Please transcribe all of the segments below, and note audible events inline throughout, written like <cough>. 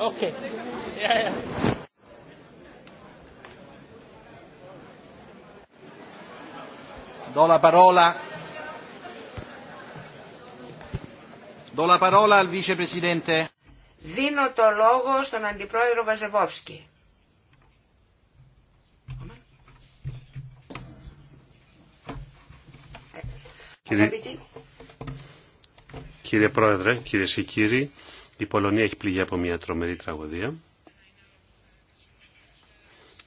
Okay. Yeah, yeah. Do la parola. Do la parola al vicepresidente. Δίνω το λόγο στον Αντιπρόεδρο Βαζεβόφσκι. Κύριε, κύριε Πρόεδρε, κυρίε και κύριοι, η Πολωνία έχει πληγεί από μια τρομερή τραγωδία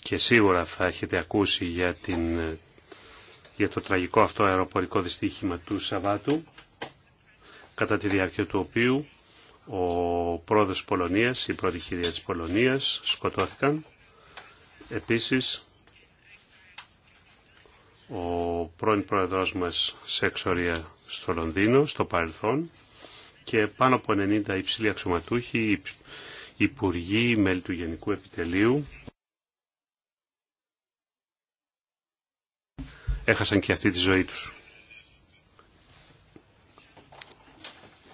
και σίγουρα θα έχετε ακούσει για, την, για το τραγικό αυτό αεροπορικό δυστύχημα του Σαββάτου κατά τη διάρκεια του οποίου ο πρόεδρος της Πολωνίας, η πρώτη κυρία της Πολωνίας σκοτώθηκαν. Επίσης, ο πρώην πρόεδρος μας σε εξορία στο Λονδίνο, στο παρελθόν, και πάνω από 90 υψηλοί αξιωματούχοι, υπουργοί, μέλη του Γενικού Επιτελείου. Έχασαν και αυτή τη ζωή τους.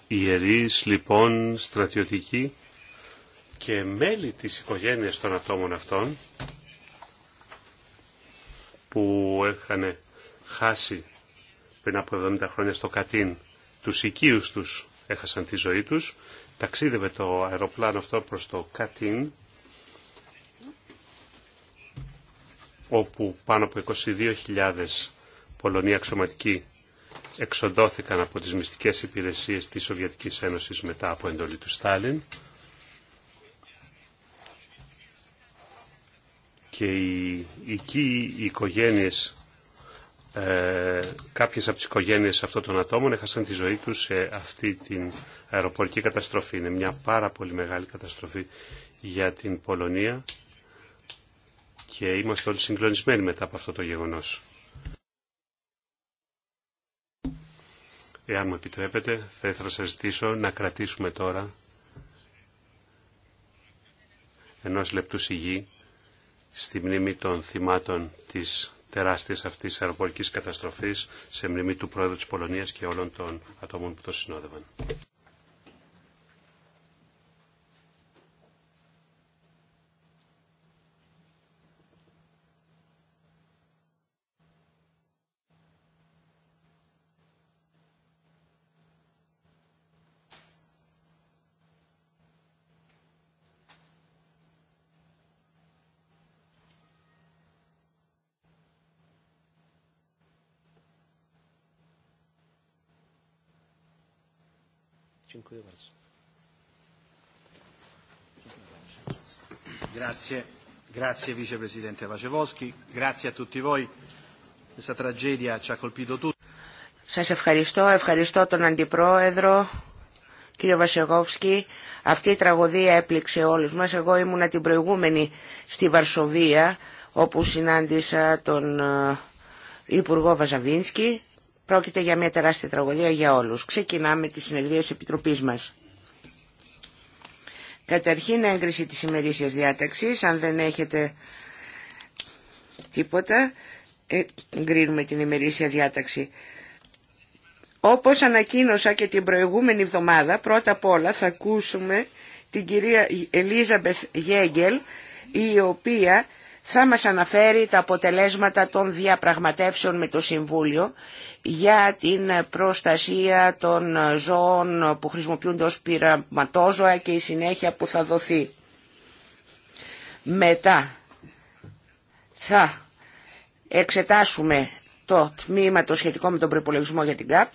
Οι ιερείς, λοιπόν, στρατιωτικοί και μέλη της οικογένειας των ατόμων αυτών που είχαν χάσει πριν από 70 χρόνια στο Κατίν του οικείους τους έχασαν τη ζωή τους. Ταξίδευε το αεροπλάνο αυτό προς το Κατίν, όπου πάνω από 22.000 Πολωνοί αξιωματικοί εξοντώθηκαν από τις μυστικές υπηρεσίες της Σοβιετικής Ένωσης μετά από εντολή του Στάλιν. Και οι, εκεί οι οικογένειες ε, κάποιες από τις οικογένειες αυτών των ατόμων έχασαν τη ζωή τους σε αυτή την αεροπορική καταστροφή. Είναι μια πάρα πολύ μεγάλη καταστροφή για την Πολωνία και είμαστε όλοι συγκλονισμένοι μετά από αυτό το γεγονός. Εάν μου επιτρέπετε, θα ήθελα να σας ζητήσω να κρατήσουμε τώρα ενός λεπτού σιγή στη μνήμη των θυμάτων της τεράστιες αυτής αεροπορικής καταστροφής σε μνημή του Πρόεδρου της Πολωνίας και όλων των ατόμων που το συνόδευαν. Grazie Vicepresidente Vacevoschi, grazie a tutti voi. Questa tragedia ci ha colpito tutti. Σας ευχαριστώ, ευχαριστώ τον Αντιπρόεδρο, κύριο Βασεγόφσκι. Αυτή η τραγωδία έπληξε όλους μας. Εγώ ήμουνα την προηγούμενη στη Βαρσοβία, όπου συνάντησα τον ε, Υπουργό Βαζαβίνσκι. Πρόκειται για μια τεράστια τραγωδία για όλους. Ξεκινάμε τη συνεδρία της Επιτροπής μας. Καταρχήν έγκριση της ημερήσιας διάταξης, αν δεν έχετε τίποτα, εγκρίνουμε την ημερήσια διάταξη. Όπως ανακοίνωσα και την προηγούμενη εβδομάδα, πρώτα απ' όλα θα ακούσουμε την κυρία Ελίζαμπεθ Γέγγελ, η οποία θα μας αναφέρει τα αποτελέσματα των διαπραγματεύσεων με το Συμβούλιο για την προστασία των ζώων που χρησιμοποιούνται ως πειραματόζωα και η συνέχεια που θα δοθεί. Μετά θα εξετάσουμε το τμήμα το σχετικό με τον προπολογισμό για την ΚΑΠ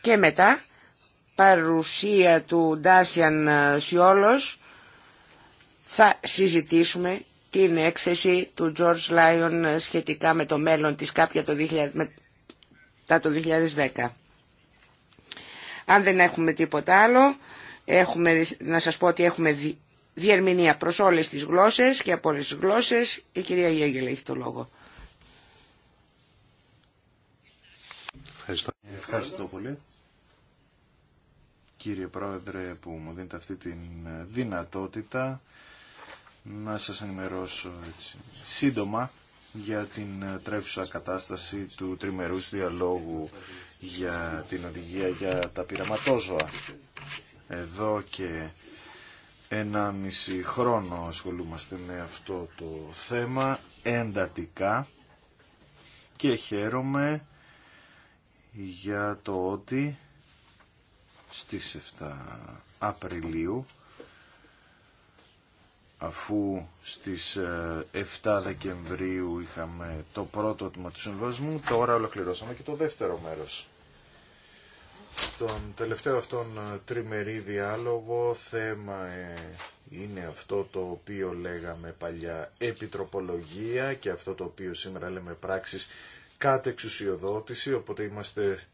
και μετά παρουσία του Ντάσιαν Σιόλος θα συζητήσουμε την έκθεση του George Lyon σχετικά με το μέλλον της κάποια το μετά το 2010. Αν δεν έχουμε τίποτα άλλο, έχουμε, να σας πω ότι έχουμε διερμηνία προς όλες τις γλώσσες και από όλες τις γλώσσες. Η κυρία Γέγελα έχει το λόγο. Ευχαριστώ. Ευχαριστώ πολύ. Κύριε Πρόεδρε που μου δίνετε αυτή τη δυνατότητα να σας ενημερώσω έτσι, σύντομα για την ε, τρέχουσα κατάσταση του τριμερούς διαλόγου για την οδηγία για τα πειραματόζωα. Εδώ και ένα μισή χρόνο ασχολούμαστε με αυτό το θέμα εντατικά και χαίρομαι για το ότι στις 7 Απριλίου αφού στις 7 ε, Δεκεμβρίου είχαμε το πρώτο τμήμα του συμβασμού, τώρα ολοκληρώσαμε και το δεύτερο μέρος. Στον τελευταίο αυτόν ε, τριμερή διάλογο θέμα ε, είναι αυτό το οποίο λέγαμε παλιά επιτροπολογία και αυτό το οποίο σήμερα λέμε πράξεις κάτω εξουσιοδότηση, οπότε είμαστε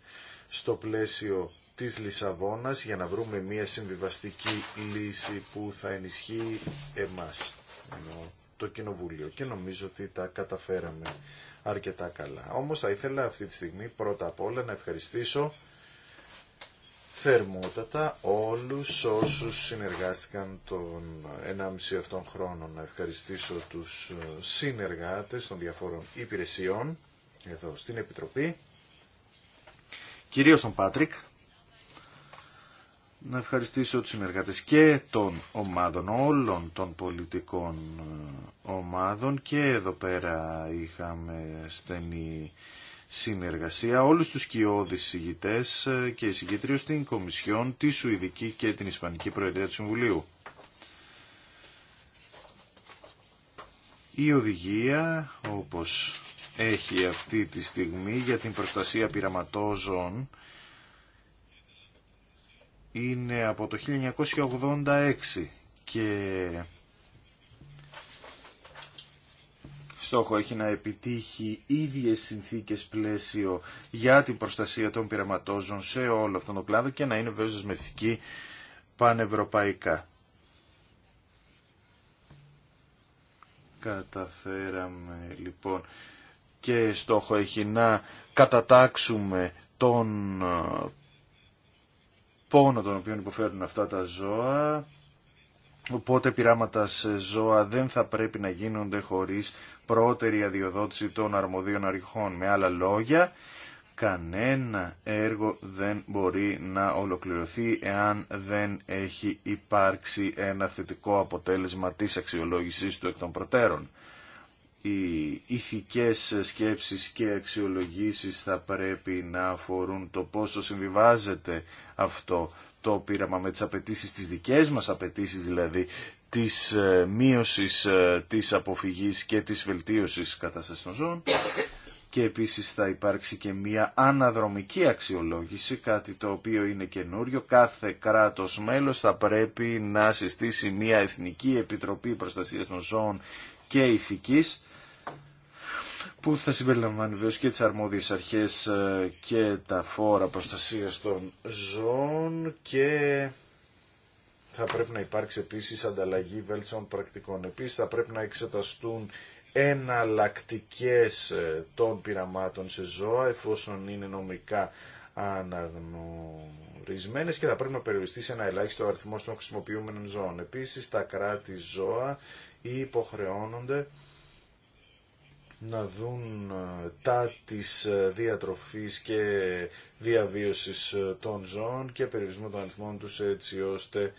στο πλαίσιο της Λισαβόνας για να βρούμε μια συμβιβαστική λύση που θα ενισχύει εμάς, το Κοινοβούλιο. Και νομίζω ότι τα καταφέραμε αρκετά καλά. Όμως θα ήθελα αυτή τη στιγμή πρώτα απ' όλα να ευχαριστήσω θερμότατα όλους όσους συνεργάστηκαν τον 1,5 αυτών χρόνων. Να ευχαριστήσω τους ε, συνεργάτες των διαφόρων υπηρεσιών εδώ στην Επιτροπή, κυρίως τον Πάτρικ, να ευχαριστήσω τους συνεργάτες και των ομάδων, όλων των πολιτικών ε, ομάδων και εδώ πέρα είχαμε στενή συνεργασία, όλους τους κοιόδης συγητές ε, και συγγητρίους στην Κομισιόν, τη Σουηδική και την Ισπανική Προεδρία του Συμβουλίου. Η οδηγία, όπως έχει αυτή τη στιγμή για την προστασία πειραματόζων είναι από το 1986 και στόχο έχει να επιτύχει ίδιες συνθήκες πλαίσιο για την προστασία των πειραματόζων σε όλο αυτόν τον κλάδο και να είναι βέβαια δεσμευτική πανευρωπαϊκά. Καταφέραμε λοιπόν και στόχο έχει να κατατάξουμε τον πόνο τον οποίο υποφέρουν αυτά τα ζώα. Οπότε πειράματα σε ζώα δεν θα πρέπει να γίνονται χωρίς πρώτερη αδειοδότηση των αρμοδίων αρχών. Με άλλα λόγια, κανένα έργο δεν μπορεί να ολοκληρωθεί εάν δεν έχει υπάρξει ένα θετικό αποτέλεσμα της αξιολόγησής του εκ των προτέρων οι ηθικές σκέψεις και αξιολογήσεις θα πρέπει να αφορούν το πόσο συμβιβάζεται αυτό το πείραμα με τις απαιτήσει τις δικές μας απαιτήσει δηλαδή της ε, μείωσης ε, της αποφυγής και της βελτίωσης κατάστασης των ζώων και επίσης θα υπάρξει και μια αναδρομική αξιολόγηση, κάτι το οποίο είναι καινούριο. Κάθε κράτος μέλος θα πρέπει να συστήσει μια Εθνική Επιτροπή Προστασίας των Ζώων και Ηθικής που θα συμπεριλαμβάνει βέβαια και τις αρμόδιες αρχές ε, και τα φόρα προστασία των ζώων και θα πρέπει να υπάρξει επίσης ανταλλαγή βέλτιστων πρακτικών. Επίσης θα πρέπει να εξεταστούν εναλλακτικέ ε, των πειραμάτων σε ζώα εφόσον είναι νομικά αναγνωρισμένες και θα πρέπει να περιοριστεί σε ένα ελάχιστο αριθμό των χρησιμοποιούμενων ζώων. Επίσης τα κράτη ζώα υποχρεώνονται να δουν ε, τα της ε, διατροφής και διαβίωσης ε, των ζώων και περιορισμού των αριθμών τους έτσι ώστε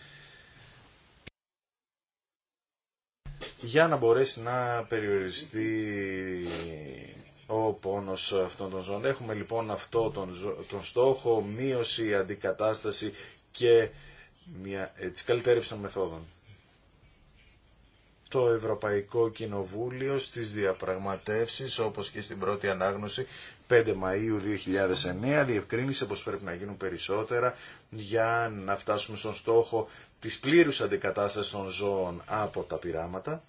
για να μπορέσει να περιοριστεί ο πόνος αυτών των ζώων. Έχουμε λοιπόν αυτό τον, τον στόχο, μείωση, αντικατάσταση και μια, έτσι, των μεθόδων το Ευρωπαϊκό Κοινοβούλιο στις διαπραγματεύσεις όπως και στην πρώτη ανάγνωση 5 Μαΐου 2009 διευκρίνησε πως πρέπει να γίνουν περισσότερα για να φτάσουμε στον στόχο της πλήρους αντικατάστασης των ζώων από τα πειράματα.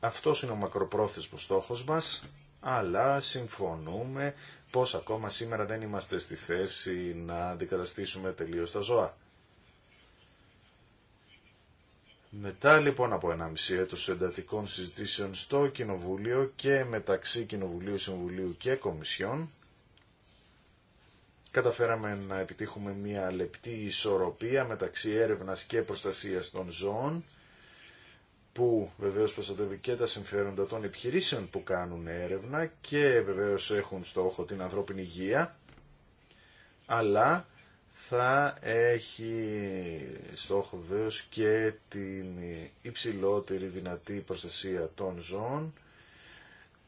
Αυτό είναι ο μακροπρόθεσμος στόχος μας, αλλά συμφωνούμε πως ακόμα σήμερα δεν είμαστε στη θέση να αντικαταστήσουμε τελείως τα ζώα. Μετά λοιπόν από 1,5 έτος εντατικών συζητήσεων στο Κοινοβούλιο και μεταξύ Κοινοβουλίου, Συμβουλίου και Κομισιών, καταφέραμε να επιτύχουμε μια λεπτή ισορροπία μεταξύ έρευνας και προστασίας των ζώων, που βεβαίως προστατεύει και τα συμφέροντα των επιχειρήσεων που κάνουν έρευνα και βεβαίως έχουν στόχο την ανθρώπινη υγεία, αλλά θα έχει στόχο βεβαίω και την υψηλότερη δυνατή προστασία των ζώων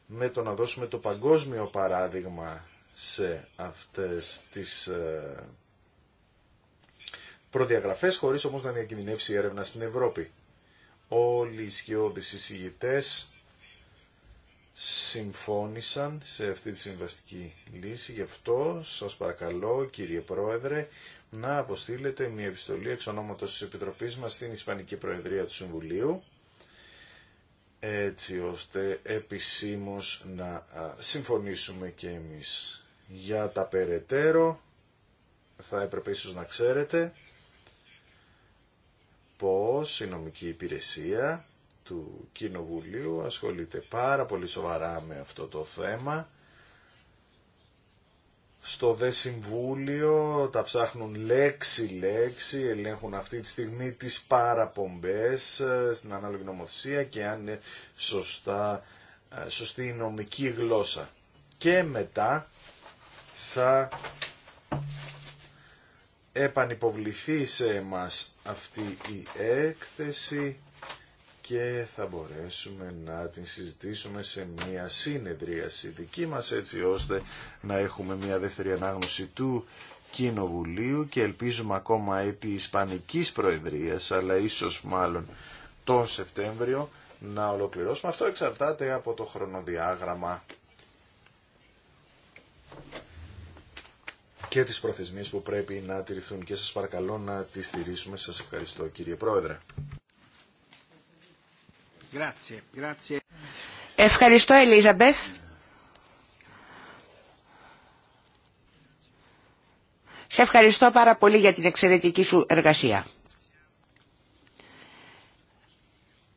με το να δώσουμε το παγκόσμιο παράδειγμα σε αυτές τις ε, προδιαγραφές χωρίς όμως να διακινδυνεύσει η έρευνα στην Ευρώπη. Όλοι οι σκιώδεις εισηγητές συμφώνησαν σε αυτή τη συμβαστική λύση. Γι' αυτό σας παρακαλώ κύριε Πρόεδρε να αποστείλετε μια επιστολή εξ ονόματος της Επιτροπής μας στην Ισπανική Προεδρία του Συμβουλίου έτσι ώστε επισήμως να συμφωνήσουμε και εμείς. Για τα περαιτέρω θα έπρεπε ίσως να ξέρετε πως η νομική υπηρεσία του Κοινοβουλίου ασχολείται πάρα πολύ σοβαρά με αυτό το θέμα. Στο δε συμβούλιο τα ψάχνουν λέξη-λέξη, ελέγχουν αυτή τη στιγμή τις παραπομπές ε, στην ανάλογη νομοθεσία και αν είναι σωστά, ε, σωστή η νομική γλώσσα. Και μετά θα επανυποβληθεί σε εμάς αυτή η έκθεση και θα μπορέσουμε να την συζητήσουμε σε μια συνεδρίαση δική μας έτσι ώστε να έχουμε μια δεύτερη ανάγνωση του Κοινοβουλίου και ελπίζουμε ακόμα επί Ισπανικής Προεδρίας αλλά ίσως μάλλον τον Σεπτέμβριο να ολοκληρώσουμε. Αυτό εξαρτάται από το χρονοδιάγραμμα και τις προθεσμίες που πρέπει να τηρηθούν και σας παρακαλώ να τις στηρίσουμε. Σας ευχαριστώ κύριε Πρόεδρε. Ευχαριστώ Ελίζαμπεθ. Σε ευχαριστώ πάρα πολύ για την εξαιρετική σου εργασία.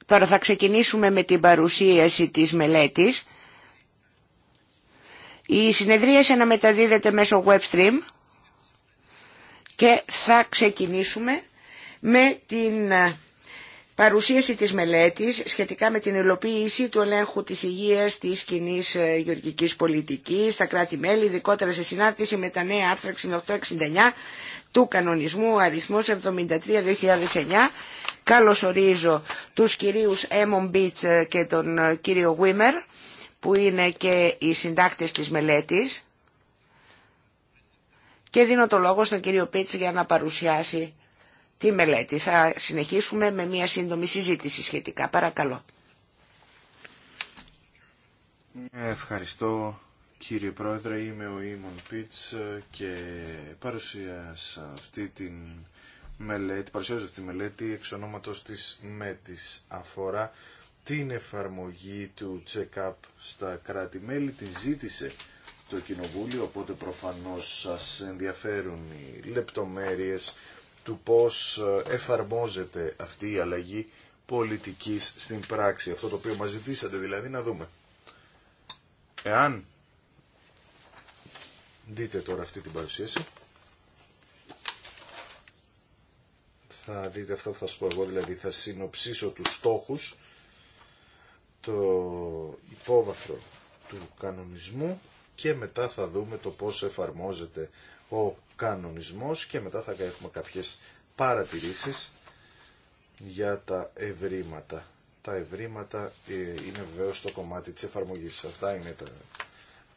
Τώρα θα ξεκινήσουμε με την παρουσίαση της μελέτης. Η συνεδρία να μεταδίδεται μέσω web stream και θα ξεκινήσουμε με την παρουσίαση της μελέτης σχετικά με την υλοποίηση του ελέγχου της υγείας της κοινή ε, γεωργικής πολιτικής στα κράτη-μέλη, ειδικότερα σε συνάρτηση με τα νέα άρθρα 6869 του κανονισμού αριθμός 73-2009. Καλώς ορίζω τους κυρίους Έμον Μπίτς ε, και τον ε, κύριο Γουίμερ, που είναι και οι συντάκτες της μελέτης και δίνω το λόγο στον κύριο Πίτς για να παρουσιάσει τη μελέτη. Θα συνεχίσουμε με μια σύντομη συζήτηση σχετικά. Παρακαλώ. Ευχαριστώ κύριε Πρόεδρε. Είμαι ο Ήμον Πίτς και παρουσίασα αυτή την μελέτη, παρουσιάζω αυτή τη μελέτη εξ ονόματος της ΜΕΤΙΣ. Αφορά την εφαρμογή του check-up στα κράτη-μέλη. Τη ζήτησε το Κοινοβούλιο, οπότε προφανώς σας ενδιαφέρουν οι λεπτομέρειες του πώς ε, εφαρμόζεται αυτή η αλλαγή πολιτικής στην πράξη. Αυτό το οποίο μας ζητήσατε δηλαδή να δούμε. Εάν δείτε τώρα αυτή την παρουσίαση, θα δείτε αυτό που θα σας πω εγώ, δηλαδή θα συνοψίσω τους στόχους, το υπόβαθρο του κανονισμού και μετά θα δούμε το πώς εφαρμόζεται ο κανονισμός και μετά θα έχουμε κάποιες παρατηρήσεις για τα ευρήματα. Τα ευρήματα ε, είναι βεβαίως το κομμάτι της εφαρμογής. Αυτά είναι τα,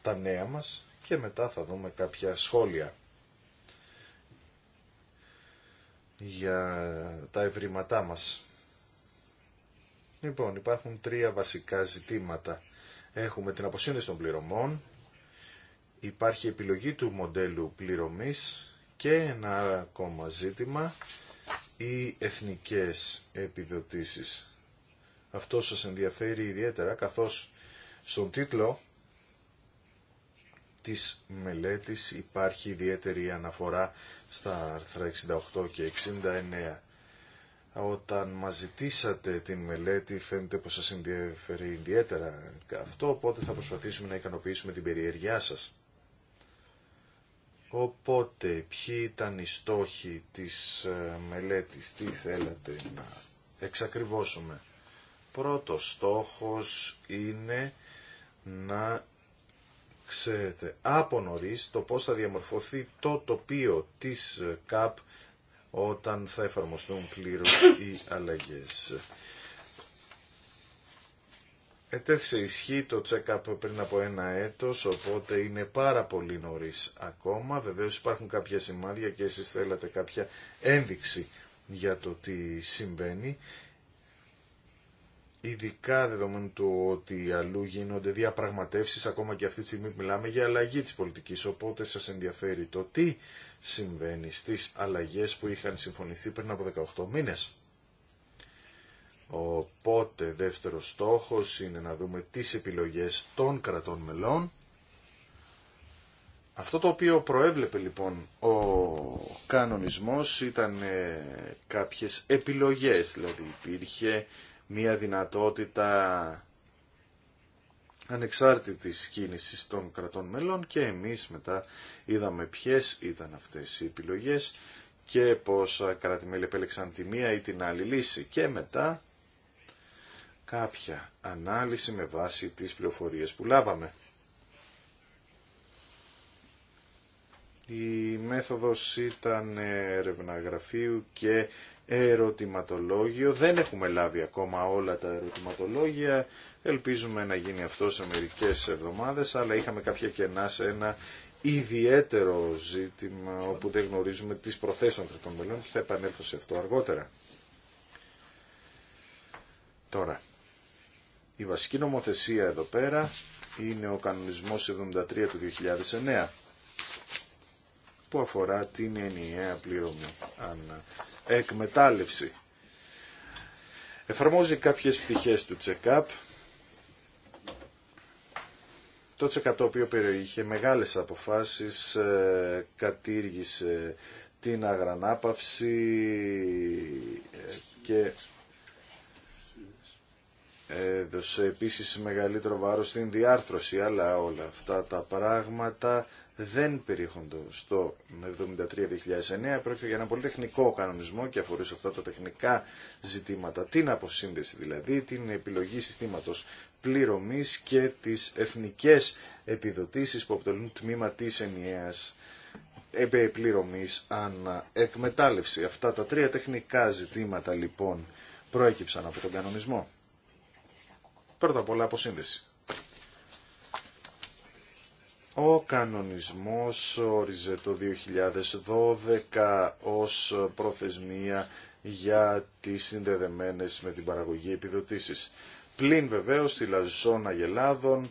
τα νέα μας και μετά θα δούμε κάποια σχόλια για τα ευρήματά μας. Λοιπόν, υπάρχουν τρία βασικά ζητήματα. Έχουμε την αποσύνδεση των πληρωμών, υπάρχει επιλογή του μοντέλου πληρωμής και ένα ακόμα ζήτημα, οι εθνικές επιδοτήσεις. Αυτό σας ενδιαφέρει ιδιαίτερα, καθώς στον τίτλο της μελέτης υπάρχει ιδιαίτερη αναφορά στα άρθρα 68 και 69. Όταν μας ζητήσατε την μελέτη φαίνεται πως σας ενδιαφέρει ιδιαίτερα αυτό, οπότε θα προσπαθήσουμε να ικανοποιήσουμε την περιέργειά σας. Οπότε, ποιοι ήταν οι στόχοι της ε, μελέτης, τι θέλατε να εξακριβώσουμε. Πρώτος στόχος είναι να ξέρετε από νωρίς το πώς θα διαμορφωθεί το τοπίο της ΚΑΠ όταν θα εφαρμοστούν πλήρως οι αλλαγές. Ετέθησε ισχύ το check-up πριν από ένα έτος, οπότε είναι πάρα πολύ νωρίς ακόμα. Βεβαίως υπάρχουν κάποια σημάδια και εσείς θέλατε κάποια ένδειξη για το τι συμβαίνει. Ειδικά δεδομένου του ότι αλλού γίνονται διαπραγματεύσεις, ακόμα και αυτή τη στιγμή μιλάμε για αλλαγή της πολιτικής, οπότε σας ενδιαφέρει το τι συμβαίνει στις αλλαγές που είχαν συμφωνηθεί πριν από 18 μήνες. Οπότε δεύτερος στόχος είναι να δούμε τις επιλογές των κρατών μελών. Αυτό το οποίο προέβλεπε λοιπόν ο κανονισμός ήταν ε, κάποιες επιλογές, δηλαδή υπήρχε μία δυνατότητα ανεξάρτητης κίνησης των κρατών μελών και εμείς μετά είδαμε ποιες ήταν αυτές οι επιλογές και πως κρατη κράτη-μέλη επέλεξαν τη μία ή την άλλη λύση και μετά κάποια ανάλυση με βάση τις πληροφορίες που λάβαμε. Η μέθοδος ήταν έρευνα και ερωτηματολόγιο. Δεν έχουμε λάβει ακόμα όλα τα ερωτηματολόγια. Ελπίζουμε να γίνει αυτό σε μερικές εβδομάδες, αλλά είχαμε κάποια κενά σε ένα ιδιαίτερο ζήτημα όπου δεν γνωρίζουμε τις προθέσεις των μελών και θα επανέλθω σε αυτό αργότερα. Τώρα, η βασική νομοθεσία εδώ πέρα είναι ο κανονισμός 73 του 2009 που αφορά την ενιαία πληρωμή αν εκμετάλλευση. Εφαρμόζει κάποιες πτυχές του check-up. Το check-up το οποίο περιείχε μεγάλες αποφάσεις ε, κατήργησε την αγρανάπαυση ε, και Δώσε επίσης μεγαλύτερο βάρος στην διάρθρωση, αλλά όλα αυτά τα πράγματα δεν περιέχονται στο 73-2009. Πρόκειται για ένα πολύ τεχνικό κανονισμό και αφορούσε αυτά τα τεχνικά ζητήματα, την αποσύνδεση δηλαδή, την επιλογή συστήματος πληρωμής και τις εθνικές επιδοτήσεις που αποτελούν τμήμα της ενιαίας επεπληρωμής ανά εκμετάλλευση. Αυτά τα τρία τεχνικά ζητήματα λοιπόν προέκυψαν από τον κανονισμό. Πρώτα απ' όλα αποσύνδεση. Ο κανονισμός όριζε το 2012 ως προθεσμία για τις συνδεδεμένες με την παραγωγή επιδοτήσεις. Πλην βεβαίως τη λαζόνα γελάδων,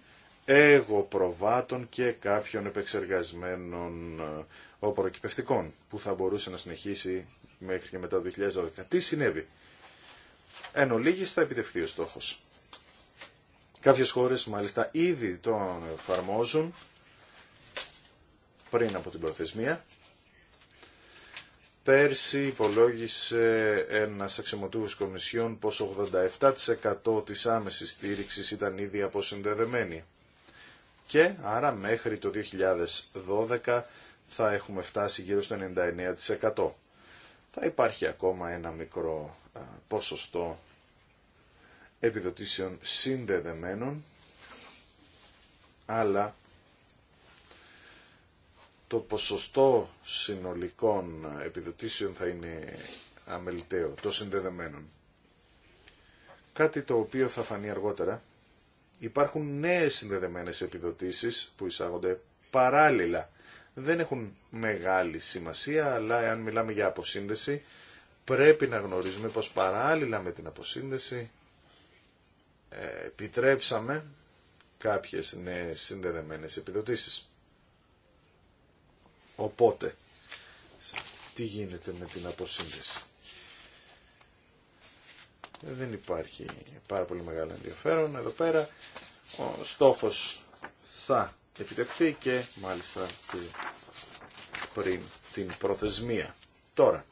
προβάτων και κάποιων επεξεργασμένων ε, οπροκυπευτικών που θα μπορούσε να συνεχίσει μέχρι και μετά το 2012. Τι συνέβη. Εν ολίγης θα επιτευχθεί ο στόχος. Κάποιες χώρες μάλιστα ήδη τον εφαρμόζουν πριν από την προθεσμία. Πέρσι υπολόγισε ένα αξιωματούχος κομισιόν πως 87% της άμεσης στήριξης ήταν ήδη αποσυνδεδεμένη. Και άρα μέχρι το 2012 θα έχουμε φτάσει γύρω στο 99%. Θα υπάρχει ακόμα ένα μικρό ποσοστό επιδοτήσεων συνδεδεμένων, αλλά το ποσοστό συνολικών επιδοτήσεων θα είναι αμεληταίο, το συνδεδεμένων. Κάτι το οποίο θα φανεί αργότερα. Υπάρχουν νέες συνδεδεμένες επιδοτήσεις που εισάγονται παράλληλα. Δεν έχουν μεγάλη σημασία, αλλά εάν μιλάμε για αποσύνδεση, πρέπει να γνωρίζουμε πως παράλληλα με την αποσύνδεση επιτρέψαμε κάποιες νέες συνδεδεμένες επιδοτήσεις. Οπότε, τι γίνεται με την αποσύνδεση. Δεν υπάρχει πάρα πολύ μεγάλο ενδιαφέρον εδώ πέρα. Ο στόχος θα επιτευχθεί και μάλιστα και πριν την προθεσμία. Τώρα,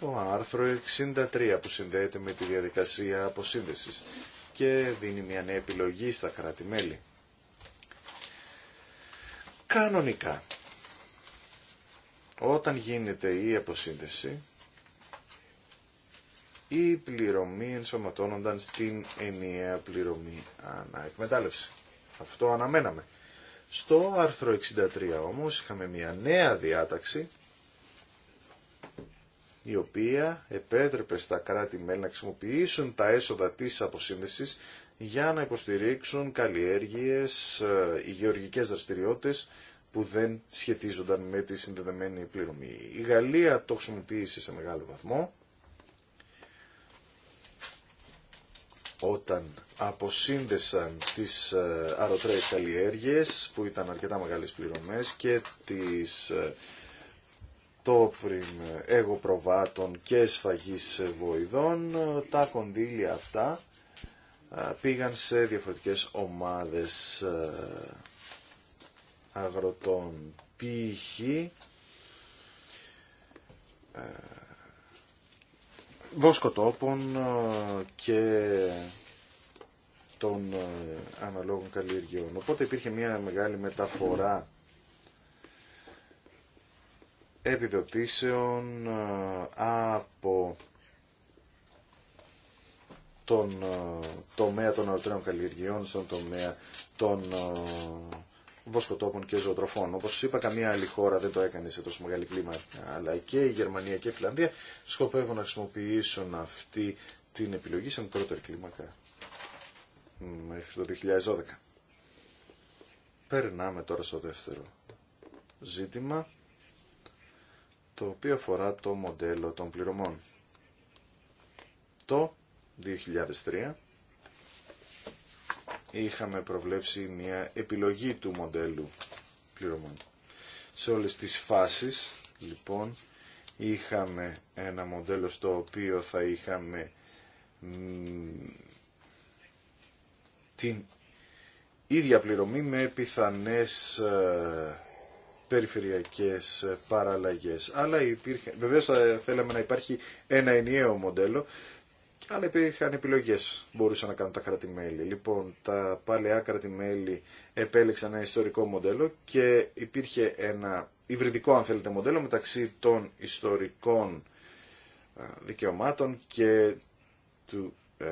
το άρθρο 63 που συνδέεται με τη διαδικασία αποσύνδεσης και δίνει μια νέα επιλογή στα κράτη-μέλη. Κανονικά, όταν γίνεται η αποσύνδεση, η πληρωμή ενσωματώνονταν στην ενιαία πληρωμή αναεκμετάλλευση. Αυτό αναμέναμε. Στο άρθρο 63 όμως είχαμε μια νέα διάταξη η οποία επέτρεπε στα κράτη-μέλη να χρησιμοποιήσουν τα έσοδα της αποσύνδεσης για να υποστηρίξουν καλλιέργειες, ε, γεωργικές δραστηριότητες που δεν σχετίζονταν με τη συνδεδεμένη πληρωμή. Η Γαλλία το χρησιμοποίησε σε μεγάλο βαθμό όταν αποσύνδεσαν τις ε, αρωτρέες καλλιέργειες που ήταν αρκετά μεγάλες πληρωμές και τις ε, εγώ προβάτων και σφαγής βοηδών, τα κονδύλια αυτά πήγαν σε διαφορετικές ομάδες αγροτών π.χ. βοσκοτόπων και των αναλόγων καλλιεργειών. Οπότε υπήρχε μια μεγάλη μεταφορά επιδοτήσεων ε, από τον ε, τομέα των αρωτέρων καλλιεργειών, στον τομέα των ε, βοσκοτόπων και ζωοτροφών. Όπως είπα, καμία άλλη χώρα δεν το έκανε σε τόσο μεγάλη κλίμακα, αλλά και η Γερμανία και η Φιλανδία σκοπεύουν να χρησιμοποιήσουν αυτή την επιλογή σε μικρότερη κλίμακα μέχρι το 2012. Περνάμε τώρα στο δεύτερο ζήτημα το οποίο αφορά το μοντέλο των πληρωμών. Το 2003 είχαμε προβλέψει μια επιλογή του μοντέλου πληρωμών. Σε όλες τις φάσεις, λοιπόν, είχαμε ένα μοντέλο στο οποίο θα είχαμε την ίδια πληρωμή με πιθανές ε, περιφερειακές παραλλαγές. Αλλά υπήρχε, βεβαίως θα θέλαμε να υπάρχει ένα ενιαίο μοντέλο, αλλά υπήρχαν επιλογές μπορούσαν να κάνουν τα κρατημέλη. Λοιπόν, τα παλαια κρατημέλη επέλεξαν ένα ιστορικό μοντέλο και υπήρχε ένα υβριδικό, αν θέλετε, μοντέλο μεταξύ των ιστορικών δικαιωμάτων και του ε,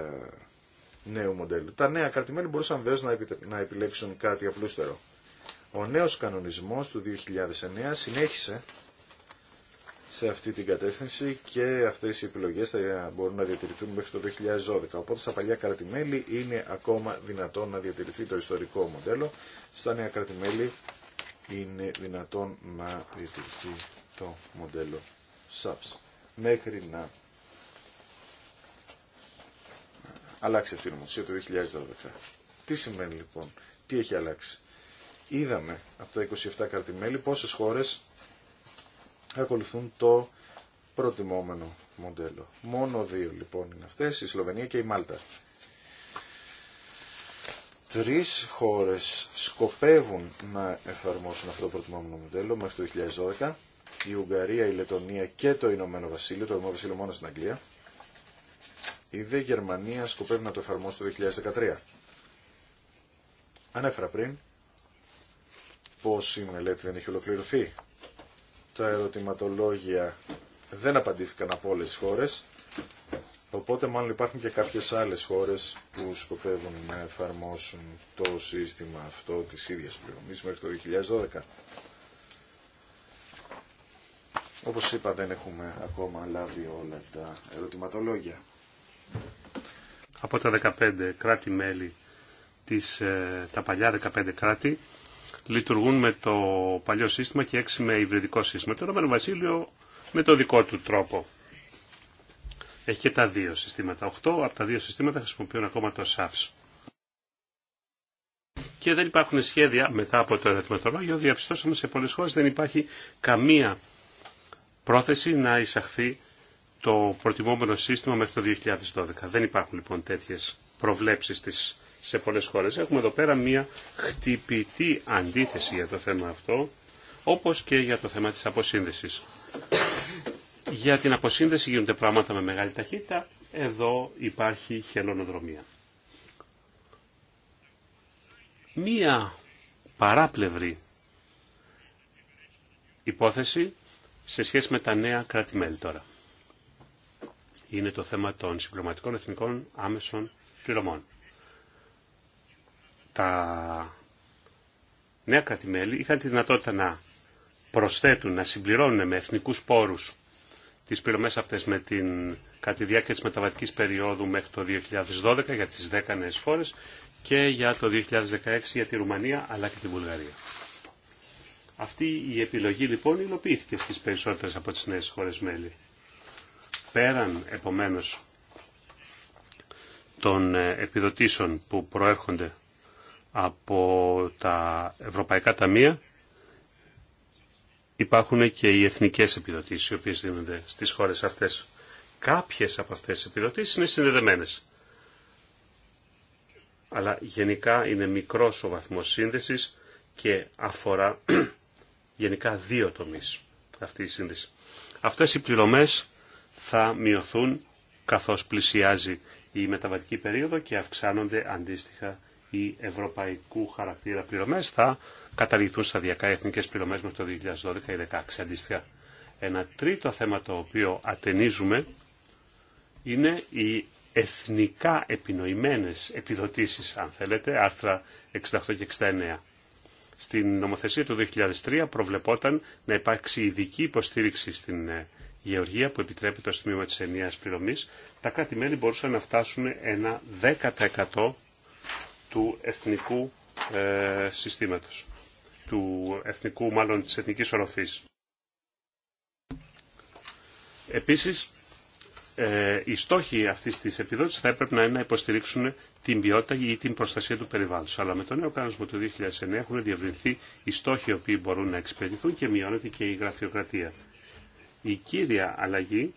νέου μοντέλου. Τα νέα κρατημέλη μπορούσαν βέβαια να επιλέξουν κάτι απλούστερο. Ο νέος κανονισμός του 2009 συνέχισε σε αυτή την κατεύθυνση και αυτές οι επιλογές θα μπορούν να διατηρηθούν μέχρι το 2012. Οπότε στα παλιά κρατημέλη είναι ακόμα δυνατόν να διατηρηθεί το ιστορικό μοντέλο. Στα νέα κρατημέλη είναι δυνατόν να διατηρηθεί το μοντέλο SAPS μέχρι να αλλάξει αυτή η το 2012. Τι σημαίνει λοιπόν, τι έχει αλλάξει είδαμε από τα 27 καρτιμέλη πόσες χώρες ακολουθούν το προτιμόμενο μοντέλο. Μόνο δύο λοιπόν είναι αυτές, η Σλοβενία και η Μάλτα. Τρεις χώρες σκοπεύουν να εφαρμόσουν αυτό το προτιμόμενο μοντέλο μέχρι το 2012. Η Ουγγαρία, η Λετωνία και το Ηνωμένο Βασίλειο, το Ηνωμένο Βασίλειο μόνο στην Αγγλία. Η δε Γερμανία σκοπεύει να το εφαρμόσει το 2013. Ανέφερα πριν πως η μελέτη δεν έχει ολοκληρωθεί. Τα ερωτηματολόγια δεν απαντήθηκαν από όλες τις χώρες, οπότε μάλλον υπάρχουν και κάποιες άλλες χώρες που σκοπεύουν να εφαρμόσουν το σύστημα αυτό της ίδιας πληρωμής μέχρι το 2012. Όπως είπα δεν έχουμε ακόμα λάβει όλα τα ερωτηματολόγια. Από τα 15 κράτη-μέλη, ε, τα παλιά 15 κράτη, λειτουργούν με το παλιό σύστημα και έξι με υβριδικό σύστημα. Το Ρωμανό Βασίλειο με το δικό του τρόπο. Έχει και τα δύο συστήματα. Οχτώ από τα δύο συστήματα χρησιμοποιούν ακόμα το SAFS. Και δεν υπάρχουν σχέδια μετά από το ερευνητολόγιο. Διαπιστώσαμε σε πολλές χώρες δεν υπάρχει καμία πρόθεση να εισαχθεί το προτιμόμενο σύστημα μέχρι το 2012. Δεν υπάρχουν λοιπόν τέτοιες προβλέψεις της σε πολλές χώρες. Έχουμε εδώ πέρα μια χτυπητή αντίθεση για το θέμα αυτό, όπως και για το θέμα της αποσύνδεσης. Για την αποσύνδεση γίνονται πράγματα με μεγάλη ταχύτητα, εδώ υπάρχει χελωνοδρομία. Μία παράπλευρη υπόθεση σε σχέση με τα νέα κράτη-μέλη τώρα. Είναι το θέμα των συμπληρωματικών εθνικών άμεσων πληρωμών τα νέα μέλη είχαν τη δυνατότητα να προσθέτουν, να συμπληρώνουν με εθνικούς πόρους τις πληρωμές αυτές με την, κατά τη διάρκεια της μεταβατικής περίοδου μέχρι το 2012 για τις 10 νέες χώρες και για το 2016 για τη Ρουμανία αλλά και τη Βουλγαρία. Αυτή η επιλογή λοιπόν υλοποιήθηκε στις περισσότερες από τις νέες χώρες μέλη. Πέραν επομένως των ε, επιδοτήσεων που προέρχονται από τα ευρωπαϊκά ταμεία υπάρχουν και οι εθνικές επιδοτήσεις οι οποίες δίνονται στις χώρες αυτές. Κάποιες από αυτές τις επιδοτήσεις είναι συνδεδεμένες. Αλλά γενικά είναι μικρός ο βαθμός σύνδεσης και αφορά <clears throat> γενικά δύο τομείς αυτή η σύνδεση. Αυτές οι πληρωμές θα μειωθούν καθώς πλησιάζει η μεταβατική περίοδο και αυξάνονται αντίστοιχα ή ευρωπαϊκού χαρακτήρα πληρωμές θα καταργηθούν σταδιακά οι εθνικές πληρωμές με το 2012 ή 2016 αντίστοιχα. Ένα τρίτο θέμα το οποίο ατενίζουμε είναι οι εθνικά επινοημένες επιδοτήσεις, αν θέλετε, άρθρα 68 και 69. Στην νομοθεσία του 2003 προβλεπόταν να υπάρξει ειδική υποστήριξη στην ε, γεωργία που επιτρέπει το σημείο της Ενίας πληρωμής. Τα κράτη-μέλη μπορούσαν να φτάσουν ένα 10% του εθνικού ε, συστήματος, του εθνικού, μάλλον της εθνικής οροφής. Επίσης, ε, οι στόχοι αυτής της επιδότησης θα έπρεπε να είναι να υποστηρίξουν την ποιότητα ή την προστασία του περιβάλλοντος. Αλλά με τον νέο κανονισμό του 2009 έχουν διευρυνθεί οι στόχοι οι οποίοι μπορούν να εξυπηρετηθούν και μειώνεται και η γραφειοκρατία. Η κύρια αλλαγή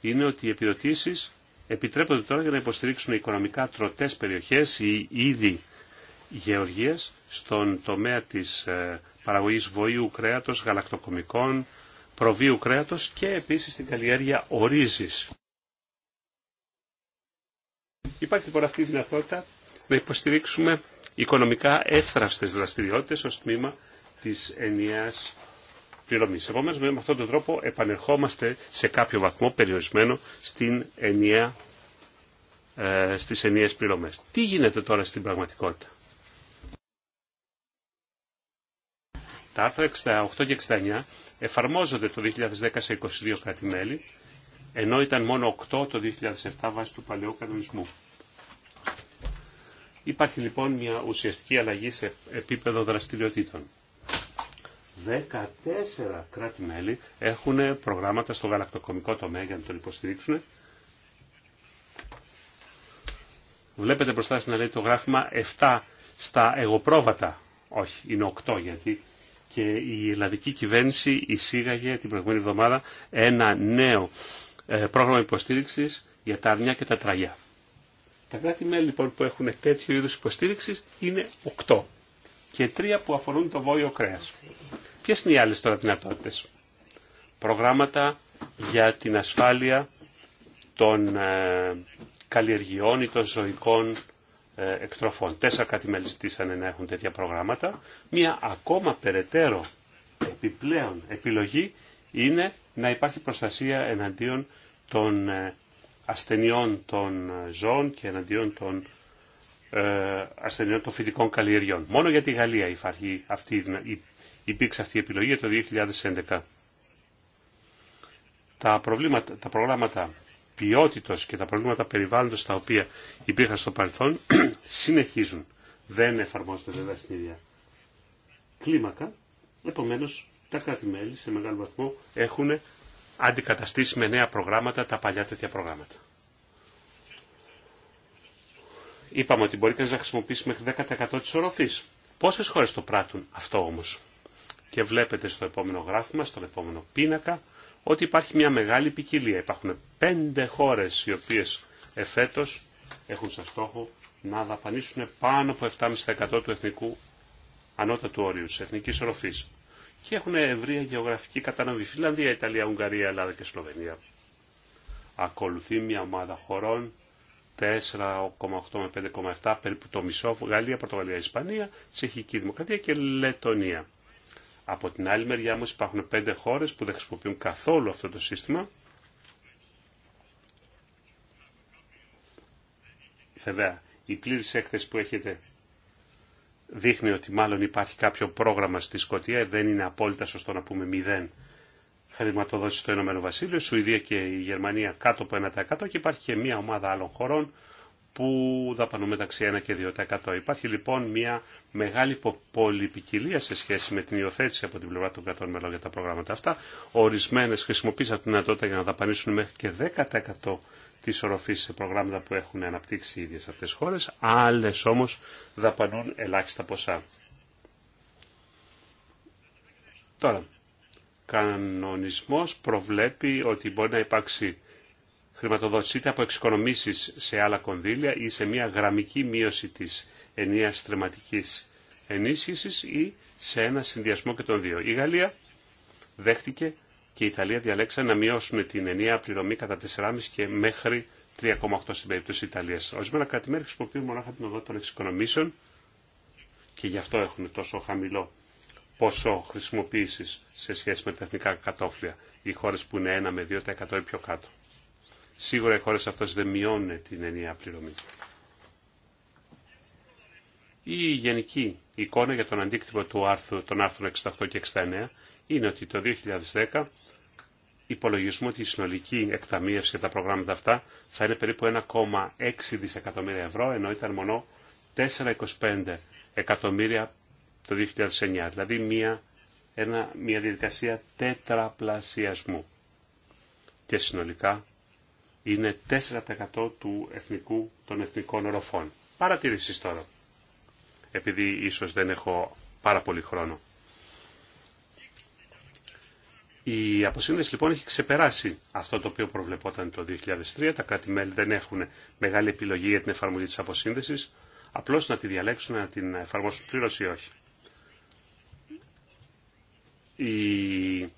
είναι ότι οι επιδοτήσεις επιτρέπονται τώρα για να υποστηρίξουν οικονομικά τροτές περιοχές ή είδη γεωργίας στον τομέα της ε, παραγωγής βοήου κρέατος, γαλακτοκομικών, προβίου κρέατος και επίσης την καλλιέργεια ορίζης. Υπάρχει λοιπόν αυτή η δυνατότητα να υποστηρίξουμε οικονομικά εύθραυστες δραστηριότητες ως τμήμα της ενιαίας πληρωμή. με αυτόν τον τρόπο επανερχόμαστε σε κάποιο βαθμό περιορισμένο στην ενιαία, ε, στις ενιαίες πληρωμές. Τι γίνεται τώρα στην πραγματικότητα. Τα άρθρα 68 και 69 εφαρμόζονται το 2010 σε 22 κράτη-μέλη, ενώ ήταν μόνο 8 το 2007 βάσει του παλαιού κανονισμού. Υπάρχει λοιπόν μια ουσιαστική αλλαγή σε επίπεδο δραστηριοτήτων. 14 κράτη-μέλη έχουν προγράμματα στο γαλακτοκομικό τομέα για να τον υποστηρίξουν. Βλέπετε μπροστά σας να λέει το γράφημα 7 στα εγωπρόβατα. Όχι, είναι 8 γιατί και η ελλαδική κυβέρνηση εισήγαγε την προηγούμενη εβδομάδα ένα νέο ε, πρόγραμμα υποστήριξης για τα αρνιά και τα τραγιά. Τα κράτη-μέλη λοιπόν που έχουν τέτοιο είδους υποστήριξης είναι 8 και τρία που αφορούν το βόλιο κρέα. Ποιε είναι οι άλλε τώρα δυνατότητε, Προγράμματα για την ασφάλεια των ε, καλλιεργειών ή των ζωικών ε, εκτροφών. Τέσσερα κατημέλη ζητήσανε να έχουν τέτοια προγράμματα. Μία ακόμα περαιτέρω επιπλέον επιλογή είναι να υπάρχει προστασία εναντίον των ε, ασθενειών των ζώων και εναντίον των ε, ασθενειών των φυτικών καλλιεργιών. Μόνο για τη Γαλλία υπάρχει αυτή, υπήρξε αυτή η επιλογή το 2011. Τα, προβλήματα, τα προγράμματα ποιότητος και τα προβλήματα περιβάλλοντος τα οποία υπήρχαν στο παρελθόν <clears throat> συνεχίζουν. Δεν εφαρμόζονται βέβαια στην ίδια κλίμακα. Επομένως τα κράτη-μέλη σε μεγάλο βαθμό έχουν αντικαταστήσει με νέα προγράμματα τα παλιά τέτοια προγράμματα. Είπαμε ότι μπορεί κανείς να χρησιμοποιήσει μέχρι 10% τη οροφή. Πόσες χώρε το πράττουν αυτό όμως. Και βλέπετε στο επόμενο γράφημα, στον επόμενο πίνακα, ότι υπάρχει μια μεγάλη ποικιλία. Υπάρχουν πέντε χώρε οι οποίες εφέτος έχουν σαν στόχο να δαπανίσουν πάνω από 7,5% του εθνικού ανώτατου όριου, τη Εθνική οροφή Και έχουν ευρεία γεωγραφική κατανομή. Φιλανδία, Ιταλία, Ουγγαρία, Ελλάδα και Σλοβενία. Ακολουθεί μια ομάδα χωρών 4,8 με 5,7 περίπου το μισό, Γαλλία, Πορτογαλία, Ισπανία, Τσεχική Δημοκρατία και Λετωνία. Από την άλλη μεριά όμως υπάρχουν πέντε χώρες που δεν χρησιμοποιούν καθόλου αυτό το σύστημα. Βέβαια, η πλήρης έκθεση που έχετε δείχνει ότι μάλλον υπάρχει κάποιο πρόγραμμα στη Σκωτία, δεν είναι απόλυτα σωστό να πούμε μηδέν χρηματοδότηση στο Ηνωμένο Βασίλειο, Σουηδία και η Γερμανία κάτω από 1% και υπάρχει και μια ομάδα άλλων χωρών που δαπανούν μεταξύ 1 και 2%. Υπάρχει λοιπόν μια μεγάλη πολυπικιλία σε σχέση με την υιοθέτηση από την πλευρά των κρατών μελών για τα προγράμματα αυτά. Ορισμένε χρησιμοποίησαν την δυνατότητα για να δαπανίσουν μέχρι και 10% τη οροφή σε προγράμματα που έχουν αναπτύξει οι ίδιε αυτέ χώρε. Άλλε όμω δαπανούν ελάχιστα ποσά. Τώρα, κανονισμός προβλέπει ότι μπορεί να υπάρξει χρηματοδότηση είτε από εξοικονομήσεις σε άλλα κονδύλια ή σε μια γραμμική μείωση της ενίας τρεματικής ενίσχυσης ή σε ένα συνδυασμό και των δύο. Η Γαλλία δέχτηκε και η Ιταλία διαλέξαν να μειώσουν την ενιαία πληρωμή κατά 4,5 και μέχρι 3,8 στην περίπτωση Ιταλία. Ορισμένα κρατημέρια χρησιμοποιούν μονάχα την οδό των εξοικονομήσεων και γι' αυτό έχουν τόσο χαμηλό ποσό χρησιμοποίηση σε σχέση με τα εθνικά κατόφλια, οι χώρε που είναι 1 με 2% ή πιο κάτω. Σίγουρα οι χώρες αυτές δεν μειώνουν την ενιαία πληρωμή. Η πιο κατω σιγουρα οι χώρε αυτέ δεν εικόνα για τον αντίκτυπο του άρθρου, των άρθρων 68 και 69 είναι ότι το 2010 υπολογίζουμε ότι η συνολική εκταμείευση για τα προγράμματα αυτά θα είναι περίπου 1,6 δισεκατομμύρια ευρώ, ενώ ήταν μόνο 4,25 εκατομμύρια το 2009. Δηλαδή μια, ένα, μια διαδικασία τετραπλασιασμού. Και συνολικά είναι 4% του εθνικού, των εθνικών οροφών. Παρατηρήσεις τώρα, επειδή ίσως δεν έχω πάρα πολύ χρόνο. Η αποσύνδεση λοιπόν έχει ξεπεράσει αυτό το οποίο προβλεπόταν το 2003. Τα κράτη-μέλη δεν έχουν μεγάλη επιλογή για την εφαρμογή της αποσύνδεσης. Απλώς να τη διαλέξουν, να την εφαρμόσουν πλήρως ή όχι η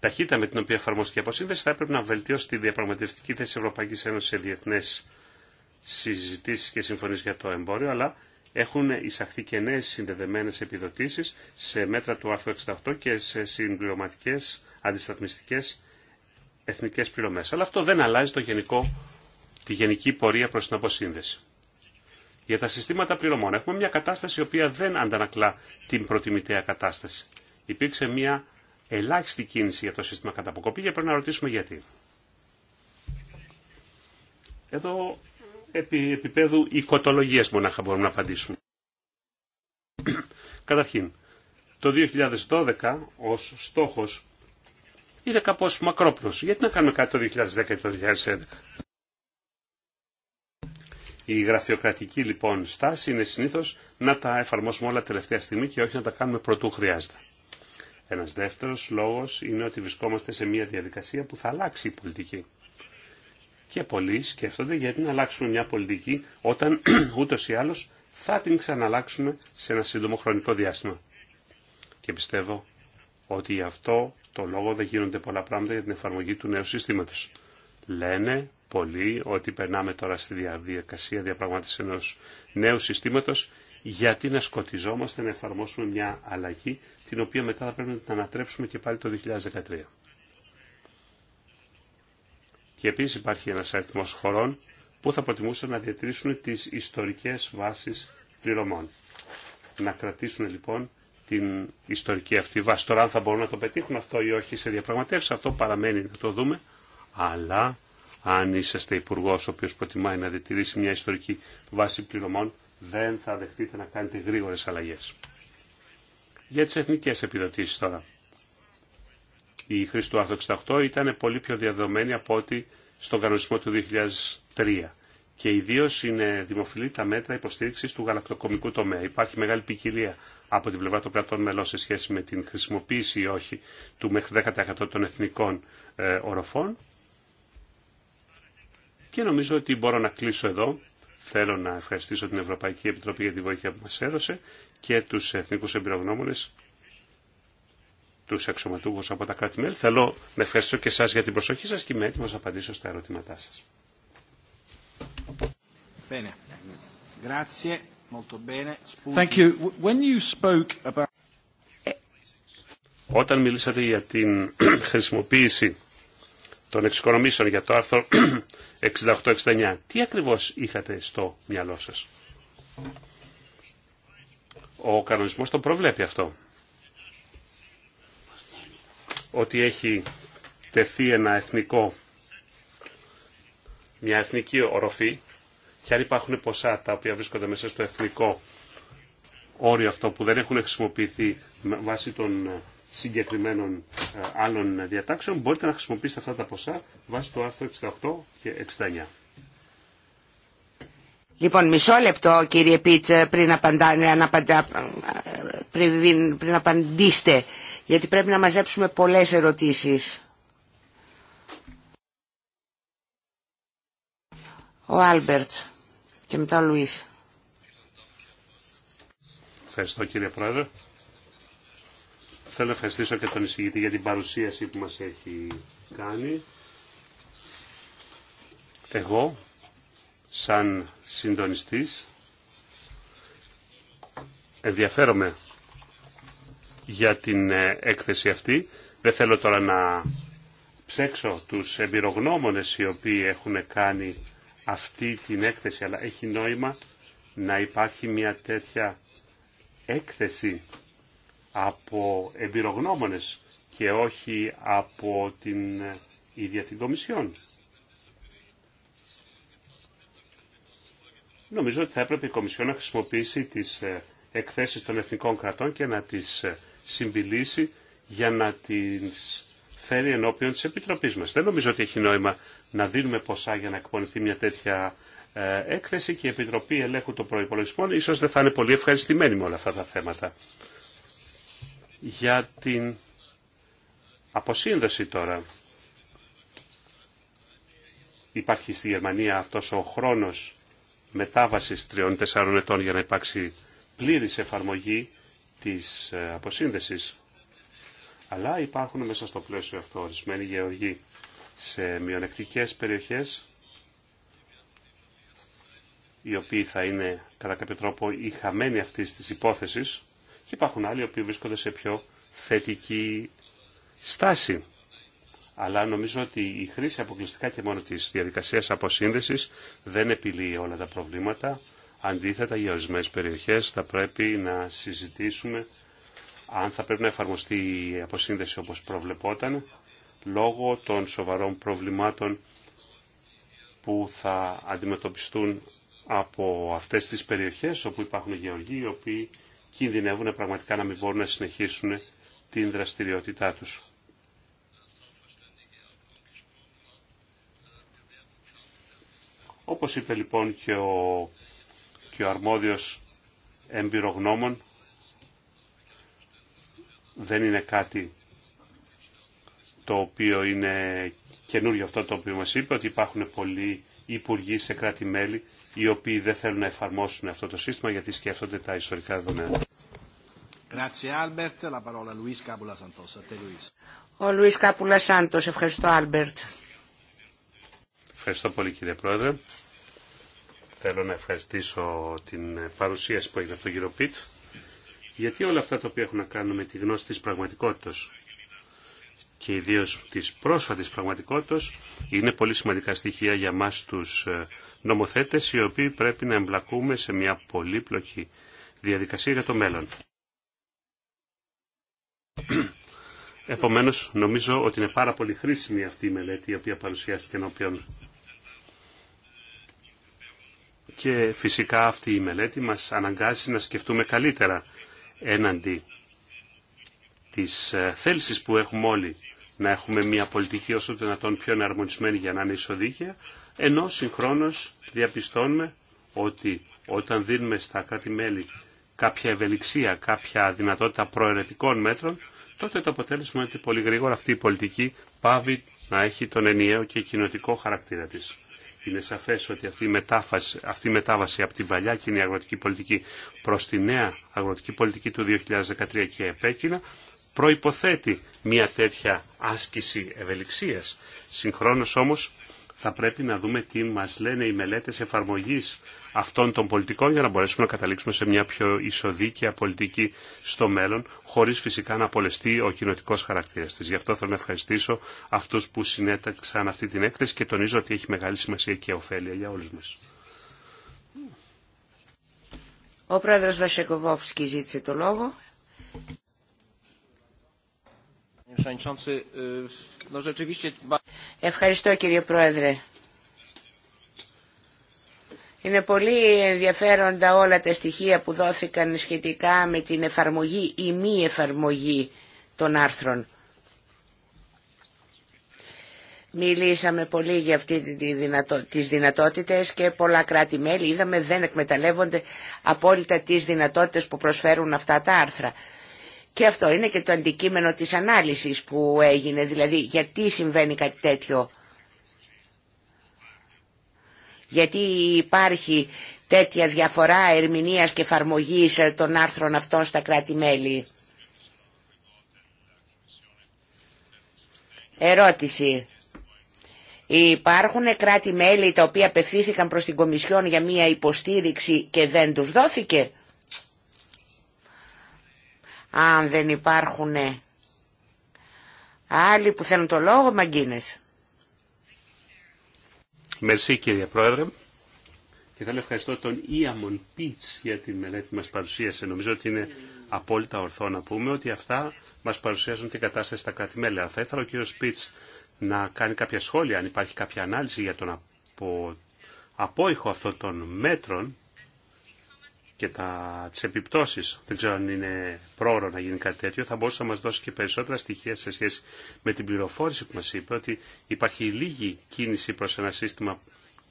ταχύτητα με την οποία εφαρμόστηκε η αποσύνδεση θα έπρεπε να βελτιώσει τη διαπραγματευτική θέση Ευρωπαϊκής Ένωσης σε διεθνές συζητήσεις και συμφωνίες για το εμπόριο, αλλά έχουν εισαχθεί και νέε συνδεδεμένε επιδοτήσει σε μέτρα του άρθρου 68 και σε συμπληρωματικέ αντισταθμιστικέ εθνικέ πληρωμέ. Αλλά αυτό δεν αλλάζει το γενικό, τη γενική πορεία προ την αποσύνδεση. Για τα συστήματα πληρωμών έχουμε μια κατάσταση η οποία δεν αντανακλά την προτιμητέα κατάσταση υπήρξε μια ελάχιστη κίνηση για το σύστημα καταποκοπή και πρέπει να ρωτήσουμε γιατί. Εδώ επί επίπεδου οικοτολογίας μονάχα μπορούμε να απαντήσουμε. <clears throat> Καταρχήν, το 2012 ως στόχος είναι κάπως μακρόπνος. Γιατί να κάνουμε κάτι το 2010 και το 2011. Η γραφειοκρατική λοιπόν στάση είναι συνήθως να τα εφαρμόσουμε όλα τελευταία στιγμή και όχι να τα κάνουμε πρωτού χρειάζεται. Ένας δεύτερος λόγος είναι ότι βρισκόμαστε σε μια διαδικασία που θα αλλάξει η πολιτική. Και πολλοί σκέφτονται γιατί να αλλάξουμε μια πολιτική όταν <clears throat> ούτως ή άλλως θα την ξαναλλάξουμε σε ένα σύντομο χρονικό διάστημα. Και πιστεύω ότι γι' αυτό το λόγο δεν γίνονται πολλά πράγματα για την εφαρμογή του νέου συστήματος. Λένε πολλοί ότι περνάμε τώρα στη διαδικασία διαπραγμάτευσης ενός νέου συστήματος γιατί να σκοτιζόμαστε να εφαρμόσουμε μια αλλαγή την οποία μετά θα πρέπει να την ανατρέψουμε και πάλι το 2013. Και επίσης υπάρχει ένας αριθμός χωρών που θα προτιμούσαν να διατηρήσουν τις ιστορικές βάσεις πληρωμών. Να κρατήσουν λοιπόν την ιστορική αυτή βάση. Τώρα αν θα μπορούν να το πετύχουν αυτό ή όχι σε διαπραγματεύσει, αυτό παραμένει να το δούμε. Αλλά αν είσαστε υπουργό ο οποίο προτιμάει να διατηρήσει μια ιστορική βάση πληρωμών, δεν θα δεχτείτε να κάνετε γρήγορες αλλαγές. Για τις εθνικές επιδοτήσεις τώρα. Η χρήση του άρθρου 68 ήταν πολύ πιο διαδεδομένη από ό,τι στον κανονισμό του 2003 και ιδίω είναι δημοφιλή τα μέτρα υποστήριξη του γαλακτοκομικού τομέα. Υπάρχει μεγάλη ποικιλία από την πλευρά των κρατών μελών σε σχέση με την χρησιμοποίηση ή όχι του μέχρι 10% των εθνικών ε, οροφών. Και νομίζω ότι μπορώ να κλείσω εδώ Θέλω να ευχαριστήσω την Ευρωπαϊκή Επιτροπή για τη βοήθεια που μας έδωσε και τους εθνικούς εμπειρογνώμονες, τους αξιωματούχους από τα κράτη-μέλη. Θέλω να ευχαριστήσω και εσάς για την προσοχή σας και είμαι έτοιμος να απαντήσω στα ερωτήματά σας. Thank you. spoke about... Όταν μιλήσατε για την <clears throat> χρησιμοποίηση των εξοικονομήσεων για το άρθρο 68-69. <clears throat> Τι ακριβώς είχατε στο μυαλό σας. Ο κανονισμός το προβλέπει αυτό. Ότι έχει τεθεί ένα εθνικό, μια εθνική οροφή και αν υπάρχουν ποσά τα οποία βρίσκονται μέσα στο εθνικό όριο αυτό που δεν έχουν χρησιμοποιηθεί βάση των συγκεκριμένων ε, άλλων διατάξεων, μπορείτε να χρησιμοποιήσετε αυτά τα ποσά βάσει του άρθρου 68 και 69. Λοιπόν, μισό λεπτό κύριε Πίτς ε, πριν, ε, πριν, πριν απαντήστε, γιατί πρέπει να μαζέψουμε πολλές ερωτήσεις. Ο Άλμπερτ και μετά ο Λουίς. Ευχαριστώ κύριε Πρόεδρε. Θέλω να ευχαριστήσω και τον εισηγητή για την παρουσίαση που μας έχει κάνει. Εγώ, σαν συντονιστής, ενδιαφέρομαι για την ε, έκθεση αυτή. Δεν θέλω τώρα να ψέξω τους εμπειρογνώμονες οι οποίοι έχουν κάνει αυτή την έκθεση, αλλά έχει νόημα να υπάρχει μια τέτοια έκθεση από εμπειρογνώμονες και όχι από την ίδια την Κομισιόν. Νομίζω ότι θα έπρεπε η Κομισιόν να χρησιμοποιήσει τις ε, εκθέσεις των εθνικών κρατών και να τις ε, συμπηλήσει για να τις φέρει ενώπιον της Επιτροπής μας. Δεν νομίζω ότι έχει νόημα να δίνουμε ποσά για να εκπονηθεί μια τέτοια ε, έκθεση και η Επιτροπή Ελέγχου των Προϋπολογισμών ίσως δεν θα είναι πολύ ευχαριστημένη με όλα αυτά τα θέματα για την αποσύνδεση τώρα. Υπάρχει στη Γερμανία αυτός ο χρόνος μετάβασης τριών-τεσσάρων ετών για να υπάρξει πλήρης εφαρμογή της ε, αποσύνδεσης. Αλλά υπάρχουν μέσα στο πλαίσιο αυτό ορισμένοι γεωργοί σε μειονεκτικές περιοχές οι οποίοι θα είναι κατά κάποιο τρόπο οι χαμένοι αυτής της υπόθεσης και υπάρχουν άλλοι που βρίσκονται σε πιο θετική στάση. Αλλά νομίζω ότι η χρήση αποκλειστικά και μόνο της διαδικασίας αποσύνδεσης δεν επιλύει όλα τα προβλήματα. Αντίθετα, για ορισμένε περιοχές θα πρέπει να συζητήσουμε αν θα πρέπει να εφαρμοστεί η αποσύνδεση όπως προβλεπόταν, λόγω των σοβαρών προβλημάτων που θα αντιμετωπιστούν από αυτές τις περιοχές όπου υπάρχουν γεωργοί οι οποίοι κινδυνεύουν πραγματικά να μην μπορούν να συνεχίσουν την δραστηριότητά τους. Όπως είπε λοιπόν και ο, και ο αρμόδιος εμπειρογνώμων, δεν είναι κάτι το οποίο είναι καινούριο αυτό το οποίο μας είπε, ότι υπάρχουν πολλοί υπουργοί σε κράτη-μέλη οι οποίοι δεν θέλουν να εφαρμόσουν αυτό το σύστημα γιατί σκέφτονται τα ιστορικά δεδομένα. Ο Ευχαριστώ Άλμπερτ. Ευχαριστώ πολύ κύριε Πρόεδρε. Θέλω να ευχαριστήσω την παρουσίαση που έγινε από τον κύριο Πιτ. Γιατί όλα αυτά τα οποία έχουν να κάνουν με τη γνώση της πραγματικότητας και ιδίως της πρόσφατης πραγματικότητας είναι πολύ σημαντικά στοιχεία για μας τους ε, νομοθέτες οι οποίοι πρέπει να εμπλακούμε σε μια πολύπλοκη διαδικασία για το μέλλον. Επομένως, νομίζω ότι είναι πάρα πολύ χρήσιμη αυτή η μελέτη η οποία παρουσιάστηκε ενώπιον. Και φυσικά αυτή η μελέτη μας αναγκάζει να σκεφτούμε καλύτερα έναντι της ε, θέλησης που έχουμε όλοι να έχουμε μια πολιτική όσο το δυνατόν πιο εναρμονισμένη για να είναι ισοδίκαια, ενώ συγχρόνως διαπιστώνουμε ότι όταν δίνουμε στα κράτη-μέλη κάποια ευελιξία, κάποια δυνατότητα προαιρετικών μέτρων, τότε το αποτέλεσμα είναι ότι πολύ γρήγορα αυτή η πολιτική πάβει να έχει τον ενιαίο και κοινοτικό χαρακτήρα της. Είναι σαφές ότι αυτή η, μετάφαση, αυτή η μετάβαση από την παλιά κοινή αγροτική πολιτική προς τη νέα αγροτική πολιτική του 2013 και επέκεινα προϋποθέτει μια τέτοια άσκηση ευελιξίας. Συγχρόνως όμως θα πρέπει να δούμε τι μας λένε οι μελέτες εφαρμογής αυτών των πολιτικών για να μπορέσουμε να καταλήξουμε σε μια πιο ισοδίκαια πολιτική στο μέλλον, χωρίς φυσικά να απολεστεί ο κοινότικό χαρακτήρας της. Γι' αυτό θέλω να ευχαριστήσω αυτούς που συνέταξαν αυτή την έκθεση και τονίζω ότι έχει μεγάλη σημασία και ωφέλεια για όλους μας. Ο πρόεδρος ζήτησε το λόγο. Ευχαριστώ κύριε Πρόεδρε. Είναι πολύ ενδιαφέροντα όλα τα στοιχεία που δόθηκαν σχετικά με την εφαρμογή ή μη εφαρμογή των άρθρων. Μιλήσαμε πολύ για αυτή τη δυνατό, τις δυνατότητες και πολλά κράτη-μέλη είδαμε δεν εκμεταλλεύονται απόλυτα τις δυνατότητες που προσφέρουν αυτά τα άρθρα. Και αυτό είναι και το αντικείμενο της ανάλυσης που έγινε, δηλαδή γιατί συμβαίνει κάτι τέτοιο. Γιατί υπάρχει τέτοια διαφορά ερμηνείας και εφαρμογή των άρθρων αυτών στα κράτη-μέλη. Ερώτηση. Υπάρχουν κράτη-μέλη τα οποία απευθύνθηκαν προς την Κομισιόν για μία υποστήριξη και δεν τους δόθηκε. Αν δεν υπάρχουν άλλοι που θέλουν το λόγο, μαγκίνες. Μερσή κύριε Πρόεδρε. Και θέλω ευχαριστώ τον Ιαμον Πίτς για τη μελέτη μας παρουσίασε. Νομίζω ότι είναι απόλυτα ορθό να πούμε ότι αυτά μας παρουσιάζουν την κατάσταση στα κρατη θα ήθελα ο κύριος Πίτς να κάνει κάποια σχόλια, αν υπάρχει κάποια ανάλυση για τον απόϊχο αυτών των μέτρων και τα, τις επιπτώσεις, δεν ξέρω αν είναι πρόωρο να γίνει κάτι τέτοιο, θα μπορούσε να μας δώσει και περισσότερα στοιχεία σε σχέση με την πληροφόρηση που μας είπε ότι υπάρχει λίγη κίνηση προς ένα σύστημα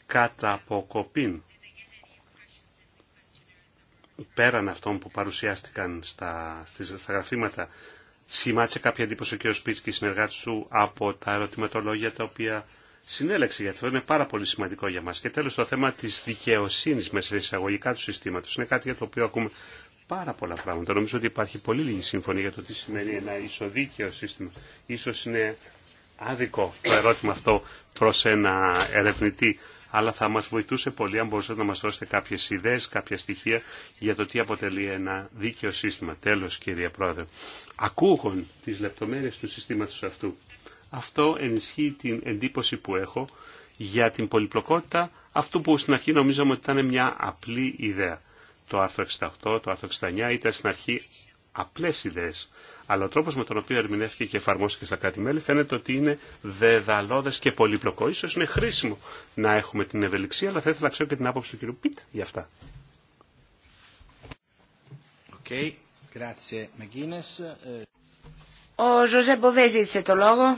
κατά αποκοπήν πέραν αυτών που παρουσιάστηκαν στα, στις, στα γραφήματα σχημάτισε κάποια εντύπωση ο κ. Σπίτς και οι συνεργάτες του από τα ερωτηματολόγια τα οποία συνέλεξη, γιατί αυτό είναι πάρα πολύ σημαντικό για μας. Και τέλος το θέμα της δικαιοσύνης μέσα σε εισαγωγικά του συστήματος. Είναι κάτι για το οποίο ακούμε πάρα πολλά πράγματα. Νομίζω ότι υπάρχει πολύ λίγη σύμφωνη για το τι σημαίνει ένα ισοδίκαιο σύστημα. Ίσως είναι άδικο το ερώτημα αυτό προς ένα ερευνητή αλλά θα μας βοηθούσε πολύ αν μπορούσατε να μας δώσετε κάποιες ιδέες, κάποια στοιχεία για το τι αποτελεί ένα δίκαιο σύστημα. Τέλος, κύριε Πρόεδρε, ακούγον τις λεπτομέρειες του συστήματος αυτού αυτό ενισχύει την εντύπωση που έχω για την πολυπλοκότητα αυτού που στην αρχή νομίζαμε ότι ήταν μια απλή ιδέα. Το άρθρο 68, το άρθρο 69 ήταν στην αρχή απλές ιδέες. Αλλά ο τρόπο με τον οποίο ερμηνεύτηκε και εφαρμόστηκε στα κράτη-μέλη φαίνεται ότι είναι δεδαλώδε και πολύπλοκο. σω είναι χρήσιμο να έχουμε την ευελιξία, αλλά θα ήθελα να ξέρω και την άποψη του κ. Πιτ για αυτά. Ε, ο Ζωζέ ζήτησε το λόγο.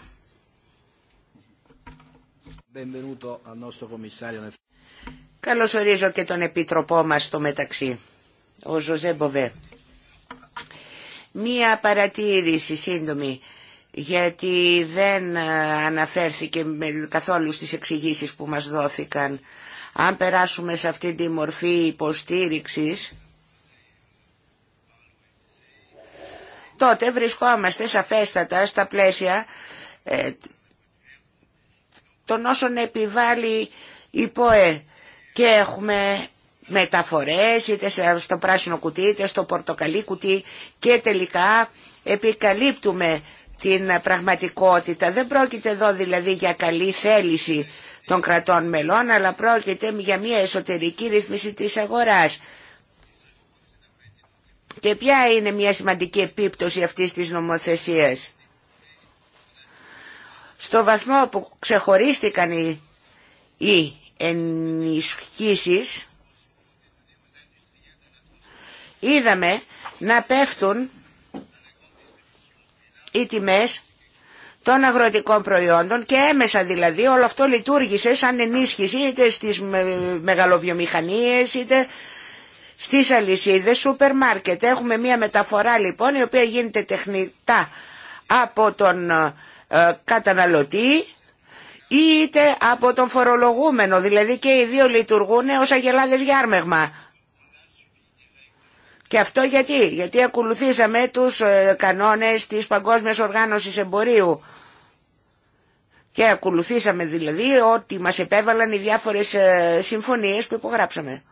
Καλώς ορίζω και τον Επίτροπό μας στο μεταξύ, ο Ζωζέ Μποβέ. Μία παρατήρηση σύντομη, γιατί δεν αναφέρθηκε καθόλου στις εξηγήσεις που μας δόθηκαν. Αν περάσουμε σε αυτή τη μορφή υποστήριξης, τότε βρισκόμαστε σαφέστατα στα πλαίσια ε, των όσων επιβάλλει η ΠΟΕ και έχουμε μεταφορές είτε στο πράσινο κουτί είτε στο πορτοκαλί κουτί και τελικά επικαλύπτουμε την πραγματικότητα. Δεν πρόκειται εδώ δηλαδή για καλή θέληση των κρατών μελών αλλά πρόκειται για μια εσωτερική ρύθμιση της αγοράς. Και ποια είναι μια σημαντική επίπτωση αυτής της νομοθεσίας στο βαθμό που ξεχωρίστηκαν οι, οι ενισχύσεις είδαμε να πέφτουν οι τιμές των αγροτικών προϊόντων και έμεσα δηλαδή όλο αυτό λειτουργήσε σαν ενίσχυση είτε στις μεγαλοβιομηχανίες είτε στις αλυσίδες σούπερ μάρκετ. Έχουμε μια μεταφορά λοιπόν η οποία γίνεται τεχνητά από τον ε, καταναλωτή είτε από τον φορολογούμενο. Δηλαδή και οι δύο λειτουργούν ως αγελάδες για άρμεγμα. Και αυτό γιατί, γιατί ακολουθήσαμε τους ε, κανόνες της Παγκόσμιας Οργάνωσης Εμπορίου και ακολουθήσαμε δηλαδή ότι μας επέβαλαν οι διάφορες ε, συμφωνίες που υπογράψαμε.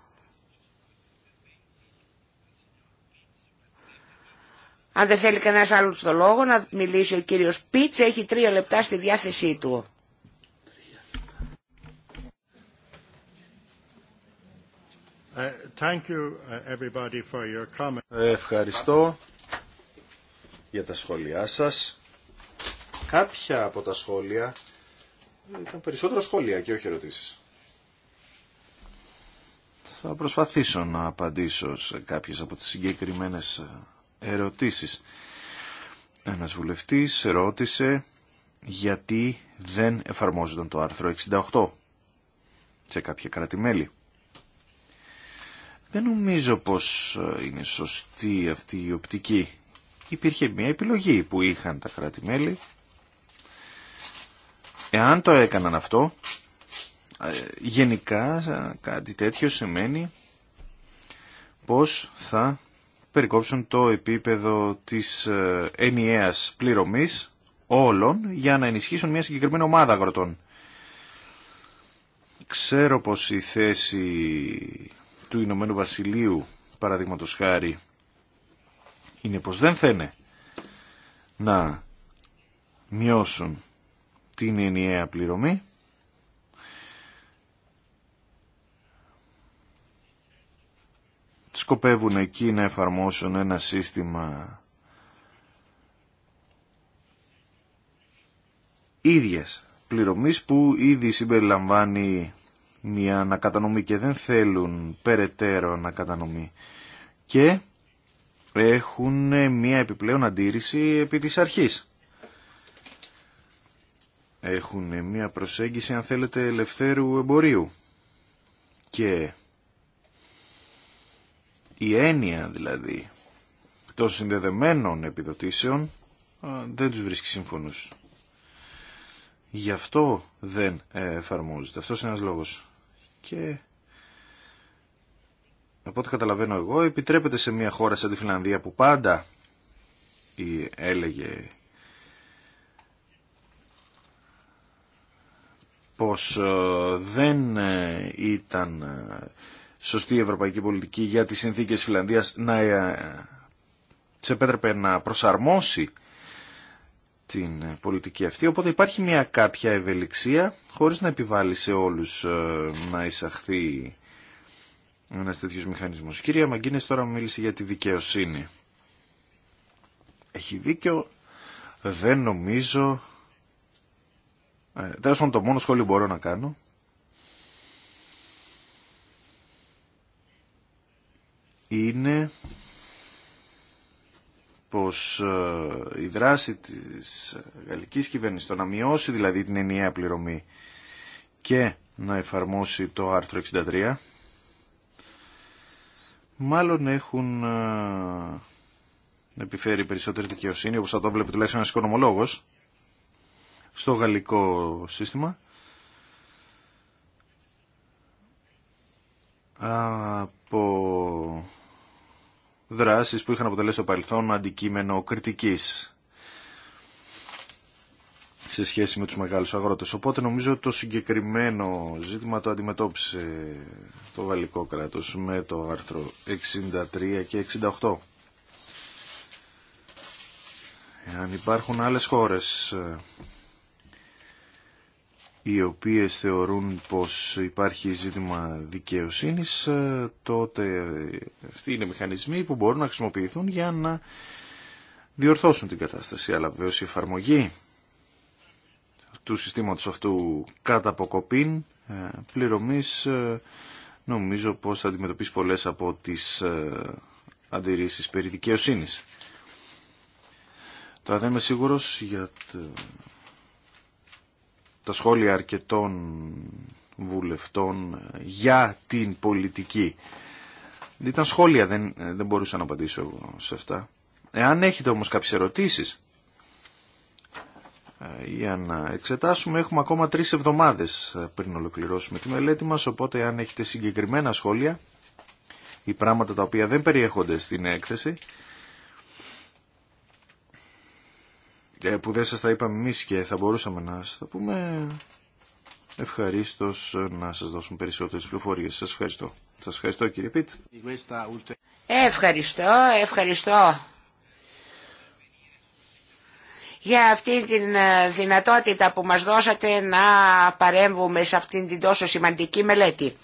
Αν δεν θέλει κανένας άλλος το λόγο να μιλήσει ο κύριος Πίτς, έχει τρία λεπτά στη διάθεσή του. Ε, ε, ευχαριστώ για τα σχόλιά σας. Κάποια από τα σχόλια ήταν περισσότερα σχόλια και όχι ερωτήσεις. Θα προσπαθήσω να απαντήσω σε κάποιες από τις συγκεκριμένες ερωτήσεις. Ένας βουλευτής ρώτησε γιατί δεν εφαρμόζονταν το άρθρο 68 σε κάποια κράτη-μέλη. Δεν νομίζω πως είναι σωστή αυτή η οπτική. Υπήρχε μια επιλογή που είχαν τα κρατη Εάν το έκαναν αυτό, ε, γενικά κάτι τέτοιο σημαίνει πως θα περικόψουν το επίπεδο της ε, ενιαίας πληρωμής όλων για να ενισχύσουν μια συγκεκριμένη ομάδα αγροτών. Ξέρω πως η θέση του Ηνωμένου Βασιλείου, παραδείγματο χάρη, είναι πως δεν θένε να μειώσουν την ενιαία πληρωμή σκοπεύουν εκεί να εφαρμόσουν ένα σύστημα ίδιας πληρωμής που ήδη συμπεριλαμβάνει μια ανακατανομή και δεν θέλουν περαιτέρω ανακατανομή και έχουν μια επιπλέον αντίρρηση επί της αρχής. Έχουν μια προσέγγιση αν θέλετε ελευθέρου εμπορίου και η έννοια δηλαδή των συνδεδεμένων επιδοτήσεων δεν τους βρίσκει σύμφωνους. Γι' αυτό δεν ε, εφαρμόζεται. Αυτός είναι ένας λόγος. Και από ό,τι καταλαβαίνω εγώ επιτρέπεται σε μια χώρα σαν τη Φιλανδία που πάντα η, έλεγε πως ε, δεν ε, ήταν σωστή ευρωπαϊκή πολιτική για τις συνθήκες Φιλανδίας να ε, σε επέτρεπε να προσαρμόσει την πολιτική αυτή. Οπότε υπάρχει μια κάποια ευελιξία χωρίς να επιβάλλει σε όλους ε, να εισαχθεί ένας τέτοιο μηχανισμός. Η κυρία Μαγκίνε τώρα μίλησε για τη δικαιοσύνη. Έχει δίκιο. Δεν νομίζω. Ε, Τέλο πάντων, το μόνο σχόλιο μπορώ να κάνω είναι πως ε, η δράση της γαλλικής κυβέρνησης, το να μειώσει δηλαδή την ενιαία πληρωμή και να εφαρμόσει το άρθρο 63, μάλλον έχουν ε, επιφέρει περισσότερη δικαιοσύνη, όπως θα το βλέπει τουλάχιστον ένας οικονομολόγος, στο γαλλικό σύστημα, από δράσεις που είχαν αποτελέσει στο παρελθόν αντικείμενο κριτικής σε σχέση με τους μεγάλους αγρότες. Οπότε νομίζω το συγκεκριμένο ζήτημα το αντιμετώπισε το γαλλικό κράτος με το άρθρο 63 και 68. Εάν υπάρχουν άλλες χώρες ε, οι οποίες θεωρούν πως υπάρχει ζήτημα δικαιοσύνης, ε, τότε αυτοί είναι μηχανισμοί που μπορούν να χρησιμοποιηθούν για να διορθώσουν την κατάσταση. Αλλά βεβαίω η εφαρμογή του συστήματος αυτού κατά αποκοπήν ε, πληρωμής ε, νομίζω πως θα αντιμετωπίσει πολλές από τις αντιρρήσεις περί δικαιοσύνης. Τώρα δεν είμαι σίγουρος για το τα σχόλια αρκετών βουλευτών για την πολιτική. Ήταν σχόλια, δεν, δεν μπορούσα να απαντήσω εγώ σε αυτά. Εάν έχετε όμως κάποιες ερωτήσεις ε, για να εξετάσουμε, έχουμε ακόμα τρεις εβδομάδες ε, πριν ολοκληρώσουμε τη μελέτη μας, οπότε αν έχετε συγκεκριμένα σχόλια ή πράγματα τα οποία δεν περιέχονται στην έκθεση, Ε, που δεν σας τα είπαμε εμείς και θα μπορούσαμε να σας τα πούμε ευχαρίστως να σας δώσουν περισσότερες πληροφορίες. Σας ευχαριστώ. Σας ευχαριστώ κύριε Πιτ. Ευχαριστώ, ευχαριστώ για αυτή την ε, δυνατότητα που μας δώσατε να παρέμβουμε σε αυτήν την τόσο σημαντική μελέτη.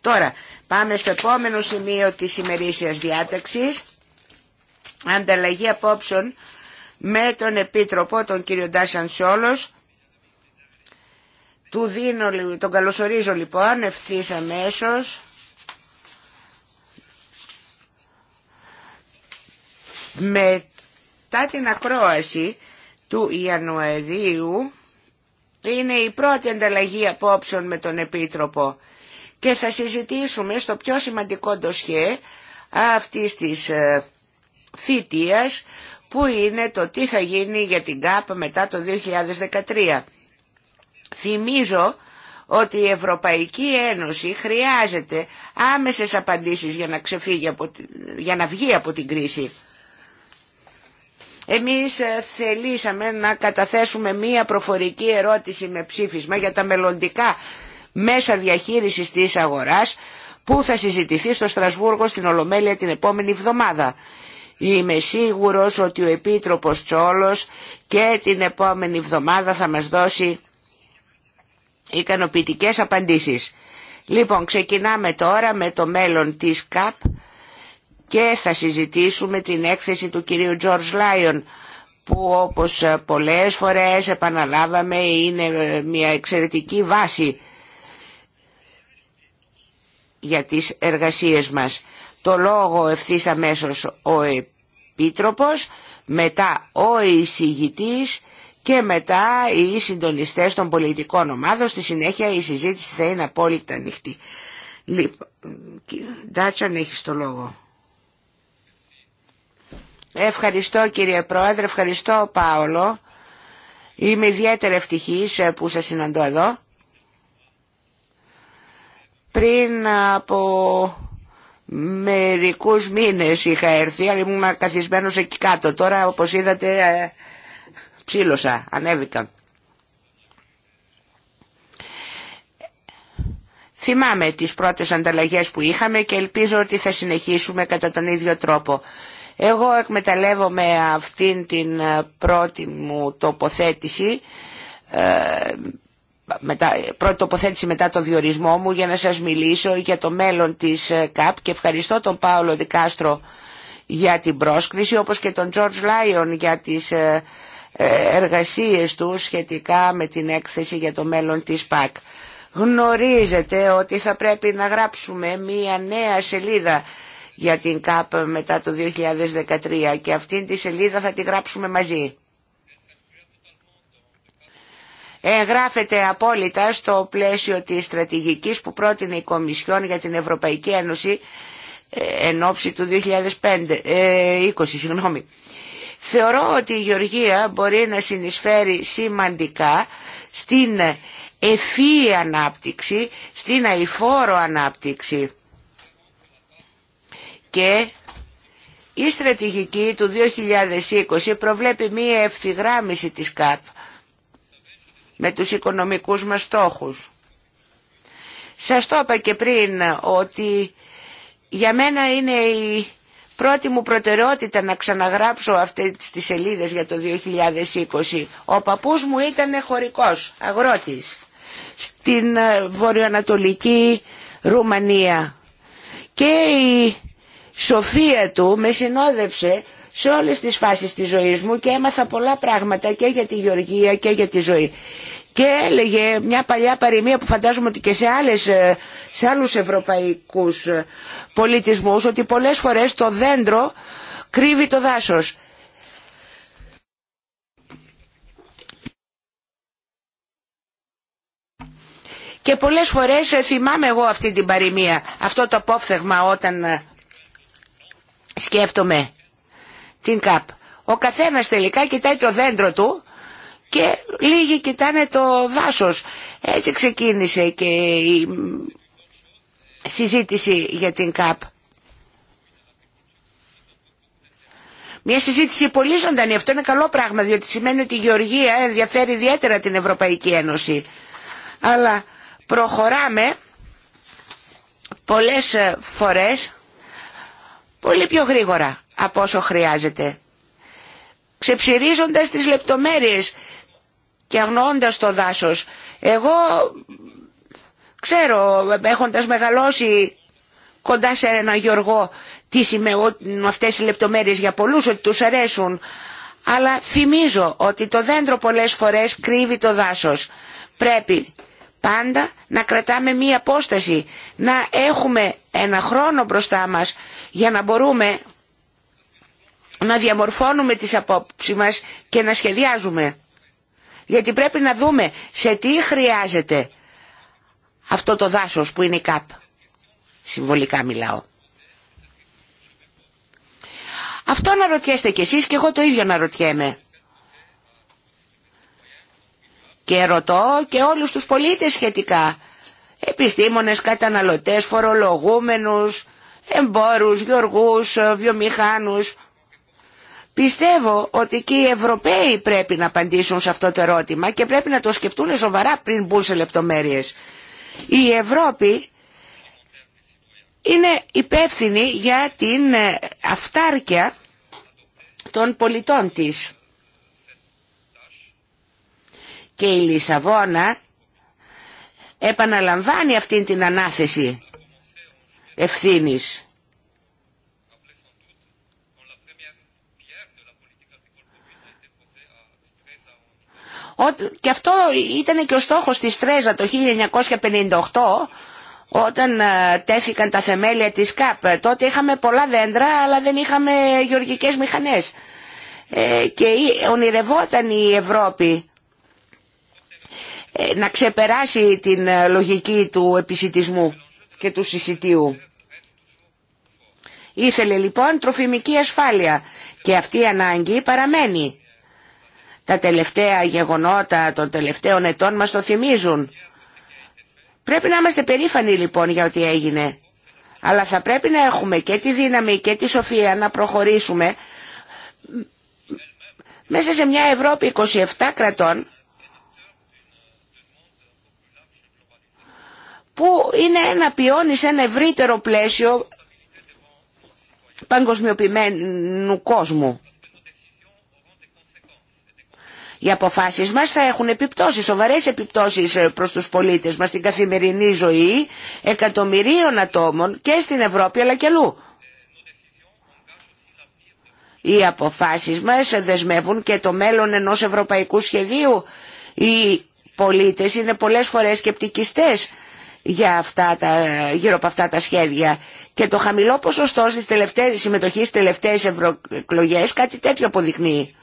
Τώρα, πάμε στο επόμενο σημείο της ημερήσιας διάταξης. Ανταλλαγή απόψεων με τον Επίτροπο, τον κύριο Ντάσιαν Σόλος. Του δίνω, τον καλωσορίζω λοιπόν ευθύς αμέσως. Μετά την ακρόαση του Ιανουαρίου είναι η πρώτη ανταλλαγή απόψεων με τον Επίτροπο και θα συζητήσουμε στο πιο σημαντικό ντοσχέ αυτής της ε, θητείας που είναι το τι θα γίνει για την ΚΑΠ μετά το 2013. Θυμίζω ότι η Ευρωπαϊκή Ένωση χρειάζεται άμεσες απαντήσεις για να, για βγει από την κρίση. Εμείς ε, θελήσαμε να καταθέσουμε μία προφορική ερώτηση με ψήφισμα για τα μελλοντικά μέσα διαχείρισης της αγοράς που θα συζητηθεί στο Στρασβούργο στην Ολομέλεια την επόμενη εβδομάδα. Είμαι σίγουρος ότι ο Επίτροπος Τσόλος και την επόμενη εβδομάδα θα μας δώσει ικανοποιητικές απαντήσεις. Λοιπόν, ξεκινάμε τώρα με το μέλλον της ΚΑΠ και θα συζητήσουμε την έκθεση του κυρίου Τζόρζ Λάιον που όπως πολλές φορές επαναλάβαμε είναι ε, μια εξαιρετική βάση για τις εργασίες μας το λόγο ευθύς αμέσως ο Επίτροπος, μετά ο εισηγητής και μετά οι συντονιστές των πολιτικών ομάδων. Στη συνέχεια η συζήτηση θα είναι απόλυτα ανοιχτή. Λοιπόν, Ντάτσαν έχεις το λόγο. Ευχαριστώ κύριε Πρόεδρε, ευχαριστώ Πάολο. Είμαι ιδιαίτερα ευτυχής ε, που σας συναντώ εδώ. Πριν από Μερικούς μήνες είχα έρθει, αλλά ήμουν καθισμένος εκεί κάτω. Τώρα, όπως είδατε, ε, ψήλωσα, ανέβηκα. Θυμάμαι τις πρώτες ανταλλαγές που είχαμε και ελπίζω ότι θα συνεχίσουμε κατά τον ίδιο τρόπο. Εγώ εκμεταλλεύομαι αυτήν την ε, πρώτη μου τοποθέτηση ε, μετά, πρώτη τοποθέτηση μετά το διορισμό μου για να σας μιλήσω για το μέλλον της ε, ΚΑΠ και ευχαριστώ τον Πάολο Δικάστρο για την πρόσκληση όπως και τον George Λάιον για τις ε, ε, εργασίες του σχετικά με την έκθεση για το μέλλον της ΠΑΚ. Γνωρίζετε ότι θα πρέπει να γράψουμε μία νέα σελίδα για την ΚΑΠ μετά το 2013 και αυτήν τη σελίδα θα τη γράψουμε μαζί. Εγγράφεται απόλυτα στο πλαίσιο της στρατηγικής που πρότεινε η Κομισιόν για την Ευρωπαϊκή Ένωση ε, εν ώψη του 2020. Ε, συγγνώμη. Θεωρώ ότι η Γεωργία μπορεί να συνεισφέρει σημαντικά στην ευφύη ανάπτυξη, στην αηφόρο ανάπτυξη και η στρατηγική του 2020 προβλέπει μία ευθυγράμμιση της ΚΑΠ με τους οικονομικούς μας στόχους. Σας το είπα και πριν ότι για μένα είναι η πρώτη μου προτεραιότητα να ξαναγράψω αυτές τις σελίδες για το 2020. Ο παππούς μου ήταν χωρικός, αγρότης, στην ε, βορειοανατολική Ρουμανία. Και η σοφία του με συνόδεψε σε όλες τις φάσεις της ζωής μου και έμαθα πολλά πράγματα και για τη γεωργία και για τη ζωή. Και έλεγε μια παλιά παροιμία που φαντάζομαι ότι και σε, άλλες, ε, σε άλλους ευρωπαϊκούς ε, πολιτισμούς ότι πολλές φορές το δέντρο κρύβει το δάσος. Και πολλές φορές ε, θυμάμαι εγώ αυτή την παροιμία, αυτό το απόφθεγμα όταν σκέφτομαι την ΚΑΠ. Ο καθένας τελικά κοιτάει το δέντρο του και λίγοι κοιτάνε το δάσος. Έτσι ξεκίνησε και η συζήτηση για την ΚΑΠ. Μια συζήτηση πολύ ζωντανή, αυτό είναι καλό πράγμα, διότι σημαίνει ότι η Γεωργία ενδιαφέρει ιδιαίτερα την Ευρωπαϊκή Ένωση. Αλλά προχωράμε πολλές φορές πολύ πιο γρήγορα από όσο χρειάζεται. Ξεψηρίζοντας τις λεπτομέρειες και αγνοώντας το δάσος. Εγώ ξέρω έχοντας μεγαλώσει κοντά σε ένα Γιώργο τι σημαίνουν αυτές οι λεπτομέρειες για πολλούς ότι τους αρέσουν. Αλλά θυμίζω ότι το δέντρο πολλές φορές κρύβει το δάσος. Πρέπει πάντα να κρατάμε μία απόσταση, να έχουμε ένα χρόνο μπροστά μας για να μπορούμε να διαμορφώνουμε τις απόψεις μας και να σχεδιάζουμε. Γιατί πρέπει να δούμε σε τι χρειάζεται αυτό το δάσος που είναι η ΚΑΠ. Συμβολικά μιλάω. Αυτό να ρωτιέστε κι εσείς και εγώ το ίδιο να ρωτιέμαι. Και ρωτώ και όλους τους πολίτες σχετικά. Επιστήμονες, καταναλωτές, φορολογούμενους, εμπόρους, γεωργούς, βιομηχάνους, Πιστεύω ότι και οι Ευρωπαίοι πρέπει να απαντήσουν σε αυτό το ερώτημα και πρέπει να το σκεφτούν σοβαρά πριν μπουν σε λεπτομέρειες. Η Ευρώπη είναι υπεύθυνη για την ε, αυτάρκεια των πολιτών της. Και η Λισαβόνα επαναλαμβάνει αυτήν την ανάθεση ευθύνης. Και αυτό ήταν και ο στόχος της Τρέζα το 1958 όταν ε, τέθηκαν τα θεμέλια της ΚΑΠ. Τότε είχαμε πολλά δέντρα αλλά δεν είχαμε γεωργικές μηχανές. Ε, και ονειρευόταν η Ευρώπη ε, να ξεπεράσει την λογική του επισητισμού και του συσιτίου. Ήθελε λοιπόν τροφιμική ασφάλεια και αυτή η ανάγκη παραμένει. Τα τελευταία γεγονότα των τελευταίων ετών μας το θυμίζουν. Πρέπει να είμαστε περήφανοι λοιπόν για ό,τι έγινε. Αλλά θα πρέπει να έχουμε και τη δύναμη και τη σοφία να προχωρήσουμε μέσα σε μια Ευρώπη 27 κρατών που είναι ένα πιόνι σε ένα ευρύτερο πλαίσιο παγκοσμιοποιημένου κόσμου. Οι αποφάσεις μας θα έχουν επιπτώσεις, σοβαρές επιπτώσεις ε, προς τους πολίτες μας στην καθημερινή ζωή εκατομμυρίων ατόμων και στην Ευρώπη αλλά και αλλού. Οι αποφάσεις μας δεσμεύουν και το μέλλον ενός ευρωπαϊκού σχεδίου. Οι πολίτες είναι πολλές φορές σκεπτικιστές για αυτά τα, γύρω από αυτά τα σχέδια και το χαμηλό ποσοστό της συμμετοχής στις τελευταίες ευρωεκλογές κάτι τέτοιο αποδεικνύει.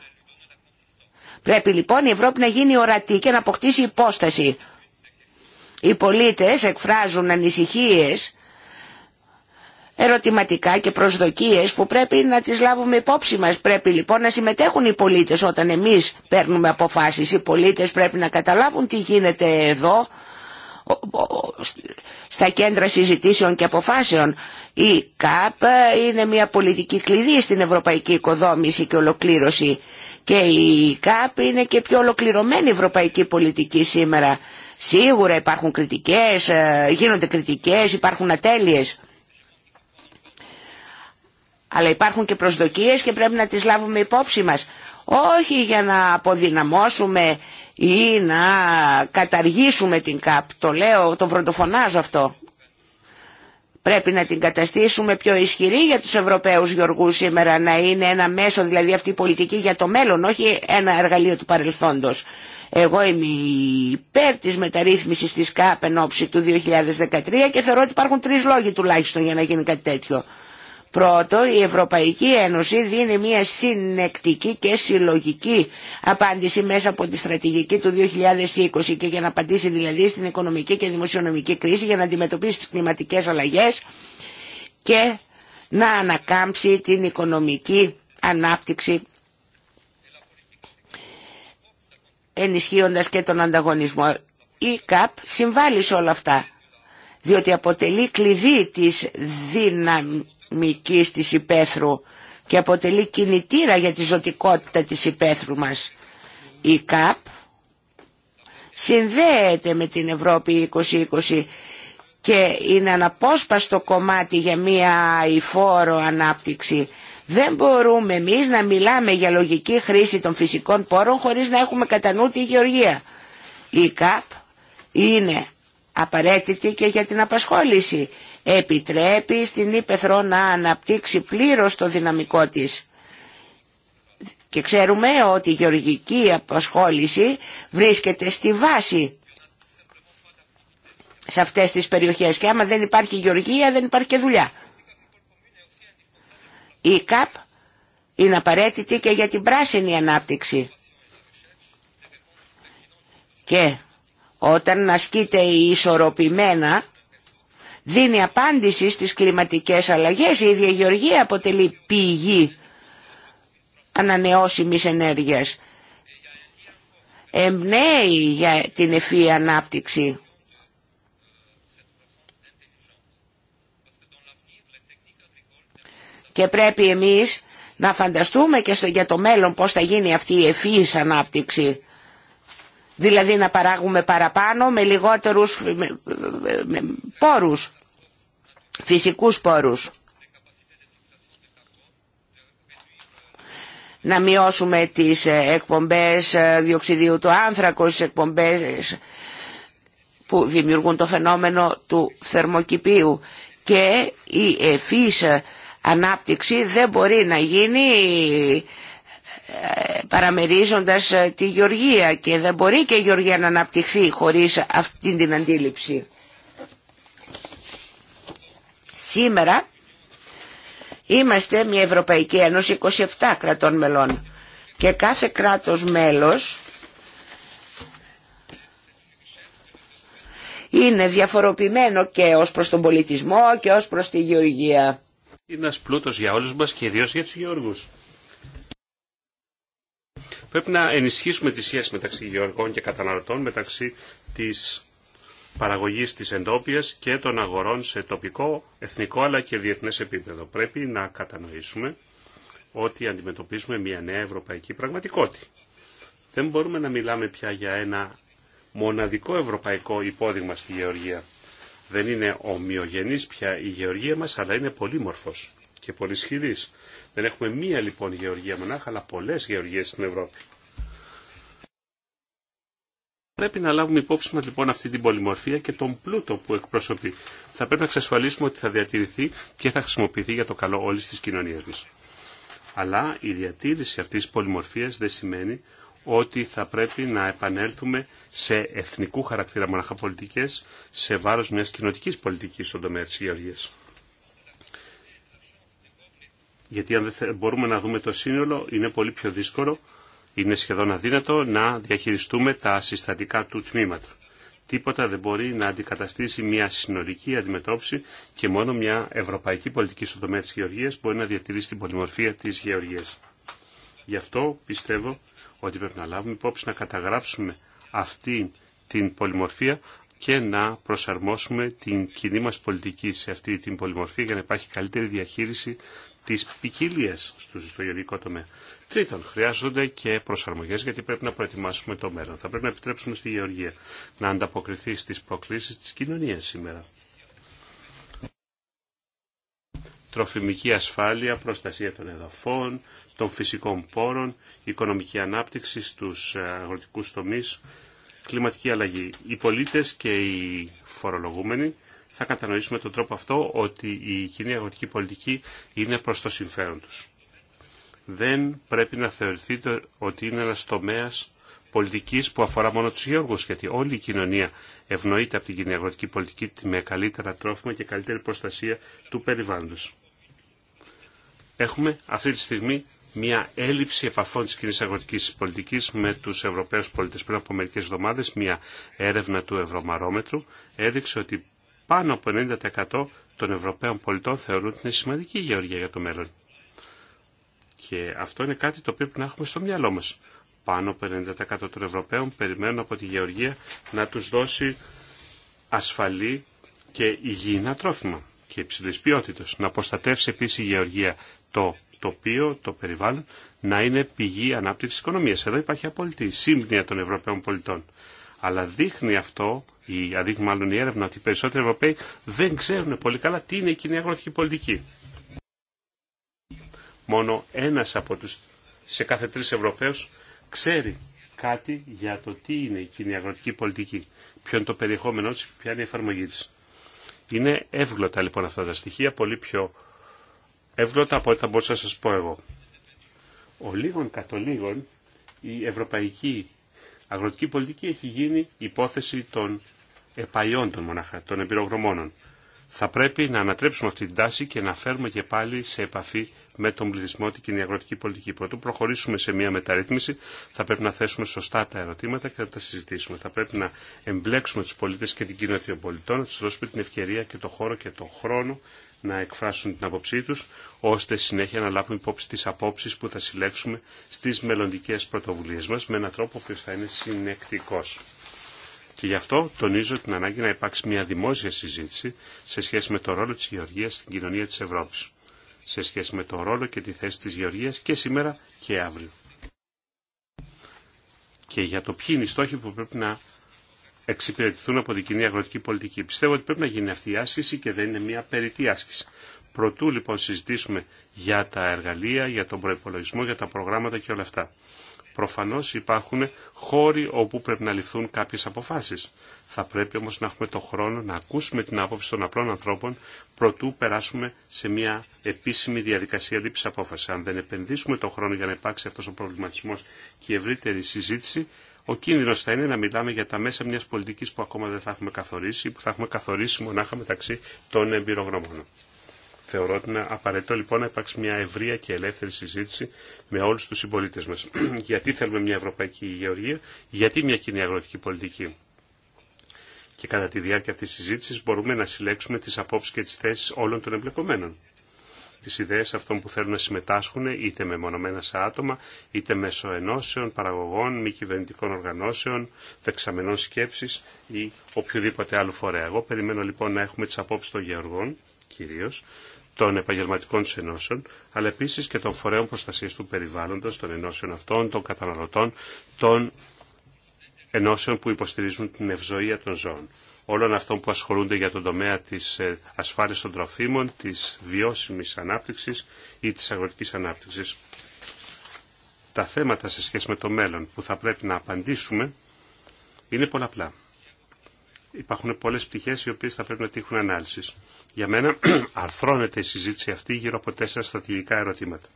Πρέπει λοιπόν η Ευρώπη να γίνει ορατή και να αποκτήσει υπόσταση. Οι πολίτες εκφράζουν ανησυχίες, ερωτηματικά και προσδοκίες που πρέπει να τις λάβουμε υπόψη μας. Πρέπει λοιπόν να συμμετέχουν οι πολίτες όταν εμείς παίρνουμε αποφάσεις. Οι πολίτες πρέπει να καταλάβουν τι γίνεται εδώ, στα κέντρα συζητήσεων και αποφάσεων. Η ΚΑΠ είναι μια πολιτική κλειδί στην ευρωπαϊκή οικοδόμηση και ολοκλήρωση και η ΚΑΠ είναι και πιο ολοκληρωμένη ευρωπαϊκή πολιτική σήμερα. Σίγουρα υπάρχουν κριτικές, ε, γίνονται κριτικές, υπάρχουν ατέλειες. Αλλά υπάρχουν και προσδοκίες και πρέπει να τις λάβουμε υπόψη μας όχι για να αποδυναμώσουμε ή να καταργήσουμε την ΚΑΠ. Το λέω, το βροντοφωνάζω αυτό. Πρέπει να την καταστήσουμε πιο ισχυρή για τους Ευρωπαίους γεωργούς σήμερα, να είναι ένα μέσο δηλαδή αυτή η πολιτική για το μέλλον, όχι ένα εργαλείο του παρελθόντος. Εγώ είμαι υπέρ της μεταρρύθμισης της ΚΑΠ εν του 2013 και θεωρώ ότι υπάρχουν τρεις λόγοι τουλάχιστον για να γίνει κάτι τέτοιο. Πρώτο, η Ευρωπαϊκή Ένωση δίνει μια συνεκτική και συλλογική απάντηση μέσα από τη στρατηγική του 2020 και για να απαντήσει δηλαδή στην οικονομική και δημοσιονομική κρίση, για να αντιμετωπίσει τις κλιματικές αλλαγές και να ανακάμψει την οικονομική ανάπτυξη ενισχύοντας και τον ανταγωνισμό. Η ΚΑΠ συμβάλλει σε όλα αυτά, διότι αποτελεί κλειδί της δύναμης μυκής της υπαίθρου και αποτελεί κινητήρα για τη ζωτικότητα της υπαίθρου μας. Η ΚΑΠ συνδέεται με την Ευρώπη 2020 και είναι αναπόσπαστο κομμάτι για μία υφόρο ανάπτυξη. Δεν μπορούμε εμείς να μιλάμε για λογική χρήση των φυσικών πόρων χωρίς να έχουμε κατά νου τη γεωργία. Η ΚΑΠ είναι απαραίτητη και για την απασχόληση επιτρέπει στην Ήπεθρο να αναπτύξει πλήρως το δυναμικό της. Και ξέρουμε ότι η γεωργική απασχόληση βρίσκεται στη βάση σε αυτές τις περιοχές και άμα δεν υπάρχει γεωργία δεν υπάρχει και δουλειά. Η ΚΑΠ είναι απαραίτητη και για την πράσινη ανάπτυξη. Και όταν ασκείται ισορροπημένα δίνει απάντηση στις κλιματικές αλλαγές. Η ίδια γεωργία αποτελεί πηγή ανανεώσιμης ενέργειας. Εμπνέει για την ευφύ ανάπτυξη. Και πρέπει εμείς να φανταστούμε και στο, για το μέλλον πώς θα γίνει αυτή η ευφύης ανάπτυξη δηλαδή να παράγουμε παραπάνω με λιγότερους πόρους, φυσικούς πόρους. Να μειώσουμε τις ε, εκπομπές ε, διοξιδίου του άνθρακος, τις εκπομπές που δημιουργούν το φαινόμενο του θερμοκηπίου και η εφής ανάπτυξη δεν μπορεί να γίνει παραμερίζοντας ε, τη Γεωργία και δεν μπορεί και η Γεωργία να αναπτυχθεί χωρίς αυτή την αντίληψη. Σήμερα είμαστε μια Ευρωπαϊκή Ένωση 27 κρατών μελών και κάθε κράτος μέλος είναι διαφοροποιημένο και ως προς τον πολιτισμό και ως προς τη γεωργία. Είναι ένα πλούτος για όλους μας και ιδίως για τους γεωργούς. Πρέπει να ενισχύσουμε τη σχέση μεταξύ γεωργών και καταναλωτών, μεταξύ της παραγωγής της εντόπιας και των αγορών σε τοπικό, εθνικό αλλά και διεθνές επίπεδο. Πρέπει να κατανοήσουμε ότι αντιμετωπίζουμε μια νέα ευρωπαϊκή πραγματικότητα. Δεν μπορούμε να μιλάμε πια για ένα μοναδικό ευρωπαϊκό υπόδειγμα στη γεωργία. Δεν είναι ομοιογενής πια η γεωργία μας, αλλά είναι πολύμορφος και πολυσχηδής. Δεν έχουμε μία λοιπόν γεωργία μονάχα, αλλά πολλές γεωργίες στην Ευρώπη. Πρέπει να λάβουμε υπόψη μας λοιπόν αυτή την πολυμορφία και τον πλούτο που εκπροσωπεί. Θα πρέπει να εξασφαλίσουμε ότι θα διατηρηθεί και θα χρησιμοποιηθεί για το καλό όλης της κοινωνίας μας. Αλλά η διατήρηση αυτής της πολυμορφίας δεν σημαίνει ότι θα πρέπει να επανέλθουμε σε εθνικού χαρακτήρα πολιτικές σε βάρος μιας κοινοτικής πολιτικής στον τομέα της γεωργίας γιατί αν δεν μπορούμε να δούμε το σύνολο είναι πολύ πιο δύσκολο, είναι σχεδόν αδύνατο να διαχειριστούμε τα συστατικά του τμήματο. Τίποτα δεν μπορεί να αντικαταστήσει μια συνολική αντιμετώπιση και μόνο μια ευρωπαϊκή πολιτική στο τομέα της γεωργίας μπορεί να διατηρήσει την πολυμορφία της γεωργίας. Γι' αυτό πιστεύω ότι πρέπει να λάβουμε υπόψη να καταγράψουμε αυτή την πολυμορφία και να προσαρμόσουμε την κοινή μας πολιτική σε αυτή την πολυμορφία για να υπάρχει καλύτερη διαχείριση τις ποικιλία στο γεωργικό τομέα. Τρίτον, χρειάζονται και προσαρμογέ γιατί πρέπει να προετοιμάσουμε το μέλλον. Θα πρέπει να επιτρέψουμε στη γεωργία να ανταποκριθεί στι προκλήσει τη κοινωνία σήμερα. Τροφιμική ασφάλεια, προστασία των εδαφών, των φυσικών πόρων, οικονομική ανάπτυξη στους ε, αγροτικούς τομείς, κλιματική αλλαγή. Οι πολίτες και οι φορολογούμενοι θα κατανοήσουμε τον τρόπο αυτό ότι η κοινή αγροτική πολιτική είναι προς το συμφέρον τους. Δεν πρέπει να θεωρηθείτε ότι είναι ένας τομέας πολιτικής που αφορά μόνο τους γεωργούς, γιατί όλη η κοινωνία ευνοείται από την κοινή αγροτική πολιτική με καλύτερα τρόφιμα και καλύτερη προστασία του περιβάλλοντος. Έχουμε αυτή τη στιγμή μια έλλειψη επαφών της κοινής αγροτικής πολιτικής με τους Ευρωπαίους πολίτες. Πριν από μερικές εβδομάδες μια έρευνα του Ευρωμαρόμετρου έδειξε ότι πάνω από 90% των Ευρωπαίων πολιτών θεωρούν ότι είναι σημαντική η γεωργία για το μέλλον. Και αυτό είναι κάτι το οποίο πρέπει να έχουμε στο μυαλό μας. Πάνω από 90% των Ευρωπαίων περιμένουν από τη γεωργία να τους δώσει ασφαλή και υγιεινά τρόφιμα και υψηλής ποιότητας. Να προστατεύσει επίσης η γεωργία το τοπίο, το περιβάλλον, να είναι πηγή ανάπτυξης οικονομίας. Εδώ υπάρχει απόλυτη σύμπνοια των Ευρωπαίων πολιτών. Αλλά δείχνει αυτό, η, μάλλον η έρευνα, ότι οι περισσότεροι Ευρωπαίοι δεν ξέρουν πολύ καλά τι είναι η κοινή αγροτική πολιτική. Μόνο ένας από τους σε κάθε τρεις Ευρωπαίους ξέρει κάτι για το τι είναι η κοινή αγροτική πολιτική, ποιο είναι το περιεχόμενό της ποια είναι η εφαρμογή της. Είναι εύγλωτα λοιπόν αυτά τα στοιχεία, πολύ πιο εύγλωτα από ό,τι θα μπορούσα να σας πω εγώ. Ο λίγων κατ' ο λίγων η ευρωπαϊκή αγροτική πολιτική έχει γίνει υπόθεση των επαϊών των μονάχα, των εμπειρογνωμόνων. Θα πρέπει να ανατρέψουμε αυτή την τάση και να φέρουμε και πάλι σε επαφή με τον πληθυσμό την κοινή αγροτική πολιτική. Πρωτού προχωρήσουμε σε μια μεταρρύθμιση, θα πρέπει να θέσουμε σωστά τα ερωτήματα και να τα συζητήσουμε. Θα πρέπει να εμπλέξουμε του πολίτε και την κοινότητα των πολιτών, να του δώσουμε την ευκαιρία και το χώρο και τον χρόνο να εκφράσουν την άποψή τους, ώστε συνέχεια να λάβουν υπόψη τις απόψεις που θα συλλέξουμε στις μελλοντικέ πρωτοβουλίες μας με έναν τρόπο που θα είναι συνεκτικός. Και γι' αυτό τονίζω την ανάγκη να υπάρξει μια δημόσια συζήτηση σε σχέση με το ρόλο της γεωργίας στην κοινωνία της Ευρώπης, σε σχέση με το ρόλο και τη θέση της γεωργίας και σήμερα και αύριο. Και για το ποιοι είναι οι στόχοι που πρέπει να εξυπηρετηθούν από την κοινή αγροτική πολιτική. Πιστεύω ότι πρέπει να γίνει αυτή η άσκηση και δεν είναι μια περίτη άσκηση. Προτού λοιπόν συζητήσουμε για τα εργαλεία, για τον προπολογισμό, για τα προγράμματα και όλα αυτά. Προφανώ υπάρχουν χώροι όπου πρέπει να ληφθούν κάποιε αποφάσει. Θα πρέπει όμω να έχουμε το χρόνο να ακούσουμε την άποψη των απλών ανθρώπων προτού περάσουμε σε μια επίσημη διαδικασία λήψη απόφαση. Αν δεν επενδύσουμε το χρόνο για να υπάρξει αυτό ο προβληματισμό και η ευρύτερη συζήτηση, ο κίνδυνο θα είναι να μιλάμε για τα μέσα μια πολιτική που ακόμα δεν θα έχουμε καθορίσει ή που θα έχουμε καθορίσει μονάχα μεταξύ των εμπειρογνώμων. Θεωρώ ότι είναι απαραίτητο λοιπόν να υπάρξει μια ευρεία και ελεύθερη συζήτηση με όλου του συμπολίτε μα. <clears throat> γιατί θέλουμε μια ευρωπαϊκή γεωργία, γιατί μια κοινή αγροτική πολιτική. Και κατά τη διάρκεια αυτή τη συζήτηση μπορούμε να συλλέξουμε τι απόψει και τι θέσει όλων των εμπλεκομένων. Τι ιδέε αυτών που θέλουν να συμμετάσχουν είτε με μονομένα σε άτομα, είτε μέσω ενώσεων, παραγωγών, μη κυβερνητικών οργανώσεων, δεξαμενών σκέψη ή οποιοδήποτε άλλο φορέα. Εγώ περιμένω λοιπόν να έχουμε τι απόψει των γεωργών κυρίως, των επαγγελματικών του ενώσεων, αλλά επίση και των φορέων προστασία του περιβάλλοντο, των ενώσεων αυτών, των καταναλωτών, των ενώσεων που υποστηρίζουν την ευζοία των ζώων όλων αυτών που ασχολούνται για τον τομέα της ε, ασφάλειας των τροφίμων, της βιώσιμης ανάπτυξης ή της αγροτικής ανάπτυξης. Τα θέματα σε σχέση με το μέλλον που θα πρέπει να απαντήσουμε είναι πολλαπλά. Υπάρχουν πολλές πτυχές οι οποίες θα πρέπει να τύχουν ανάλυσης. Για μένα <clears throat> αρθρώνεται η συζήτηση αυτή γύρω από τέσσερα στρατηγικά ερωτήματα.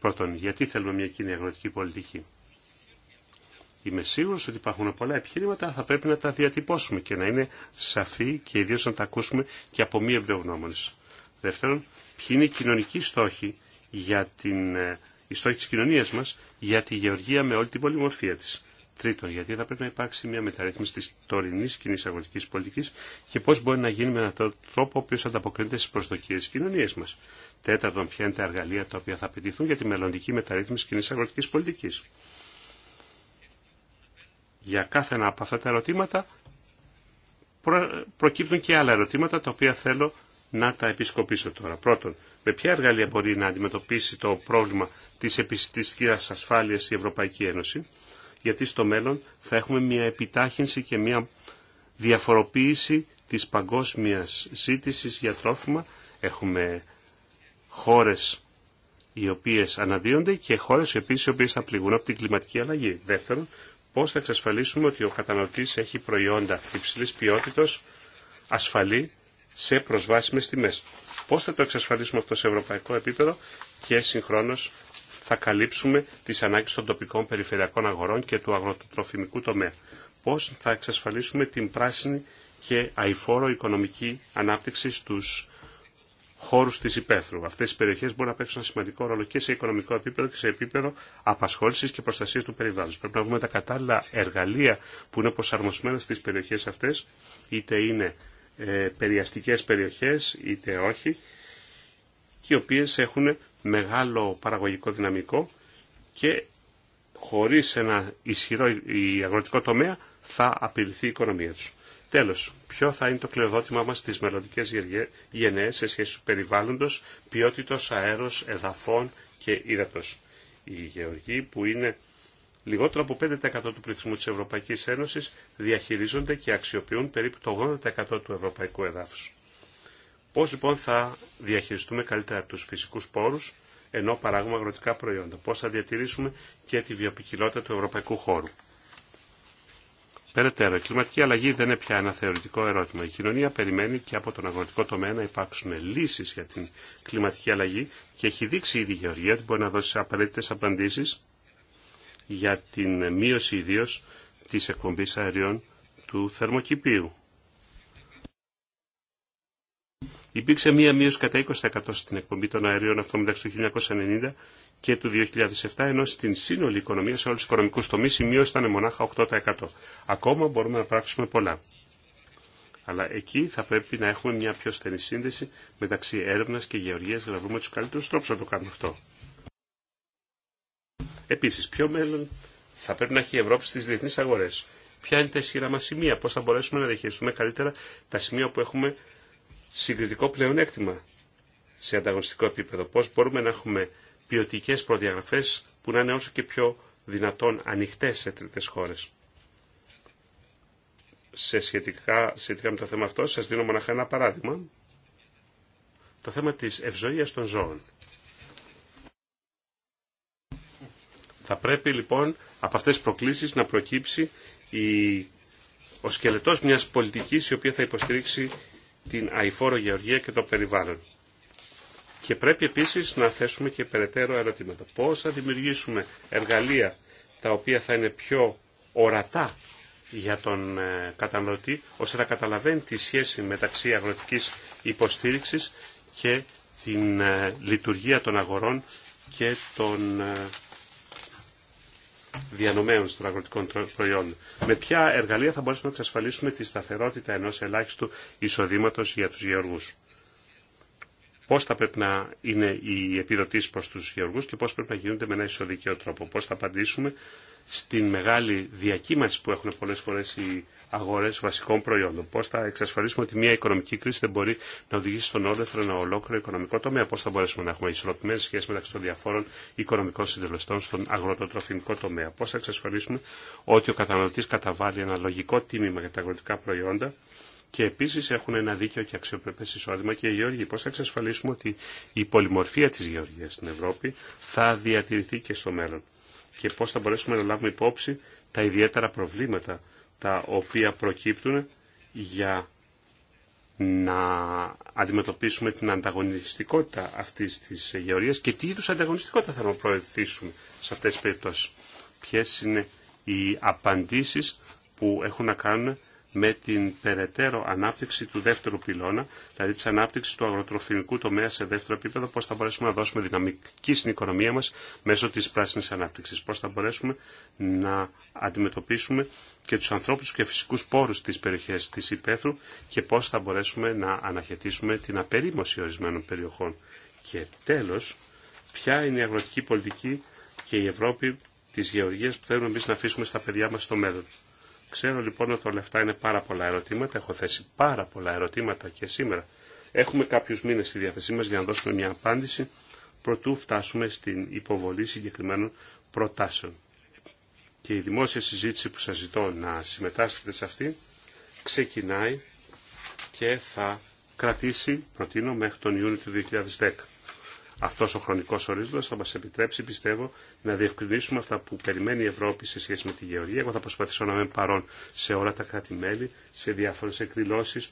Πρώτον, γιατί θέλουμε μια κοινή αγροτική πολιτική. Είμαι σίγουρος ότι υπάρχουν πολλά επιχειρήματα, θα πρέπει να τα διατυπώσουμε και να είναι σαφή και ιδίως να τα ακούσουμε και από μη εμπειρογνώμονες. Δεύτερον, ποιοι είναι οι κοινωνικοί στόχοι για την, ε, οι στόχοι της κοινωνίας μας για τη γεωργία με όλη την πολυμορφία της. Τρίτον, γιατί θα πρέπει να υπάρξει μια μεταρρύθμιση τη τωρινή κοινή αγροτική πολιτική και πώς μπορεί να γίνει με έναν τρόπο ο οποίος ανταποκρίνεται στι προσδοκίε τη κοινωνία μα. Τέταρτον, ποια είναι τα εργαλεία τα οποία θα απαιτηθούν για τη μελλοντική μεταρρύθμιση κοινή αγροτική πολιτική για κάθε ένα από αυτά τα ερωτήματα προκύπτουν και άλλα ερωτήματα τα οποία θέλω να τα επισκοπήσω τώρα. Πρώτον, με ποια εργαλεία μπορεί να αντιμετωπίσει το πρόβλημα της επιστηστικής ασφάλειας η Ευρωπαϊκή Ένωση, γιατί στο μέλλον θα έχουμε μια επιτάχυνση και μια διαφοροποίηση της παγκόσμιας ζήτησης για τρόφιμα. Έχουμε χώρες οι οποίες αναδύονται και χώρες οι οποίες θα πληγούν από την κλιματική αλλαγή. Δεύτερον, πώς θα εξασφαλίσουμε ότι ο καταναλωτής έχει προϊόντα υψηλής ποιότητα ασφαλή σε προσβάσιμες τιμές. Πώς θα το εξασφαλίσουμε αυτό σε ευρωπαϊκό επίπεδο και συγχρόνω θα καλύψουμε τις ανάγκες των τοπικών περιφερειακών αγορών και του αγροτροφημικού τομέα. Πώς θα εξασφαλίσουμε την πράσινη και αηφόρο οικονομική ανάπτυξη στους χώρου τη υπαίθρου. Αυτέ οι περιοχέ μπορούν να παίξουν ένα σημαντικό ρόλο και σε οικονομικό επίπεδο και σε επίπεδο απασχόληση και προστασία του περιβάλλοντο. Πρέπει να βρούμε τα κατάλληλα εργαλεία που είναι προσαρμοσμένα στι περιοχέ αυτέ, είτε είναι ε, περιαστικέ περιοχέ, είτε όχι, οι οποίε έχουν μεγάλο παραγωγικό δυναμικό και χωρίς ένα ισχυρό αγροτικό τομέα θα απειληθεί η οικονομία του. Τέλο, ποιο θα είναι το κληροδότημά μα στις μελλοντικέ γενναίε σε σχέση του περιβάλλοντος, ποιότητος αέρος, εδαφών και ύδατος. Οι γεωργοί που είναι λιγότερο από 5% του πληθυσμού της Ευρωπαϊκής Ένωσης διαχειρίζονται και αξιοποιούν περίπου το 80% του ευρωπαϊκού εδάφους. Πώς λοιπόν θα διαχειριστούμε καλύτερα τους φυσικούς πόρους, ενώ παράγουμε αγροτικά προϊόντα. Πώς θα διατηρήσουμε και τη βιοποικιλότητα του ευρωπαϊκού χώρου. Περαιτέρω, η κλιματική αλλαγή δεν είναι πια ένα θεωρητικό ερώτημα. Η κοινωνία περιμένει και από τον αγροτικό τομέα να υπάρξουν λύσει για την κλιματική αλλαγή και έχει δείξει ήδη η Γεωργία ότι μπορεί να δώσει απαραίτητε απαντήσει για την μείωση ιδίω τη εκπομπή αερίων του θερμοκηπίου. Υπήρξε μία μείωση κατά 20% στην εκπομπή των αερίων αυτό μεταξύ του 1990 και του 2007, ενώ στην σύνολη οικονομία, σε όλου του οικονομικού τομεί, η μείωση ήταν μονάχα 8%. Ακόμα μπορούμε να πράξουμε πολλά. Αλλά εκεί θα πρέπει να έχουμε μια πιο στενή σύνδεση μεταξύ έρευνα και γεωργία για να βρούμε του καλύτερου τρόπου να το κάνουμε αυτό. Επίση, ποιο μέλλον θα πρέπει να έχει η Ευρώπη στι διεθνεί αγορέ. Ποια είναι τα ισχυρά μα σημεία, πώ θα μπορέσουμε να διαχειριστούμε καλύτερα τα σημεία που έχουμε συγκριτικό πλεονέκτημα σε ανταγωνιστικό επίπεδο. Πώ μπορούμε να έχουμε ποιοτικέ προδιαγραφέ που να είναι όσο και πιο δυνατόν ανοιχτέ σε τρίτε χώρε. Σε σχετικά, σχετικά με το θέμα αυτό, σα δίνω μοναχά ένα παράδειγμα. Το θέμα τη ευζοία των ζώων. Θα πρέπει λοιπόν από αυτές τις προκλήσεις να προκύψει η... ο σκελετός μιας πολιτικής η οποία θα υποστηρίξει την αηφόρο γεωργία και το περιβάλλον. Και πρέπει επίσης να θέσουμε και περαιτέρω ερωτήματα. Πώς θα δημιουργήσουμε εργαλεία τα οποία θα είναι πιο ορατά για τον ε, καταναλωτή, ώστε να καταλαβαίνει τη σχέση μεταξύ αγροτικής υποστήριξης και την ε, λειτουργία των αγορών και των ε, διανομέων των αγροτικών προϊόντων. Με ποια εργαλεία θα μπορέσουμε να εξασφαλίσουμε τη σταθερότητα ενός ελάχιστου εισοδήματος για τους γεωργούς πώς θα πρέπει να είναι οι επιδοτήσεις προς τους γεωργούς και πώς πρέπει να γίνονται με ένα ισοδικαίο τρόπο. Πώς θα απαντήσουμε στην μεγάλη διακύμανση που έχουν πολλές φορές οι αγορές βασικών προϊόντων. Πώς θα εξασφαλίσουμε ότι μια οικονομική κρίση δεν μπορεί να οδηγήσει στον όλεθρο ένα ολόκληρο οικονομικό τομέα. Πώς θα μπορέσουμε να έχουμε ισορροπημένες σχέσεις μεταξύ των διαφόρων οικονομικών συντελεστών στον αγροτοτροφημικό τομέα. Πώς θα εξασφαλίσουμε ότι ο καταναλωτής καταβάλει ένα λογικό τίμημα για τα αγροτικά προϊόντα και επίση έχουν ένα δίκαιο και αξιοπρεπέ εισόδημα και οι Γεωργοί πώ θα εξασφαλίσουμε ότι η πολυμορφία τη γεωργία στην Ευρώπη θα διατηρηθεί και στο μέλλον και πώ θα μπορέσουμε να λάβουμε υπόψη τα ιδιαίτερα προβλήματα τα οποία προκύπτουν για να αντιμετωπίσουμε την ανταγωνιστικότητα αυτή τη γεωργία και τι είδους ανταγωνιστικότητα θα προωθήσουμε σε αυτέ τι περιπτώσει. Ποιε είναι οι απαντήσει που έχουν να κάνουν με την περαιτέρω ανάπτυξη του δεύτερου πυλώνα, δηλαδή τη ανάπτυξη του αγροτροφινικού τομέα σε δεύτερο επίπεδο, πώ θα μπορέσουμε να δώσουμε δυναμική στην οικονομία μα μέσω τη πράσινη ανάπτυξη. Πώ θα μπορέσουμε να αντιμετωπίσουμε και του ανθρώπου και φυσικού πόρου τη περιοχή τη Υπέθρου και πώ θα μπορέσουμε να αναχαιτήσουμε την απερίμωση ορισμένων περιοχών. Και τέλο, ποια είναι η αγροτική πολιτική και η Ευρώπη τη γεωργία που θέλουμε εμεί να αφήσουμε στα παιδιά μα στο μέλλον. Ξέρω λοιπόν ότι όλα αυτά είναι πάρα πολλά ερωτήματα. Έχω θέσει πάρα πολλά ερωτήματα και σήμερα. Έχουμε κάποιους μήνες στη διάθεσή μας για να δώσουμε μια απάντηση προτού φτάσουμε στην υποβολή συγκεκριμένων προτάσεων. Και η δημόσια συζήτηση που σας ζητώ να συμμετάσχετε σε αυτή ξεκινάει και θα κρατήσει, προτείνω, μέχρι τον Ιούνιο του 2010. Αυτός ο χρονικός ορίζοντας θα μας επιτρέψει, πιστεύω, να διευκρινίσουμε αυτά που περιμένει η Ευρώπη σε σχέση με τη Γεωργία. Εγώ θα προσπαθήσω να είμαι παρόν σε όλα τα κράτη-μέλη, σε διάφορες εκδηλώσεις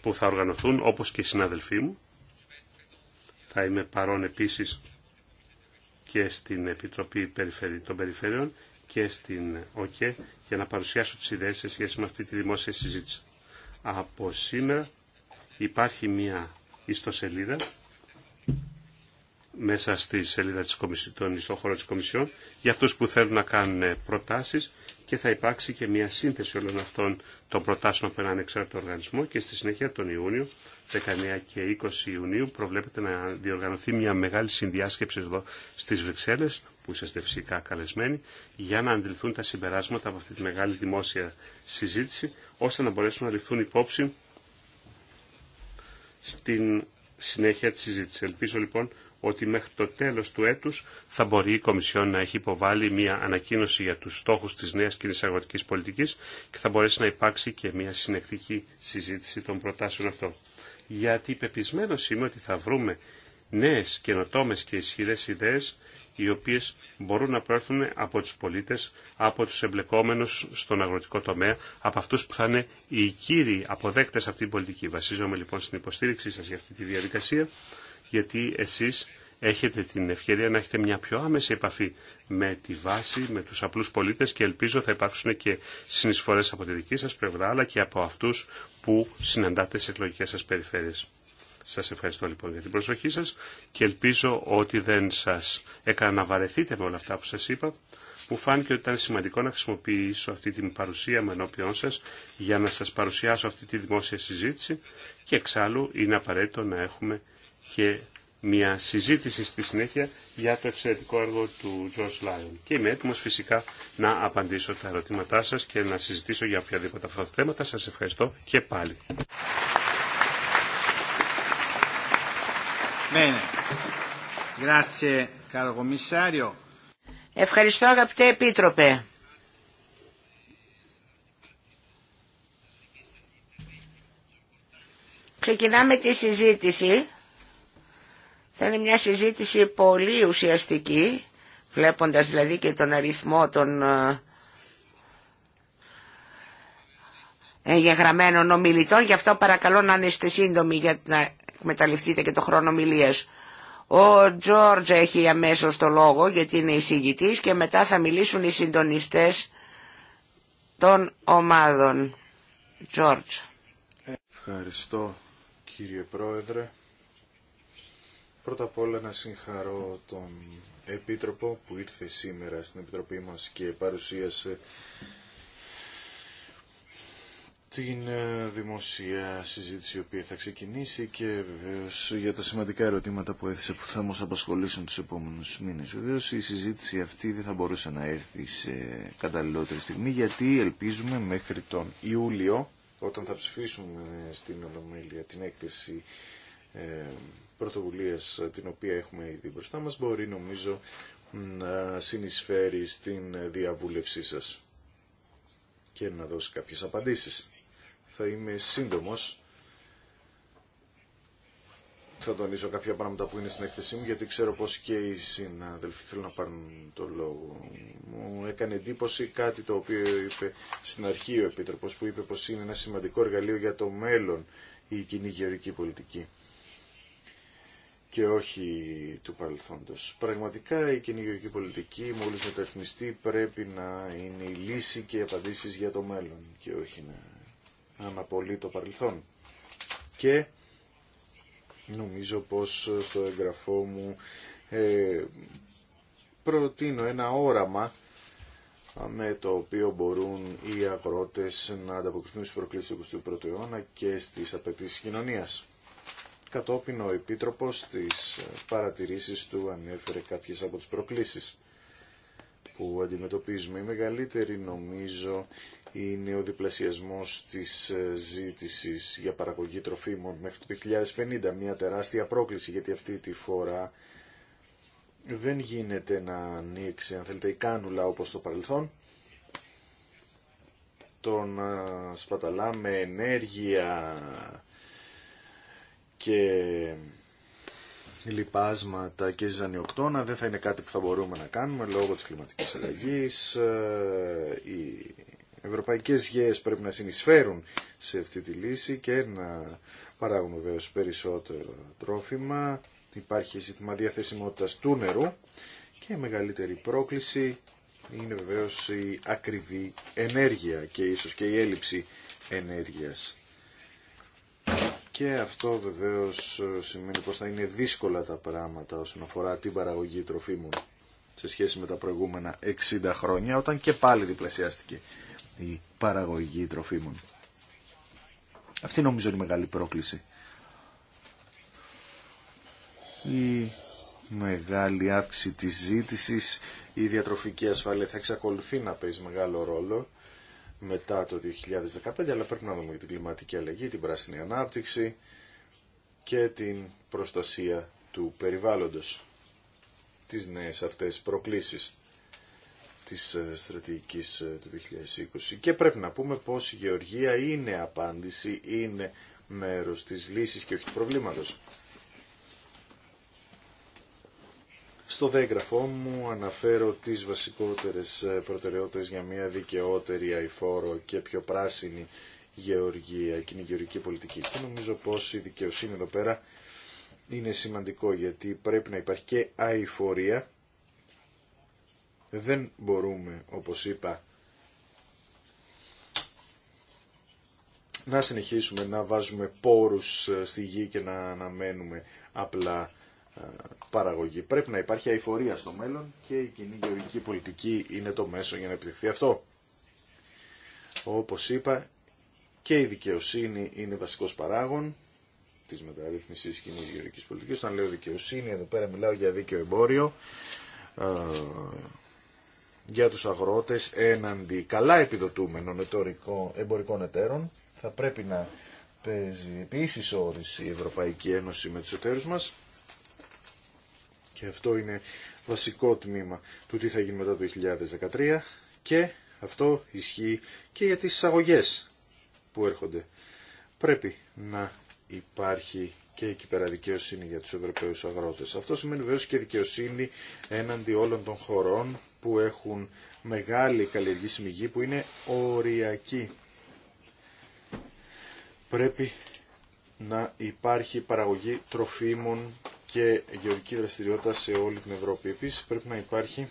που θα οργανωθούν, όπως και οι συναδελφοί μου. Θα είμαι παρόν επίσης και στην Επιτροπή των Περιφερειών και στην ΟΚΕ για να παρουσιάσω τις ιδέες σε σχέση με αυτή τη δημόσια συζήτηση. Από σήμερα υπάρχει μια ιστοσελίδα μέσα στη σελίδα της Κομισιόν, στον χώρο της Κομισιόν για αυτούς που θέλουν να κάνουν προτάσεις και θα υπάρξει και μια σύνθεση όλων αυτών των προτάσεων από έναν εξάρτητο οργανισμό και στη συνέχεια τον Ιούνιο, 19 και 20 Ιουνίου προβλέπεται να διοργανωθεί μια μεγάλη συνδιάσκεψη εδώ στις Βρυξέλλες που είσαστε φυσικά καλεσμένοι για να αντιληφθούν τα συμπεράσματα από αυτή τη μεγάλη δημόσια συζήτηση ώστε να μπορέσουν να ληφθούν υπόψη στην συνέχεια της συζήτησης. Ελπίζω λοιπόν ότι μέχρι το τέλος του έτους θα μπορεί η Κομισιόν να έχει υποβάλει μια ανακοίνωση για τους στόχους της νέας κοινή αγροτικής πολιτικής και θα μπορέσει να υπάρξει και μια συνεκτική συζήτηση των προτάσεων αυτών. Γιατί πεπισμένο είμαι ότι θα βρούμε νέες καινοτόμε και ισχυρέ ιδέες οι οποίες μπορούν να προέρχονται από τους πολίτες, από τους εμπλεκόμενους στον αγροτικό τομέα, από αυτούς που θα είναι οι κύριοι αποδέκτες αυτήν την πολιτική. Βασίζομαι λοιπόν στην υποστήριξή σας για αυτή τη διαδικασία γιατί εσείς έχετε την ευκαιρία να έχετε μια πιο άμεση επαφή με τη βάση, με τους απλούς πολίτες και ελπίζω θα υπάρξουν και συνεισφορές από τη δική σας πλευρά αλλά και από αυτούς που συναντάτε σε εκλογικές σας περιφέρειες. Σας ευχαριστώ λοιπόν για την προσοχή σας και ελπίζω ότι δεν σας έκανα να βαρεθείτε με όλα αυτά που σας είπα. Μου φάνηκε ότι ήταν σημαντικό να χρησιμοποιήσω αυτή την παρουσία με ενώπιόν σας για να σας παρουσιάσω αυτή τη δημόσια συζήτηση και εξάλλου είναι απαραίτητο να έχουμε και μια συζήτηση στη συνέχεια για το εξαιρετικό έργο του George Lyon. Και είμαι έτοιμο φυσικά να απαντήσω τα ερωτήματά σα και να συζητήσω για οποιαδήποτε αυτά τα θέματα. Σα ευχαριστώ και πάλι. Ευχαριστώ αγαπητέ Επίτροπε. Ξεκινάμε τη συζήτηση. Θα είναι μια συζήτηση πολύ ουσιαστική, βλέποντας δηλαδή και τον αριθμό των ε, εγγεγραμμένων ομιλητών. Γι' αυτό παρακαλώ να είστε σύντομοι για να εκμεταλλευτείτε και το χρόνο ομιλία. Ο Τζόρτζ έχει αμέσως το λόγο γιατί είναι εισηγητής και μετά θα μιλήσουν οι συντονιστές των ομάδων. Τζόρτζ. Ευχαριστώ κύριε Πρόεδρε. Πρώτα απ' όλα να συγχαρώ τον Επίτροπο που ήρθε σήμερα στην Επιτροπή μας και παρουσίασε την ε, δημοσία συζήτηση η οποία θα ξεκινήσει και βεβαίω για τα σημαντικά ερωτήματα που έθεσε που θα μας απασχολήσουν τους επόμενους μήνες. Βεβαίω η συζήτηση αυτή δεν θα μπορούσε να έρθει σε καταλληλότερη στιγμή γιατί ελπίζουμε μέχρι τον Ιούλιο όταν θα ψηφίσουμε στην Ολομέλεια την έκθεση ε, Πρωτοβουλία ε, την οποία έχουμε ήδη μπροστά μα μπορεί νομίζω να συνεισφέρει στην διαβούλευσή σα και να δώσει κάποιε απαντήσει. Θα είμαι σύντομο. Θα τονίσω κάποια πράγματα που είναι στην έκθεσή μου γιατί ξέρω πως και οι συνάδελφοι θέλουν να πάρουν το λόγο. Μου έκανε εντύπωση κάτι το οποίο είπε στην αρχή ο Επίτροπος που είπε πως είναι ένα σημαντικό εργαλείο για το μέλλον η κοινή γεωρική πολιτική και όχι του παρελθόντος. Πραγματικά η κυνηγιογική πολιτική μόλις μεταρρυθμιστεί πρέπει να είναι η λύση και οι απαντήσεις για το μέλλον και όχι να αναπολύει το παρελθόν. Και νομίζω πως στο εγγραφό μου ε, προτείνω ένα όραμα με το οποίο μπορούν οι αγρότες να ανταποκριθούν στις προκλήσεις του 21ου αιώνα και στις απαιτήσεις κοινωνίας. Κατόπιν ο Επίτροπος στις παρατηρήσεις του ανέφερε κάποιες από τις προκλήσεις που αντιμετωπίζουμε. Η μεγαλύτερη νομίζω είναι ο διπλασιασμός της ζήτησης για παραγωγή τροφίμων μέχρι το 2050. Μια τεράστια πρόκληση γιατί αυτή τη φορά δεν γίνεται να ανοίξει αν θέλετε η κάνουλα όπως το παρελθόν. Τον σπαταλάμε ενέργεια και λιπάσματα και ζανιοκτώνα δεν θα είναι κάτι που θα μπορούμε να κάνουμε λόγω της κλιματικής αλλαγής. Ε, οι ευρωπαϊκές γέες πρέπει να συνεισφέρουν σε αυτή τη λύση και να παράγουν βέβαια περισσότερο τρόφιμα. Υπάρχει ζήτημα διαθεσιμότητας του νερού και η μεγαλύτερη πρόκληση είναι βεβαίως η ακριβή ενέργεια και ίσως και η έλλειψη ενέργειας. Και αυτό βεβαίως ε, σημαίνει πως θα είναι δύσκολα τα πράγματα όσον αφορά την παραγωγή τροφίμων σε σχέση με τα προηγούμενα 60 χρόνια, όταν και πάλι διπλασιάστηκε η παραγωγή τροφίμων. Αυτή νομίζω είναι η μεγάλη πρόκληση. Η μεγάλη αύξηση της ζήτησης, η διατροφική ασφάλεια θα εξακολουθεί να παίζει μεγάλο ρόλο μετά το 2015, αλλά πρέπει να δούμε και την κλιματική αλλαγή, την πράσινη ανάπτυξη και την προστασία του περιβάλλοντος, τις νέες αυτές προκλήσεις της ε, στρατηγικής ε, του 2020. Και πρέπει να πούμε πως η γεωργία είναι απάντηση, είναι μέρος της λύσης και όχι του προβλήματος. Στο δέγγραφο μου αναφέρω τις βασικότερες ε, προτεραιότητες για μια δικαιότερη αηφόρο και πιο πράσινη γεωργία, κοινή γεωργική πολιτική. Και νομίζω πως η δικαιοσύνη εδώ πέρα είναι σημαντικό γιατί πρέπει να υπάρχει και αηφορία. Δεν μπορούμε, όπως είπα, να συνεχίσουμε να βάζουμε πόρους ε, στη γη και να αναμένουμε απλά ε, παραγωγή. Πρέπει να υπάρχει αηφορία στο μέλλον και η κοινή γεωργική πολιτική είναι το μέσο για να επιτευχθεί αυτό. Όπως είπα και η δικαιοσύνη είναι βασικός παράγων της μεταρρύθμισης κοινή γεωργικής πολιτικής. Όταν λέω δικαιοσύνη εδώ πέρα μιλάω για δίκαιο εμπόριο ε, για τους αγρότες έναντι καλά επιδοτούμενων εμπορικών εταίρων. Θα πρέπει να παίζει επίσης όρισε η Ευρωπαϊκή Ένωση με τους εταίρους μας και αυτό είναι βασικό τμήμα του τι θα γίνει μετά το 2013 και αυτό ισχύει και για τις εισαγωγέ που έρχονται. Πρέπει να υπάρχει και εκεί πέρα δικαιοσύνη για τους Ευρωπαίους αγρότες. Αυτό σημαίνει βέβαια και δικαιοσύνη έναντι όλων των χωρών που έχουν μεγάλη καλλιεργήσιμη γη που είναι οριακή. Πρέπει να υπάρχει παραγωγή τροφίμων και γεωργική δραστηριότητα σε όλη την Ευρώπη. Επίσης πρέπει να υπάρχει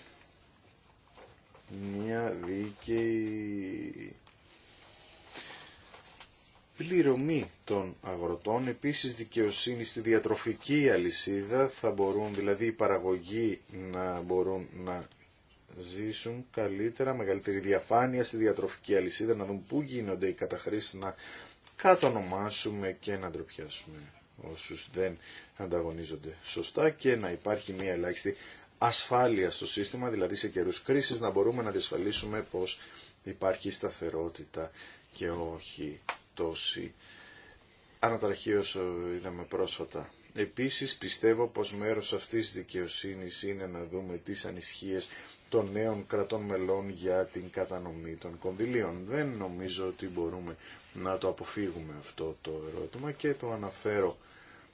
μια δίκαιη πληρωμή των αγροτών, επίσης δικαιοσύνη στη διατροφική αλυσίδα, θα μπορούν δηλαδή οι παραγωγοί να μπορούν να ζήσουν καλύτερα, μεγαλύτερη διαφάνεια στη διατροφική αλυσίδα, να δουν πού γίνονται οι καταχρήσεις, να κατονομάσουμε και να ντροπιάσουμε όσους δεν ανταγωνίζονται σωστά και να υπάρχει μια ελάχιστη ασφάλεια στο σύστημα, δηλαδή σε καιρούς κρίση να μπορούμε να διασφαλίσουμε πως υπάρχει σταθερότητα και όχι τόση αναταραχή όσο είδαμε πρόσφατα. Επίσης πιστεύω πως μέρος αυτής της δικαιοσύνης είναι να δούμε τις ανισχύες των νέων κρατών μελών για την κατανομή των κονδυλίων. Δεν νομίζω ότι μπορούμε να το αποφύγουμε αυτό το ερώτημα και το αναφέρω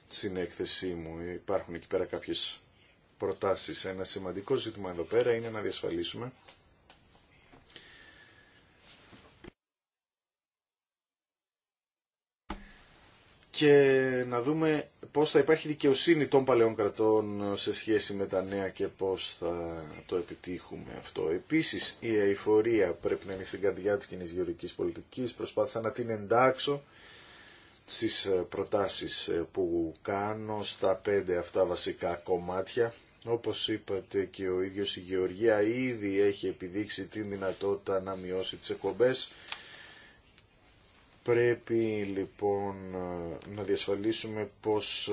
στην έκθεσή μου. Υπάρχουν εκεί πέρα κάποιες προτάσεις. Ένα σημαντικό ζήτημα εδώ πέρα είναι να διασφαλίσουμε και να δούμε πώς θα υπάρχει δικαιοσύνη των παλαιών κρατών σε σχέση με τα νέα και πώς θα το επιτύχουμε αυτό. Επίσης η αηφορία πρέπει να είναι στην καρδιά της κοινής γεωργικής πολιτικής. Προσπάθησα να την εντάξω στις ε, προτάσεις ε, που κάνω στα πέντε αυτά βασικά κομμάτια. Όπως είπατε και ο ίδιος η Γεωργία ήδη έχει επιδείξει την δυνατότητα να μειώσει τις εκπομπές. Πρέπει λοιπόν ε, να διασφαλίσουμε πως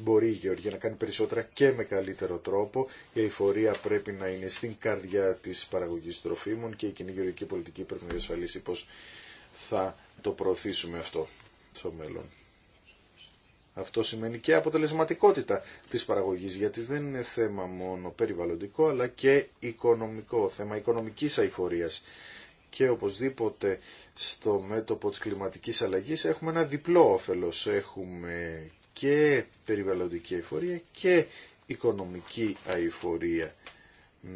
μπορεί η Γεωργία να κάνει περισσότερα και με καλύτερο τρόπο. Η εφορία πρέπει να είναι στην καρδιά της παραγωγής τροφίμων και η κοινή γεωργική πολιτική πρέπει να διασφαλίσει πως θα το προωθήσουμε αυτό στο μέλλον. Αυτό σημαίνει και αποτελεσματικότητα της παραγωγής, γιατί δεν είναι θέμα μόνο περιβαλλοντικό, αλλά και οικονομικό, θέμα οικονομικής αηφορίας. Και οπωσδήποτε στο μέτωπο της κλιματικής αλλαγής έχουμε ένα διπλό όφελος. Έχουμε και περιβαλλοντική αηφορία και οικονομική αηφορία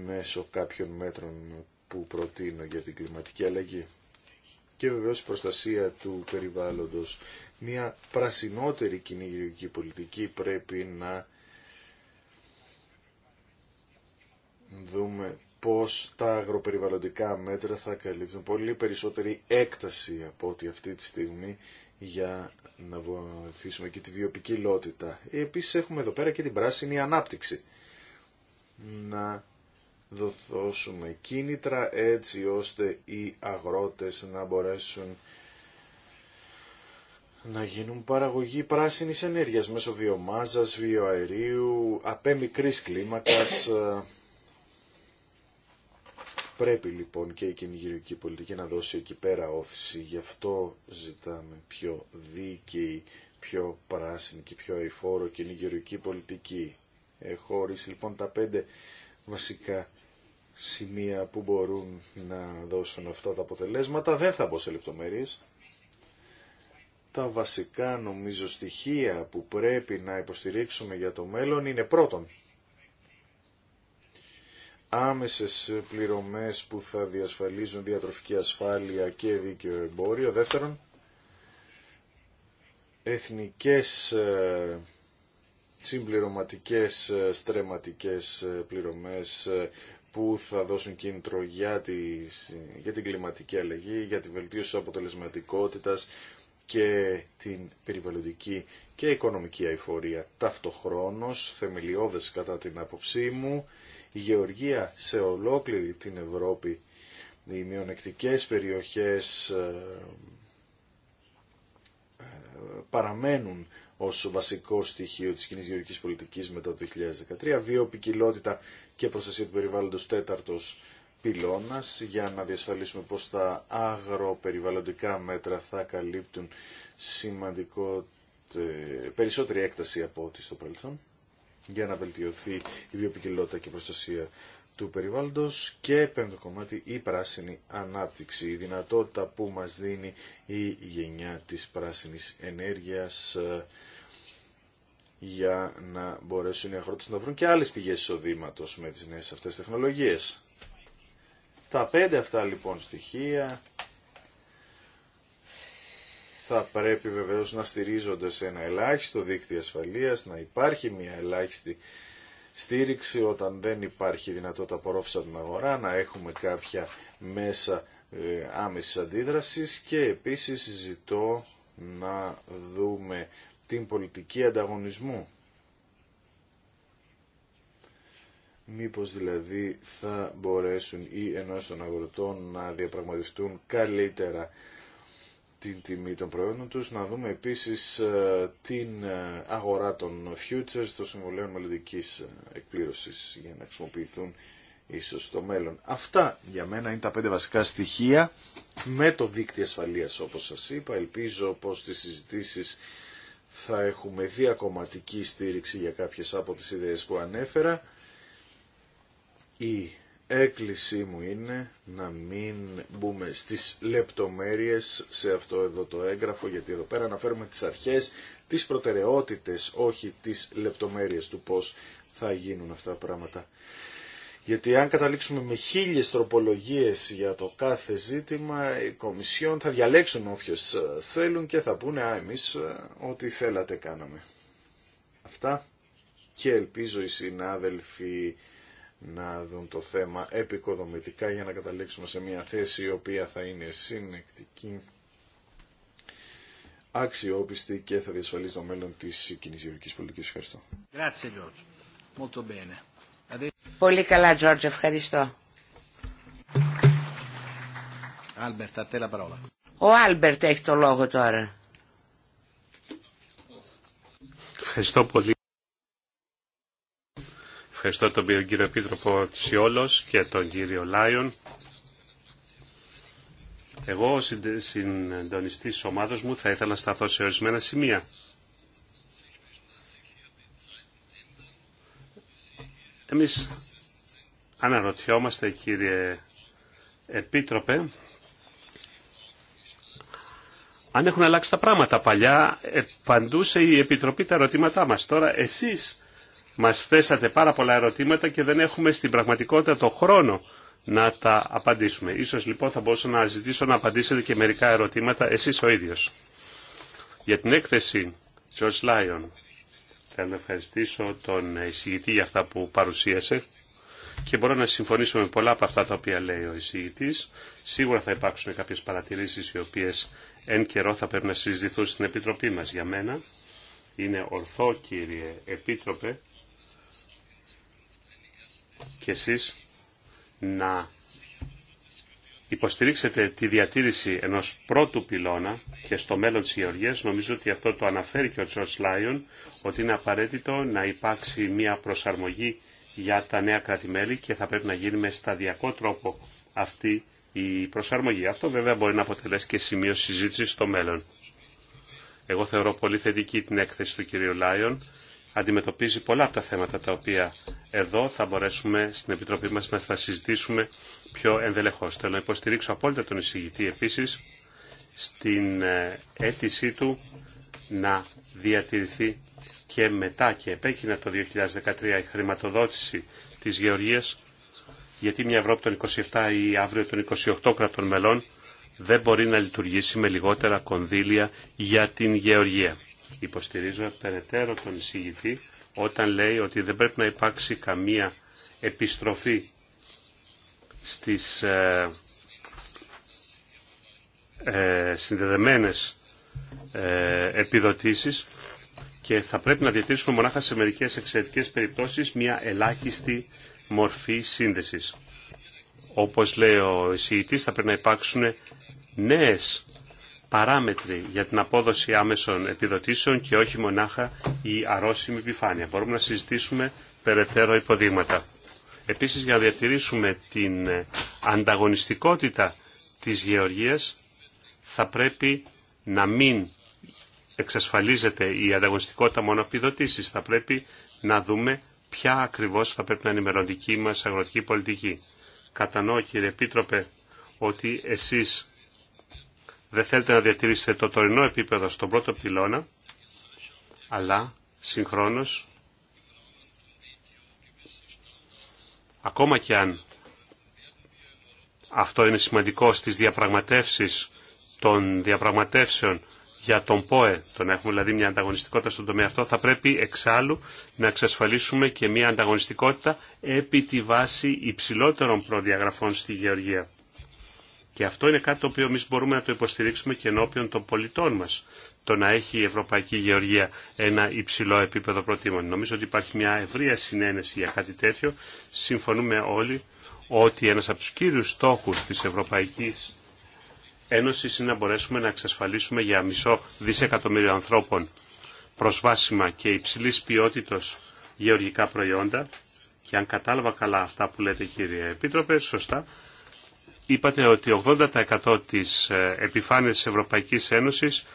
μέσω κάποιων μέτρων που προτείνω για την κλιματική αλλαγή και βεβαίως η προστασία του περιβάλλοντος. Μια πρασινότερη κυνήγική πολιτική πρέπει να δούμε πως τα αγροπεριβαλλοντικά μέτρα θα καλύπτουν πολύ περισσότερη έκταση από ό,τι αυτή τη στιγμή για να βοηθήσουμε και τη βιοπικιλότητα. Επίσης έχουμε εδώ πέρα και την πράσινη ανάπτυξη. Να Δοθώσουμε κίνητρα έτσι ώστε οι αγρότες να μπορέσουν να γίνουν παραγωγή πράσινης ενέργειας μέσω βιομάζας, βιοαερίου, απέ μικρής κλίμακας. Πρέπει λοιπόν και η κυνηγυρική πολιτική να δώσει εκεί πέρα όθηση, γι' αυτό ζητάμε πιο δίκαιη, πιο πράσινη και πιο αηφόρο κυνηγυρική πολιτική. Έχω ορίσει λοιπόν τα πέντε βασικά σημεία που μπορούν να δώσουν αυτά τα αποτελέσματα. Δεν θα μπω σε λεπτομέρειες. Τα βασικά νομίζω στοιχεία που πρέπει να υποστηρίξουμε για το μέλλον είναι πρώτον άμεσες πληρωμές που θα διασφαλίζουν διατροφική ασφάλεια και δίκαιο εμπόριο. Δεύτερον, εθνικές ε, συμπληρωματικές ε, στρεματικές ε, πληρωμές που θα δώσουν κίνητρο για, την κλιματική αλλαγή, για τη βελτίωση αποτελεσματικότητας και την περιβαλλοντική και οικονομική αηφορία ταυτοχρόνως, θεμελιώδες κατά την άποψή μου, η γεωργία σε ολόκληρη την Ευρώπη, οι μειονεκτικές περιοχές ε, ε, παραμένουν Ω βασικό στοιχείο τη κοινή γεωργική πολιτική μετά το 2013, βιοπικιλότητα και προστασία του περιβάλλοντο τέταρτο πυλώνα, για να διασφαλίσουμε πω τα αγροπεριβαλλοντικά μέτρα θα καλύπτουν σημαντικό περισσότερη έκταση από ό,τι στο παρελθόν για να βελτιωθεί η βιοπικιλότητα και η προστασία του περιβάλλοντος και πέμπτο κομμάτι η πράσινη ανάπτυξη, η δυνατότητα που μας δίνει η γενιά της πράσινης ενέργειας για να μπορέσουν οι αγρότες να βρουν και άλλες πηγές εισοδήματο με τις νέες αυτές τεχνολογίες. Τα πέντε αυτά λοιπόν στοιχεία θα πρέπει βεβαίως να στηρίζονται σε ένα ελάχιστο δίκτυο ασφαλείας, να υπάρχει μια ελάχιστη στήριξη όταν δεν υπάρχει δυνατότητα απορρόφηση από την αγορά, να έχουμε κάποια μέσα ε, άμεσης αντίδρασης και επίσης ζητώ να δούμε την πολιτική ανταγωνισμού. Μήπως δηλαδή θα μπορέσουν οι ενώ των αγροτών να διαπραγματευτούν καλύτερα την τιμή των προϊόντων τους. Να δούμε επίσης ε, την ε, αγορά των futures των συμβολέων μελλοντικής ε, εκπλήρωσης για να χρησιμοποιηθούν ίσως στο μέλλον. Αυτά για μένα είναι τα πέντε βασικά στοιχεία με το δίκτυο ασφαλείας όπως σας είπα. Ελπίζω πως τις συζητήσεις θα έχουμε διακομματική στήριξη για κάποιες από τις ιδέες που ανέφερα. Η έκκλησή μου είναι να μην μπούμε στις λεπτομέρειες σε αυτό εδώ το έγγραφο, γιατί εδώ πέρα αναφέρουμε τις αρχές, τις προτεραιότητες, όχι τις λεπτομέρειες του πώς θα γίνουν αυτά τα πράγματα. Γιατί αν καταλήξουμε με χίλιες τροπολογίες για το κάθε ζήτημα, οι Κομισιόν θα διαλέξουν όποιες ε, θέλουν και θα πούνε «Α, εμείς ε, ό,τι θέλατε κάναμε». Αυτά και ελπίζω οι συνάδελφοι να δουν το θέμα επικοδομητικά για να καταλήξουμε σε μια θέση η οποία θα είναι συνεκτική, αξιόπιστη και θα διασφαλίσει το μέλλον της κοινής γεωργικής πολιτικής. Ευχαριστώ. Grazie Molto bene. Πολύ καλά, Τζόρτζ, ευχαριστώ. τέλα παρόλα. Ο Άλμπερτ έχει το λόγο τώρα. Ευχαριστώ πολύ. Ευχαριστώ τον κύριο Επίτροπο Τσιόλος και τον κύριο Λάιον. Εγώ, συντονιστής της ομάδος μου, θα ήθελα να σταθώ σε ορισμένα σημεία. Εμείς αναρωτιόμαστε κύριε Επίτροπε αν έχουν αλλάξει τα πράγματα. Παλιά παντούσε η Επιτροπή τα ερωτήματά μας. Τώρα εσείς μας θέσατε πάρα πολλά ερωτήματα και δεν έχουμε στην πραγματικότητα το χρόνο να τα απαντήσουμε. Ίσως λοιπόν θα μπορούσα να ζητήσω να απαντήσετε και μερικά ερωτήματα εσείς ο ίδιος. Για την έκθεση George Lyon να ευχαριστήσω τον εισηγητή για αυτά που παρουσίασε και μπορώ να συμφωνήσω με πολλά από αυτά τα οποία λέει ο εισηγητή. Σίγουρα θα υπάρξουν κάποιε παρατηρήσει οι οποίε εν καιρό θα πρέπει να συζητηθούν στην Επιτροπή μα. Για μένα είναι ορθό, κύριε Επίτροπε, και εσείς να υποστηρίξετε τη διατήρηση ενός πρώτου πυλώνα και στο μέλλον της Γεωργίας, νομίζω ότι αυτό το αναφέρει και ο Τζορτς Λάιον, ότι είναι απαραίτητο να υπάρξει μια προσαρμογή για τα νεα κρατημέλη και θα πρέπει να γίνει με σταδιακό τρόπο αυτή η προσαρμογή. Αυτό βέβαια μπορεί να αποτελέσει και σημείο συζήτηση στο μέλλον. Εγώ θεωρώ πολύ θετική την έκθεση του κυρίου Λάιον. Αντιμετωπίζει πολλά από τα θέματα τα οποία εδώ θα μπορέσουμε στην Επιτροπή μας να τα συζητήσουμε πιο ενδελεχώς. Θέλω να υποστηρίξω απόλυτα τον εισηγητή επίσης στην ε, αίτησή του να διατηρηθεί και μετά και επέκεινα το 2013 η χρηματοδότηση της Γεωργίας γιατί μια Ευρώπη των 27 ή αύριο των 28 κρατών μελών δεν μπορεί να λειτουργήσει με λιγότερα κονδύλια για την Γεωργία. Υποστηρίζω περαιτέρω τον εισηγητή όταν λέει ότι δεν πρέπει να υπάρξει καμία επιστροφή στις ε, ε, συνδεδεμένες ε, επιδοτήσεις και θα πρέπει να διατηρήσουμε μονάχα σε μερικές εξαιρετικές περιπτώσεις μια ελάχιστη μορφή σύνδεσης. Όπως λέει ο εισηγητής θα πρέπει να υπάρξουν νέες παράμετροι για την απόδοση άμεσων επιδοτήσεων και όχι μονάχα η αρρώσιμη επιφάνεια. Μπορούμε να συζητήσουμε περαιτέρω υποδείγματα. Επίσης για να διατηρήσουμε την ε, ανταγωνιστικότητα της γεωργίας θα πρέπει να μην εξασφαλίζεται η ανταγωνιστικότητα μόνο Θα πρέπει να δούμε ποια ακριβώς θα πρέπει να είναι η μελλοντική μας αγροτική πολιτική. Κατανοώ κύριε Επίτροπε ότι εσείς δεν θέλετε να διατηρήσετε το τωρινό επίπεδο στον πρώτο πυλώνα, αλλά συγχρόνως Ακόμα και αν αυτό είναι σημαντικό στις διαπραγματεύσεις των διαπραγματεύσεων για τον ΠΟΕ, το να έχουμε δηλαδή μια ανταγωνιστικότητα στον τομέα αυτό, θα πρέπει εξάλλου να εξασφαλίσουμε και μια ανταγωνιστικότητα επί τη βάση υψηλότερων προδιαγραφών στη Γεωργία. Και αυτό είναι κάτι το οποίο εμεί μπορούμε να το υποστηρίξουμε και ενώπιον των πολιτών μας. Το να έχει η Ευρωπαϊκή Γεωργία ένα υψηλό επίπεδο προτίμων. Νομίζω ότι υπάρχει μια ευρεία συνένεση για κάτι τέτοιο. Συμφωνούμε όλοι ότι ένας από τους κύριους στόχους της Ευρωπαϊκής Ένωση είναι να μπορέσουμε να εξασφαλίσουμε για μισό δισεκατομμύριο ανθρώπων προσβάσιμα και υψηλής ποιότητα γεωργικά προϊόντα. Και αν κατάλαβα καλά αυτά που λέτε κύριε Επίτροπε, σωστά, είπατε ότι 80% της ε, επιφάνειας της Ευρωπαϊκής Ένωσης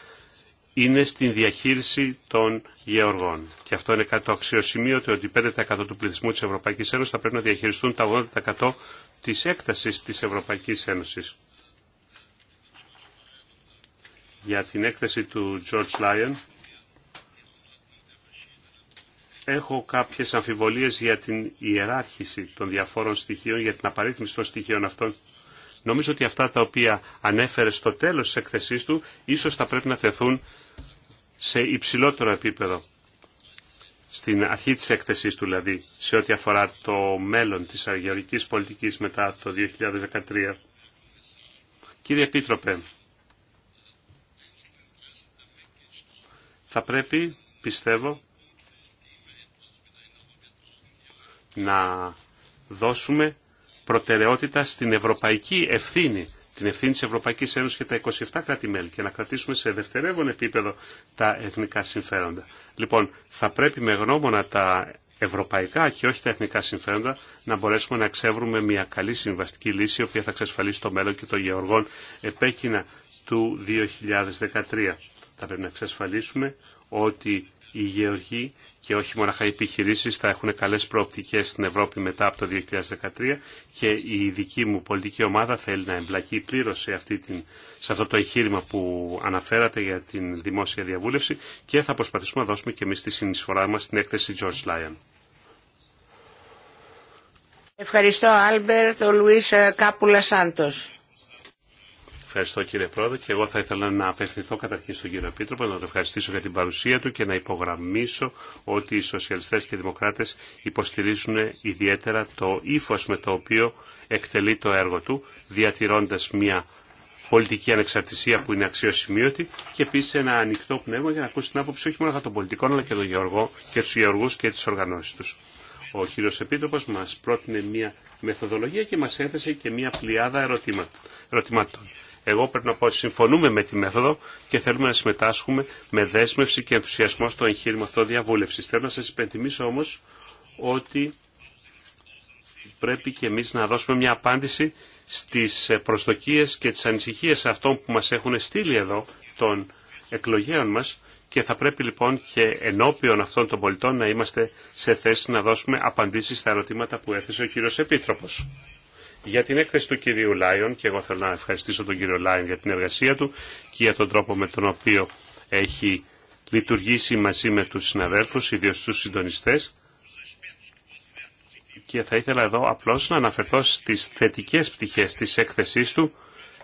είναι στην διαχείριση των γεωργών. Και αυτό είναι κάτι το αξιοσημείο ότι 5% του πληθυσμού της Ευρωπαϊκής Ένωσης θα πρέπει να διαχειριστούν τα 80% της έκτασης της Ευρωπαϊκής Ένωσης. Για την έκθεση του George Lyon έχω κάποιες αμφιβολίες για την ιεράρχηση των διαφόρων στοιχείων, για την απαρίθμηση των στοιχείων αυτών Νομίζω ότι αυτά τα οποία ανέφερε στο τέλος της εκθεσής του ίσως θα πρέπει να θεθούν σε υψηλότερο επίπεδο. Στην αρχή της έκθεσής του δηλαδή, σε ό,τι αφορά το μέλλον της αγιορικής πολιτικής μετά το 2013. Κύριε Επίτροπε, θα πρέπει, πιστεύω, να δώσουμε προτεραιότητα στην ευρωπαϊκή ευθύνη, την ευθύνη της Ευρωπαϊκής Ένωσης και τα 27 κράτη-μέλη και να κρατήσουμε σε δευτερεύον επίπεδο τα εθνικά συμφέροντα. Λοιπόν, θα πρέπει με γνώμονα τα ευρωπαϊκά και όχι τα εθνικά συμφέροντα να μπορέσουμε να εξεύρουμε μια καλή συμβαστική λύση η οποία θα εξασφαλίσει το μέλλον και των γεωργών επέκεινα του 2013. Θα πρέπει να εξασφαλίσουμε ότι οι γεωργοί και όχι μόνο οι επιχειρήσει θα έχουν καλές προοπτικές στην Ευρώπη μετά από το 2013 και η δική μου πολιτική ομάδα θέλει να εμπλακεί πλήρω σε, αυτή την, σε αυτό το εγχείρημα που αναφέρατε για την δημόσια διαβούλευση και θα προσπαθήσουμε να δώσουμε και εμείς τη συνεισφορά μας στην έκθεση George Lyon. Ευχαριστώ Άλμπερτ, ο Λουίς ε, Κάπουλα Σάντος. Ευχαριστώ κύριε Πρόεδρε και εγώ θα ήθελα να απευθυνθώ καταρχήν στον κύριο Επίτροπο, να τον ευχαριστήσω για την παρουσία του και να υπογραμμίσω ότι οι σοσιαλιστές και οι δημοκράτες υποστηρίζουν ιδιαίτερα το ύφος με το οποίο εκτελεί το έργο του, διατηρώντας μια πολιτική ανεξαρτησία που είναι αξιοσημείωτη και επίση ένα ανοιχτό πνεύμα για να ακούσει την άποψη όχι μόνο των πολιτικών αλλά και των Γεωργό, και του γεωργού και τι οργανώσει του. Ο κύριο Επίτροπο μα πρότεινε μια μεθοδολογία και μα έθεσε και μια πλειάδα ερωτήματων. Εγώ πρέπει να πω ότι συμφωνούμε με τη μέθοδο και θέλουμε να συμμετάσχουμε με δέσμευση και ενθουσιασμό στο εγχείρημα αυτό διαβούλευση. Θέλω να σα υπενθυμίσω όμω ότι πρέπει και εμείς να δώσουμε μια απάντηση στις προσδοκίες και τις ανησυχίες αυτών που μας έχουν στείλει εδώ των εκλογέων μας και θα πρέπει λοιπόν και ενώπιον αυτών των πολιτών να είμαστε σε θέση να δώσουμε απαντήσεις στα ερωτήματα που έθεσε ο κύριος Επίτροπος για την έκθεση του κυρίου Λάιον και εγώ θέλω να ευχαριστήσω τον κύριο Λάιον για την εργασία του και για τον τρόπο με τον οποίο έχει λειτουργήσει μαζί με τους συναδέλφους, ιδίως τους συντονιστές και θα ήθελα εδώ απλώς να αναφερθώ στις θετικές πτυχές της έκθεσής του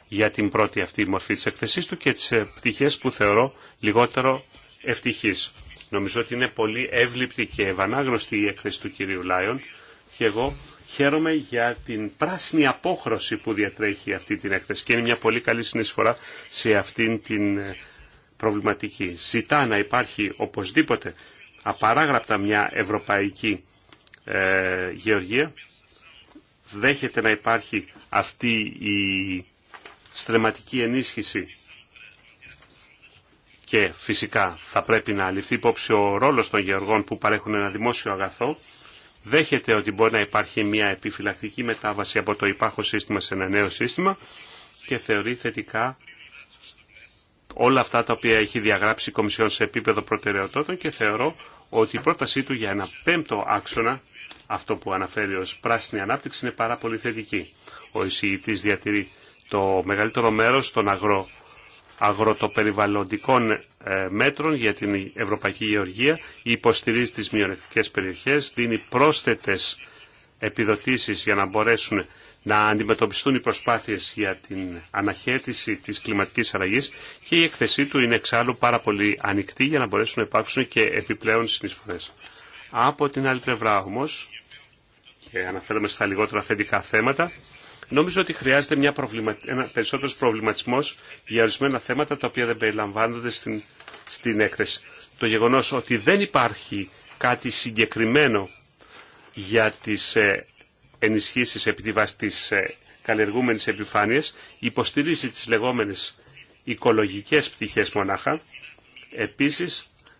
για την πρώτη αυτή μορφή της έκθεσής του και τις πτυχές που θεωρώ λιγότερο ευτυχής. Νομίζω ότι είναι πολύ εύληπτη και ευανάγνωστη η έκθεση του κυρίου Λάιον και εγώ Χαίρομαι για την πράσινη απόχρωση που διατρέχει αυτή την έκθεση και είναι μια πολύ καλή συνεισφορά σε αυτήν την ε, προβληματική. Ζητά να υπάρχει οπωσδήποτε απαράγραπτα μια ευρωπαϊκή ε, γεωργία. Δέχεται να υπάρχει αυτή η στρεματική ενίσχυση και φυσικά θα πρέπει να ληφθεί υπόψη ο ρόλος των γεωργών που παρέχουν ένα δημόσιο αγαθό δέχεται ότι μπορεί να υπάρχει μια επιφυλακτική μετάβαση από το υπάρχον σύστημα σε ένα νέο σύστημα και θεωρεί θετικά όλα αυτά τα οποία έχει διαγράψει η Κομισιόν σε επίπεδο προτεραιοτήτων και θεωρώ ότι η πρότασή του για ένα πέμπτο άξονα, αυτό που αναφέρει ως πράσινη ανάπτυξη, είναι πάρα πολύ θετική. Ο εισηγητής διατηρεί το μεγαλύτερο μέρος των αγρο αγροτοπεριβαλλοντικών ε, μέτρων για την Ευρωπαϊκή Γεωργία, υποστηρίζει τις μειονεκτικές περιοχές, δίνει πρόσθετες επιδοτήσεις για να μπορέσουν να αντιμετωπιστούν οι προσπάθειες για την αναχέτηση της κλιματικής αλλαγής και η εκθεσή του είναι εξάλλου πάρα πολύ ανοιχτή για να μπορέσουν να υπάρξουν και επιπλέον συνεισφορές. Από την άλλη πλευρά όμως, και αναφέρομαι στα λιγότερα θετικά θέματα, Νομίζω ότι χρειάζεται μια προβλημα... ένα περισσότερο προβληματισμός για ορισμένα θέματα τα οποία δεν περιλαμβάνονται στην, στην έκθεση. Το γεγονός ότι δεν υπάρχει κάτι συγκεκριμένο για τις ε, ενισχύσεις επί τη βάση της ε, καλλιεργούμενη επιφάνεια υποστηρίζει τις λεγόμενες οικολογικές πτυχές μονάχα. Επίση,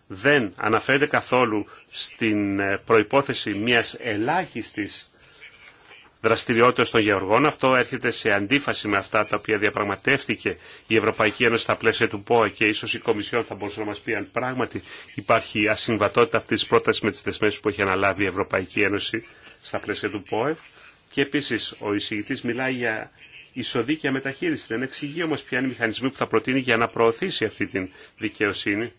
δεν αναφέρεται καθόλου στην ε, προϋπόθεση μιας ελάχιστης Δραστηριότητα των γεωργών. Αυτό έρχεται σε αντίφαση με αυτά τα οποία διαπραγματεύτηκε η Ευρωπαϊκή Ένωση στα πλαίσια του ΠΟΕ και ίσως η Κομισιόν θα μπορούσε να μας πει αν πράγματι υπάρχει ασυμβατότητα αυτής της πρότασης με τις δεσμεύσεις που έχει αναλάβει η Ευρωπαϊκή Ένωση στα πλαίσια του ΠΟΕ. Και επίσης ο εισηγητής μιλάει για ισοδίκαια μεταχείριση. Δεν εξηγεί όμως ποια είναι η μηχανισμοί που θα προτείνει για να προωθήσει αυτή την δικαιοσύνη.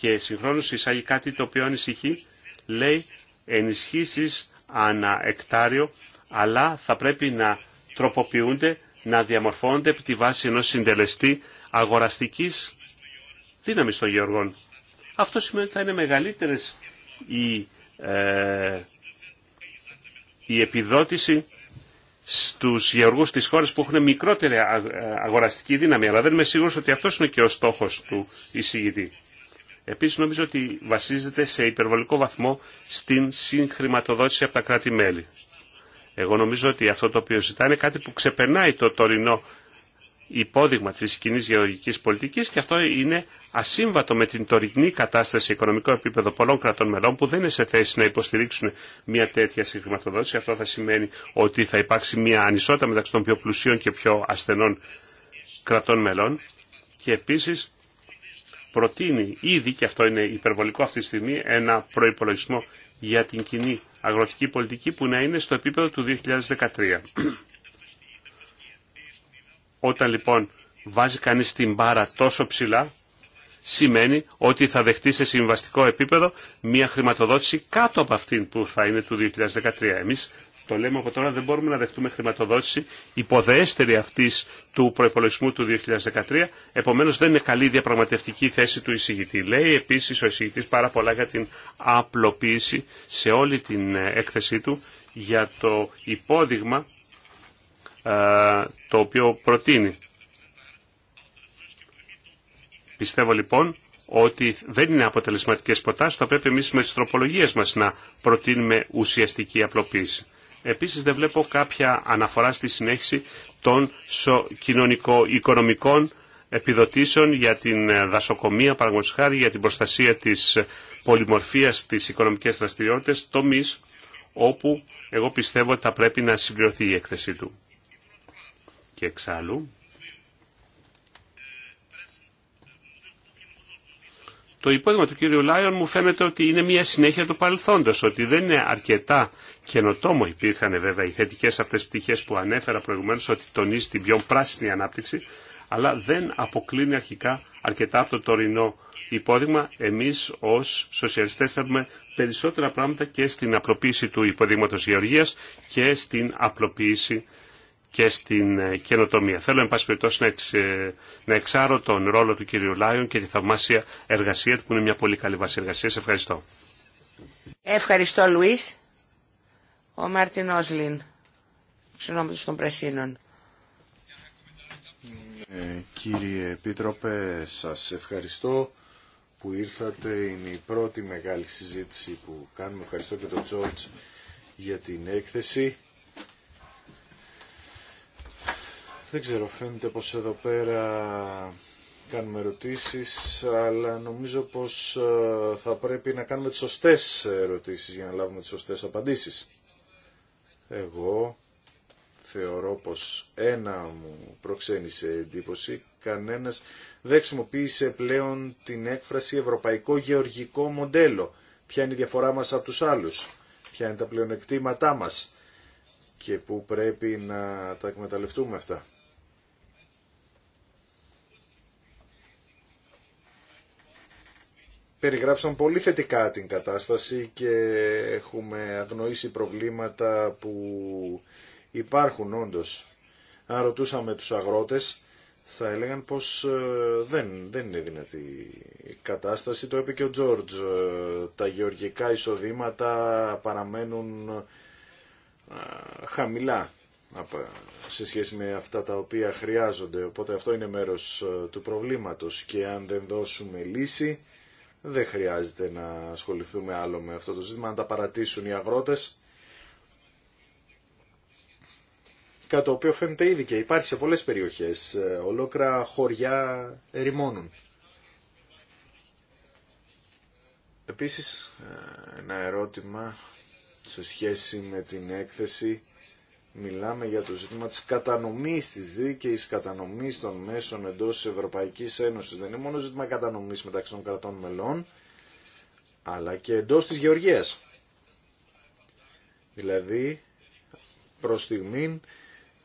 Και συγχρόνως εισάγει κάτι το οποίο ανησυχεί, λέει ενισχύσεις ανά εκτάριο αλλά θα πρέπει να τροποποιούνται, να διαμορφώνονται επί τη βάση ενός συντελεστή αγοραστικής δύναμης των γεωργών. Αυτό σημαίνει ότι θα είναι μεγαλύτερη η, ε, η επιδότηση στους γεωργούς της χώρας που έχουν μικρότερη ε, αγοραστική δύναμη, αλλά δεν είμαι σίγουρος ότι αυτός είναι και ο στόχος του εισηγητή. Επίσης νομίζω ότι βασίζεται σε υπερβολικό βαθμό στην συγχρηματοδότηση από τα κράτη-μέλη. Εγώ νομίζω ότι αυτό το οποίο ζητάνε είναι κάτι που ξεπερνάει το τωρινό υπόδειγμα της κοινή γεωργικής πολιτικής και αυτό είναι ασύμβατο με την τωρινή κατάσταση οικονομικού οικονομικό επίπεδο πολλών κρατών μελών που δεν είναι σε θέση να υποστηρίξουν μια τέτοια συγχρηματοδότηση. Αυτό θα σημαίνει ότι θα υπάρξει μια ανισότητα μεταξύ των πιο πλουσίων και πιο ασθενών κρατών μελών και επίσης προτείνει ήδη, και αυτό είναι υπερβολικό αυτή τη στιγμή, ένα προϋπολογισμό για την κοινή αγροτική πολιτική που να είναι στο επίπεδο του 2013. Όταν λοιπόν βάζει κανείς την μπάρα τόσο ψηλά, σημαίνει ότι θα δεχτεί σε συμβαστικό επίπεδο μια χρηματοδότηση κάτω από αυτήν που θα είναι του 2013. Εμείς το λέμε από τώρα, δεν μπορούμε να δεχτούμε χρηματοδότηση υποδέστερη αυτή του προπολογισμού του 2013. Επομένω, δεν είναι καλή η διαπραγματευτική θέση του εισηγητή. Λέει επίση ο εισηγητή πάρα πολλά για την απλοποίηση σε όλη την ε, έκθεσή του για το υπόδειγμα ε, το οποίο προτείνει. Πιστεύω λοιπόν ότι δεν είναι αποτελεσματικές προτάσεις, θα πρέπει εμείς με τις τροπολογίες μας να προτείνουμε ουσιαστική απλοποίηση. Επίσης δεν βλέπω κάποια αναφορά στη συνέχιση των κοινωνικο-οικονομικών επιδοτήσεων για την ε, δασοκομεία, παραγωγή για την προστασία της ε, πολυμορφίας στις οικονομικές δραστηριότητες, μίς όπου εγώ πιστεύω ότι θα πρέπει να συμπληρωθεί η έκθεσή του. Και εξάλλου, Το υπόδειγμα του κύριου Λάιον μου φαίνεται ότι είναι μια συνέχεια του παρελθόντος, ότι δεν είναι αρκετά καινοτόμο. Υπήρχαν βέβαια οι θετικέ αυτές πτυχές που ανέφερα προηγουμένως ότι τονίζει την πιο πράσινη ανάπτυξη, αλλά δεν αποκλίνει αρχικά αρκετά από το τωρινό υπόδειγμα. Εμείς ως σοσιαλιστές θέλουμε περισσότερα πράγματα και στην απλοποίηση του υποδείγματο και στην απλοποίηση και στην ε, καινοτομία. Θέλω, εν πάση περιπτώσει, να, εξάρω τον ρόλο του κυρίου Λάιον και τη θαυμάσια εργασία του, που είναι μια πολύ καλή βάση εργασία. Ευχαριστώ. Ευχαριστώ, Λουίς. Ο Μάρτιν Όσλιν, συνόμιλος των Πρασίνων. Ε, κύριε Επίτροπε, σας ευχαριστώ που ήρθατε. Είναι η πρώτη μεγάλη συζήτηση που κάνουμε. Ευχαριστώ και τον Τζόρτς για την έκθεση. Δεν ξέρω, φαίνεται πως εδώ πέρα κάνουμε ερωτήσεις, αλλά νομίζω πως ε, θα πρέπει να κάνουμε τις σωστές ερωτήσεις για να λάβουμε τις σωστές απαντήσεις. Εγώ θεωρώ πως ένα μου προξένησε εντύπωση, κανένας δεν χρησιμοποίησε πλέον την έκφραση ευρωπαϊκό γεωργικό μοντέλο. Ποια είναι η διαφορά μας από τους άλλους, ποια είναι τα πλεονεκτήματά μας και που πρέπει να τα εκμεταλλευτούμε αυτά. περιγράψαν πολύ θετικά την κατάσταση και έχουμε αγνοήσει προβλήματα που υπάρχουν όντως. Αν ρωτούσαμε τους αγρότες θα έλεγαν πως ε, δεν, δεν είναι δυνατή η κατάσταση. Το είπε ο Τζόρτζ. Ε, τα γεωργικά εισοδήματα παραμένουν ε, χαμηλά σε σχέση με αυτά τα οποία χρειάζονται. Οπότε αυτό είναι μέρος του προβλήματος και αν δεν δώσουμε λύση δεν χρειάζεται να ασχοληθούμε άλλο με αυτό το ζήτημα, να τα παρατήσουν οι αγρότες. Κάτι το οποίο φαίνεται ήδη και υπάρχει σε πολλές περιοχές. Ε, ολόκληρα χωριά ερημώνουν. Επίσης, ε, ένα ερώτημα σε σχέση με την έκθεση Μιλάμε για το ζήτημα της κατανομής της δίκαιης κατανομής των μέσων εντός της Ευρωπαϊκής Ένωσης. Δεν είναι μόνο ζήτημα κατανομής μεταξύ των κρατών μελών, αλλά και εντός της γεωργίας. Δηλαδή, προς στιγμή,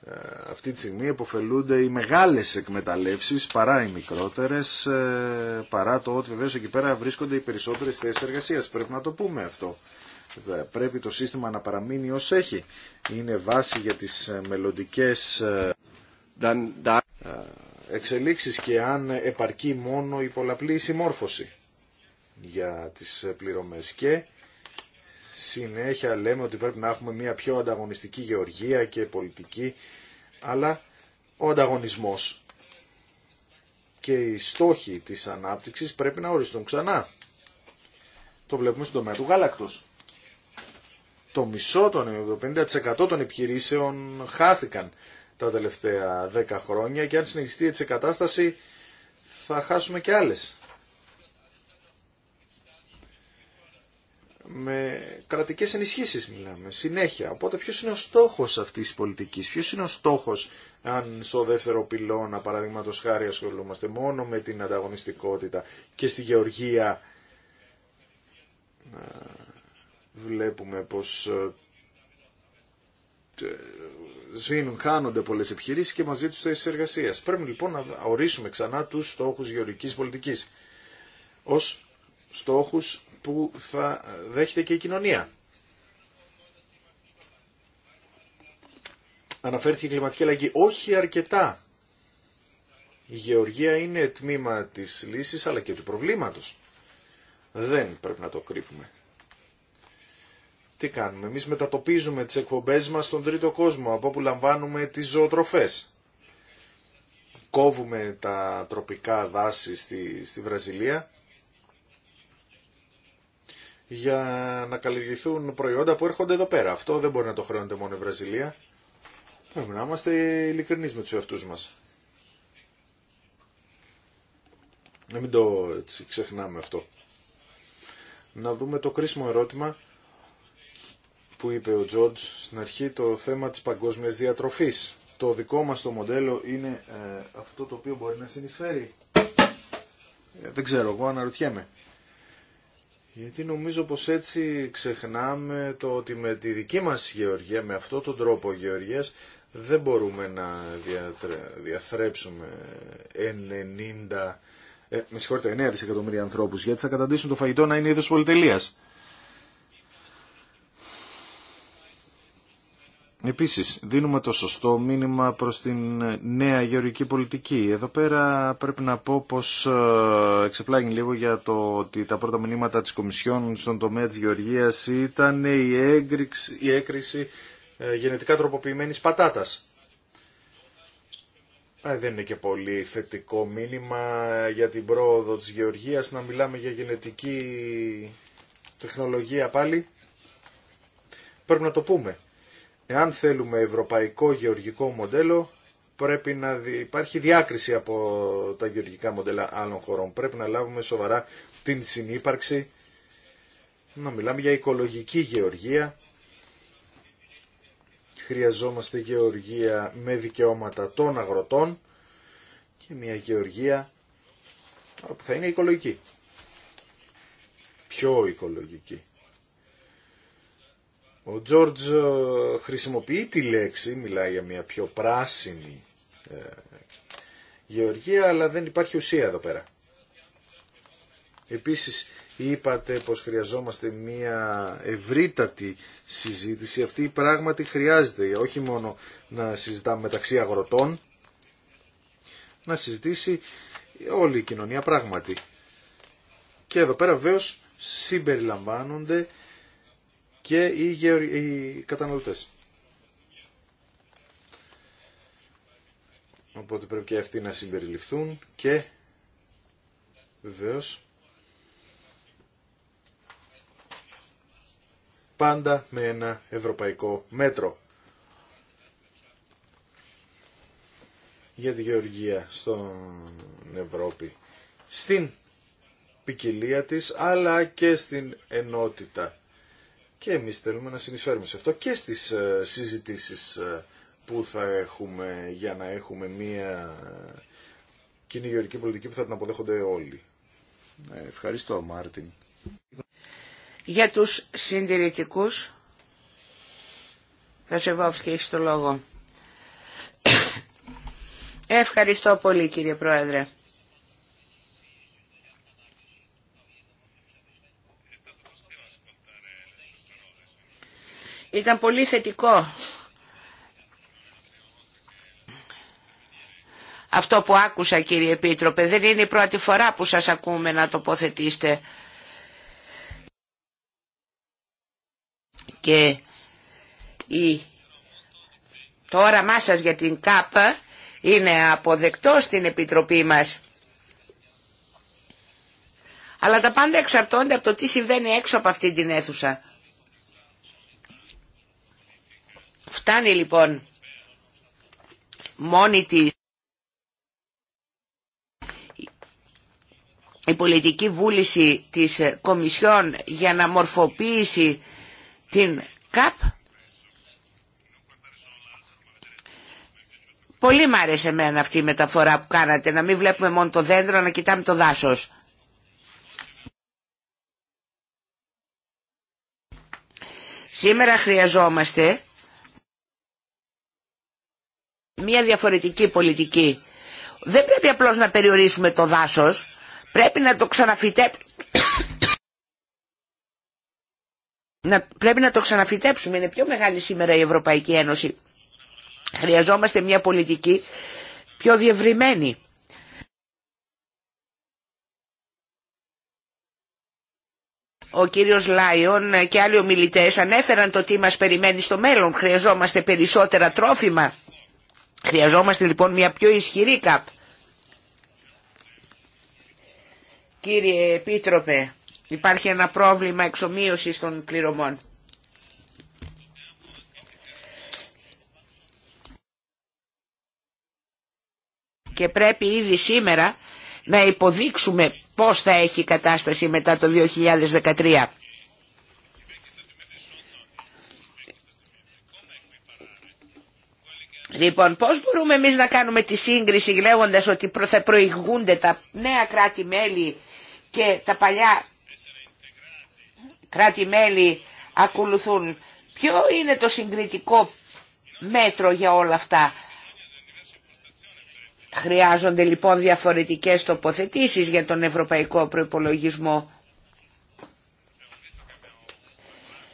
ε, αυτή τη στιγμή επωφελούνται οι μεγάλες εκμεταλλεύσεις παρά οι μικρότερες, ε, παρά το ότι βεβαίως εκεί πέρα βρίσκονται οι περισσότερες θέσεις εργασίας. Πρέπει να το πούμε αυτό πρέπει το σύστημα να παραμείνει ως έχει. Είναι βάση για τις ε, μελλοντικέ ε, ε, εξελίξεις και αν επαρκεί μόνο η πολλαπλή συμμόρφωση για τις πληρωμές και συνέχεια λέμε ότι πρέπει να έχουμε μια πιο ανταγωνιστική γεωργία και πολιτική αλλά ο ανταγωνισμός και οι στόχοι της ανάπτυξης πρέπει να οριστούν ξανά. Το βλέπουμε στον τομέα του γάλακτος το μισό, των, το 50% των επιχειρήσεων χάθηκαν τα τελευταία 10 χρόνια και αν συνεχιστεί έτσι η κατάσταση θα χάσουμε και άλλες. Με κρατικές ενισχύσεις μιλάμε, συνέχεια. Οπότε ποιος είναι ο στόχος αυτής της πολιτικής, ποιος είναι ο στόχος αν στο δεύτερο πυλώνα, παραδείγματο χάρη ασχολούμαστε μόνο με την ανταγωνιστικότητα και στη γεωργία Βλέπουμε πως ε, σβήνουν, χάνονται πολλές επιχειρήσεις και μαζί τους θέσεις εργασία. Πρέπει λοιπόν να ορίσουμε ξανά τους στόχους γεωργικής πολιτικής ως στόχους που θα δέχεται και η κοινωνία. Αναφέρθηκε η κλιματική αλλαγή. Όχι αρκετά. Η γεωργία είναι τμήμα της λύσης αλλά και του προβλήματος. Δεν πρέπει να το κρύβουμε τι κάνουμε. Εμείς μετατοπίζουμε τις εκπομπές μας στον τρίτο κόσμο, από όπου λαμβάνουμε τις ζωοτροφές. Κόβουμε τα τροπικά δάση στη, Βραζιλία για να καλλιεργηθούν προϊόντα που έρχονται εδώ πέρα. Αυτό δεν μπορεί να το χρεώνεται μόνο η Βραζιλία. Πρέπει να είμαστε ειλικρινείς με τους εαυτούς μας. Να μην το ξεχνάμε αυτό. Να δούμε το κρίσιμο ερώτημα που είπε ο Τζόρτζ στην αρχή, το θέμα της παγκόσμιας διατροφής. Το δικό μας το μοντέλο είναι ε, αυτό το οποίο μπορεί να συνεισφέρει. Ε, δεν ξέρω, εγώ αναρωτιέμαι. Γιατί νομίζω πως έτσι ξεχνάμε το ότι με τη δική μας γεωργία, με αυτόν τον τρόπο γεωργίας, δεν μπορούμε να διαθρέψουμε 90, ε, με 9 δισεκατομμύρια ανθρώπους, γιατί θα καταντήσουν το φαγητό να είναι είδος πολυτελείας. Επίσης, δίνουμε το σωστό μήνυμα προς την ε, νέα γεωργική πολιτική. Εδώ πέρα πρέπει να πω πως ε, εξεπλάγει λίγο για το ότι τα πρώτα μηνύματα της Κομισιόν στον τομέα της γεωργίας ήταν η, η έκρηση ε, γενετικά τροποποιημένης πατάτας. δεν είναι και πολύ θετικό μήνυμα για την πρόοδο της γεωργίας να μιλάμε για γενετική τεχνολογία πάλι. Πρέπει να το πούμε Εάν θέλουμε ευρωπαϊκό γεωργικό μοντέλο, πρέπει να υπάρχει διάκριση από τα γεωργικά μοντέλα άλλων χωρών. Πρέπει να λάβουμε σοβαρά την συνύπαρξη, να μιλάμε για οικολογική γεωργία. Χρειαζόμαστε γεωργία με δικαιώματα των αγροτών και μια γεωργία που θα είναι οικολογική. Πιο οικολογική. Ο Τζόρτζ ε, χρησιμοποιεί τη λέξη, μιλάει για μια πιο πράσινη ε, γεωργία, αλλά δεν υπάρχει ουσία εδώ πέρα. Επίσης είπατε πως χρειαζόμαστε μια ευρύτατη συζήτηση. Αυτή πράγματι χρειάζεται, όχι μόνο να συζητάμε μεταξύ αγροτών, να συζητήσει όλη η κοινωνία πράγματι. Και εδώ πέρα βέβαιως συμπεριλαμβάνονται και οι καταναλωτές. Οπότε πρέπει και αυτοί να συμπεριληφθούν και βεβαίως πάντα με ένα ευρωπαϊκό μέτρο. για τη γεωργία στον Ευρώπη. Στην ποικιλία της αλλά και στην ενότητα και εμείς θέλουμε να συνεισφέρουμε σε αυτό και στις ε, συζητήσεις ε, που θα έχουμε για να έχουμε μία κοινή γεωρική πολιτική που θα την αποδέχονται όλοι. Ε, ευχαριστώ Μάρτιν. Για τους συντηρητικούς, σε έχει το λόγο. <coughs> Ευχαριστώ πολύ κύριε Πρόεδρε. Ήταν πολύ θετικό αυτό που άκουσα κύριε Επίτροπε. Δεν είναι η πρώτη φορά που σας ακούμε να τοποθετήσετε. Και η... το όραμά σας για την ΚΑΠΑ είναι αποδεκτό στην Επιτροπή μας. Αλλά τα πάντα εξαρτώνται από το τι συμβαίνει έξω από αυτή την αίθουσα. Φτάνει λοιπόν μόνη τη η πολιτική βούληση της Κομισιόν για να μορφοποιήσει την ΚΑΠ. Πολύ μ' άρεσε εμένα αυτή η μεταφορά που κάνατε, να μην βλέπουμε μόνο το δέντρο, να κοιτάμε το δάσος. Σήμερα χρειαζόμαστε μια διαφορετική πολιτική. Δεν πρέπει απλώς να περιορίσουμε το δάσος, πρέπει να το ξαναφυτέψουμε. πρέπει να το ξαναφυτέψουμε, είναι πιο μεγάλη σήμερα η Ευρωπαϊκή Ένωση. Χρειαζόμαστε μια πολιτική πιο διευρυμένη. Ο κύριος Λάιον και άλλοι ομιλητές ανέφεραν το τι μας περιμένει στο μέλλον. Χρειαζόμαστε περισσότερα τρόφιμα Χρειαζόμαστε λοιπόν μια πιο ισχυρή ΚΑΠ. Κύριε Επίτροπε, υπάρχει ένα πρόβλημα εξομοίωσης των πληρωμών. Και πρέπει ήδη σήμερα να υποδείξουμε πώς θα έχει η κατάσταση μετά το 2013. Λοιπόν, πώς μπορούμε εμείς να κάνουμε τη σύγκριση λέγοντας ότι θα προηγούνται τα νέα κράτη-μέλη και τα παλιά κράτη-μέλη ακολουθούν. Ποιο είναι το συγκριτικό μέτρο για όλα αυτά. Χρειάζονται λοιπόν διαφορετικές τοποθετήσεις για τον ευρωπαϊκό προϋπολογισμό.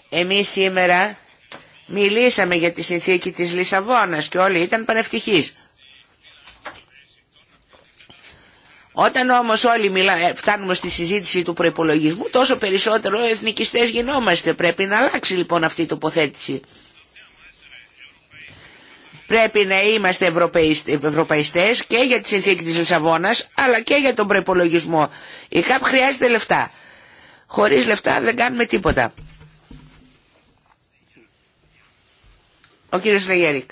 Εμείς σήμερα Μιλήσαμε για τη συνθήκη της Λισαβόνας και όλοι ήταν πανευτυχείς. Όταν όμως όλοι μιλά, ε, φτάνουμε στη συζήτηση του προϋπολογισμού, τόσο περισσότερο εθνικιστές γινόμαστε. Πρέπει να αλλάξει λοιπόν αυτή η τοποθέτηση. Πρέπει να είμαστε ευρωπαϊστές και για τη συνθήκη της Λισαβόνας, αλλά και για τον προϋπολογισμό. Η ΚΑΠ χρειάζεται λεφτά. Χωρίς λεφτά δεν κάνουμε τίποτα. Ο κύριος Λεγέρικ.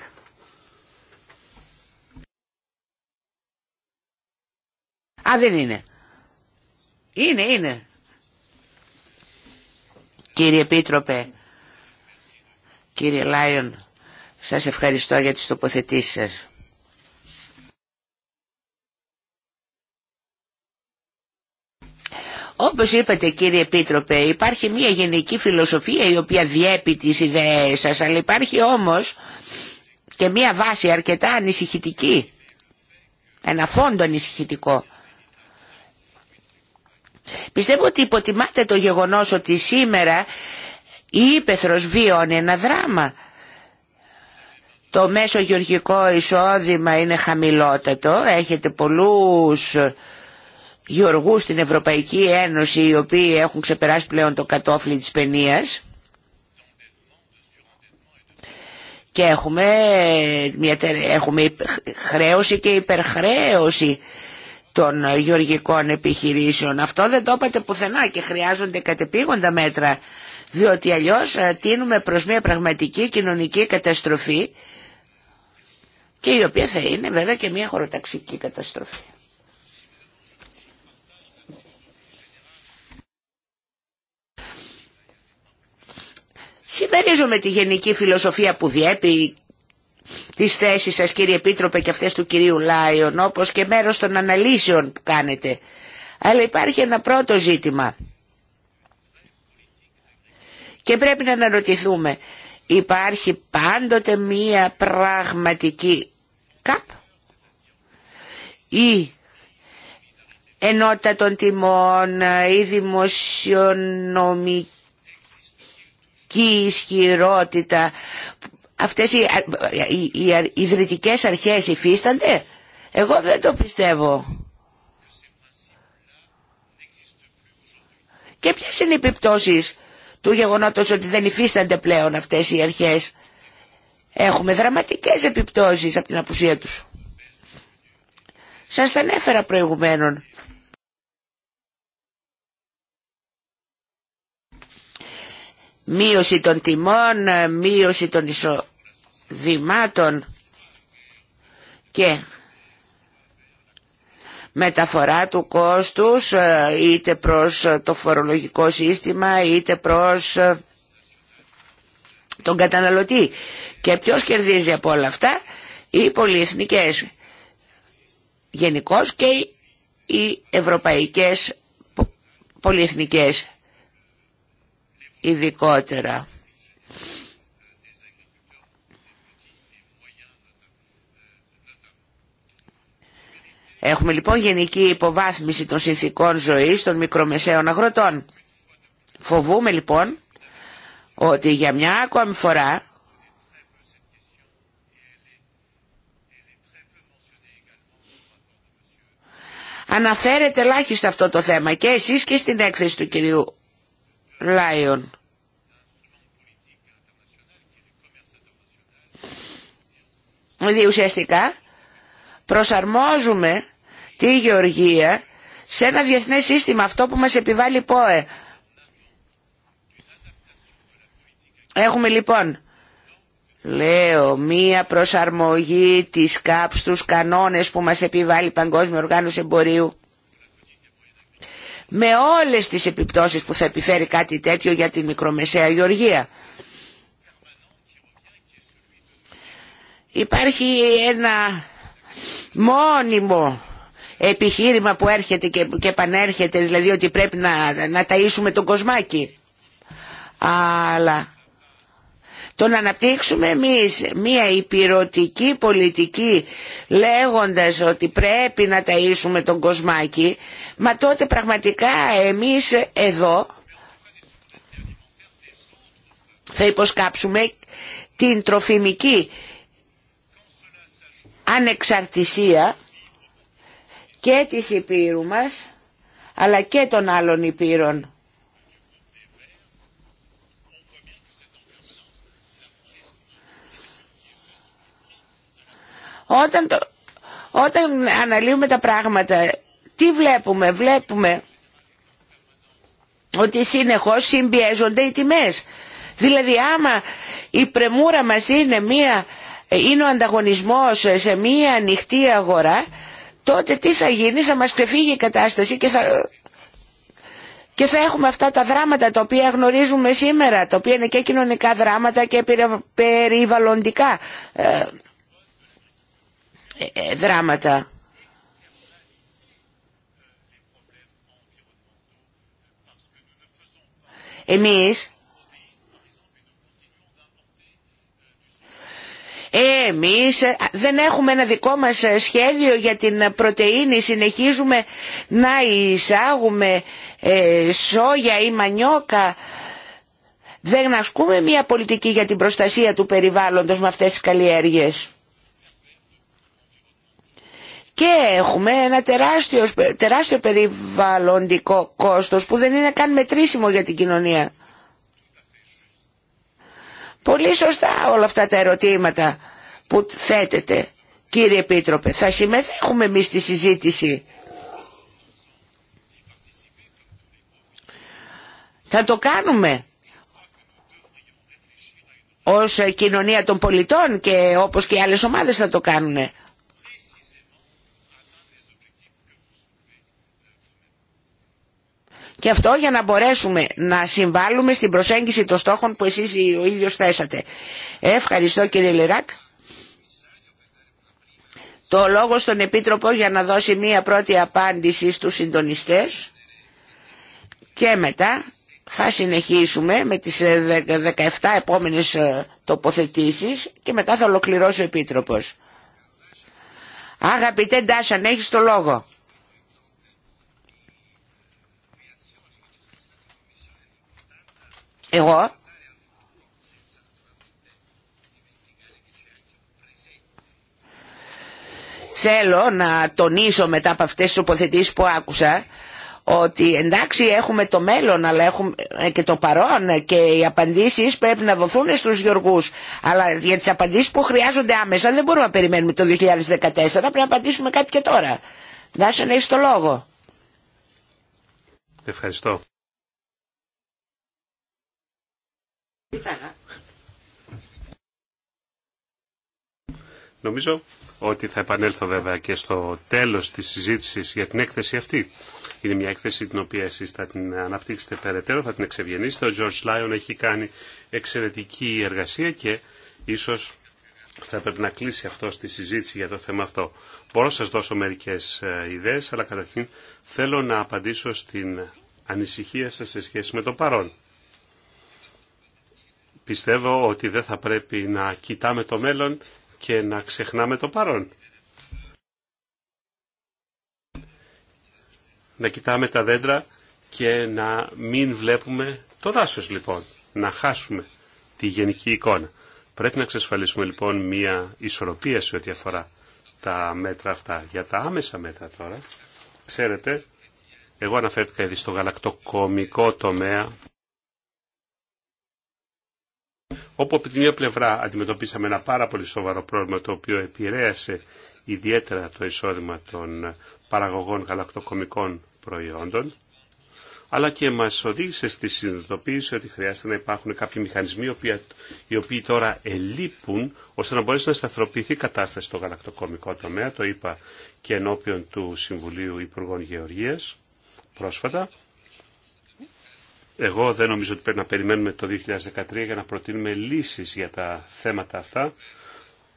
Α, δεν είναι. Είναι, είναι. Κύριε Επίτροπε, κύριε Λάιον, σας ευχαριστώ για τις τοποθετήσεις σας. Όπως είπατε κύριε Επίτροπε υπάρχει μια γενική φιλοσοφία η οποία διέπει τις ιδέες σας αλλά υπάρχει όμως και μια βάση αρκετά ανησυχητική ένα φόντο ανησυχητικό. Πιστεύω ότι υποτιμάτε το γεγονός ότι σήμερα η ύπεθρος βιώνει ένα δράμα. Το μέσο γεωργικό εισόδημα είναι χαμηλότατο, έχετε πολλούς γεωργούς στην Ευρωπαϊκή Ένωση οι οποίοι έχουν ξεπεράσει πλέον το κατόφλι της παινίας και έχουμε, μια, έχουμε χρέωση και υπερχρέωση των γεωργικών επιχειρήσεων. Αυτό δεν το είπατε πουθενά και χρειάζονται κατεπήγοντα μέτρα, διότι αλλιώς ε, τίνουμε προς μια πραγματική κοινωνική καταστροφή και η οποία θα είναι βέβαια και μια χωροταξική καταστροφή. Συμμερίζομαι τη γενική φιλοσοφία που διέπει τις θέσεις σας κύριε Επίτροπε και αυτές του κυρίου Λάιον όπως και μέρος των αναλύσεων που κάνετε. Αλλά υπάρχει ένα πρώτο ζήτημα και πρέπει να αναρωτηθούμε υπάρχει πάντοτε μία πραγματική ΚΑΠ ή ενότητα των τιμών, η δημοσιονομική ιδρυτική ισχυρότητα. Αυτές οι, οι, οι ιδρυτικές αρχές υφίστανται. Εγώ δεν το πιστεύω. Και ποιες είναι οι επιπτώσεις του γεγονότος ότι δεν υφίστανται πλέον αυτές οι αρχές. Έχουμε δραματικές επιπτώσεις από την απουσία τους. Σας τα ανέφερα προηγουμένων. μείωση των τιμών, ε, μείωση των εισοδημάτων και μεταφορά του κόστους ε, είτε προς το φορολογικό σύστημα είτε προς ε, τον καταναλωτή. Και ποιος κερδίζει από όλα αυτά οι πολυεθνικές γενικώ και οι ευρωπαϊκές πολυεθνικές ειδικότερα. Έχουμε λοιπόν γενική υποβάθμιση των συνθήκων ζωής των μικρομεσαίων αγροτών. Φοβούμε λοιπόν ότι για μια ακόμη φορά αναφέρεται ελάχιστα αυτό το θέμα και εσείς και στην έκθεση του κυρίου Λάιον. Δηλαδή ουσιαστικά προσαρμόζουμε τη γεωργία σε ένα διεθνές σύστημα, αυτό που μας επιβάλλει ΠΟΕ. Έχουμε λοιπόν, λέω, μία προσαρμογή της ΚΑΠ στους κανόνες που μας επιβάλλει η Παγκόσμια Οργάνωση Εμπορίου με όλες τις επιπτώσεις που θα επιφέρει κάτι τέτοιο για τη μικρομεσαία γεωργία. Υπάρχει ένα μόνιμο επιχείρημα που έρχεται και, και επανέρχεται, δηλαδή ότι πρέπει να, να ταΐσουμε τον κοσμάκι. Αλλά το να αναπτύξουμε εμείς μία υπηρωτική πολιτική λέγοντας ότι πρέπει να ταΐσουμε τον κοσμάκι, μα τότε πραγματικά εμείς εδώ θα υποσκάψουμε την τροφιμική ανεξαρτησία και της υπήρου μας αλλά και των άλλων υπήρων. Όταν, όταν αναλύουμε τα πράγματα, τι βλέπουμε, βλέπουμε ότι συνεχώς συμπιέζονται οι τιμές. Δηλαδή άμα η πρεμούρα μας είναι, μία, είναι ο ανταγωνισμός σε μία ανοιχτή αγορά, τότε τι θα γίνει, θα μας ξεφύγει η κατάσταση και θα, και θα έχουμε αυτά τα δράματα τα οποία γνωρίζουμε σήμερα, τα οποία είναι και κοινωνικά δράματα και περιβαλλοντικά. Ε, ε, ε, δράματα. Εμείς ε, Εμείς δεν έχουμε ένα δικό μας σχέδιο για την πρωτεΐνη, συνεχίζουμε να εισάγουμε σόγια ή μανιόκα. Δεν ασκούμε μια πολιτική για την προστασία του περιβάλλοντος με αυτές τις καλλιέργειες και έχουμε ένα τεράστιο, τεράστιο περιβαλλοντικό κόστος που δεν είναι καν μετρήσιμο για την κοινωνία. Πολύ σωστά όλα αυτά τα ερωτήματα που θέτετε κύριε Επίτροπε. Θα συμμετέχουμε εμείς στη συζήτηση. Θα το κάνουμε ως κοινωνία των πολιτών και όπως και οι άλλες ομάδες θα το κάνουνε. Και αυτό για να μπορέσουμε να συμβάλλουμε στην προσέγγιση των στόχων που εσείς ο ίδιος θέσατε. Ευχαριστώ κύριε Λεράκ. Το λόγο στον Επίτροπο για να δώσει μία πρώτη απάντηση στους συντονιστές και μετά θα συνεχίσουμε με τις 17 ε, επόμενες ε, τοποθετήσεις και μετά θα ολοκληρώσει ο Επίτροπος. Αγαπητέ Ντάσαν, έχεις το λόγο. Εγώ θέλω να τονίσω μετά από αυτές τις υποθέσεις που άκουσα ότι εντάξει έχουμε το μέλλον αλλά έχουμε και το παρόν και οι απαντήσεις πρέπει να δοθούν στους γεωργούς αλλά για τις απαντήσεις που χρειάζονται άμεσα δεν μπορούμε να περιμένουμε το 2014 πρέπει να απαντήσουμε κάτι και τώρα. να έχεις το λόγο. Ευχαριστώ. Νομίζω ότι θα επανέλθω βέβαια και στο τέλος της συζήτησης για την έκθεση αυτή. Είναι μια έκθεση την οποία εσείς θα την αναπτύξετε περαιτέρω, θα την εξευγενήσετε. Ο George Lyon έχει κάνει εξαιρετική εργασία και ίσως θα πρέπει να κλείσει αυτό στη συζήτηση για το θέμα αυτό. Μπορώ να σας δώσω μερικές ε, ιδέες, αλλά καταρχήν θέλω να απαντήσω στην ανησυχία σας σε σχέση με το παρόν πιστεύω ότι δεν θα πρέπει να κοιτάμε το μέλλον και να ξεχνάμε το παρόν. Να κοιτάμε τα δέντρα και να μην βλέπουμε το δάσος λοιπόν, να χάσουμε τη γενική εικόνα. Πρέπει να εξασφαλίσουμε λοιπόν μια ισορροπία σε ό,τι αφορά τα μέτρα αυτά. Για τα άμεσα μέτρα τώρα, ξέρετε, εγώ αναφέρθηκα ήδη στο γαλακτοκομικό τομέα Όπου από τη μία πλευρά αντιμετωπίσαμε ένα πάρα πολύ σοβαρό πρόβλημα το οποίο επηρέασε ιδιαίτερα το εισόδημα των παραγωγών γαλακτοκομικών προϊόντων, αλλά και μας οδήγησε στη συνειδητοποίηση ότι χρειάζεται να υπάρχουν κάποιοι μηχανισμοί οι οποίοι τώρα ελείπουν ώστε να μπορέσει να σταθεροποιηθεί η κατάσταση στο γαλακτοκομικό τομέα. Το είπα και ενώπιον του Συμβουλίου Υπουργών Γεωργίας πρόσφατα. Εγώ δεν νομίζω ότι πρέπει να περιμένουμε το 2013 για να προτείνουμε λύσεις για τα θέματα αυτά.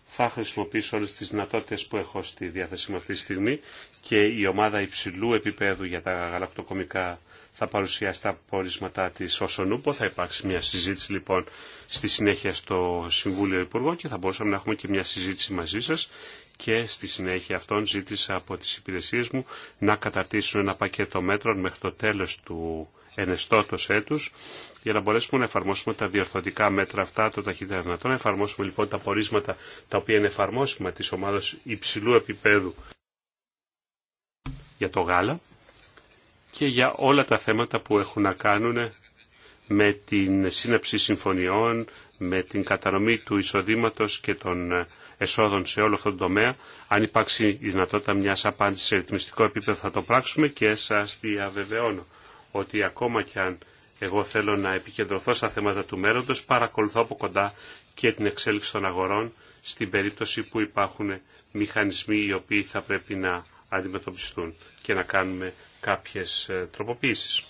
Θα χρησιμοποιήσω όλες τις δυνατότητες που έχω στη διάθεσή μου αυτή τη στιγμή και η ομάδα υψηλού επίπεδου για τα γαλακτοκομικά θα παρουσιάσει τα πόρισματά της Οσονούπο. Θα υπάρξει μια συζήτηση λοιπόν στη συνέχεια στο Συμβούλιο Υπουργό και θα μπορούσαμε να έχουμε και μια συζήτηση μαζί σας και στη συνέχεια αυτών ζήτησα από τις υπηρεσίες μου να καταρτήσουν ένα πακέτο μέτρων μέχρι το τέλος του ενεστώτος έτους για να μπορέσουμε να εφαρμόσουμε τα διορθωτικά μέτρα αυτά το ταχύτερα δυνατόν. Να εφαρμόσουμε λοιπόν τα πορίσματα τα οποία είναι εφαρμόσιμα τη ομάδα υψηλού επίπεδου για το γάλα και για όλα τα θέματα που έχουν να κάνουν με την σύναψη συμφωνιών, με την κατανομή του εισοδήματος και των εσόδων σε όλο αυτό το τομέα. Αν υπάρξει η δυνατότητα μιας απάντησης σε ρυθμιστικό επίπεδο θα το πράξουμε και σας διαβεβαιώνω ότι ακόμα κι αν εγώ θέλω να επικεντρωθώ στα θέματα του μέλλοντος, παρακολουθώ από κοντά και την εξέλιξη των αγορών στην περίπτωση που υπάρχουν μηχανισμοί οι οποίοι θα πρέπει να αντιμετωπιστούν και να κάνουμε κάποιες ε, τροποποίησεις.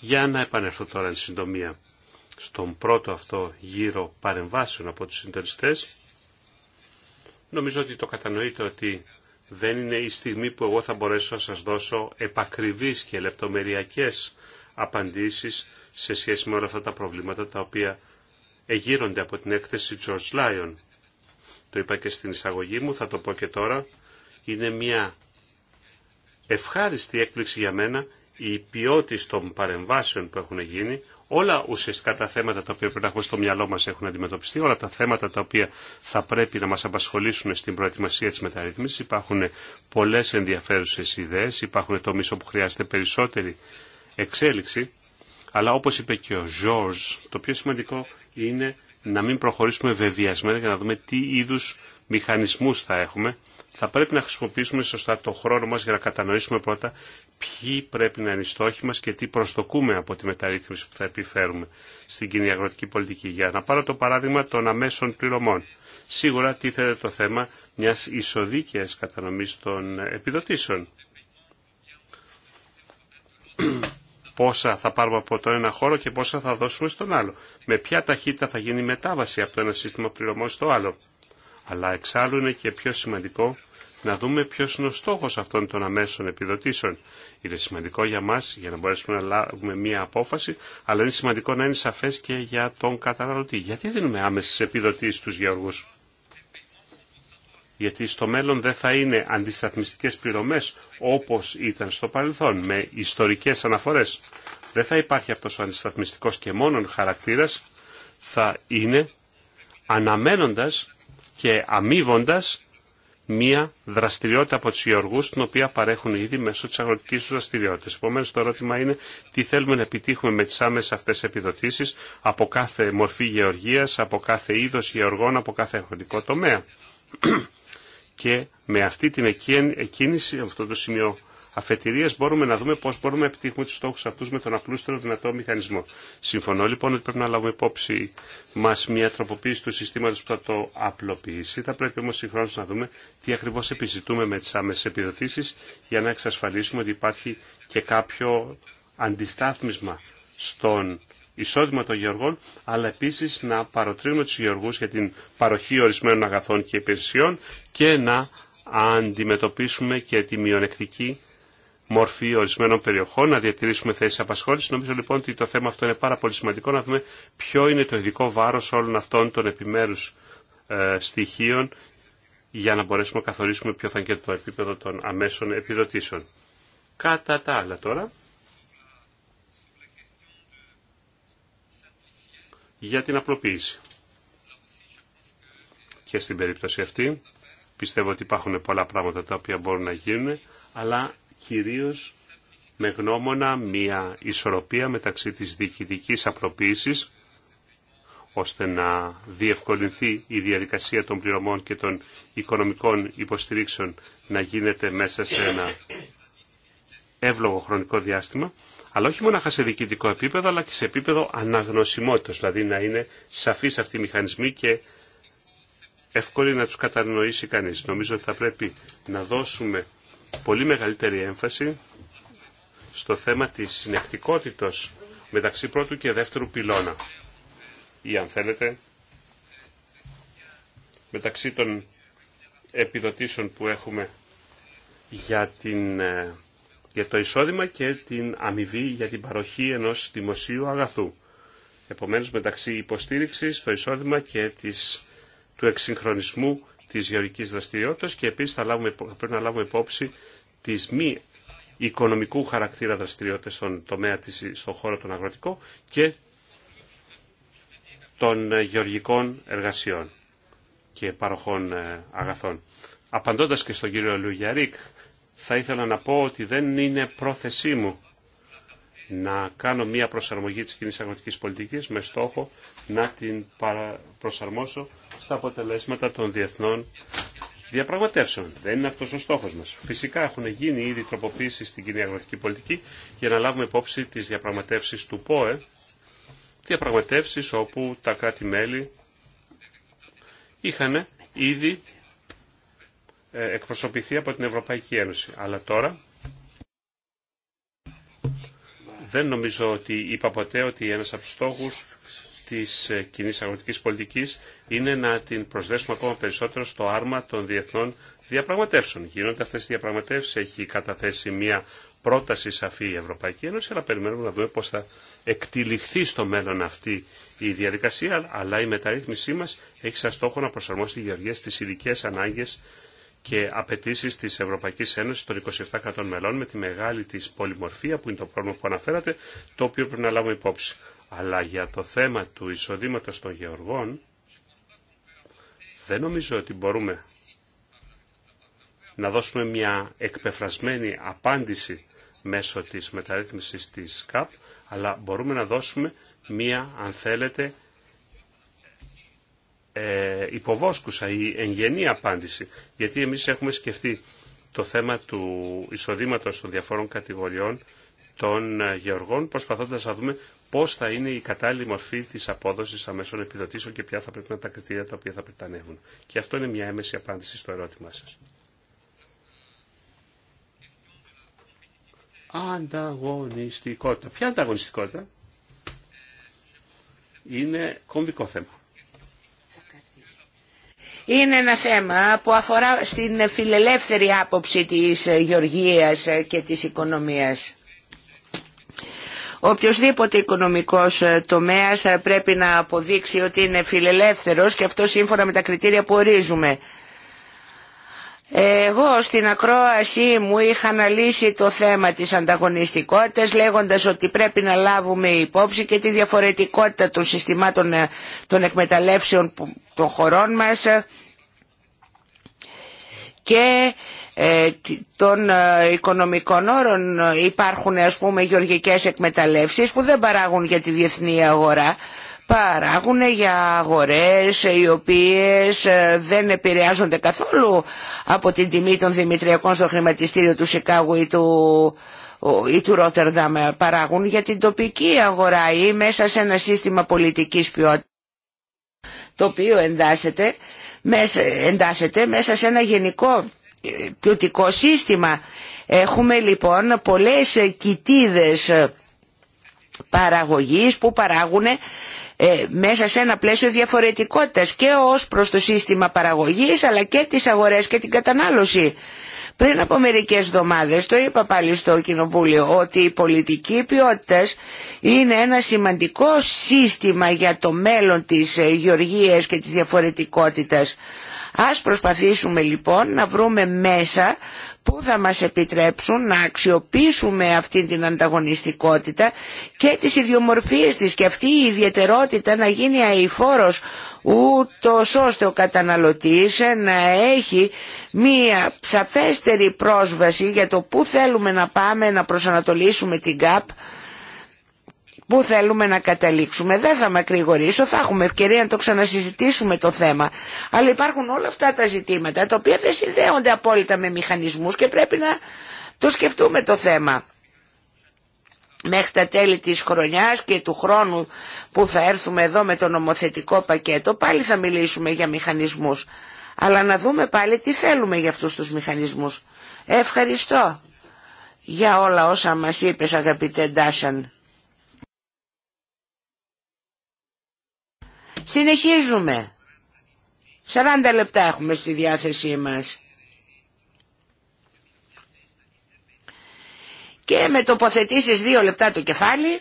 Για να επανέλθω τώρα εν συντομία στον πρώτο αυτό γύρο παρεμβάσεων από τους συντονιστές. Νομίζω ότι το κατανοείτε ότι δεν είναι η στιγμή που εγώ θα μπορέσω να σας δώσω επακριβείς και λεπτομεριακές απαντήσεις σε σχέση με όλα αυτά τα προβλήματα τα οποία εγείρονται από την έκθεση George Lyon. Το είπα και στην εισαγωγή μου, θα το πω και τώρα. Είναι μια ευχάριστη έκπληξη για μένα η ποιότητα των παρεμβάσεων που έχουν γίνει, Όλα ουσιαστικά τα θέματα τα οποία πρέπει να έχουμε στο μυαλό μας έχουν αντιμετωπιστεί, όλα τα θέματα τα οποία θα πρέπει να μας απασχολήσουν στην προετοιμασία της μεταρρύθμισης. Υπάρχουν πολλές ενδιαφέρουσες ιδέες, υπάρχουν τομείς όπου χρειάζεται περισσότερη εξέλιξη, αλλά όπως είπε και ο Ζόρζ, το πιο σημαντικό είναι να μην προχωρήσουμε βεβαιασμένα για να δούμε τι είδους μηχανισμούς θα έχουμε, θα πρέπει να χρησιμοποιήσουμε σωστά το χρόνο μας για να κατανοήσουμε πρώτα ποιοι πρέπει να είναι οι στόχοι μας και τι προστοκούμε από τη μεταρρύθμιση που θα επιφέρουμε στην κοινή αγροτική πολιτική. Για να πάρω το παράδειγμα των αμέσων πληρωμών. Σίγουρα τίθεται το θέμα μιας ισοδίκαιας κατανομής των επιδοτήσεων. πόσα θα πάρουμε από τον ένα χώρο και πόσα θα δώσουμε στον άλλο. Με ποια ταχύτητα θα γίνει η μετάβαση από το ένα σύστημα πληρωμών στο άλλο. Αλλά εξάλλου είναι και πιο σημαντικό να δούμε ποιος είναι ο στόχος αυτών των αμέσων επιδοτήσεων. Είναι σημαντικό για μας για να μπορέσουμε να λάβουμε μία απόφαση, αλλά είναι σημαντικό να είναι σαφές και για τον καταναλωτή. Γιατί δίνουμε άμεσες επιδοτήσεις στους γεωργούς. Γιατί στο μέλλον δεν θα είναι αντισταθμιστικές πληρωμές όπως ήταν στο παρελθόν, με ιστορικές αναφορές. Δεν θα υπάρχει αυτός ο αντισταθμιστικός και μόνον χαρακτήρας, θα είναι αναμένοντας και αμείβοντας μία δραστηριότητα από του γεωργού, την οποία παρέχουν ήδη μέσω τη αγροτική του δραστηριότητα. Επομένω, το ερώτημα είναι τι θέλουμε να επιτύχουμε με τι άμεσε αυτέ επιδοτήσει από κάθε μορφή γεωργία, από κάθε είδο γεωργών, από κάθε αγροτικό τομέα. <clears throat> Και με αυτή την εκκίνηση, αυτό το σημείο αφετηρίες μπορούμε να δούμε πώς μπορούμε να επιτύχουμε τους στόχους αυτούς με τον απλούστερο δυνατό μηχανισμό. Συμφωνώ λοιπόν ότι πρέπει να λάβουμε υπόψη μας μια τροποποίηση του συστήματος που θα το απλοποιήσει. Θα πρέπει όμως συγχρόνως να δούμε τι ακριβώς επιζητούμε με τις άμεσες επιδοτήσεις για να εξασφαλίσουμε ότι υπάρχει και κάποιο αντιστάθμισμα στον εισόδημα των γεωργών, αλλά επίσης να παροτρύνουμε τους γεωργούς για την παροχή ορισμένων αγαθών και υπηρεσιών και να αντιμετωπίσουμε και τη μειονεκτική μορφή ορισμένων περιοχών, να διατηρήσουμε θέσει απασχόληση. Νομίζω λοιπόν ότι το θέμα αυτό είναι πάρα πολύ σημαντικό να δούμε ποιο είναι το ειδικό βάρο όλων αυτών των επιμέρου ε, στοιχείων για να μπορέσουμε να καθορίσουμε ποιο θα είναι και το επίπεδο των αμέσων επιδοτήσεων. Κατά τα άλλα τώρα, για την απλοποίηση. Και στην περίπτωση αυτή πιστεύω ότι υπάρχουν πολλά πράγματα τα οποία μπορούν να γίνουν, αλλά κυρίως με γνώμονα μια ισορροπία μεταξύ της διοικητικής απροποίησης, ώστε να διευκολυνθεί η διαδικασία των πληρωμών και των οικονομικών υποστηρίξεων να γίνεται μέσα σε ένα εύλογο χρονικό διάστημα, αλλά όχι μόνο σε διοικητικό επίπεδο, αλλά και σε επίπεδο αναγνωσιμότητας, δηλαδή να είναι σαφείς αυτοί οι μηχανισμοί και εύκολοι να τους κατανοήσει κανείς. Νομίζω ότι θα πρέπει να δώσουμε πολύ μεγαλύτερη έμφαση στο θέμα της συνεκτικότητος μεταξύ πρώτου και δεύτερου πυλώνα ή αν θέλετε μεταξύ των επιδοτήσεων που έχουμε για, ε, για το εισόδημα και την αμοιβή για την παροχή ενός δημοσίου αγαθού. Επομένως μεταξύ υποστήριξης, το εισόδημα και της, του εξυγχρονισμού της γεωργικής δραστηριότητα και επίσης θα λάβουμε, πρέπει να λάβουμε υπόψη της μη οικονομικού χαρακτήρα δραστηριότητα στον τομέα της, στον χώρο των αγροτικό και των ε, γεωργικών εργασιών και παροχών ε, αγαθών. Απαντώντας και στον κύριο Λουγιαρίκ, θα ήθελα να πω ότι δεν είναι πρόθεσή μου να κάνω μία προσαρμογή της κοινή αγροτικής πολιτικής με στόχο να την προσαρμόσω στα αποτελέσματα των διεθνών διαπραγματεύσεων. Δεν είναι αυτός ο στόχος μας. Φυσικά έχουν γίνει ήδη τροποποίησεις στην κοινή αγροτική πολιτική για να λάβουμε υπόψη τις διαπραγματεύσεις του ΠΟΕ, διαπραγματεύσεις όπου τα κράτη-μέλη είχαν ήδη ε, εκπροσωπηθεί από την Ευρωπαϊκή Ένωση. Αλλά τώρα δεν νομίζω ότι είπα ποτέ ότι ένας από τους στόχους της ε, κοινή αγροτικής πολιτικής είναι να την προσδέσουμε ακόμα περισσότερο στο άρμα των διεθνών διαπραγματεύσεων. Γίνονται αυτές οι διαπραγματεύσεις, έχει καταθέσει μια πρόταση σαφή η Ευρωπαϊκή Ένωση, αλλά περιμένουμε να δούμε πώς θα εκτυλιχθεί στο μέλλον αυτή η διαδικασία, αλλά η μεταρρύθμισή μας έχει σαν στόχο να προσαρμόσει τη γεωργία στις ειδικέ ανάγκες και απαιτήσει τη Ευρωπαϊκή Ένωση των 27 κρατών μελών με τη μεγάλη τη πολυμορφία που είναι το πρόβλημα που αναφέρατε, το οποίο πρέπει να λάβουμε υπόψη. Αλλά για το θέμα του εισοδήματο των γεωργών, δεν νομίζω ότι μπορούμε να δώσουμε μια εκπεφρασμένη απάντηση μέσω της μεταρρύθμισης της ΚΑΠ, αλλά μπορούμε να δώσουμε μια, αν θέλετε, ε, υποβόσκουσα ή εγγενή απάντηση. Γιατί εμείς έχουμε σκεφτεί το θέμα του εισοδήματος των διαφόρων κατηγοριών των ε, γεωργών, προσπαθώντας να δούμε πώς θα είναι η κατάλληλη μορφή της απόδοσης αμέσων επιδοτήσεων και ποια θα πρέπει να τα κριτήρια τα οποία θα πρέπει να ανέβουν. Και αυτό είναι μια έμεση απάντηση στο ερώτημά σας. Ανταγωνιστικότητα. Ποια ανταγωνιστικότητα? Είναι κομβικό θέμα. Είναι ένα θέμα που αφορά στην φιλελεύθερη άποψη της γεωργίας και της οικονομίας. Οποιοςδήποτε οικονομικός τομέας πρέπει να αποδείξει ότι είναι φιλελεύθερος και αυτό σύμφωνα με τα κριτήρια που ορίζουμε. Εγώ στην ακρόασή μου είχα αναλύσει το θέμα της ανταγωνιστικότητας λέγοντας ότι πρέπει να λάβουμε υπόψη και τη διαφορετικότητα των συστημάτων ε, των εκμεταλλεύσεων των χωρών μας και ε, των ε, οικονομικών όρων υπάρχουν ας πούμε γεωργικές εκμεταλλεύσεις που δεν παράγουν για τη διεθνή αγορά παράγουν για αγορές οι οποίες ε, δεν επηρεάζονται καθόλου από την τιμή των δημητριακών στο χρηματιστήριο του Σικάγου ή του, ή Ρότερνταμ παράγουν για την τοπική αγορά ή μέσα σε ένα σύστημα πολιτικής ποιότητας το οποίο εντάσσεται μέσα, εντάσσεται μέσα σε ένα γενικό ε, ποιοτικό σύστημα. Έχουμε λοιπόν πολλές κοιτίδες παραγωγής που παράγουν ε, μέσα σε ένα πλαίσιο διαφορετικότητας και ως προς το σύστημα παραγωγής αλλά και τις αγορές και την κατανάλωση. Πριν από μερικές εβδομάδε το είπα πάλι στο Κοινοβούλιο ότι η πολιτική ποιότητα είναι ένα σημαντικό σύστημα για το μέλλον της ε, γεωργία και της διαφορετικότητας. Ας προσπαθήσουμε λοιπόν να βρούμε μέσα που θα μας επιτρέψουν να αξιοποιήσουμε αυτή την ανταγωνιστικότητα και τις ιδιομορφίες της και αυτή η ιδιαιτερότητα να γίνει αηφόρος ούτω ώστε ο καταναλωτής να έχει μία σαφέστερη πρόσβαση για το πού θέλουμε να πάμε να προσανατολίσουμε την ΚΑΠ Πού θέλουμε να καταλήξουμε. Δεν θα μακρηγορήσω, θα έχουμε ευκαιρία να το ξανασυζητήσουμε το θέμα. Αλλά υπάρχουν όλα αυτά τα ζητήματα τα οποία δεν συνδέονται απόλυτα με μηχανισμούς και πρέπει να το σκεφτούμε το θέμα. Μέχρι τα τέλη της χρονιάς και του χρόνου που θα έρθουμε εδώ με το νομοθετικό πακέτο πάλι θα μιλήσουμε για μηχανισμούς. Αλλά να δούμε πάλι τι θέλουμε για αυτούς τους μηχανισμούς. Ευχαριστώ για όλα όσα μας είπες αγαπητέ Ντάσαν. Συνεχίζουμε. 40 λεπτά έχουμε στη διάθεσή μας. Και με τοποθετήσεις δύο λεπτά το κεφάλι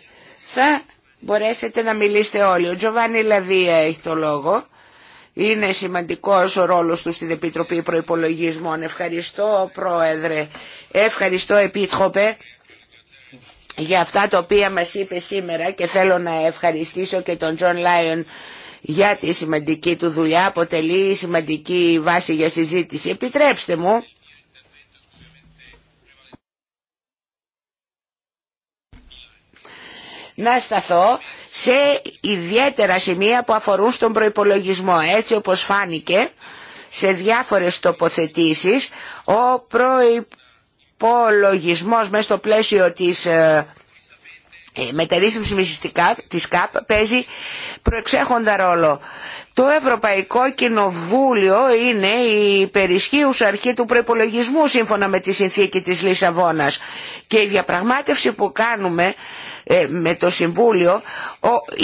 θα μπορέσετε να μιλήσετε όλοι. Ο Τζοβάνι Λαβία έχει το λόγο. Είναι σημαντικός ο ρόλος του στην Επιτροπή Προϋπολογισμών. Ευχαριστώ Πρόεδρε, ευχαριστώ Επίτροπε για αυτά τα οποία μας είπε σήμερα και θέλω να ευχαριστήσω και τον Τζον Λάιον γιατί η σημαντική του δουλειά αποτελεί σημαντική βάση για συζήτηση. Επιτρέψτε μου να σταθώ σε ιδιαίτερα σημεία που αφορούν στον προϋπολογισμό. Έτσι όπως φάνηκε σε διάφορες τοποθετήσεις, ο προϋπολογισμός μέσα στο πλαίσιο της ε, η ε, μεταρρύθμιση της ΚΑΠ παίζει προεξέχοντα ρόλο. Το Ευρωπαϊκό Κοινοβούλιο είναι η περισχύουσα αρχή του προπολογισμού σύμφωνα με τη συνθήκη της Λισαβόνας και η διαπραγμάτευση που κάνουμε ε, με το Συμβούλιο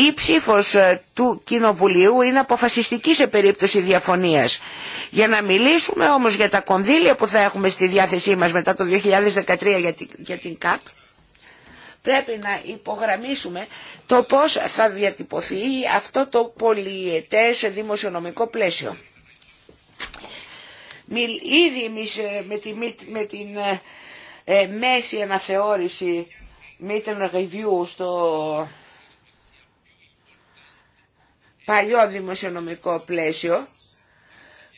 η ψήφο ε, του Κοινοβουλίου είναι αποφασιστική σε περίπτωση διαφωνίας. Για να μιλήσουμε όμως για τα κονδύλια που θα έχουμε στη διάθεσή μας μετά το 2013 για την ΚΑΠ πρέπει να υπογραμμίσουμε το πώς θα διατυπωθεί αυτό το πολυετές δημοσιονομικό πλαίσιο. Ήδη ε, με, τη, με την ε, ε, μέση αναθεώρηση Meeting Review στο παλιό δημοσιονομικό πλαίσιο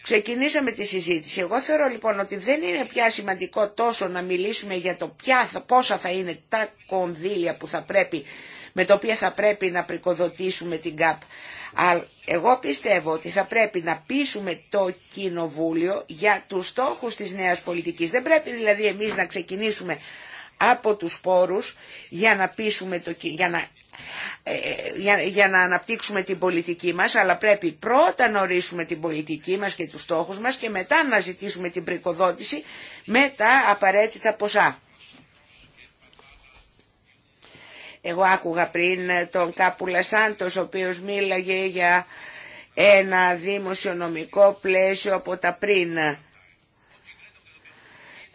Ξεκινήσαμε τη συζήτηση. Εγώ θεωρώ λοιπόν ότι δεν είναι πια σημαντικό τόσο να μιλήσουμε για το ποια, πόσα θα είναι τα κονδύλια που θα πρέπει, με τα οποία θα πρέπει να πρικοδοτήσουμε την ΚΑΠ. Αλλά εγώ πιστεύω ότι θα πρέπει να πείσουμε το Κοινοβούλιο για τους στόχους της νέας πολιτικής. Δεν πρέπει δηλαδή εμείς να ξεκινήσουμε από τους πόρους για να, πείσουμε το, για να ε, ε, για, να αναπτύξουμε την πολιτική μας, αλλά πρέπει πρώτα να ορίσουμε την πολιτική μας και τους στόχους μας και μετά να ζητήσουμε την πρικοδότηση με τα απαραίτητα ποσά. Εγώ άκουγα πριν τον Κάπουλα Σάντος, ο οποίος μίλαγε για ένα δημοσιονομικό πλαίσιο από τα πριν.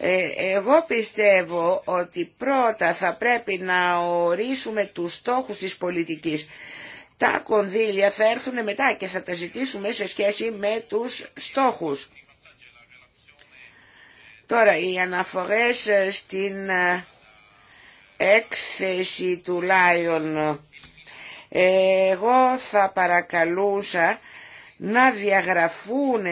Ε, εγώ πιστεύω ότι πρώτα θα πρέπει να ορίσουμε τους στόχους της πολιτικής. Τα κονδύλια θα έρθουν μετά και θα τα ζητήσουμε σε σχέση με τους στόχους. Τώρα, οι αναφορές ε, στην ε, έκθεση του Λάιον. Εγώ θα παρακαλούσα να διαγραφούν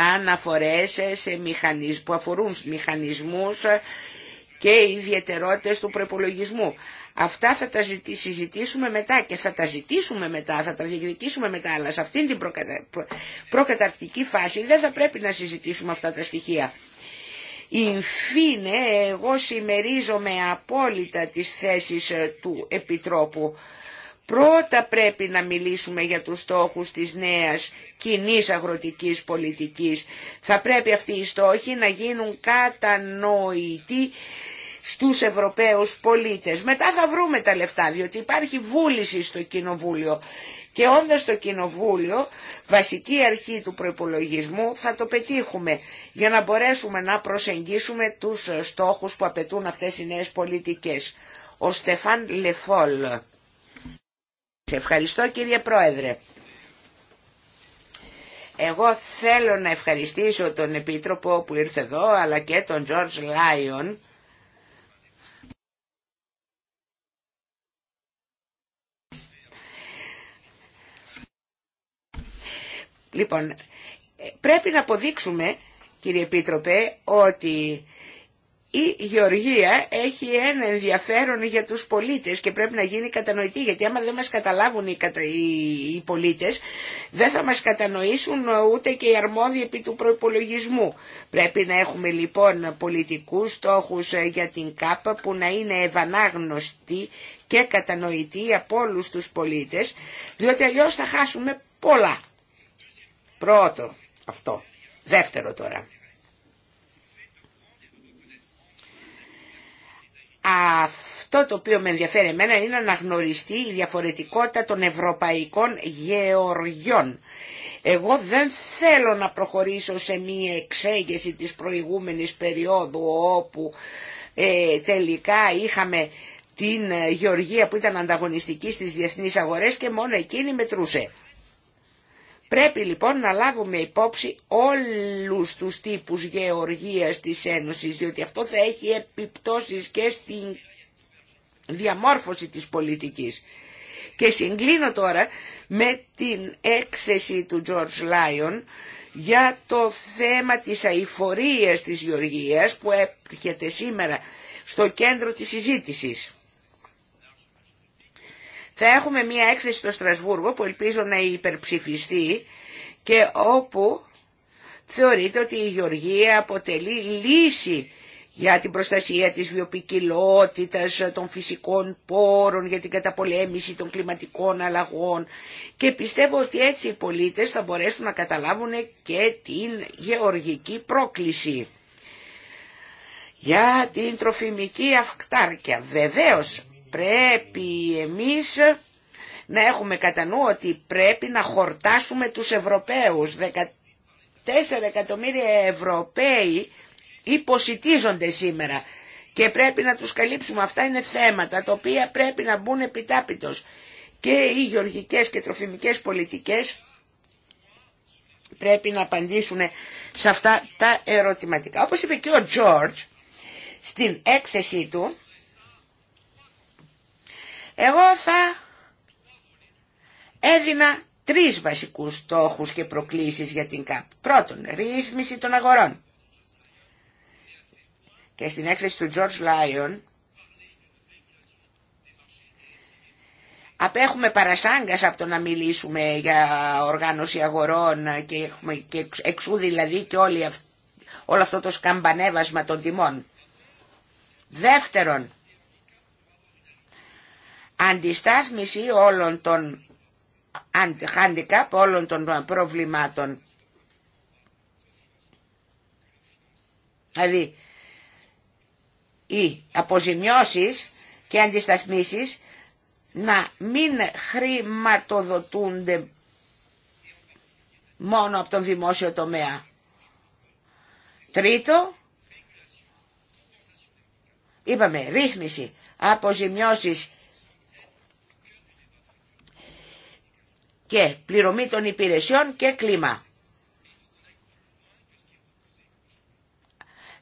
αναφορές σε μηχανισμούς, που αφορούν μηχανισμούς και ιδιαιτερότητες του προπολογισμού. Αυτά θα τα συζητήσουμε μετά και θα τα ζητήσουμε μετά, θα τα διεκδικήσουμε μετά, αλλά σε αυτήν την προκατα... προκαταρκτική φάση δεν θα πρέπει να συζητήσουμε αυτά τα στοιχεία. Ινφίνε, εγώ συμμερίζομαι απόλυτα τις θέσεις ε, του Επιτρόπου. Πρώτα πρέπει να μιλήσουμε για τους στόχους της νέας κοινή αγροτικής πολιτικής. Θα πρέπει αυτοί οι στόχοι να γίνουν κατανοητοί στους Ευρωπαίους πολίτες. Μετά θα βρούμε τα λεφτά, διότι υπάρχει βούληση στο Κοινοβούλιο. Και όντας το Κοινοβούλιο, βασική αρχή του προϋπολογισμού, θα το πετύχουμε για να μπορέσουμε να προσεγγίσουμε τους στόχους που απαιτούν αυτές οι νέες πολιτικές. Ο Στεφάν Λεφόλ. Σε Ευχαριστώ κύριε Πρόεδρε. Εγώ θέλω να ευχαριστήσω τον Επίτροπο που ήρθε εδώ, αλλά και τον George Λάιον. Λοιπόν, πρέπει να αποδείξουμε, κύριε Επίτροπε, ότι η γεωργία έχει ένα ενδιαφέρον για τους πολίτες και πρέπει να γίνει κατανοητή γιατί άμα δεν μας καταλάβουν οι, πολίτες δεν θα μας κατανοήσουν ούτε και οι αρμόδιοι επί του προϋπολογισμού. Πρέπει να έχουμε λοιπόν πολιτικούς στόχους ε, για την ΚΑΠ που να είναι ευανάγνωστοι και κατανοητοί από όλου τους πολίτες διότι αλλιώς θα χάσουμε πολλά. Πρώτο αυτό. Δεύτερο τώρα. Αυτό το οποίο με ενδιαφέρει εμένα είναι να γνωριστεί η διαφορετικότητα των ευρωπαϊκών γεωργιών. Εγώ δεν θέλω να προχωρήσω σε μία εξέγεση της προηγούμενης περίοδου όπου ε, τελικά είχαμε την ε, γεωργία που ήταν ανταγωνιστική στις διεθνείς αγορές και μόνο εκείνη μετρούσε. Πρέπει λοιπόν να λάβουμε υπόψη όλους τους τύπους γεωργίας της Ένωσης, διότι αυτό θα έχει επιπτώσεις και στη διαμόρφωση της πολιτικής. Και συγκλίνω τώρα με την έκθεση του George Lyon για το θέμα της αηφορίας της γεωργίας που έρχεται σήμερα στο κέντρο της συζήτησης. Θα έχουμε μια έκθεση στο Στρασβούργο που ελπίζω να υπερψηφιστεί και όπου θεωρείται ότι η Γεωργία αποτελεί λύση για την προστασία της βιοπικιλότητας, των φυσικών πόρων, για την καταπολέμηση των κλιματικών αλλαγών και πιστεύω ότι έτσι οι πολίτες θα μπορέσουν να καταλάβουν και την γεωργική πρόκληση. Για την τροφιμική αυκτάρκεια βεβαίως πρέπει εμείς να έχουμε κατά νου ότι πρέπει να χορτάσουμε τους Ευρωπαίους. 14 εκατομμύρια Ευρωπαίοι υποσυτίζονται σήμερα και πρέπει να τους καλύψουμε. Αυτά είναι θέματα τα οποία πρέπει να μπουν επιτάπητος. Και οι γεωργικές και τροφιμικές πολιτικές πρέπει να απαντήσουν σε αυτά τα ερωτηματικά. Όπως είπε και ο Τζόρτζ στην έκθεσή του, εγώ θα έδινα τρεις βασικούς στόχους και προκλήσεις για την ΚΑΠ. Πρώτον, ρύθμιση των αγορών. Και στην έκθεση του George Lyon απέχουμε παρασάγκας από το να μιλήσουμε για οργάνωση αγορών και, έχουμε, και εξού δηλαδή και όλο αυτό το σκαμπανέβασμα των τιμών. Δεύτερον, αντιστάθμιση όλων των handicap, όλων των προβλημάτων. Δηλαδή, οι αποζημιώσεις και αντισταθμίσεις να μην χρηματοδοτούνται μόνο από τον δημόσιο τομέα. Τρίτο, είπαμε ρύθμιση, αποζημιώσεις και πληρωμή των υπηρεσιών και κλίμα.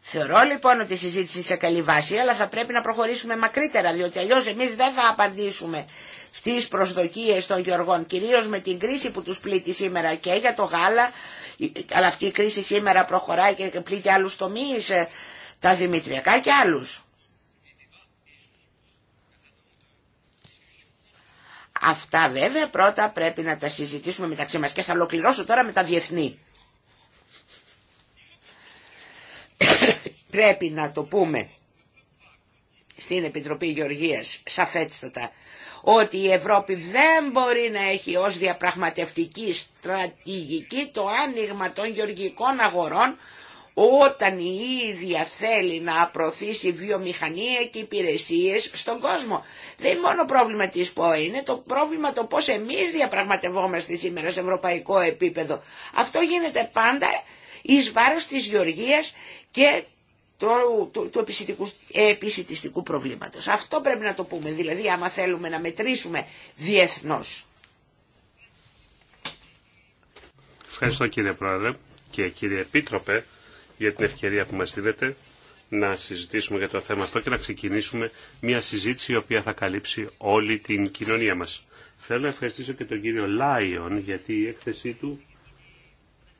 Θεωρώ λοιπόν ότι η συζήτηση σε καλή βάση, αλλά θα πρέπει να προχωρήσουμε μακρύτερα, διότι αλλιώ εμεί δεν θα απαντήσουμε στι προσδοκίε των γεωργών, κυρίω με την κρίση που του πλήττει σήμερα και για το γάλα, αλλά αυτή η κρίση σήμερα προχωράει και πλήττει άλλου τομεί, ε, τα δημητριακά και άλλους. Αυτά βέβαια πρώτα πρέπει να τα συζητήσουμε μεταξύ μας και θα ολοκληρώσω τώρα με τα διεθνή. πρέπει να το πούμε στην Επιτροπή Γεωργίας σαφέστατα ότι η Ευρώπη δεν μπορεί να έχει ως διαπραγματευτική στρατηγική το άνοιγμα των γεωργικών αγορών όταν η ίδια θέλει να προωθήσει βιομηχανία και υπηρεσίες στον κόσμο. Δεν είναι μόνο πρόβλημα της ΠΟΕ, είναι το πρόβλημα το πώς εμείς διαπραγματευόμαστε σήμερα σε ευρωπαϊκό επίπεδο. Αυτό γίνεται πάντα εις βάρος της γεωργίας και του, του, του προβλήματος. Αυτό πρέπει να το πούμε, δηλαδή άμα θέλουμε να μετρήσουμε διεθνώς. Ευχαριστώ κύριε Πρόεδρε και κύριε Επίτροπε για την ευκαιρία που μας δίδεται να συζητήσουμε για το θέμα αυτό και να ξεκινήσουμε μια συζήτηση η οποία θα καλύψει όλη την κοινωνία μας. Θέλω να ευχαριστήσω και τον κύριο Λάιον γιατί η έκθεσή του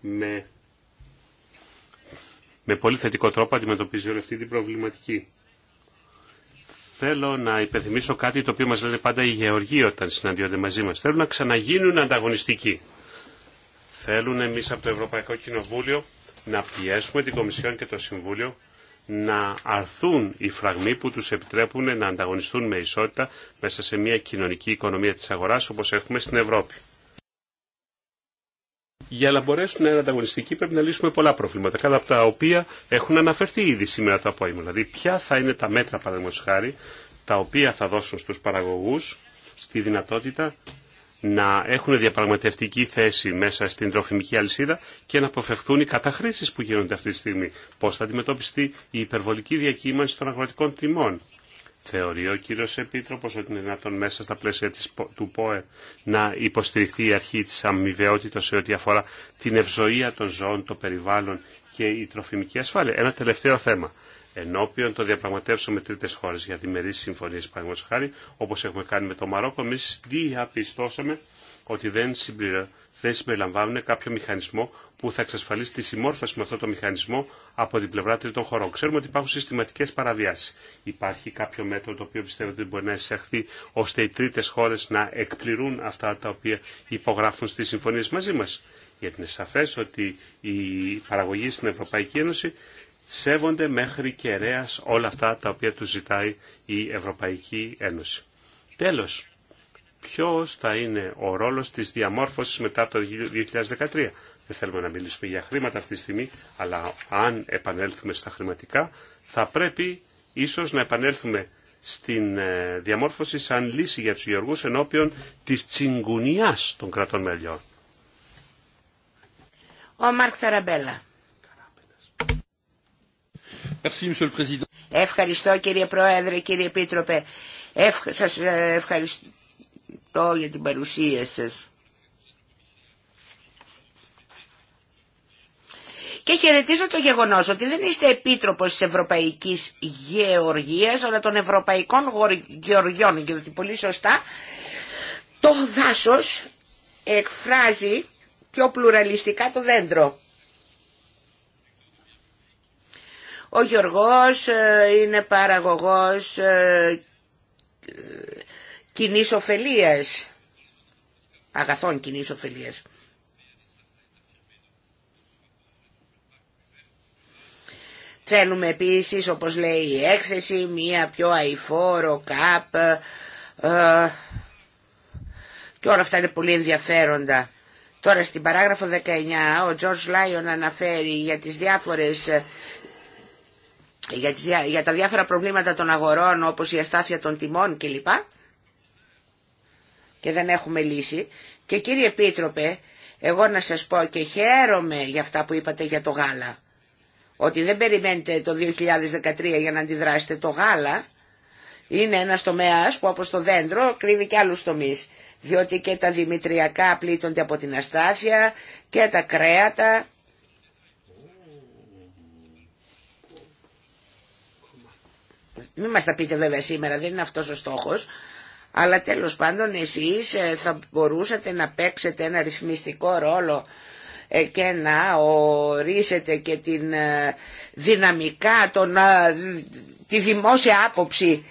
με, με πολύ θετικό τρόπο αντιμετωπίζει όλη αυτή την προβληματική. Θέλω να υπενθυμίσω κάτι το οποίο μας λένε πάντα οι γεωργοί όταν συναντιόνται μαζί μας. Θέλουν να ξαναγίνουν ανταγωνιστικοί. Θέλουν εμείς από το Ευρωπαϊκό Κοινοβούλιο να πιέσουμε την Κομισιόν και το Συμβούλιο να αρθούν οι φραγμοί που τους επιτρέπουν να ανταγωνιστούν με ισότητα μέσα σε μια κοινωνική οικονομία της αγοράς όπως έχουμε στην Ευρώπη. Για να μπορέσουν να είναι ανταγωνιστικοί πρέπει να λύσουμε πολλά προβλήματα, κατά από τα οποία έχουν αναφερθεί ήδη σήμερα το απόγευμα. Δηλαδή, ποια θα είναι τα μέτρα, παραδείγματο χάρη, τα οποία θα δώσουν στους παραγωγούς τη δυνατότητα να έχουν διαπραγματευτική θέση μέσα στην τροφιμική αλυσίδα και να αποφευχθούν οι καταχρήσεις που γίνονται αυτή τη στιγμή. Πώς θα αντιμετωπιστεί η υπερβολική διακύμανση των αγροτικών τιμών. Θεωρεί ο κύριος Επίτροπος ότι είναι δυνατόν μέσα στα πλαίσια της, του ΠΟΕ να υποστηριχθεί η αρχή της αμοιβαιότητας σε ό,τι αφορά την ευζοία των ζώων, το περιβάλλον και η τροφιμική ασφάλεια. Ένα τελευταίο θέμα ενώπιον των διαπραγματεύσεων με τρίτε χώρε για διμερεί συμφωνίε, παραδείγματο χάρη, όπω έχουμε κάνει με το Μαρόκο, εμεί διαπιστώσαμε ότι δεν, συμπληρω... συμπεριλαμβάνουν κάποιο μηχανισμό που θα εξασφαλίσει τη συμμόρφωση με αυτό το μηχανισμό από την πλευρά τρίτων χωρών. Ξέρουμε ότι υπάρχουν συστηματικέ παραβιάσει. Υπάρχει κάποιο μέτρο το οποίο πιστεύω ότι μπορεί να εισαχθεί ώστε οι τρίτε χώρε να εκπληρούν αυτά τα οποία υπογράφουν στι συμφωνίε μαζί μα. Γιατί είναι σαφέ ότι η παραγωγή στην Ευρωπαϊκή Ένωση σέβονται μέχρι κεραίας όλα αυτά τα οποία του ζητάει η Ευρωπαϊκή Ένωση. Τέλος, ποιος θα είναι ο ρόλος της διαμόρφωσης μετά το 2013. Δεν θέλουμε να μιλήσουμε για χρήματα αυτή τη στιγμή, αλλά αν επανέλθουμε στα χρηματικά, θα πρέπει ίσως να επανέλθουμε στην ε, διαμόρφωση σαν λύση για τους γεωργούς ενώπιον της τσιγκουνιάς των κρατών μελιών. Ο Μάρκ Θεραμπέλα. Ευχαριστώ κύριε Πρόεδρε, κύριε Επίτροπε. Ευχ... Σας ε, ευχαριστώ για την παρουσία σας. Και χαιρετίζω το γεγονός ότι δεν είστε επίτροπος της Ευρωπαϊκής Γεωργίας, αλλά των Ευρωπαϊκών Γεωργιών, και ότι πολύ σωστά το δάσος εκφράζει πιο πλουραλιστικά το δέντρο. Ο Γιωργός ε, είναι παραγωγός ε, κοινή ωφελία. Αγαθών κοινή ωφελία. Θέλουμε επίσης, όπως λέει η έκθεση, μία πιο αηφόρο, κάπ, ε, και όλα αυτά είναι πολύ ενδιαφέροντα. Τώρα στην παράγραφο 19 ο George Λάιον αναφέρει για τις διάφορες για τα διάφορα προβλήματα των αγορών όπως η αστάθεια των τιμών κλπ. Και δεν έχουμε λύση. Και κύριε Επίτροπε, εγώ να σας πω και χαίρομαι για αυτά που είπατε για το γάλα. Ότι δεν περιμένετε το 2013 για να αντιδράσετε το γάλα. Είναι ένας τομέας που όπως το δέντρο κρύβει και άλλους τομείς. Διότι και τα δημητριακά πλήττονται από την αστάθεια και τα κρέατα Μην μας τα πείτε βέβαια σήμερα, δεν είναι αυτός ο στόχος. Αλλά τέλος πάντων εσείς ε, θα μπορούσατε να παίξετε ένα ρυθμιστικό ρόλο ε, και να ορίσετε και την ε, δυναμικά, τον, τη δημόσια άποψη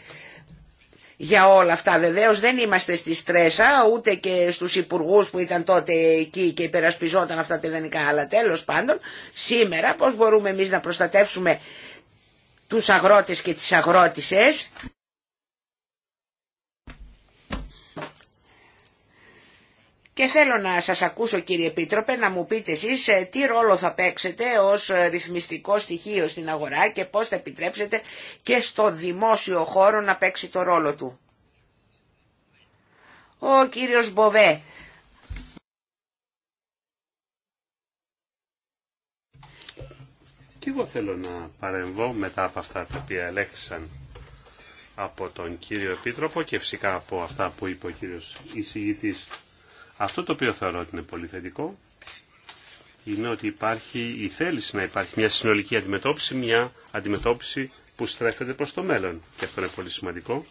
για όλα αυτά. Βεβαίως δεν είμαστε στη Στρέσα ούτε και στους υπουργούς που ήταν τότε εκεί και υπερασπιζόταν αυτά τα ιδανικά. Αλλά τέλος πάντων σήμερα πώς μπορούμε εμείς να προστατεύσουμε τους αγρότες και τις αγρότησες. Και θέλω να σας ακούσω κύριε Επίτροπε να μου πείτε εσείς ε, τι ρόλο θα παίξετε ως ε, ρυθμιστικό στοιχείο στην αγορά και πώς θα επιτρέψετε και στο δημόσιο χώρο να παίξει το ρόλο του. Ο κύριος Μποβέ Και εγώ θέλω να παρεμβώ μετά από αυτά τα οποία ελέγχθησαν από τον κύριο Επίτροπο και φυσικά από αυτά που είπε ο κύριος εισηγητής. Αυτό το οποίο θεωρώ ότι είναι πολύ θετικό είναι ότι υπάρχει η θέληση να υπάρχει μια συνολική αντιμετώπιση, μια αντιμετώπιση που στρέφεται προς το μέλλον. Και αυτό είναι πολύ σημαντικό.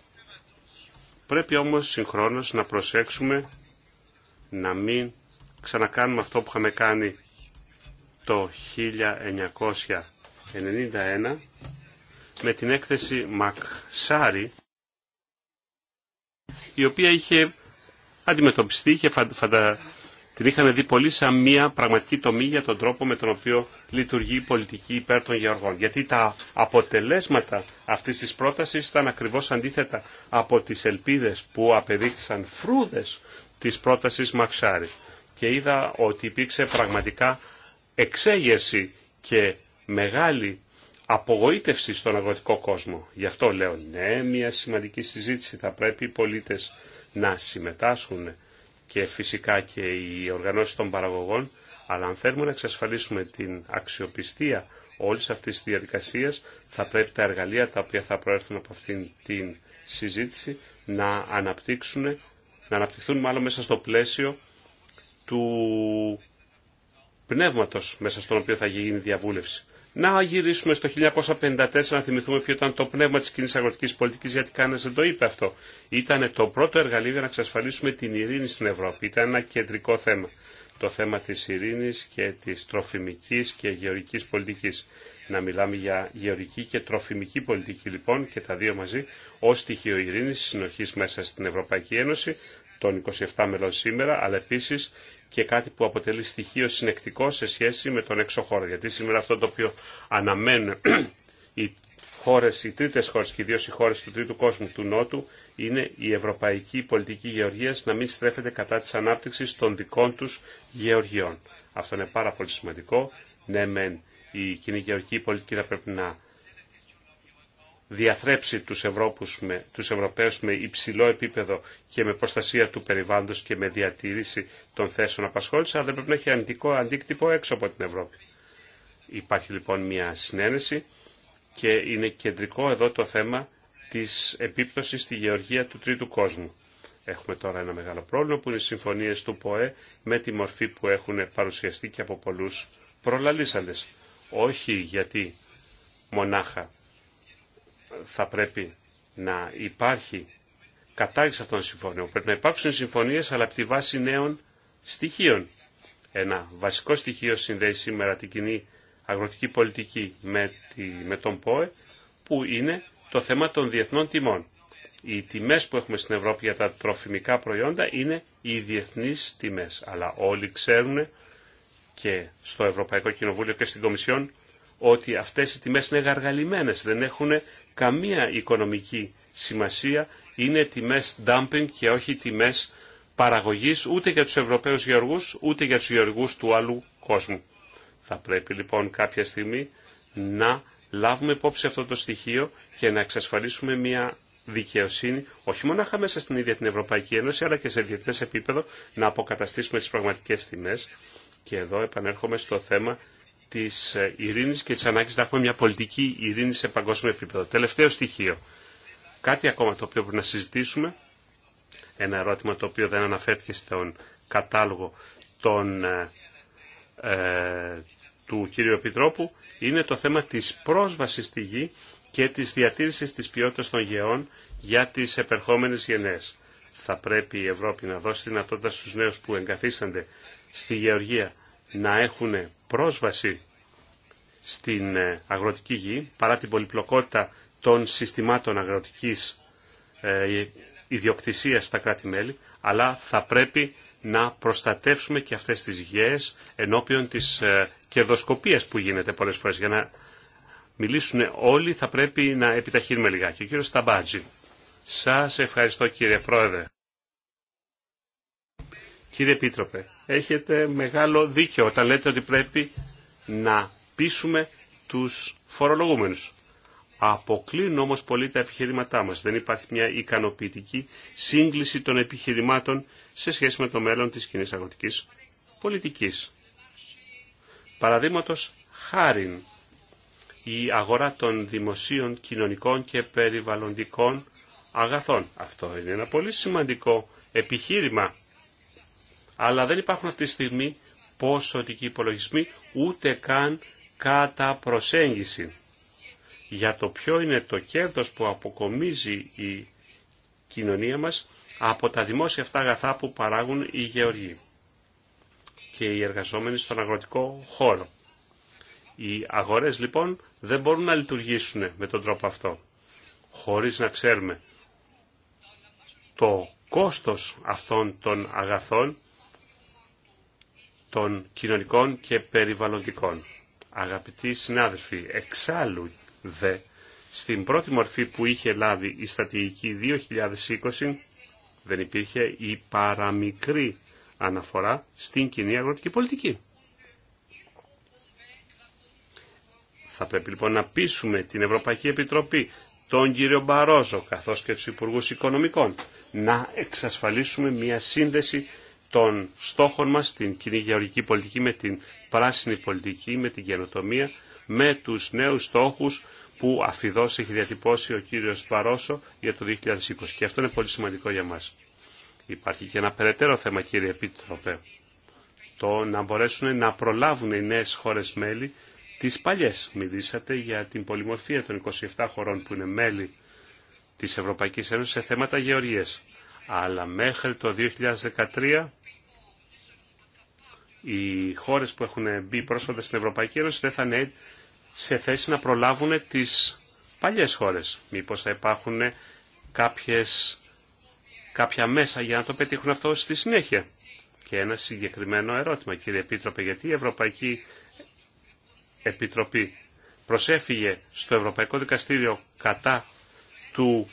Πρέπει όμως συγχρόνως να προσέξουμε να μην ξανακάνουμε αυτό που είχαμε κάνει το 1991 με την έκθεση Μαξάρι η οποία είχε αντιμετωπιστεί και φαντα... την είχαν δει πολύ σαν μια πραγματική τομή για τον τρόπο με τον οποίο λειτουργεί η πολιτική υπέρ των γεωργών. Γιατί τα αποτελέσματα αυτής της πρότασης ήταν ακριβώς αντίθετα από τις ελπίδες που απεδείχθησαν φρούδες της πρότασης Μαξάρι. Και είδα ότι υπήρξε πραγματικά εξέγερση και μεγάλη απογοήτευση στον αγροτικό κόσμο. Γι' αυτό λέω ναι, μια σημαντική συζήτηση θα πρέπει οι πολίτες να συμμετάσχουν και φυσικά και οι οργανώσεις των παραγωγών, αλλά αν θέλουμε να εξασφαλίσουμε την αξιοπιστία όλης αυτής της διαδικασίας, θα πρέπει τα εργαλεία τα οποία θα προέρθουν από αυτήν την συζήτηση να αναπτύξουν, να αναπτυχθούν μάλλον μέσα στο πλαίσιο του πνεύματος μέσα στον οποίο θα γίνει η διαβούλευση. Να γυρίσουμε στο 1954 να θυμηθούμε ποιο ήταν το πνεύμα της κοινή αγροτικής πολιτικής, γιατί κανένα δεν το είπε αυτό. Ήταν το πρώτο εργαλείο για να εξασφαλίσουμε την ειρήνη στην Ευρώπη. Ήταν ένα κεντρικό θέμα. Το θέμα της ειρήνης και της τροφιμικής και γεωρικής πολιτικής. Να μιλάμε για γεωρική και τροφιμική πολιτική λοιπόν και τα δύο μαζί ως στοιχείο ειρήνης συνοχής μέσα στην Ευρωπαϊκή Ένωση των 27 μελών σήμερα, αλλά επίση και κάτι που αποτελεί στοιχείο συνεκτικό σε σχέση με τον έξω χώρο. Γιατί σήμερα αυτό το οποίο αναμένουν <clears throat> οι χώρες, οι τρίτες χώρες και ιδίως οι χώρες του τρίτου κόσμου του Νότου είναι η ευρωπαϊκή πολιτική γεωργίας να μην στρέφεται κατά της ανάπτυξης των δικών τους γεωργιών. Αυτό είναι πάρα πολύ σημαντικό. Ναι, η κοινή γεωργική πολιτική θα πρέπει να διαθρέψει τους, Ευρώπους με, τους Ευρωπαίους με υψηλό επίπεδο και με προστασία του περιβάλλοντος και με διατήρηση των θέσεων απασχόλησης, αλλά δεν πρέπει να έχει αντικό αντίκτυπο έξω από την Ευρώπη. Υπάρχει λοιπόν μια συνένεση και είναι κεντρικό εδώ το θέμα της επίπτωσης στη γεωργία του τρίτου κόσμου. Έχουμε τώρα ένα μεγάλο πρόβλημα που είναι οι συμφωνίες του ΠΟΕ με τη μορφή που έχουν παρουσιαστεί και από πολλούς προλαλήσαντες. Όχι γιατί μονάχα θα πρέπει να υπάρχει κατάργηση αυτών των συμφωνιών. Πρέπει να υπάρξουν συμφωνίες αλλά από τη βάση νέων στοιχείων. Ένα βασικό στοιχείο συνδέει σήμερα την κοινή αγροτική πολιτική με, τη, με τον ΠΟΕ που είναι το θέμα των διεθνών τιμών. Οι τιμές που έχουμε στην Ευρώπη για τα τροφιμικά προϊόντα είναι οι διεθνείς τιμές. Αλλά όλοι ξέρουν και στο Ευρωπαϊκό Κοινοβούλιο και στην Κομισιόν ότι αυτές οι τιμές είναι γαργαλημένες, δεν καμία οικονομική σημασία είναι τιμές dumping και όχι τιμές παραγωγής ούτε για τους Ευρωπαίους γεωργούς ούτε για τους γεωργούς του άλλου κόσμου. Θα πρέπει λοιπόν κάποια στιγμή να λάβουμε υπόψη αυτό το στοιχείο και να εξασφαλίσουμε μια δικαιοσύνη, όχι μόνο μέσα στην ίδια την Ευρωπαϊκή Ένωση, αλλά και σε διεθνές επίπεδο να αποκαταστήσουμε τις πραγματικές τιμές. Και εδώ επανέρχομαι στο θέμα της ε, ειρήνης και της ανάγκης να έχουμε μια πολιτική ειρήνη σε παγκόσμιο επίπεδο. Τελευταίο στοιχείο. Κάτι ακόμα το οποίο πρέπει να συζητήσουμε. Ένα ερώτημα το οποίο δεν αναφέρθηκε στον κατάλογο των, ε, ε, του κύριου Επιτρόπου είναι το θέμα της πρόσβασης στη γη και της διατήρησης της ποιότητας των γεών για τις επερχόμενες γενναίες. Θα πρέπει η Ευρώπη να δώσει δυνατότητα στους νέους που εγκαθίστανται στη γεωργία να έχουν πρόσβαση στην ε, αγροτική γη, παρά την πολυπλοκότητα των συστημάτων αγροτικής ε, ιδιοκτησίας στα κράτη-μέλη, αλλά θα πρέπει να προστατεύσουμε και αυτές τις γης ενώπιον της ε, κερδοσκοπίας που γίνεται πολλές φορές. Για να μιλήσουν όλοι θα πρέπει να επιταχύνουμε λιγάκι. Ο κύριος Σταμπάτζη. Σας ευχαριστώ κύριε Πρόεδρε. Κύριε Επίτροπε, έχετε μεγάλο δίκιο όταν λέτε ότι πρέπει να πείσουμε τους φορολογούμενους. Αποκλίνουν όμως πολύ τα επιχειρήματά μας. Δεν υπάρχει μια ικανοποιητική σύγκληση των επιχειρημάτων σε σχέση με το μέλλον της κοινή αγροτικής πολιτικής. Παραδείγματος χάριν, η αγορά των δημοσίων, κοινωνικών και περιβαλλοντικών αγαθών. Αυτό είναι ένα πολύ σημαντικό επιχείρημα αλλά δεν υπάρχουν αυτή τη στιγμή ποσοτικοί υπολογισμοί ούτε καν κατά προσέγγιση για το ποιο είναι το κέρδος που αποκομίζει η κοινωνία μας από τα δημόσια αυτά αγαθά που παράγουν οι γεωργοί και οι εργαζόμενοι στον αγροτικό χώρο. Οι αγορές λοιπόν δεν μπορούν να λειτουργήσουν με τον τρόπο αυτό, χωρίς να ξέρουμε το κόστος αυτών των αγαθών των κοινωνικών και περιβαλλοντικών. Αγαπητοί συνάδελφοι, εξάλλου δε, στην πρώτη μορφή που είχε λάβει η στατηγική 2020, δεν υπήρχε η παραμικρή αναφορά στην κοινή αγροτική πολιτική. Θα πρέπει λοιπόν να πείσουμε την Ευρωπαϊκή Επιτροπή, τον κύριο Μπαρόζο, καθώς και τους Υπουργούς Οικονομικών, να εξασφαλίσουμε μια σύνδεση των στόχων μας στην κοινή γεωργική πολιτική, με την πράσινη πολιτική, με την καινοτομία, με τους νέους στόχους που αφιδώς έχει διατυπώσει ο κύριος Παρόσο για το 2020. Και αυτό είναι πολύ σημαντικό για μας. Υπάρχει και ένα περαιτέρω θέμα, κύριε Επίτροπε, το να μπορέσουν να προλάβουν οι νέες χώρες μέλη τις παλιές. Μιλήσατε για την πολυμορφία των 27 χωρών που είναι μέλη της Ευρωπαϊκής Ένωσης σε θέματα γεωργίας. Αλλά μέχρι το 2013 οι χώρες που έχουν μπει πρόσφατα στην Ευρωπαϊκή Ένωση δεν θα είναι σε θέση να προλάβουν τις παλιές χώρες. Μήπως θα υπάρχουν κάποιες, κάποια μέσα για να το πετύχουν αυτό στη συνέχεια. Και ένα συγκεκριμένο ερώτημα, κύριε Επίτροπε, γιατί η Ευρωπαϊκή Επιτροπή προσέφυγε στο Ευρωπαϊκό Δικαστήριο κατά του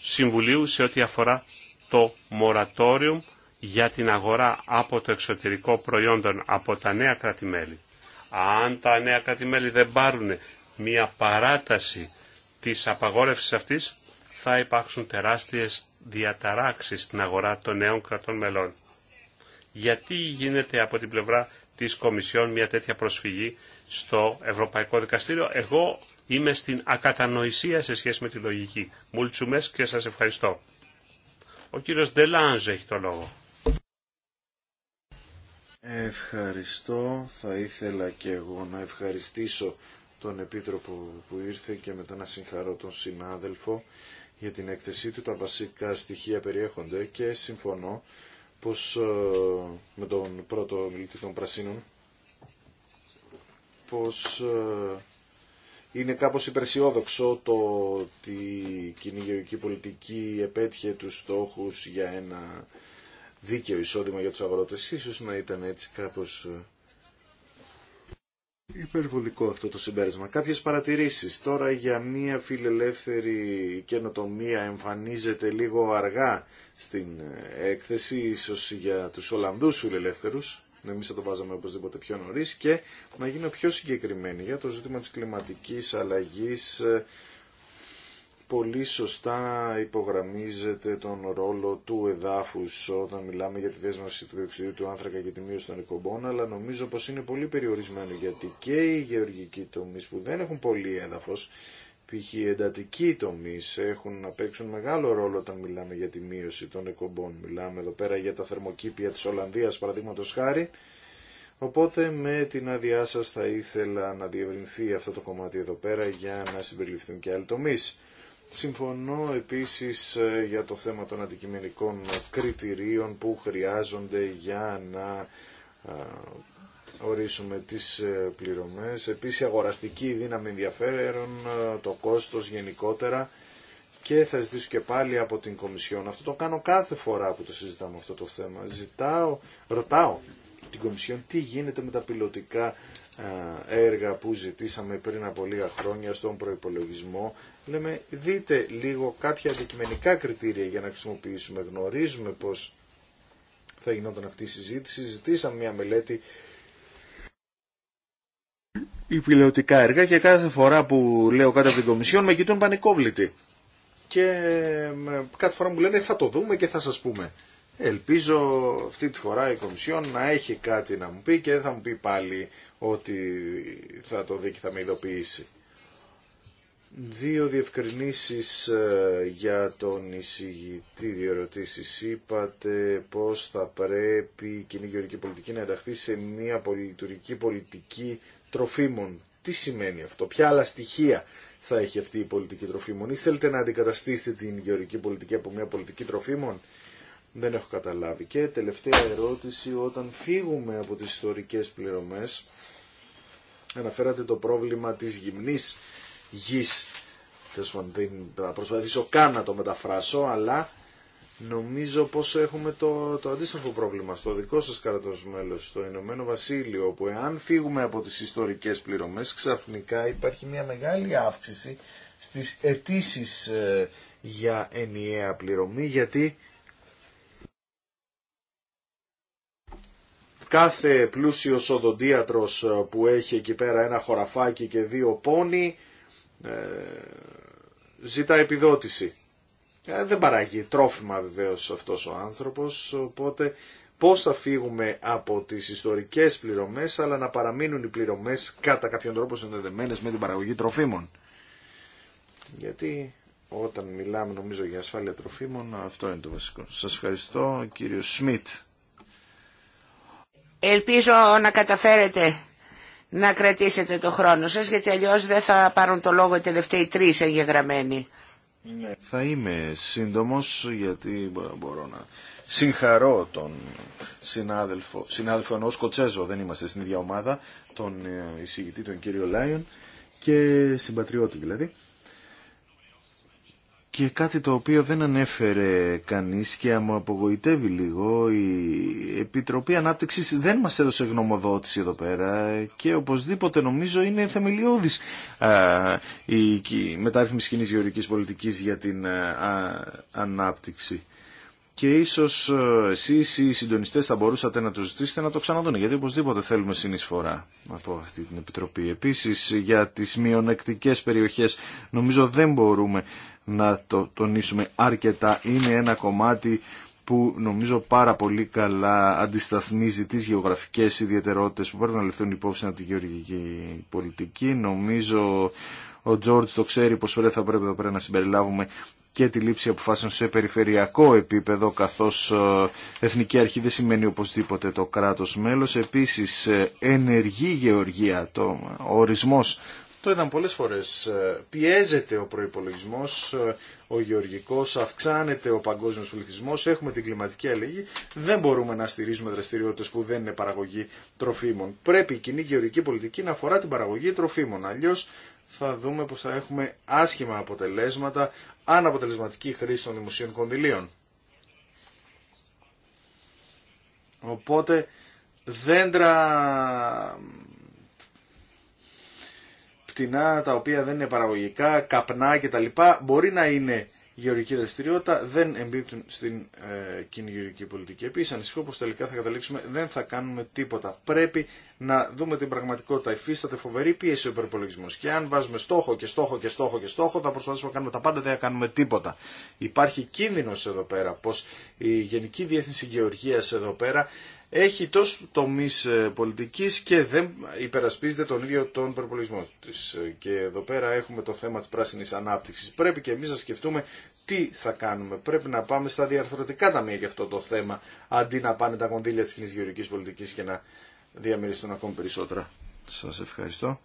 Συμβουλίου σε ό,τι αφορά το moratorium για την αγορά από το εξωτερικό προϊόντων από τα νέα κρατημέλη. Αν τα νέα κρατημέλη δεν πάρουν μια παράταση της απαγόρευσης αυτής, θα υπάρξουν τεράστιες διαταράξεις στην αγορά των νέων κρατών μελών. Γιατί γίνεται από την πλευρά της Κομισιόν μια τέτοια προσφυγή στο Ευρωπαϊκό Δικαστήριο. Εγώ είμαι στην ακατανοησία σε σχέση με τη λογική. Μουλτσουμές και σας ευχαριστώ. Ο κύριος Ντελάνζ έχει το λόγο. Ευχαριστώ. Θα ήθελα και εγώ να ευχαριστήσω τον Επίτροπο που ήρθε και μετά να συγχαρώ τον συνάδελφο για την έκθεσή του. Τα βασικά στοιχεία περιέχονται και συμφωνώ πως ε, με τον πρώτο μιλητή των Πρασίνων πως ε, είναι κάπως υπερσιόδοξο το ότι η κυνηγερική πολιτική επέτυχε τους στόχους για ένα δίκαιο εισόδημα για τους αγρότες. Ίσως να ήταν έτσι κάπως ε, υπερβολικό αυτό το συμπέρασμα. Κάποιες παρατηρήσεις. Τώρα για μια φιλελεύθερη καινοτομία εμφανίζεται λίγο αργά στην ε, έκθεση, ίσως για τους Ολλανδούς φιλελεύθερους. Εμεί θα το βάζαμε οπωσδήποτε πιο νωρί και να γίνω πιο συγκεκριμένη για το ζήτημα τη κλιματική αλλαγή. Ε, πολύ σωστά υπογραμμίζεται τον ρόλο του εδάφους όταν μιλάμε για τη δέσμευση του διοξιδίου του άνθρακα και τη μείωση των εκπομπών, αλλά νομίζω πως είναι πολύ περιορισμένο γιατί και οι γεωργικοί τομείς που δεν έχουν πολύ έδαφος, π.χ. οι εντατικοί τομείς έχουν να παίξουν μεγάλο ρόλο όταν μιλάμε για τη μείωση των εκπομπών. Μιλάμε εδώ πέρα για τα θερμοκήπια της Ολλανδίας παραδείγματο χάρη, Οπότε με την άδειά σας θα ήθελα να διευρυνθεί αυτό το κομμάτι εδώ πέρα για να συμπεριληφθούν και άλλοι τομείς. Συμφωνώ επίσης ε, για το θέμα των αντικειμενικών κριτηρίων που χρειάζονται για να ε, ορίσουμε τις ε, πληρωμές. Επίσης αγοραστική δύναμη ενδιαφέρον, το κόστος γενικότερα και θα ζητήσω και πάλι από την Κομισιόν. Αυτό το κάνω κάθε φορά που το συζητάμε αυτό το θέμα. Ζητάω, ρωτάω την Κομισιόν τι γίνεται με τα πιλωτικά έργα που ζητήσαμε πριν από λίγα χρόνια στον προϋπολογισμό λέμε δείτε λίγο κάποια αντικειμενικά κριτήρια για να χρησιμοποιήσουμε. Γνωρίζουμε πως θα γινόταν αυτή η συζήτηση. ζητήσαμε μια μελέτη ή έργα και κάθε φορά που λέω κάτω από την Κομισιόν με κοιτούν πανικόβλητοι. Και ε, κάθε φορά μου λένε θα το δούμε και θα σας πούμε. Ελπίζω αυτή τη φορά η Κομισιόν να έχει κάτι να μου πει και δεν θα μου πει πάλι ότι θα το δει και θα με ειδοποιήσει. Δύο διευκρινήσεις ε, για τον εισηγητή, δύο Είπατε πώς θα πρέπει η κοινή γεωρική πολιτική να ενταχθεί σε μια πολυλειτουργική πολιτική τροφίμων. Τι σημαίνει αυτό, ποια άλλα στοιχεία θα έχει αυτή η πολιτική τροφίμων ή θέλετε να αντικαταστήσετε την γεωρική πολιτική από μια πολιτική τροφίμων. Δεν έχω καταλάβει. Και τελευταία ερώτηση, όταν φύγουμε από τις ιστορικές πληρωμές, αναφέρατε το πρόβλημα της γυμνής γης. Δεν θα προσπαθήσω καν να το μεταφράσω, αλλά νομίζω πως έχουμε το, το αντίστοιχο πρόβλημα στο δικό σας κρατός μέλος, στο Ηνωμένο Βασίλειο, όπου εάν φύγουμε από τις ιστορικές πληρωμές, ξαφνικά υπάρχει μια μεγάλη αύξηση στις αιτήσει ε, για ενιαία πληρωμή, γιατί κάθε πλούσιος οδοντίατρος που έχει εκεί πέρα ένα χωραφάκι και δύο πόνι ε, ζητά επιδότηση. Ε, δεν παράγει τρόφιμα βεβαίως αυτός ο άνθρωπος, οπότε πώς θα φύγουμε από τις ιστορικές πληρωμές, αλλά να παραμείνουν οι πληρωμές κατά κάποιον τρόπο συνδεδεμένες με την παραγωγή τροφίμων. Γιατί όταν μιλάμε νομίζω για ασφάλεια τροφίμων, αυτό είναι το βασικό. Σας ευχαριστώ κύριο Σμιτ. Ελπίζω να καταφέρετε να κρατήσετε το χρόνο σας γιατί αλλιώς δεν θα πάρουν το λόγο οι τελευταίοι τρεις εγγεγραμμένοι. Ναι, θα είμαι σύντομος γιατί μπορώ να συγχαρώ τον συνάδελφο, συνάδελφο ενό Σκοτσέζο, δεν είμαστε στην ίδια ομάδα, τον ε, εισηγητή, τον κύριο Λάιον και συμπατριώτη δηλαδή. Και κάτι το οποίο δεν ανέφερε κανείς και μου απογοητεύει λίγο, η Επιτροπή Ανάπτυξης δεν μας έδωσε γνωμοδότηση εδώ πέρα και οπωσδήποτε νομίζω είναι θεμελιώδης η μετάρρυθμιση κοινής γεωρικής πολιτικής για την ανάπτυξη. Και ίσως εσείς οι συντονιστές θα μπορούσατε να το ζητήσετε να το ξαναδούν, γιατί οπωσδήποτε θέλουμε συνεισφορά από αυτή την Επιτροπή. Επίσης για τις μειονεκτικές περιοχές νομίζω δεν μπορούμε να το τονίσουμε αρκετά. Είναι ένα κομμάτι που νομίζω πάρα πολύ καλά αντισταθμίζει τις γεωγραφικές ιδιαιτερότητες που πρέπει να ληφθούν υπόψη από την γεωργική πολιτική. Νομίζω ο Τζόρτζ το ξέρει πως θα πρέπει, θα πρέπει να συμπεριλάβουμε και τη λήψη αποφάσεων σε περιφερειακό επίπεδο, καθώς ε, Εθνική Αρχή δεν σημαίνει οπωσδήποτε το κράτος μέλος. Επίσης, ε, ενεργή γεωργία, το ορισμός το είδαμε πολλές φορές. Ε, πιέζεται ο προπολογισμό, ε, ο γεωργικός, αυξάνεται ο παγκόσμιος πληθυσμό, έχουμε την κλιματική αλλαγή, δεν μπορούμε να στηρίζουμε δραστηριότητες που δεν είναι παραγωγή τροφίμων. Πρέπει η κοινή γεωργική πολιτική να αφορά την παραγωγή τροφίμων, αλλιώς θα δούμε πως θα έχουμε άσχημα αποτελέσματα, αναποτελεσματική χρήση των δημοσίων κονδυλίων. Οπότε δέντρα πτηνά τα οποία δεν είναι παραγωγικά, καπνά κτλ. Μπορεί να είναι γεωργική δραστηριότητα, δεν εμπίπτουν στην ε, κοινή γεωργική πολιτική. Επίση, ανησυχώ πω τελικά θα καταλήξουμε, δεν θα κάνουμε τίποτα. Πρέπει να δούμε την πραγματικότητα. Υφίσταται φοβερή πίεση ο υπερπολογισμό. Και αν βάζουμε στόχο και στόχο και στόχο και στόχο, θα προσπαθήσουμε να κάνουμε τα πάντα, δεν θα κάνουμε τίποτα. Υπάρχει κίνδυνο εδώ πέρα πω η Γενική Διεύθυνση Γεωργία εδώ πέρα έχει τόσο τομεί ε, πολιτική και δεν υπερασπίζεται τον ίδιο τον προπολογισμό τη. Ε, και εδώ πέρα έχουμε το θέμα τη πράσινη ανάπτυξη. Πρέπει και εμεί να σκεφτούμε τι θα κάνουμε. Πρέπει να πάμε στα διαρθρωτικά ταμεία για αυτό το θέμα, αντί να πάνε τα κονδύλια τη κοινή γεωργική πολιτική και να διαμεριστούν ακόμη περισσότερα. Σα ευχαριστώ.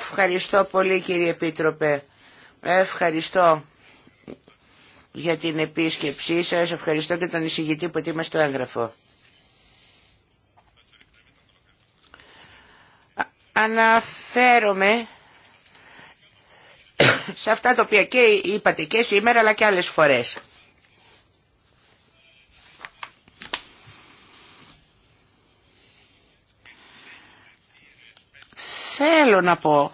Ευχαριστώ πολύ κύριε Επίτροπε. Ευχαριστώ για την επίσκεψή σας. Ευχαριστώ και τον εισηγητή που είμαστε το έγγραφο. Αναφέρομαι σε αυτά τα οποία και είπατε και σήμερα αλλά και άλλες φορές. Θέλω να πω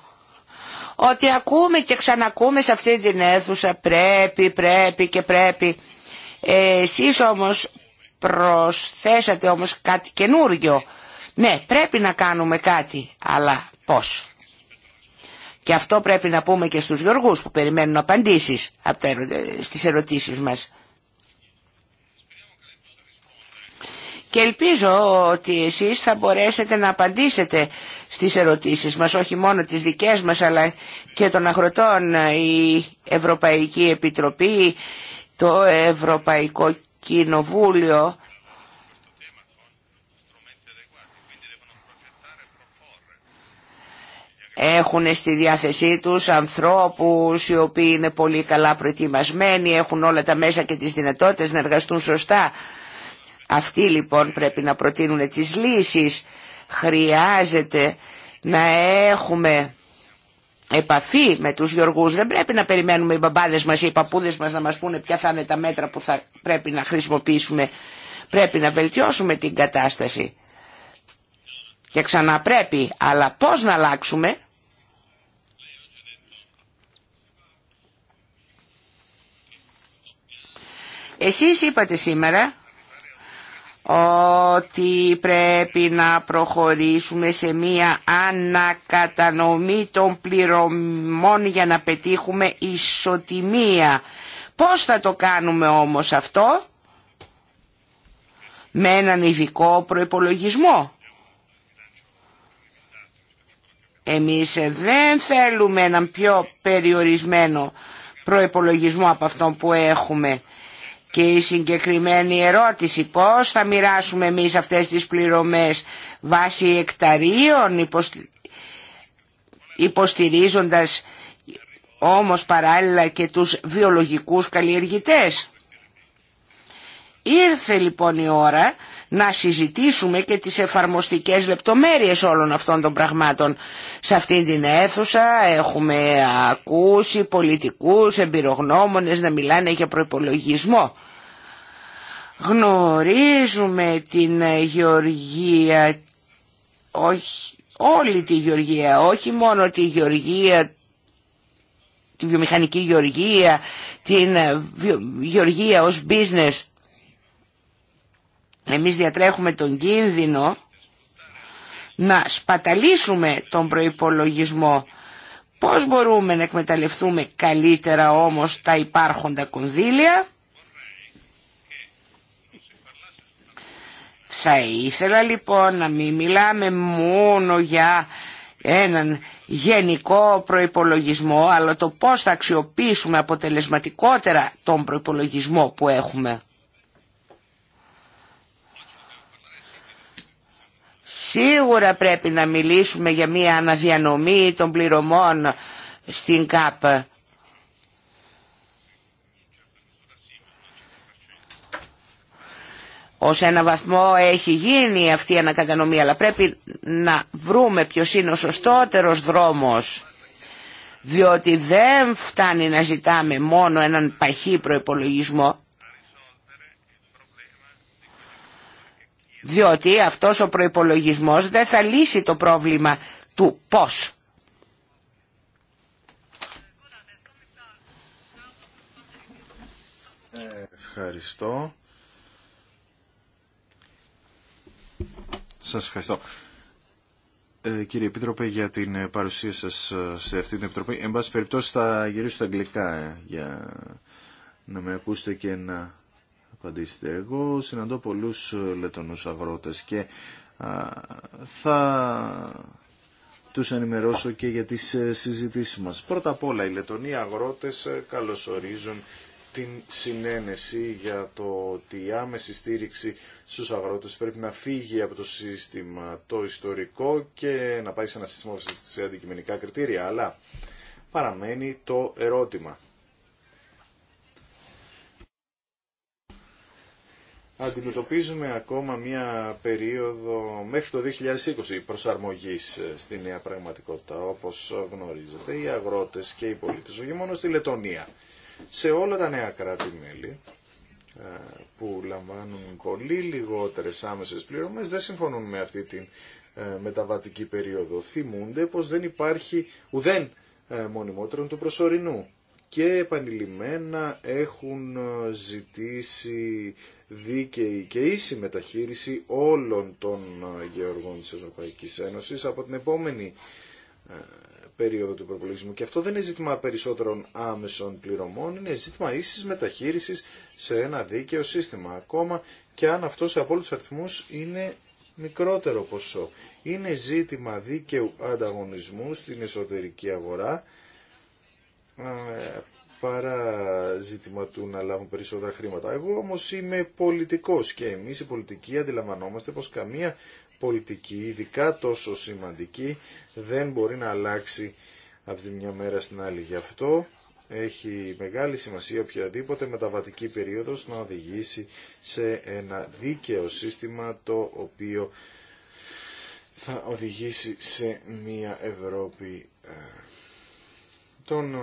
ότι ακούμε και ξανακούμε σε αυτή την αίθουσα πρέπει, πρέπει και πρέπει. Ε, εσείς όμως προσθέσατε όμως κάτι καινούργιο. Ναι, πρέπει να κάνουμε κάτι, αλλά πώς. Και αυτό πρέπει να πούμε και στους Γιωργούς που περιμένουν απαντήσεις ε, στις ερωτήσεις μας. και ελπίζω ότι εσείς θα μπορέσετε να απαντήσετε στις ερωτήσεις μας, όχι μόνο τις δικές μας αλλά και των αγροτών. Η Ευρωπαϊκή Επιτροπή, το Ευρωπαϊκό Κοινοβούλιο έχουν στη διάθεσή τους ανθρώπους οι οποίοι είναι πολύ καλά προετοιμασμένοι, έχουν όλα τα μέσα και τις δυνατότητες να εργαστούν σωστά αυτοί λοιπόν πρέπει να προτείνουν τις λύσεις. Χρειάζεται να έχουμε επαφή με τους γιοργούς. Δεν πρέπει να περιμένουμε οι μπαμπάδες μας ή οι παππούδες μας να μας πούνε ποια θα είναι τα μέτρα που θα πρέπει να χρησιμοποιήσουμε. Πρέπει να βελτιώσουμε την κατάσταση. Και ξανά πρέπει. Αλλά πώς να αλλάξουμε... Εσείς είπατε σήμερα ότι πρέπει να προχωρήσουμε σε μία ανακατανομή των πληρωμών για να πετύχουμε ισοτιμία. Πώς θα το κάνουμε όμως αυτό? Με έναν ειδικό προϋπολογισμό. Εμείς δεν θέλουμε έναν πιο περιορισμένο προϋπολογισμό από αυτόν που έχουμε και η συγκεκριμένη ερώτηση πώς θα μοιράσουμε εμείς αυτές τις πληρωμές βάσει εκταρίων υποστηρίζοντας όμως παράλληλα και τους βιολογικούς καλλιεργητές. Ήρθε λοιπόν η ώρα να συζητήσουμε και τις εφαρμοστικές λεπτομέρειες όλων αυτών των πραγμάτων. Σε αυτή την αίθουσα έχουμε ακούσει πολιτικούς εμπειρογνώμονες να μιλάνε για προϋπολογισμό. Γνωρίζουμε την ε, γεωργία, όχι, όλη τη γεωργία, όχι μόνο τη γεωργία, τη βιομηχανική γεωργία, την ε, γεωργία ως business. Εμείς διατρέχουμε τον κίνδυνο να σπαταλήσουμε τον προϋπολογισμό. Πώς μπορούμε να εκμεταλλευτούμε καλύτερα όμως τα υπάρχοντα κονδύλια Θα ήθελα λοιπόν να μην μιλάμε μόνο για έναν γενικό προϋπολογισμό, αλλά το πώς θα αξιοποιήσουμε αποτελεσματικότερα τον προϋπολογισμό που έχουμε. Σίγουρα πρέπει να μιλήσουμε για μια αναδιανομή των πληρωμών στην ΚΑΠ. Ως ένα βαθμό έχει γίνει αυτή η ανακατανομή, αλλά πρέπει να βρούμε ποιος είναι ο σωστότερος δρόμος. Διότι δεν φτάνει να ζητάμε μόνο έναν παχύ προϋπολογισμό, διότι αυτός ο προϋπολογισμός δεν θα λύσει το πρόβλημα του πώς. Ευχαριστώ. Σας ευχαριστώ. Ε, κύριε Επίτροπε, για την ε, παρουσία σας ε, σε αυτή την Επιτροπή. Εν πάση περιπτώσει θα γυρίσω στα αγγλικά για να με ακούσετε και να απαντήσετε. Εγώ συναντώ πολλούς λετωνούς αγρότες και θα τους ενημερώσω και για τις συζητήσεις μας. Πρώτα απ' όλα οι λετωνοί αγρότες καλωσορίζουν την συνένεση για το ότι η άμεση στήριξη στους αγρότες πρέπει να φύγει από το σύστημα το ιστορικό και να πάει σε ένα σύστημα σε αντικειμενικά κριτήρια. Αλλά παραμένει το ερώτημα. Αντιμετωπίζουμε ακόμα μία περίοδο μέχρι το 2020 προσαρμογής στη νέα πραγματικότητα. Όπως γνωρίζετε, οι αγρότες και οι πολίτες, όχι μόνο στη Λετωνία, σε όλα τα νέα κράτη-μέλη ε, που λαμβάνουν πολύ λιγότερες άμεσες πληρωμές δεν συμφωνούν με αυτή την ε, μεταβατική περίοδο. Θυμούνται πως δεν υπάρχει ουδέν ε, μονιμότερον του προσωρινού και επανειλημμένα έχουν ζητήσει δίκαιη και ίση μεταχείριση όλων των γεωργών της Ευρωπαϊκής Ένωσης από την επόμενη περίοδο του προπολογισμού. Και αυτό δεν είναι ζήτημα περισσότερων άμεσων πληρωμών, είναι ζήτημα ίση μεταχείρισης σε ένα δίκαιο σύστημα. Ακόμα και αν αυτό σε απόλυτου αριθμού είναι μικρότερο ποσό. Είναι ζήτημα δίκαιου ανταγωνισμού στην εσωτερική αγορά, ε, παρά ζήτημα του να λάβουν περισσότερα χρήματα. Εγώ όμως είμαι πολιτικός και εμείς οι πολιτικοί αντιλαμβανόμαστε πως καμία πολιτική, ειδικά τόσο σημαντική, δεν μπορεί να αλλάξει από τη μια μέρα στην άλλη. Γι' αυτό έχει μεγάλη σημασία οποιαδήποτε μεταβατική περίοδος να οδηγήσει σε ένα δίκαιο σύστημα το οποίο θα οδηγήσει σε μια Ευρώπη ε, των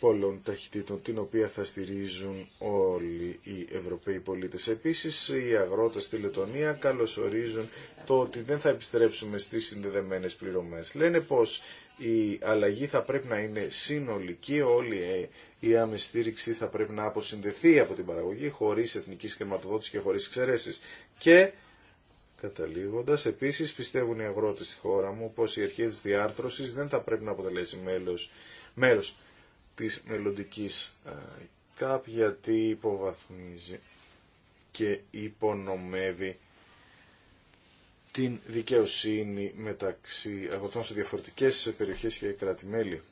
πολλών ταχυτήτων, την οποία θα στηρίζουν όλοι οι Ευρωπαίοι πολίτες. Επίσης, οι αγρότες στη Λετωνία καλωσορίζουν το ότι δεν θα επιστρέψουμε στις συνδεδεμένες πληρωμές. Λένε πως η αλλαγή θα πρέπει να είναι συνολική, όλη η άμεση στήριξη θα πρέπει να αποσυνδεθεί από την παραγωγή χωρίς εθνική σχηματοδότηση και χωρίς εξαιρέσεις. Και Καταλήγοντα, επίση πιστεύουν οι αγρότε στη χώρα μου πω αρχή τη διάρθρωση δεν θα πρέπει να αποτελέσει μέλο της μελλοντική ε, ΚΑΠ γιατί υποβαθμίζει και υπονομεύει την δικαιοσύνη μεταξύ αγωτών σε διαφορετικές περιοχές και κράτη-μέλη.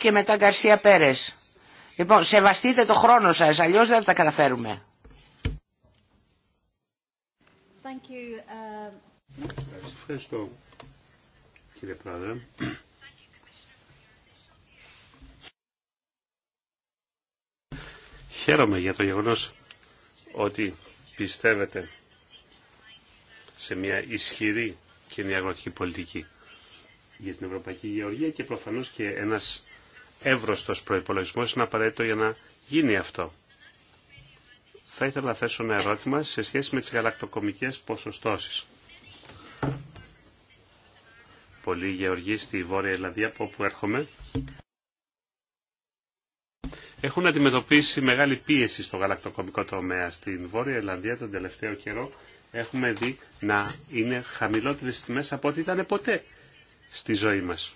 και μετά Γκαρσία Πέρες. Λοιπόν, σεβαστείτε το χρόνο σας, αλλιώς δεν τα καταφέρουμε. Uh, Ευχαριστώ, κύριε Πρόεδρε. Χαίρομαι για το γεγονός ότι πιστεύετε σε μια ισχυρή και νεαγροτική πολιτική για την Ευρωπαϊκή Γεωργία και προφανώς και ένας εύρωστος προϋπολογισμός είναι απαραίτητο για να γίνει αυτό. Θα ήθελα να θέσω ένα ερώτημα σε σχέση με τις γαλακτοκομικές ποσοστώσεις. Πολλοί γεωργοί στη Βόρεια Ελλάδια από όπου έρχομαι έχουν αντιμετωπίσει μεγάλη πίεση στο γαλακτοκομικό τομέα. Στην Βόρεια Ελλανδία τον τελευταίο καιρό έχουμε δει να είναι χαμηλότερες τιμές από ό,τι ήταν ποτέ στη ζωή μας.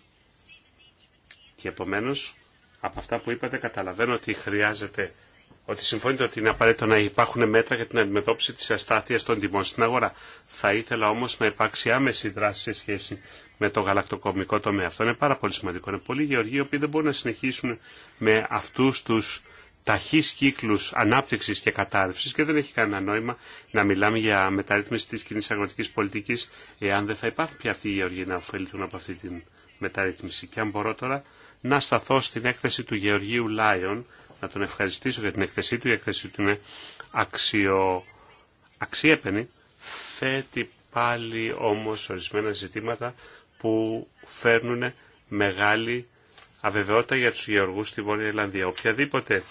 Και επομένως, από αυτά που είπατε καταλαβαίνω ότι χρειάζεται, ότι συμφωνείτε ότι είναι απαραίτητο να υπάρχουν μέτρα για την αντιμετώπιση της αστάθειας των τιμών στην αγορά. Θα ήθελα όμως να υπάρξει άμεση δράση σε σχέση με το γαλακτοκομικό τομέα. Αυτό είναι πάρα πολύ σημαντικό. Είναι πολλοί γεωργοί οι οποίοι δεν μπορούν να συνεχίσουν με αυτού του ταχύ κύκλου ανάπτυξη και κατάρρευση και δεν έχει κανένα νόημα να μιλάμε για μεταρρύθμιση τη κοινή αγροτική πολιτική, εάν δεν θα υπάρχουν πια αυτοί οι γεωργοί να ωφεληθούν από αυτή την μεταρρύθμιση. Και αν μπορώ τώρα να σταθώ στην έκθεση του Γεωργίου Λάιον, να τον ευχαριστήσω για την έκθεσή του. Η έκθεσή του είναι αξιο... αξιέπαινη, θέτει πάλι όμως ορισμένα ζητήματα που φέρνουν μεγάλη αβεβαιότητα για τους γεωργούς στη Βόρεια Ιρλανδία. Οποιαδήποτε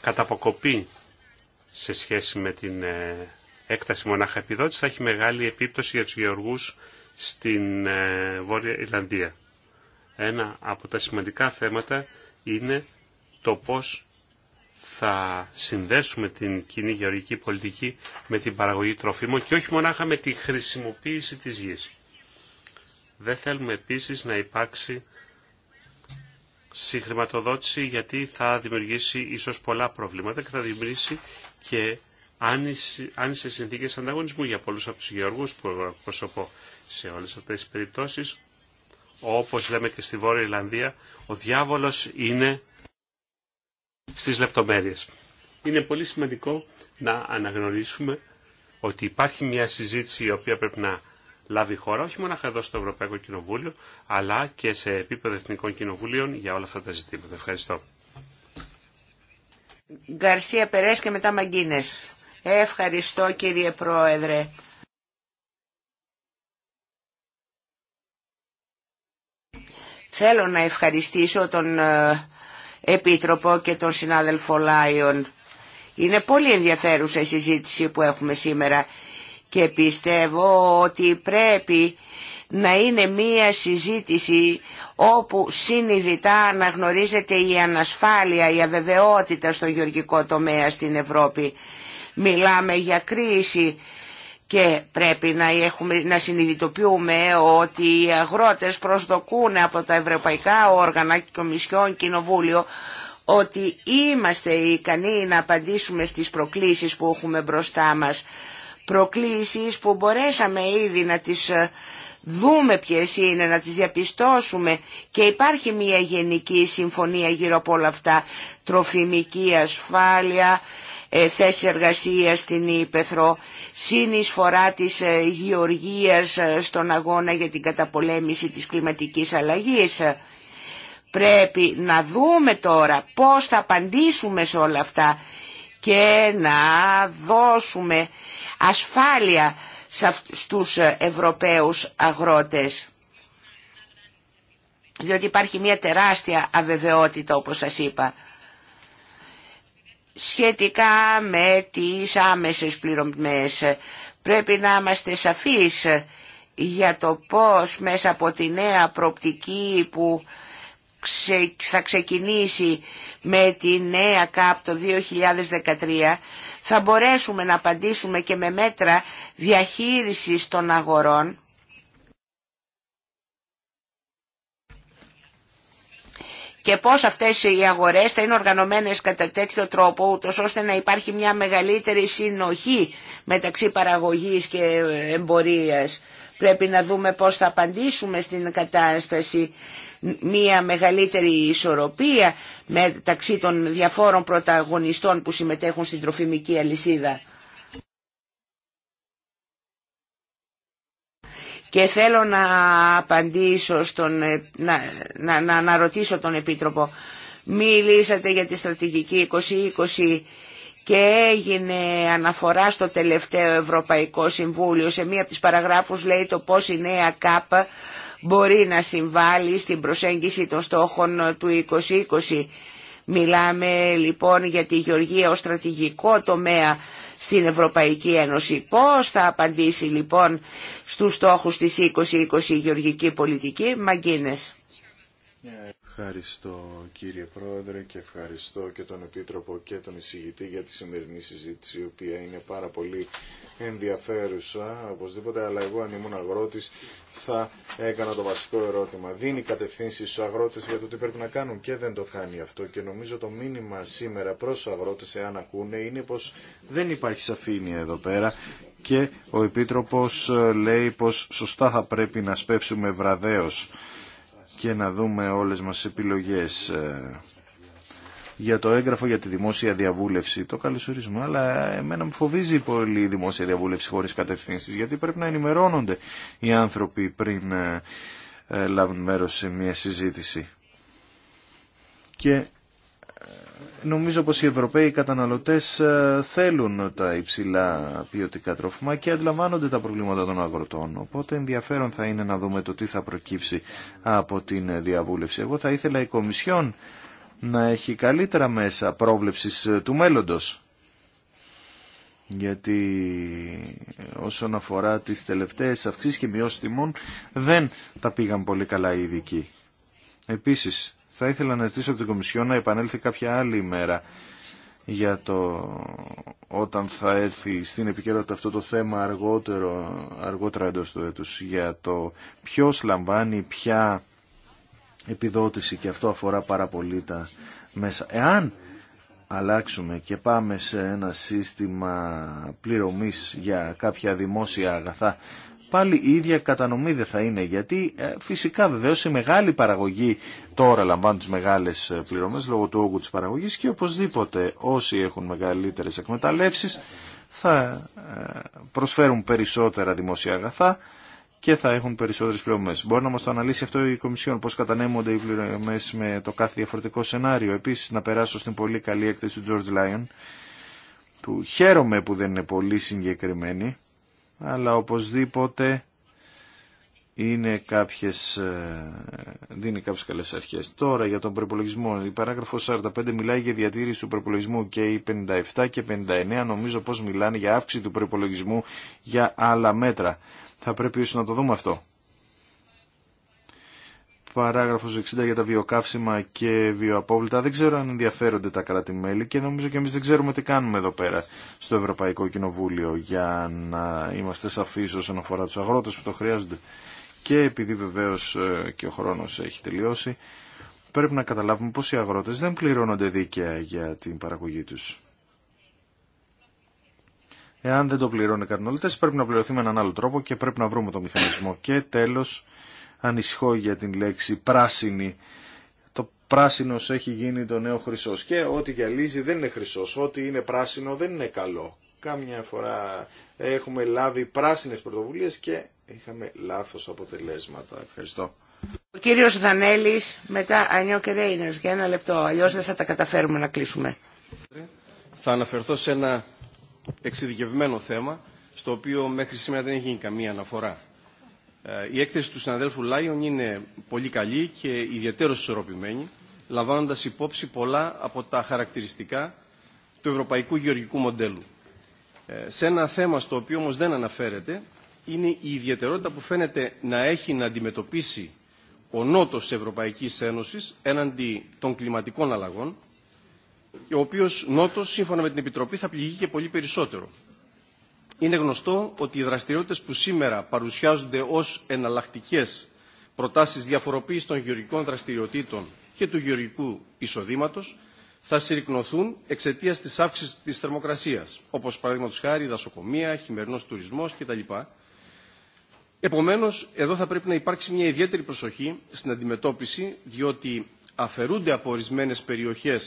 καταποκοπή σε σχέση με την ε, έκταση μονάχα επιδότηση θα έχει μεγάλη επίπτωση για τους γεωργούς στην ε, Βόρεια Ιρλανδία. Ένα από τα σημαντικά θέματα είναι το πώς θα συνδέσουμε την κοινή γεωργική πολιτική με την παραγωγή τροφίμων και όχι μονάχα με τη χρησιμοποίηση της γης. Δεν θέλουμε επίσης να υπάρξει συγχρηματοδότηση γιατί θα δημιουργήσει ίσως πολλά προβλήματα και θα δημιουργήσει και άνισε συνθήκες ανταγωνισμού για πολλούς από τους γεωργούς που προσωπώ σε όλες αυτές τις περιπτώσεις. Όπως λέμε και στη Βόρεια Ιρλανδία, ο διάβολος είναι στις λεπτομέρειες. Είναι πολύ σημαντικό να αναγνωρίσουμε ότι υπάρχει μια συζήτηση η οποία πρέπει να λάβει χώρα, όχι μόνο εδώ στο Ευρωπαϊκό Κοινοβούλιο, αλλά και σε επίπεδο εθνικών κοινοβουλίων για όλα αυτά τα ζητήματα. Ευχαριστώ. Γκαρσία Περές και μετά Μαγκίνες. Ευχαριστώ κύριε Πρόεδρε. Θέλω να ευχαριστήσω τον ε, Επίτροπο και τον συνάδελφο Λάιον. Είναι πολύ ενδιαφέρουσα η συζήτηση που έχουμε σήμερα και πιστεύω ότι πρέπει να είναι μία συζήτηση όπου συνειδητά αναγνωρίζεται η ανασφάλεια, η αβεβαιότητα στο γεωργικό τομέα στην Ευρώπη. Μιλάμε για κρίση και πρέπει να, έχουμε, να συνειδητοποιούμε ότι οι αγρότες προσδοκούν από τα ευρωπαϊκά όργανα, κομισιόν, κοινοβούλιο, ότι είμαστε ικανοί να απαντήσουμε στις προκλήσεις που έχουμε μπροστά μας προκλήσεις που μπορέσαμε ήδη να τις ε, δούμε ποιες είναι, να τις διαπιστώσουμε και υπάρχει μια γενική συμφωνία γύρω από όλα αυτά, τροφιμική ασφάλεια, ε, θέση εργασίας στην Ήπεθρο, συνεισφορά της ε, γεωργίας στον αγώνα για την καταπολέμηση της κλιματικής αλλαγής. Πρέπει να δούμε τώρα πώς θα απαντήσουμε σε όλα αυτά και να δώσουμε ασφάλεια στους ε, Ευρωπαίους αγρότες. Διότι υπάρχει μια τεράστια αβεβαιότητα όπως σας είπα σχετικά με τις άμεσες πληρωμές. Πρέπει να είμαστε σαφείς για το πώς μέσα από τη νέα προπτική που θα ξεκινήσει με τη νέα ΚΑΠ το 2013 θα μπορέσουμε να απαντήσουμε και με μέτρα διαχείρισης των αγορών και πώς αυτές οι αγορές θα είναι οργανωμένες κατά τέτοιο τρόπο ούτως ώστε να υπάρχει μια μεγαλύτερη συνοχή μεταξύ παραγωγής και εμπορίας. Πρέπει να δούμε πώς θα απαντήσουμε στην κατάσταση μια μεγαλύτερη ισορροπία μεταξύ των διαφόρων πρωταγωνιστών που συμμετέχουν στην τροφιμική αλυσίδα. Και θέλω να απαντήσω, στον, να, να, να, να ρωτήσω τον Επίτροπο. Μιλήσατε για τη στρατηγική 2020 και έγινε αναφορά στο τελευταίο Ευρωπαϊκό Συμβούλιο. Σε μία από τις παραγράφους λέει το πώς η νέα ΚΑΠ μπορεί να συμβάλλει στην προσέγγιση των στόχων του 2020. Μιλάμε λοιπόν για τη γεωργία ως στρατηγικό τομέα στην Ευρωπαϊκή Ένωση. Πώς θα απαντήσει λοιπόν στους στόχους της 2020 η γεωργική πολιτική. Μαγκίνες. Ναι. Ευχαριστώ κύριε Πρόεδρε και ευχαριστώ και τον Επίτροπο και τον εισηγητή για τη σημερινή συζήτηση η οποία είναι πάρα πολύ ενδιαφέρουσα οπωσδήποτε αλλά εγώ αν ήμουν αγρότης θα έκανα το βασικό ερώτημα. Δίνει κατευθύνσεις στους αγρότες για το τι πρέπει να κάνουν και δεν το κάνει αυτό και νομίζω το μήνυμα σήμερα προς τους αγρότες εάν ακούνε είναι πως δεν υπάρχει σαφήνεια εδώ πέρα και ο Επίτροπος λέει πως σωστά θα πρέπει να σπεύσουμε βραδέως και να δούμε όλες μας επιλογές ε, για το έγγραφο για τη δημόσια διαβούλευση. Το καλωσορίζουμε, αλλά εμένα μου φοβίζει πολύ η δημόσια διαβούλευση χωρίς κατευθύνσεις, γιατί πρέπει να ενημερώνονται οι άνθρωποι πριν ε, ε, λάβουν μέρος σε μια συζήτηση. Και Νομίζω πως οι Ευρωπαίοι καταναλωτές ε, θέλουν τα υψηλά ποιοτικά τρόφιμα και αντιλαμβάνονται τα προβλήματα των αγροτών. Οπότε ενδιαφέρον θα είναι να δούμε το τι θα προκύψει από την διαβούλευση. Εγώ θα ήθελα η Κομισιόν να έχει καλύτερα μέσα πρόβλεψης του μέλλοντος. Γιατί όσον αφορά τις τελευταίες αυξήσεις και μειώσεις τιμών δεν τα πήγαν πολύ καλά οι ειδικοί. Επίσης, θα ήθελα να ζητήσω από την Κομισιό να επανέλθει κάποια άλλη ημέρα για το όταν θα έρθει στην επικαιρότητα αυτό το θέμα αργότερο, αργότερα εντός του έτους για το ποιος λαμβάνει ποια επιδότηση και αυτό αφορά πάρα πολύ τα μέσα. Εάν αλλάξουμε και πάμε σε ένα σύστημα πληρωμής για κάποια δημόσια αγαθά πάλι η ίδια κατανομή δεν θα είναι. Γιατί ε, φυσικά βεβαίως η μεγάλη παραγωγή τώρα λαμβάνουν τι μεγάλες ε, πληρωμές λόγω του όγκου της παραγωγής και οπωσδήποτε όσοι έχουν μεγαλύτερες εκμεταλλεύσεις θα ε, προσφέρουν περισσότερα δημόσια αγαθά και θα έχουν περισσότερες πληρωμές. Μπορεί να μας το αναλύσει αυτό η Κομισιόν, πώς κατανέμονται οι πληρωμές με το κάθε διαφορετικό σενάριο. Επίσης να περάσω στην πολύ καλή έκθεση του George Lyon, που χαίρομαι που δεν είναι πολύ συγκεκριμένη αλλά οπωσδήποτε είναι κάποιες, ε, δίνει κάποιες καλές αρχές. Τώρα για τον προπολογισμό, η παράγραφος 45 μιλάει για διατήρηση του προπολογισμού και η 57 και 59 νομίζω πως μιλάνε για αύξηση του προπολογισμού για άλλα μέτρα. Θα πρέπει ίσως να το δούμε αυτό. Παράγραφο 60 για τα βιοκαύσιμα και βιοαπόβλητα. Δεν ξέρω αν ενδιαφέρονται τα κράτη-μέλη και νομίζω και εμεί δεν ξέρουμε τι κάνουμε εδώ πέρα στο Ευρωπαϊκό Κοινοβούλιο για να είμαστε σαφεί όσον αφορά τους αγρότες που το χρειάζονται. Και επειδή βεβαίω ε, και ο χρόνο έχει τελειώσει, πρέπει να καταλάβουμε πω οι αγρότε δεν πληρώνονται δίκαια για την παραγωγή του. Εάν δεν το πληρώνουν οι πρέπει να πληρωθεί με έναν άλλο τρόπο και πρέπει να βρούμε το μηχανισμό. Και τέλος, ανησυχώ για την λέξη πράσινη. Το πράσινος έχει γίνει το νέο χρυσός και ό,τι γυαλίζει δεν είναι χρυσός, ό,τι είναι πράσινο δεν είναι καλό. Κάμια φορά έχουμε λάβει πράσινες πρωτοβουλίες και είχαμε λάθος αποτελέσματα. Ευχαριστώ. Ο κύριος Δανέλης, μετά Ανιό και για ένα λεπτό, αλλιώς δεν θα τα καταφέρουμε να κλείσουμε. Θα αναφερθώ σε ένα εξειδικευμένο θέμα, στο οποίο μέχρι σήμερα δεν έχει γίνει καμία αναφορά. Ε, η έκθεση του συναδέλφου Λάιον είναι πολύ καλή και ιδιαίτερο ισορροπημένη, λαμβάνοντας υπόψη πολλά από τα χαρακτηριστικά του ευρωπαϊκού γεωργικού μοντέλου. Ε, σε ένα θέμα στο οποίο όμως δεν αναφέρεται, είναι η ιδιαιτερότητα που φαίνεται να έχει να αντιμετωπίσει ο νότος Ευρωπαϊκής Ένωσης έναντι των κλιματικών αλλαγών, ο οποίος νότος, σύμφωνα με την Επιτροπή, θα πληγεί και πολύ περισσότερο είναι γνωστό ότι οι δραστηριότητες που σήμερα παρουσιάζονται ως εναλλακτικές προτάσεις διαφοροποίησης των γεωργικών δραστηριοτήτων και του γεωργικού εισοδήματος θα συρρυκνωθούν εξαιτία τη αύξηση τη θερμοκρασία, όπω παραδείγματο χάρη δασοκομεία, χειμερινό τουρισμό κτλ. Επομένω, εδώ θα πρέπει να υπάρξει μια ιδιαίτερη προσοχή στην αντιμετώπιση, διότι αφαιρούνται από ορισμένε περιοχέ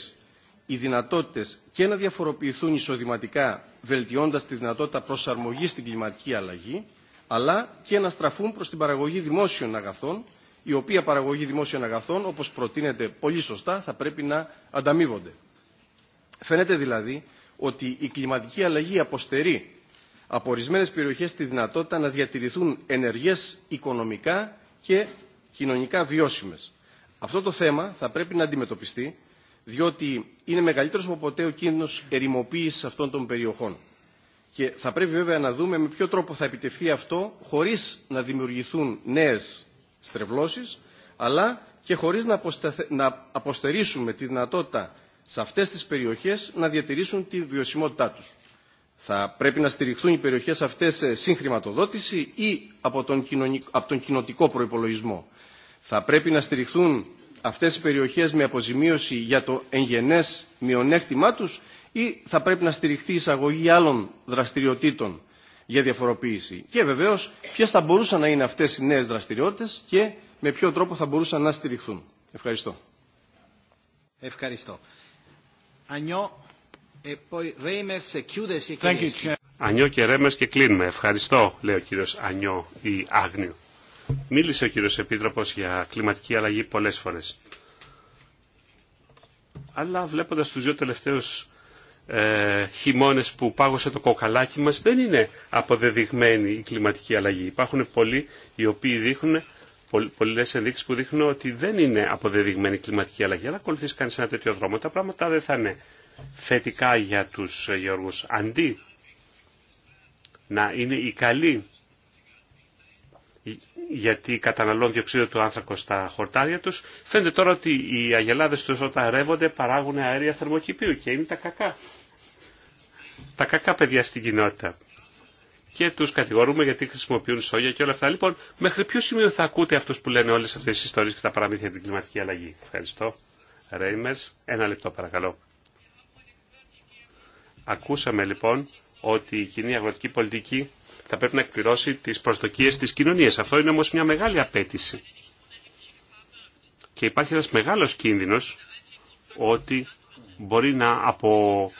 οι δυνατότητε και να διαφοροποιηθούν εισοδηματικά βελτιώντα τη δυνατότητα προσαρμογή στην κλιματική αλλαγή, αλλά και να στραφούν προς την παραγωγή δημόσιων αγαθών, η οποία παραγωγή δημόσιων αγαθών, όπως προτείνεται πολύ σωστά, θα πρέπει να ανταμείβονται. Φαίνεται δηλαδή ότι η κλιματική αλλαγή αποστερεί από ορισμένε περιοχέ τη δυνατότητα να διατηρηθούν ενεργέ οικονομικά και κοινωνικά βιώσιμες. Αυτό το θέμα θα πρέπει να αντιμετωπιστεί διότι είναι μεγαλύτερος από ποτέ ο κίνδυνος ερημοποίησης αυτών των περιοχών. Και θα πρέπει βέβαια να δούμε με ποιο τρόπο θα επιτευχθεί αυτό χωρίς να δημιουργηθούν νέες στρεβλώσεις, αλλά και χωρίς να, να αποστερήσουμε τη δυνατότητα σε αυτές τις περιοχές να διατηρήσουν τη βιωσιμότητά τους. Θα πρέπει να στηριχθούν οι περιοχές αυτές σε συγχρηματοδότηση ή από τον, από τον κοινοτικό προϋπολογισμό. Θα πρέπει να στηριχθούν αυτές οι περιοχές με αποζημίωση για το εγγενές μειονέκτημά τους ή θα πρέπει να στηριχθεί η εισαγωγή άλλων δραστηριοτήτων για διαφοροποίηση. Και βεβαίως ποιε θα μπορούσαν να είναι αυτές οι νέες δραστηριότητες και με ποιο τρόπο θα μπορούσαν να στηριχθούν. Ευχαριστώ. Ευχαριστώ. Ανιώ ε, και ρέμες και κλείνουμε. Ευχαριστώ, λέει ο κύριος Ανιώ ή Άγνιο. Μίλησε ο κύριος Επίτροπος για κλιματική αλλαγή πολλές φορές. Αλλά βλέποντας τους δύο τελευταίους ε, χειμώνες που πάγωσε το κοκαλάκι μας δεν είναι αποδεδειγμένη η κλιματική αλλαγή. Υπάρχουν πολλοί οι οποίοι δείχνουν, πολλές ενδείξεις που δείχνουν ότι δεν είναι αποδεδειγμένη η κλιματική αλλαγή. Αλλά ακολουθείς κανείς ένα τέτοιο δρόμο. Τα πράγματα δεν θα είναι θετικά για τους γεωργούς. Αντί να είναι οι καλοί γιατί καταναλώνουν διοξείδιο του άνθρακο στα χορτάρια τους. Φαίνεται τώρα ότι οι αγελάδες τους όταν ρεύονται παράγουν αέρια θερμοκηπίου και είναι τα κακά. Τα κακά παιδιά στην κοινότητα. Και τους κατηγορούμε γιατί χρησιμοποιούν σόγια και όλα αυτά. Λοιπόν, μέχρι ποιο σημείο θα ακούτε αυτούς που λένε όλες αυτές τις ιστορίες και τα παραμύθια για την κλιματική αλλαγή. Ευχαριστώ. Ρέιμερς, ένα λεπτό παρακαλώ. Ακούσαμε λοιπόν ότι η κοινή αγροτική πολιτική θα πρέπει να εκπληρώσει τις προσδοκίες της κοινωνίας. Αυτό είναι όμως μια μεγάλη απέτηση. Και υπάρχει ένας μεγάλος κίνδυνος ότι μπορεί να, απο...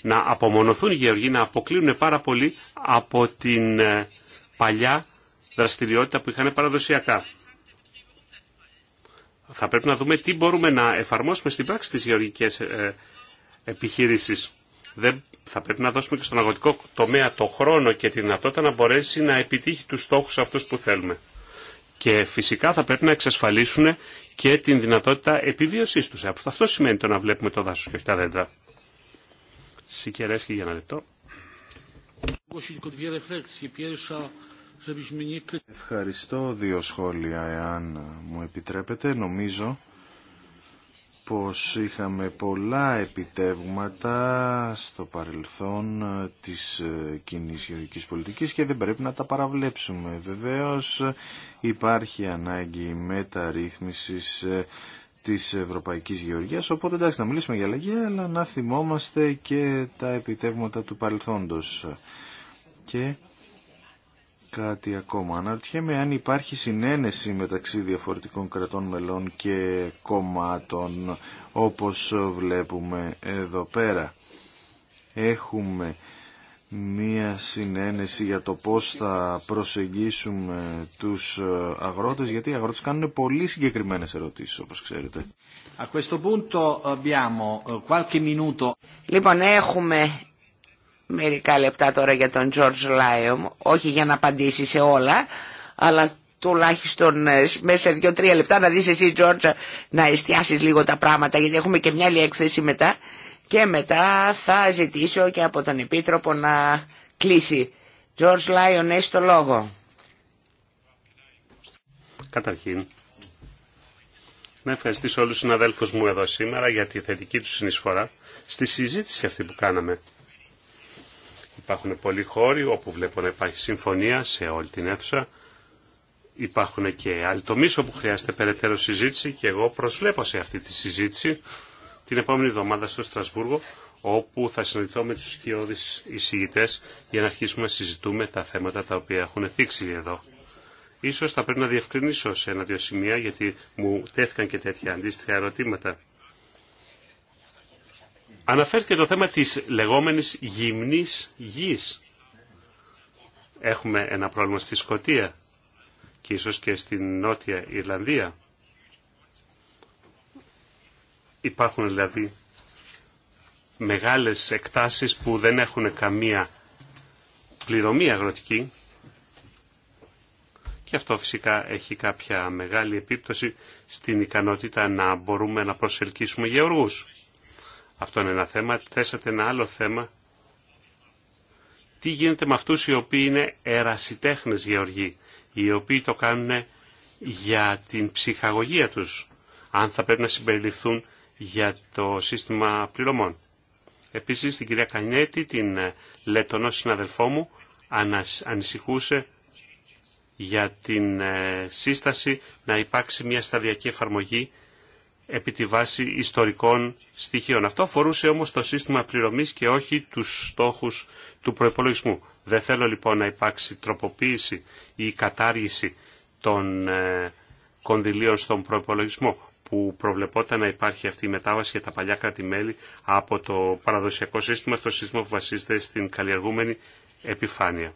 να απομονωθούν οι γεωργοί, να αποκλίνουν πάρα πολύ από την ε, παλιά δραστηριότητα που είχαν παραδοσιακά. Θα πρέπει να δούμε τι μπορούμε να εφαρμόσουμε στην πράξη της γεωργικές ε, επιχείρησης δεν θα πρέπει να δώσουμε και στον αγροτικό τομέα το χρόνο και τη δυνατότητα να μπορέσει να επιτύχει τους στόχους αυτούς που θέλουμε. Και φυσικά θα πρέπει να εξασφαλίσουν και την δυνατότητα επιβίωσής τους. Αυτό σημαίνει το να βλέπουμε το δάσος και όχι τα δέντρα. Σικερέσκη για ένα λεπτό. Ευχαριστώ δύο σχόλια εάν μου επιτρέπετε. Νομίζω πως είχαμε πολλά επιτεύγματα στο παρελθόν ε, της ε, κοινή γεωργικής πολιτικής και δεν πρέπει να τα παραβλέψουμε. Βεβαίως υπάρχει ανάγκη μεταρρύθμισης ε, της Ευρωπαϊκής Γεωργίας, οπότε εντάξει να μιλήσουμε για αλλαγή, αλλά να θυμόμαστε και τα επιτεύγματα του παρελθόντος. Και κάτι ακόμα. Αναρωτιέμαι αν υπάρχει συνένεση μεταξύ διαφορετικών κρατών μελών και κομμάτων όπως βλέπουμε εδώ πέρα. Έχουμε μία συνένεση για το πώς θα προσεγγίσουμε τους αγρότες, γιατί οι αγρότες κάνουν πολύ συγκεκριμένες ερωτήσεις, όπως ξέρετε. Eh, λοιπόν, έχουμε μερικά λεπτά τώρα για τον George Lyon, όχι για να απαντήσει σε όλα, αλλά τουλάχιστον ε, μέσα σε δύο-τρία λεπτά να δεις εσύ George να εστιάσεις λίγο τα πράγματα, γιατί έχουμε και μια άλλη έκθεση μετά. Και μετά θα ζητήσω και από τον Επίτροπο να κλείσει. George Lyon, έχει το λόγο. Καταρχήν, να ευχαριστήσω όλους τους συναδέλφους μου εδώ σήμερα για τη θετική τους συνεισφορά στη συζήτηση αυτή που κάναμε. Υπάρχουν πολλοί χώροι όπου βλέπω να υπάρχει συμφωνία σε όλη την αίθουσα. Υπάρχουν και άλλοι τομείς όπου χρειάζεται περαιτέρω συζήτηση και εγώ προσβλέπω σε αυτή τη συζήτηση την επόμενη εβδομάδα στο Στρασβούργο όπου θα συναντηθώ με τους σκιώδεις εισηγητές για να αρχίσουμε να συζητούμε τα θέματα τα οποία έχουν θίξει εδώ. Ίσως θα πρέπει να διευκρινίσω σε ένα-δύο σημεία γιατί μου τέθηκαν και τέτοια αντίστοιχα ερωτήματα. Αναφέρθηκε το θέμα της λεγόμενης γυμνής γης. Έχουμε ένα πρόβλημα στη Σκοτία και ίσως και στην Νότια Ιρλανδία. Υπάρχουν δηλαδή μεγάλες εκτάσεις που δεν έχουν καμία πληρωμή αγροτική και αυτό φυσικά έχει κάποια μεγάλη επίπτωση στην ικανότητα να μπορούμε να προσελκύσουμε γεωργούς. Αυτό είναι ένα θέμα. Θέσατε ένα άλλο θέμα. Τι γίνεται με αυτούς οι οποίοι είναι ερασιτέχνες γεωργοί, οι οποίοι το κάνουν για την ψυχαγωγία τους, αν θα πρέπει να συμπεριληφθούν για το σύστημα πληρωμών. Επίσης, την κυρία Κανιέτη, την ε, λετωνό συναδελφό μου, ανησυχούσε για την ε, σύσταση να υπάρξει μια σταδιακή εφαρμογή επί τη βάση ιστορικών στοιχείων. Αυτό αφορούσε όμως το σύστημα πληρωμής και όχι τους στόχους του προϋπολογισμού. Δεν θέλω λοιπόν να υπάρξει τροποποίηση ή κατάργηση των ε, κονδυλίων στον προϋπολογισμό που προβλεπόταν να υπάρχει αυτή η μετάβαση για τα παλιά κράτη-μέλη από το παραδοσιακό σύστημα στο σύστημα που βασίζεται στην καλλιεργούμενη επιφάνεια.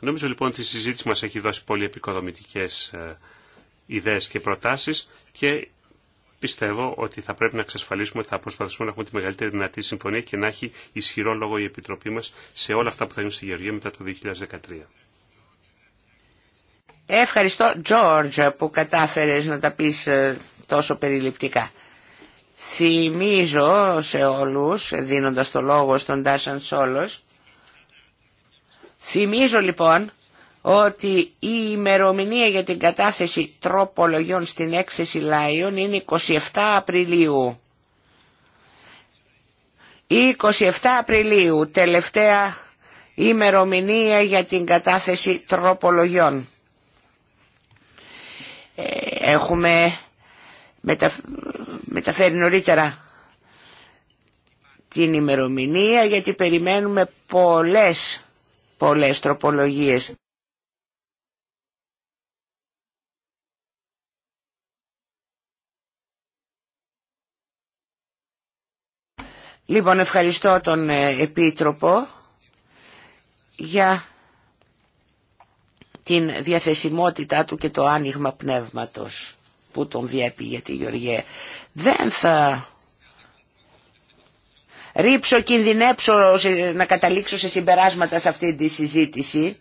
Νομίζω λοιπόν ότι η συζήτηση μας έχει δώσει πολύ επικοδομητικές ε, ιδέες και προτάσεις και πιστεύω ότι θα πρέπει να εξασφαλίσουμε ότι θα προσπαθήσουμε να έχουμε τη μεγαλύτερη δυνατή συμφωνία και να έχει ισχυρό λόγο η Επιτροπή μας σε όλα αυτά που θα γίνουν στη Γεωργία μετά το 2013. Ευχαριστώ, Τζόρτζ, που κατάφερες να τα πεις ε, τόσο περιληπτικά. Θυμίζω σε όλους, δίνοντας το λόγο στον Τάσαν Σόλος, θυμίζω λοιπόν ότι η ημερομηνία για την κατάθεση τροπολογιών στην έκθεση Λάιον είναι 27 Απριλίου. Η 27 Απριλίου, τελευταία ημερομηνία για την κατάθεση τροπολογιών. Ε, έχουμε μεταφέρει νωρίτερα την ημερομηνία γιατί περιμένουμε πολλές, πολλές τροπολογίες. Λοιπόν, ευχαριστώ τον ε, Επίτροπο για την διαθεσιμότητά του και το άνοιγμα πνεύματος που τον διέπει για τη Γεωργία. Δεν θα ρίψω, κινδυνέψω να καταλήξω σε συμπεράσματα σε αυτή τη συζήτηση.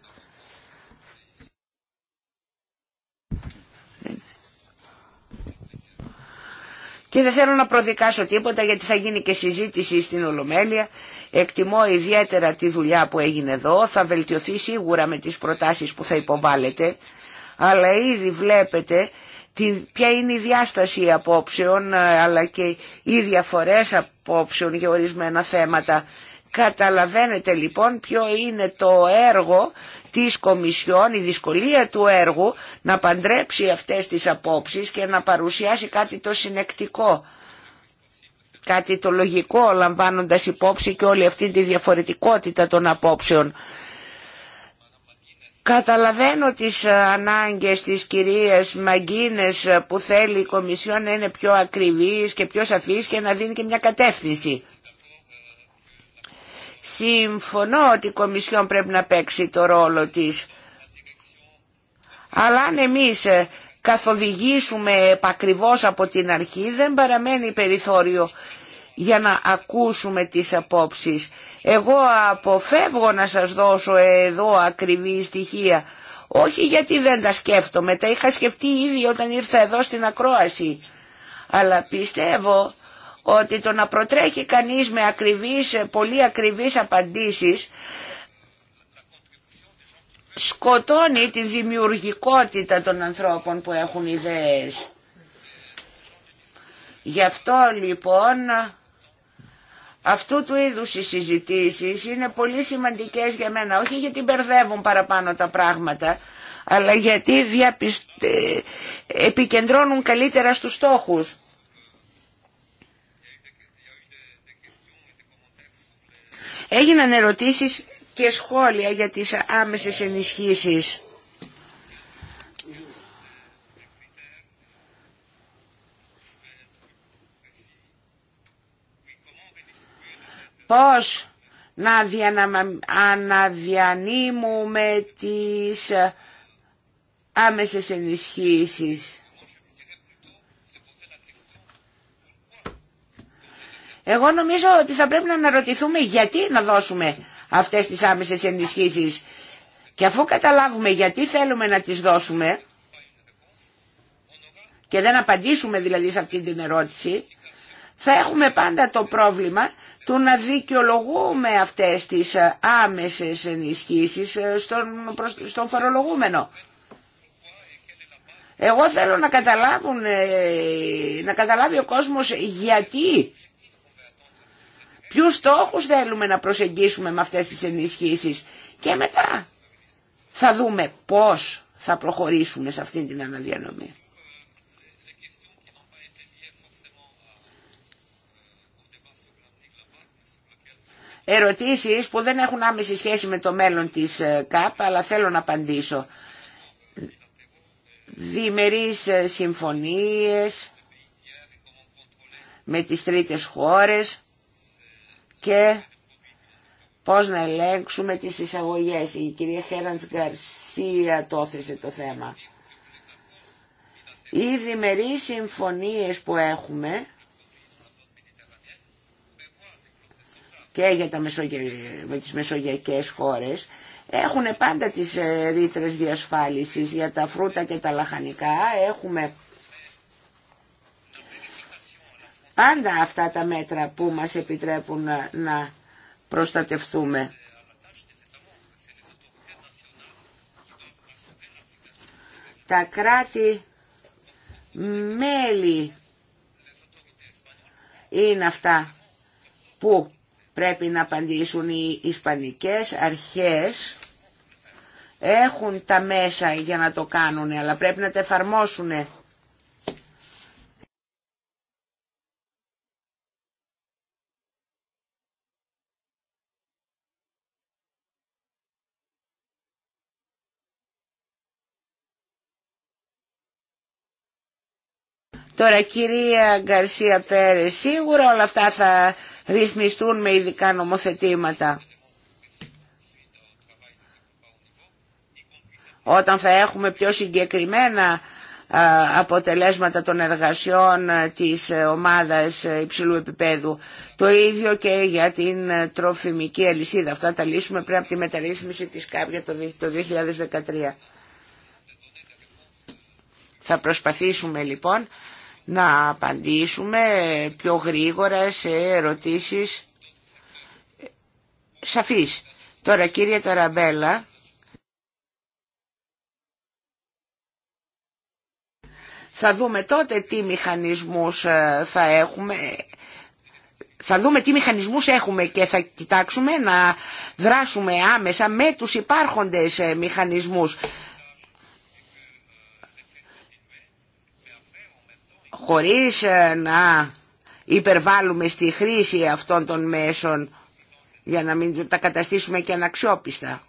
Και δεν θέλω να προδικάσω τίποτα γιατί θα γίνει και συζήτηση στην Ολομέλεια. Εκτιμώ ιδιαίτερα τη δουλειά που έγινε εδώ. Θα βελτιωθεί σίγουρα με τις προτάσεις που θα υποβάλλετε. Αλλά ήδη βλέπετε ποια είναι η διάσταση απόψεων ε, αλλά και οι διαφορές απόψεων για ορισμένα θέματα. Καταλαβαίνετε λοιπόν ποιο είναι το έργο της Κομισιόν, η δυσκολία του έργου να παντρέψει αυτές τις απόψεις και να παρουσιάσει κάτι το συνεκτικό, κάτι το λογικό λαμβάνοντας υπόψη και όλη αυτή τη διαφορετικότητα των απόψεων. Καταλαβαίνω τις ανάγκες της κυρίας Μαγκίνες που θέλει η Κομισιόν να είναι πιο ακριβής και πιο σαφής και να δίνει και μια κατεύθυνση. Συμφωνώ ότι η Κομισιόν πρέπει να παίξει το ρόλο της. Αλλά αν εμείς ε, καθοδηγήσουμε επακριβώς από την αρχή δεν παραμένει περιθώριο για να ακούσουμε τις απόψεις. Εγώ αποφεύγω να σας δώσω εδώ ακριβή στοιχεία. Όχι γιατί δεν τα σκέφτομαι, τα είχα σκεφτεί ήδη όταν ήρθα εδώ στην ακρόαση. Αλλά πιστεύω ότι το να προτρέχει κανείς με ακριβείς, πολύ ακριβείς απαντήσεις σκοτώνει τη δημιουργικότητα των ανθρώπων που έχουν ιδέες. Γι' αυτό λοιπόν αυτού του είδους οι συζητήσεις είναι πολύ σημαντικές για μένα, όχι γιατί μπερδεύουν παραπάνω τα πράγματα, αλλά γιατί διαπιστε... επικεντρώνουν καλύτερα στους στόχους. Έγιναν ερωτήσεις και σχόλια για τις άμεσες ενισχύσεις. Πώς να αναδιανύμουμε τις άμεσες ενισχύσεις. Εγώ νομίζω ότι θα πρέπει να αναρωτηθούμε γιατί να δώσουμε αυτές τις άμεσες ενισχύσεις και αφού καταλάβουμε γιατί θέλουμε να τις δώσουμε και δεν απαντήσουμε δηλαδή σε αυτή την ερώτηση θα έχουμε πάντα το πρόβλημα του να δικαιολογούμε αυτές τις άμεσες ενισχύσεις στον, στον φορολογούμενο. Εγώ θέλω να, καταλάβουν, ε, να καταλάβει ο κόσμος γιατί ποιους στόχους θέλουμε να προσεγγίσουμε με αυτές τις ενισχύσεις και μετά θα δούμε πώς θα προχωρήσουμε σε αυτήν την αναδιανομή. Ερωτήσεις που δεν έχουν άμεση σχέση με το μέλλον της ε, ΚΑΠ, αλλά θέλω να απαντήσω. Διμερείς ε, συμφωνίες με τις τρίτες χώρες, και πώς να ελέγξουμε τις εισαγωγές. Η κυρία Χέραντς Γκαρσία το το θέμα. Οι διμερείς συμφωνίες που έχουμε και για τα με τις μεσογειακές χώρες έχουν πάντα τις ε, ρήτρες διασφάλισης για τα φρούτα και τα λαχανικά. Έχουμε πάντα αυτά τα μέτρα που μας επιτρέπουν να προστατευτούμε. Τα κράτη μέλη είναι αυτά που πρέπει να απαντήσουν οι ισπανικές αρχές έχουν τα μέσα για να το κάνουν αλλά πρέπει να τα εφαρμόσουν Τώρα κυρία Γκαρσία Πέρε, σίγουρα όλα αυτά θα ρυθμιστούν με ειδικά νομοθετήματα. Όταν θα έχουμε πιο συγκεκριμένα αποτελέσματα των εργασιών της ε, ομάδας ε, υψηλού επίπεδου. Το ίδιο και για την ε, τροφιμική αλυσίδα. Αυτά τα λύσουμε πριν από τη μεταρρύθμιση της ΚΑΠ το 2013. Θα προσπαθήσουμε λοιπόν να απαντήσουμε πιο γρήγορα σε ερωτήσεις σαφείς. Τώρα κύριε Ταραμπέλα, θα δούμε τότε τι μηχανισμούς ε, θα έχουμε... Θα δούμε τι μηχανισμούς έχουμε και θα κοιτάξουμε να δράσουμε άμεσα με τους υπάρχοντες ε, μηχανισμούς. χωρίς ε, να υπερβάλλουμε στη χρήση αυτών των μέσων για να μην τα καταστήσουμε και αναξιόπιστα.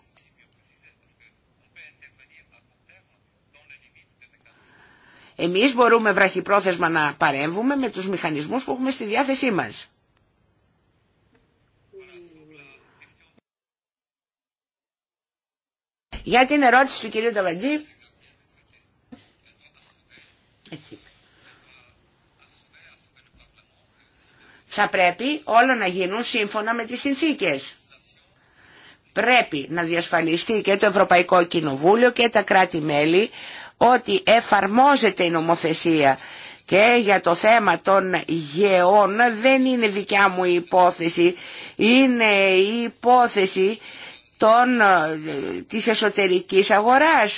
Εμείς μπορούμε βραχυπρόθεσμα να παρέμβουμε με τους μηχανισμούς που έχουμε στη διάθεσή μας. Για την ερώτηση του κυρίου Ταβαντζή. θα πρέπει όλα να γίνουν σύμφωνα με τις συνθήκες. Πρέπει να διασφαλιστεί και το Ευρωπαϊκό Κοινοβούλιο και τα κράτη-μέλη ότι εφαρμόζεται η νομοθεσία και για το θέμα των γεών δεν είναι δικιά μου η υπόθεση, είναι η υπόθεση των, ε, της εσωτερικής αγοράς.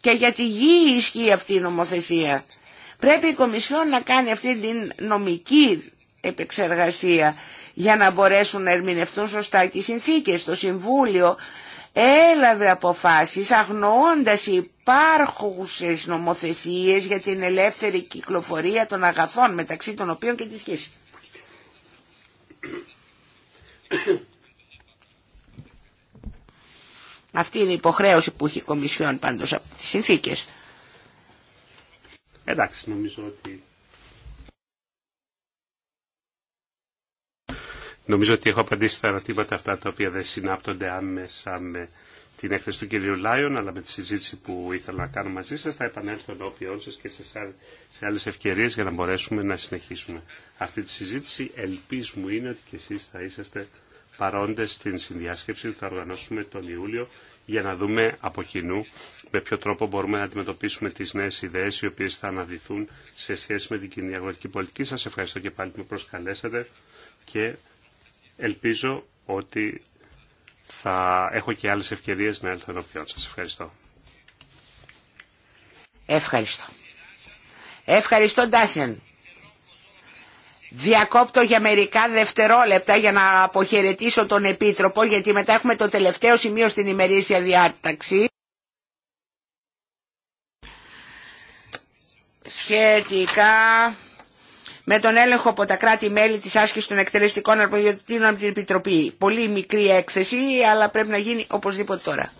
Και για τη γη ισχύει αυτή η νομοθεσία. Πρέπει η Κομισιόν να κάνει αυτή την νομική επεξεργασία για να μπορέσουν να ερμηνευτούν σωστά και οι συνθήκες. Το Συμβούλιο έλαβε αποφάσεις αγνοώντας υπάρχουσες νομοθεσίες για την ελεύθερη κυκλοφορία των αγαθών μεταξύ των οποίων και τη σχέση. Αυτή είναι η υποχρέωση που έχει η Κομισιόν πάντως από τις συνθήκες. Εντάξει, νομίζω ότι Νομίζω ότι έχω απαντήσει στα ερωτήματα αυτά τα οποία δεν συνάπτονται άμεσα με την έκθεση του κυρίου Λάιον, αλλά με τη συζήτηση που ήθελα να κάνω μαζί σας, θα επανέλθω ενώπιόν σας και σε άλλες ευκαιρίες για να μπορέσουμε να συνεχίσουμε αυτή τη συζήτηση. Ελπίζω μου είναι ότι και εσείς θα είσαστε παρόντες στην συνδιάσκεψη που θα οργανώσουμε τον Ιούλιο για να δούμε από κοινού με ποιο τρόπο μπορούμε να αντιμετωπίσουμε τις νέες ιδέες οι οποίες θα αναδυθούν σε σχέση με την κοινή αγροτική πολιτική. Σας ευχαριστώ και πάλι που με προσκαλέσατε και ελπίζω ότι θα έχω και άλλες ευκαιρίες να έρθω ενώπιόν σας. Ευχαριστώ. Ευχαριστώ. Ευχαριστώ Ντάσεν. Διακόπτω για μερικά δευτερόλεπτα για να αποχαιρετήσω τον Επίτροπο γιατί μετά έχουμε το τελευταίο σημείο στην ημερήσια διάταξη. Σχετικά με τον έλεγχο από τα κράτη-μέλη της άσκησης των εκτελεστικών αρμοδιοτήτων από την Επιτροπή. Πολύ μικρή έκθεση, αλλά πρέπει να γίνει οπωσδήποτε τώρα.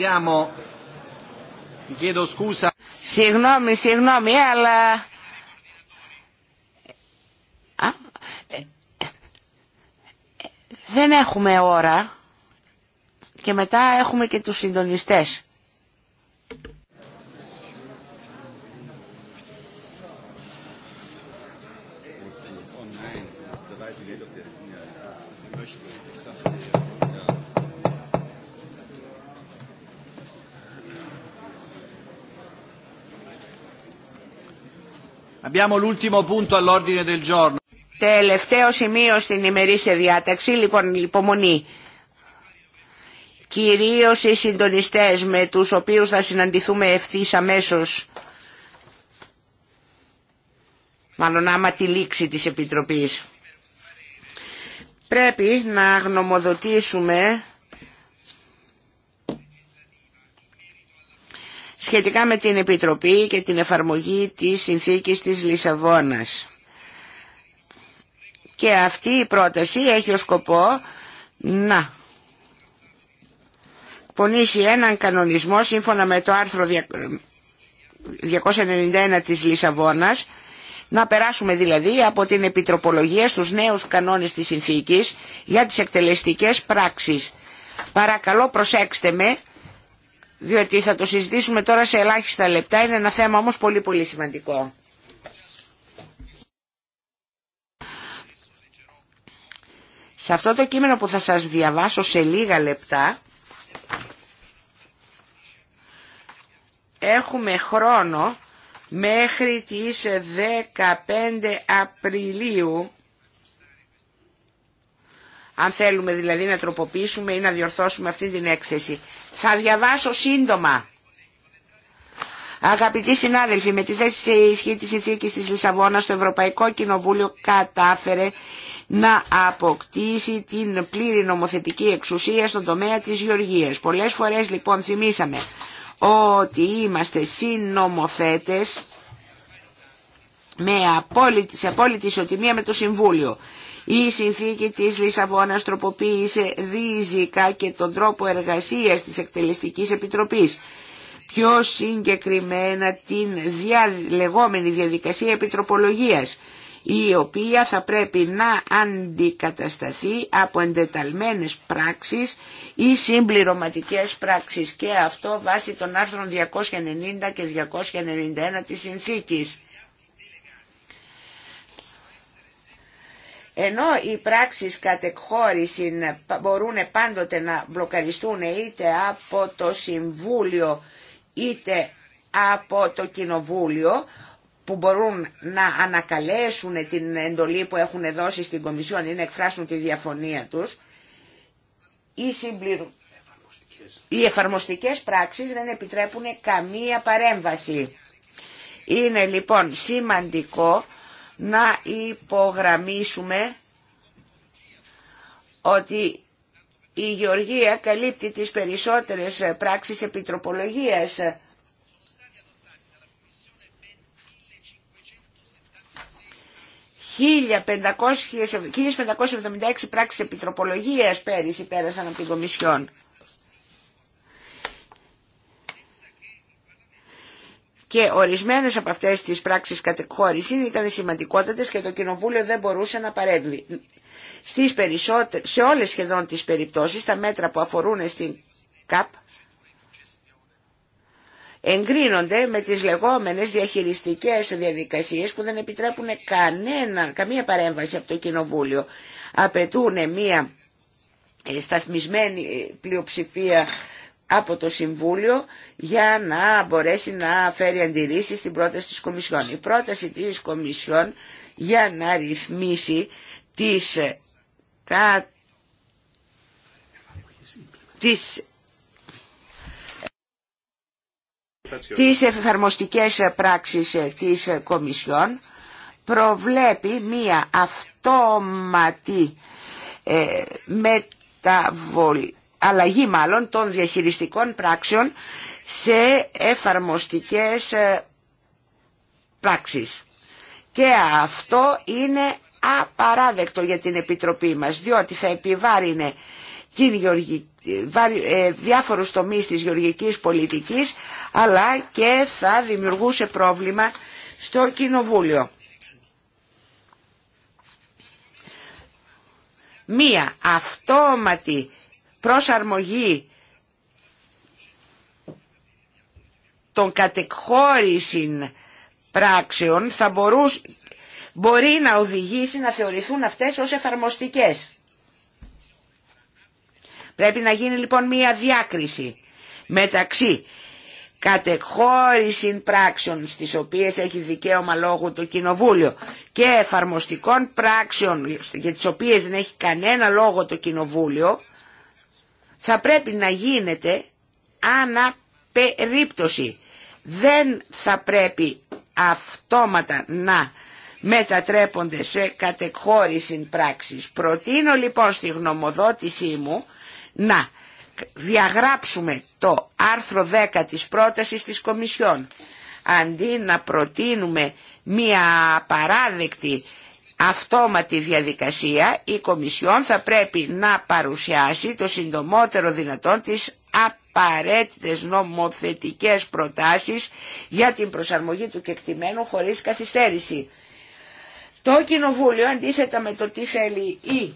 Mi Συγγνώμη, συγγνώμη, αλλά... Ε, ε, ε, δεν έχουμε ώρα και μετά έχουμε και τους συντονιστές. Abbiamo l'ultimo Τελευταίο σημείο στην ημερήσια διάταξη, λοιπόν υπομονή. Κυρίως οι συντονιστές με τους οποίους θα συναντηθούμε ευθύς αμέσως, μάλλον άμα τη λήξη της Επιτροπής. Πρέπει να γνωμοδοτήσουμε σχετικά με την Επιτροπή και την εφαρμογή της συνθήκης της Λισαβόνας. Και αυτή η πρόταση έχει ως σκοπό να πονήσει έναν κανονισμό σύμφωνα με το άρθρο 291 της Λισαβόνας, να περάσουμε δηλαδή από την επιτροπολογία στους νέους κανόνες της συνθήκης για τις εκτελεστικές πράξεις. Παρακαλώ προσέξτε με, διότι θα το συζητήσουμε τώρα σε ελάχιστα λεπτά, είναι ένα θέμα όμως πολύ πολύ σημαντικό. Σε αυτό το κείμενο που θα σας διαβάσω σε λίγα λεπτά, έχουμε χρόνο μέχρι τις 15 Απριλίου, αν θέλουμε δηλαδή να τροποποιήσουμε ή να διορθώσουμε αυτή την έκθεση. Θα διαβάσω σύντομα. Αγαπητοί συνάδελφοι, με τη θέση σε ισχύ της συνθήκης της Λισαβόνας, το Ευρωπαϊκό Κοινοβούλιο κατάφερε να αποκτήσει την πλήρη νομοθετική εξουσία στον τομέα της γεωργίας. Πολλές φορές λοιπόν θυμήσαμε ότι είμαστε συνομοθέτες με απόλυτη, σε απόλυτη ισοτιμία με το Συμβούλιο. Η συνθήκη της Λισαβόνας τροποποίησε ρίζικα και τον τρόπο εργασίας της Εκτελεστικής Επιτροπής. Πιο συγκεκριμένα την δια... λεγόμενη διαδικασία επιτροπολογίας η οποία θα πρέπει να αντικατασταθεί από εντεταλμένες πράξεις ή συμπληρωματικές πράξεις και αυτό βάσει των άρθρων 290 και 291 της συνθήκης. Ενώ οι πράξεις κατεχώρηση μπορούν πάντοτε να μπλοκαριστούν είτε από το Συμβούλιο είτε από το Κοινοβούλιο που μπορούν να ανακαλέσουν την εντολή που έχουν δώσει στην Κομισιόν ή να εκφράσουν τη διαφωνία τους, οι, συμπληρω... οι εφαρμοστικές πράξεις δεν επιτρέπουν καμία παρέμβαση. Είναι λοιπόν σημαντικό να υπογραμμίσουμε ότι η Γεωργία καλύπτει τις περισσότερες πράξεις επιτροπολογίας. «1.576 πράξεις επιτροπολογίας πέρυσι πέρασαν από την Κομισιόν. και ορισμένες από αυτές τις πράξεις κατεχώρηση ήταν σημαντικότατες και το Κοινοβούλιο δεν μπορούσε να παρέμβει. Στις σε όλες σχεδόν τις περιπτώσεις τα μέτρα που αφορούν στην ΚΑΠ εγκρίνονται με τις λεγόμενες διαχειριστικές διαδικασίες που δεν επιτρέπουν κανένα, καμία παρέμβαση από το Κοινοβούλιο. Απαιτούν μία ε, σταθμισμένη ε, πλειοψηφία από το Συμβούλιο για να μπορέσει να φέρει αντιρρήσεις στην πρόταση της Κομισιόν. Η πρόταση της Κομισιόν για να ρυθμίσει τις, τα, τις, τις εφαρμοστικές πράξεις της Κομισιόν προβλέπει μία αυτόματη ε, μεταβολή αλλαγή μάλλον των διαχειριστικών πράξεων σε εφαρμοστικές ε, πράξεις. Και αυτό είναι απαράδεκτο για την Επιτροπή μας, διότι θα επιβάρυνε την γεωργική, ε, διάφορους τομείς της γεωργικής πολιτικής, αλλά και θα δημιουργούσε πρόβλημα στο Κοινοβούλιο. Μία αυτόματη προσαρμογή των κατεχώρησιν πράξεων θα μπορούς, μπορεί να οδηγήσει να θεωρηθούν αυτές ως εφαρμοστικές. Πρέπει να γίνει λοιπόν μία διάκριση μεταξύ κατεχώρησιν πράξεων στις οποίες έχει δικαίωμα λόγου το Κοινοβούλιο και εφαρμοστικών πράξεων για τις οποίες δεν έχει κανένα λόγο το Κοινοβούλιο θα πρέπει να γίνεται αναπερίπτωση. Δεν θα πρέπει αυτόματα να μετατρέπονται σε κατεχώρηση πράξης. Προτείνω λοιπόν στη γνωμοδότησή μου να διαγράψουμε το άρθρο 10 της πρότασης της Κομισιόν. Αντί να προτείνουμε μία απαράδεκτη αυτόματη διαδικασία η Κομισιόν θα πρέπει να παρουσιάσει το συντομότερο δυνατόν τις απαραίτητες νομοθετικές προτάσεις για την προσαρμογή του κεκτημένου χωρίς καθυστέρηση. Το Κοινοβούλιο αντίθετα με το τι θέλει η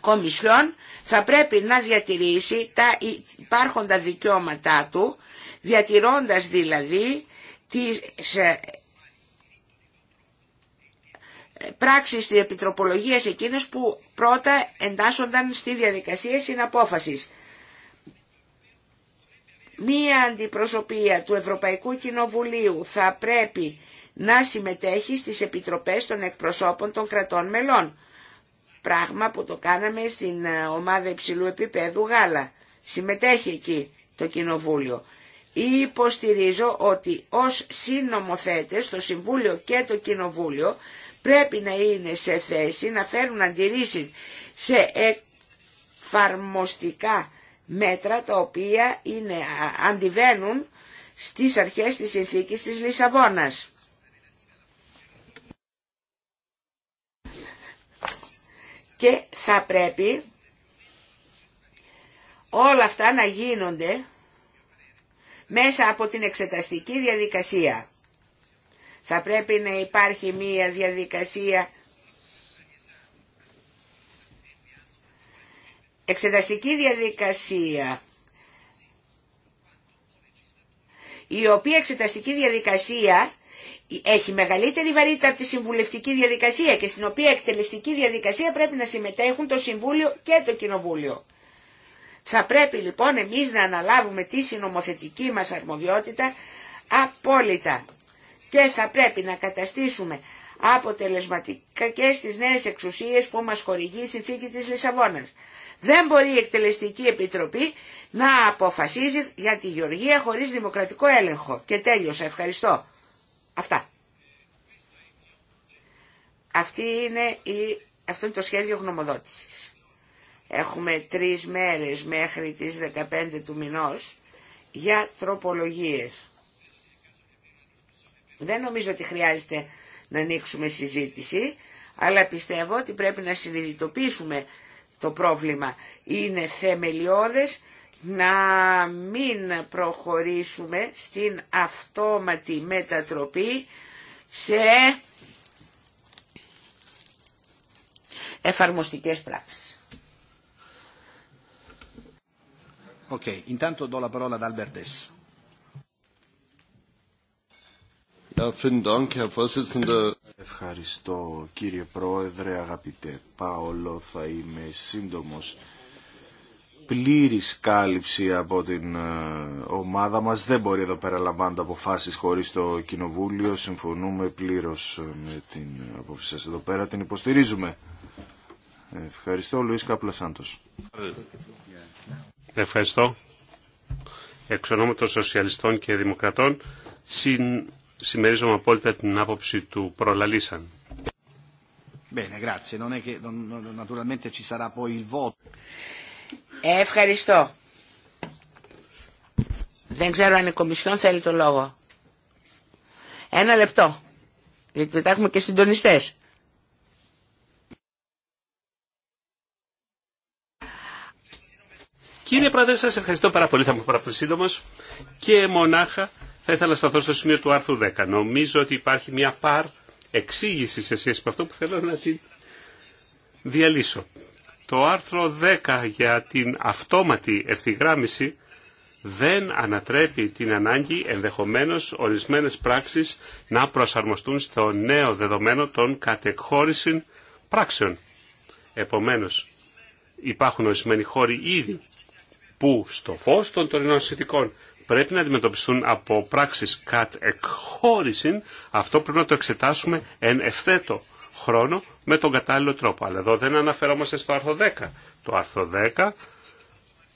Κομισιόν θα πρέπει να διατηρήσει τα υπάρχοντα δικαιώματά του διατηρώντας δηλαδή τις ε, πράξεις της επιτροπολογίας εκείνες που πρώτα εντάσσονταν στη διαδικασία συναπόφασης. Μία αντιπροσωπεία του Ευρωπαϊκού Κοινοβουλίου θα πρέπει να συμμετέχει στις επιτροπές των εκπροσώπων των κρατών μελών, πράγμα που το κάναμε στην ε, ομάδα υψηλού επίπεδου Γάλα. Συμμετέχει εκεί το Κοινοβούλιο. Υποστηρίζω ότι ως συνομοθέτες το Συμβούλιο και το Κοινοβούλιο πρέπει να είναι σε θέση να φέρουν αντιρρήσεις σε εφαρμοστικά μέτρα τα οποία είναι, αντιβαίνουν στις αρχές της συνθήκης της Λισαβόνας. Και θα πρέπει όλα αυτά να γίνονται μέσα από την εξεταστική διαδικασία. Θα πρέπει να υπάρχει μία διαδικασία εξεταστική διαδικασία η οποία εξεταστική διαδικασία έχει μεγαλύτερη βαρύτητα από τη συμβουλευτική διαδικασία και στην οποία εκτελεστική διαδικασία πρέπει να συμμετέχουν το Συμβούλιο και το Κοινοβούλιο. Θα πρέπει λοιπόν εμείς να αναλάβουμε τη συνομοθετική μας αρμοδιότητα απόλυτα και θα πρέπει να καταστήσουμε αποτελεσματικά και στις νέες εξουσίες που μας χορηγεί η συνθήκη της Λισαβόνας. Δεν μπορεί η Εκτελεστική Επιτροπή να αποφασίζει για τη Γεωργία χωρίς δημοκρατικό έλεγχο. Και τέλειωσα. Ευχαριστώ. Αυτά. Αυτή είναι η... Αυτό είναι το σχέδιο γνωμοδότησης. Έχουμε τρεις μέρες μέχρι τις 15 του μηνός για τροπολογίες. Δεν νομίζω ότι χρειάζεται να ανοίξουμε συζήτηση, αλλά πιστεύω ότι πρέπει να συνειδητοποιήσουμε το πρόβλημα. Είναι θεμελιώδες να μην προχωρήσουμε στην αυτόματη μετατροπή σε εφαρμοστικές πράξεις. Okay, intanto do la parola ad Albert Ευχαριστώ κύριε Πρόεδρε, αγαπητέ Πάολο, θα είμαι σύντομος. Πλήρης κάλυψη από την ε, ομάδα μας. Δεν μπορεί εδώ πέρα λαμβάνονται αποφάσεις χωρίς το Κοινοβούλιο. Συμφωνούμε πλήρως ε, με την απόφαση σας εδώ πέρα. Την υποστηρίζουμε. Ευχαριστώ, Λουίς Καπλασάντος. Ευχαριστώ. Εξ ονόματος Σοσιαλιστών και Δημοκρατών, συν συμμερίζομαι απόλυτα την άποψη του προλαλήσαν. Ευχαριστώ. Δεν ξέρω αν η Κομισιόν θέλει το λόγο. Ένα λεπτό. Γιατί μετά έχουμε και συντονιστέ. Κύριε Πρόεδρε, σα ευχαριστώ πάρα πολύ. Θα είμαι πάρα πολύ σύντομος. Και μονάχα θα ήθελα να σταθώ στο σημείο του άρθρου 10. Νομίζω ότι υπάρχει μια παρ εξήγηση σε σχέση με αυτό που θέλω να την διαλύσω. Το άρθρο 10 για την αυτόματη ευθυγράμμιση δεν ανατρέπει την ανάγκη ενδεχομένως ορισμένες πράξεις να προσαρμοστούν στο νέο δεδομένο των κατεχώρησης πράξεων. Επομένως, υπάρχουν ορισμένοι χώροι ήδη που στο φως των τωρινών συνθηκών πρέπει να αντιμετωπιστούν από πράξεις κατ' εκχώρηση, αυτό πρέπει να το εξετάσουμε εν ευθέτω χρόνο με τον κατάλληλο τρόπο. Αλλά εδώ δεν αναφερόμαστε στο άρθρο 10. Το άρθρο 10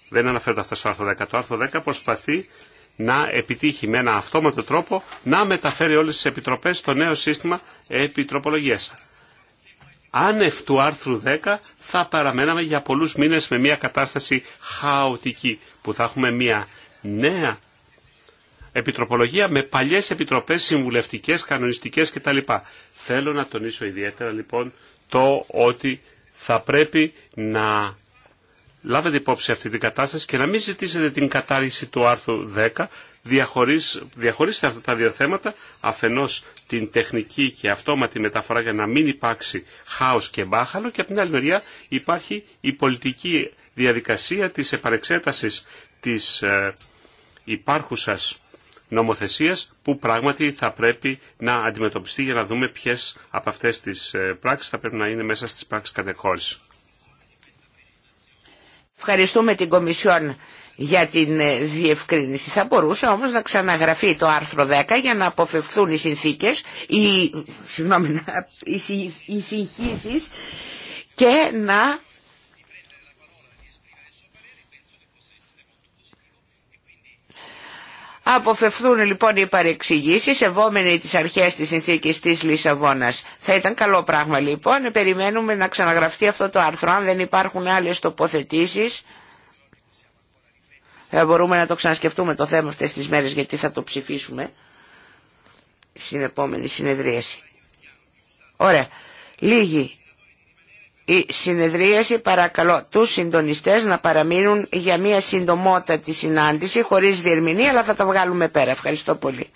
δεν αναφέρεται αυτό στο άρθρο 10. Το άρθρο 10 προσπαθεί να επιτύχει με ένα αυτόματο τρόπο να μεταφέρει όλες τις επιτροπές στο νέο σύστημα επιτροπολογίας. Άνευ του άρθρου 10 θα παραμέναμε για πολλούς μήνες με μια κατάσταση χαοτική που θα έχουμε μια νέα επιτροπολογία με παλιές επιτροπές συμβουλευτικές, κανονιστικές κτλ. Θέλω να τονίσω ιδιαίτερα λοιπόν το ότι θα πρέπει να λάβετε υπόψη αυτή την κατάσταση και να μην ζητήσετε την κατάργηση του άρθρου 10. Διαχωρίστε αυτά τα δύο θέματα, αφενός την τεχνική και αυτόματη μεταφορά για να μην υπάρξει χάος και μπάχαλο και από την άλλη μεριά υπάρχει η πολιτική διαδικασία της επαρεξέτασης της ε, υπάρχουσας νομοθεσίας που πράγματι θα πρέπει να αντιμετωπιστεί για να δούμε ποιες από αυτές τις ε, πράξεις θα πρέπει να είναι μέσα στις πράξεις κατεχώρηση. Ευχαριστούμε την Κομισιόν για την ε, διευκρίνηση. Θα μπορούσε όμως να ξαναγραφεί το άρθρο 10 για να αποφευθούν οι συνθήκες, οι, συγγνώμη, <laughs> οι συγχύσεις και να Αποφευθούν λοιπόν οι παρεξηγήσεις σεβόμενοι τις αρχές της συνθήκη τη Λισαβόνα. Θα ήταν καλό πράγμα λοιπόν, περιμένουμε να ξαναγραφτεί αυτό το άρθρο. Αν δεν υπάρχουν άλλες τοποθετήσει, θα μπορούμε να το ξανασκεφτούμε το θέμα αυτέ τι μέρες γιατί θα το ψηφίσουμε στην επόμενη συνεδρίαση. Ωραία. λίγοι. Η συνεδρίαση παρακαλώ τους συντονιστές να παραμείνουν για μια συντομότατη συνάντηση χωρίς διερμηνή αλλά θα τα βγάλουμε πέρα. Ευχαριστώ πολύ.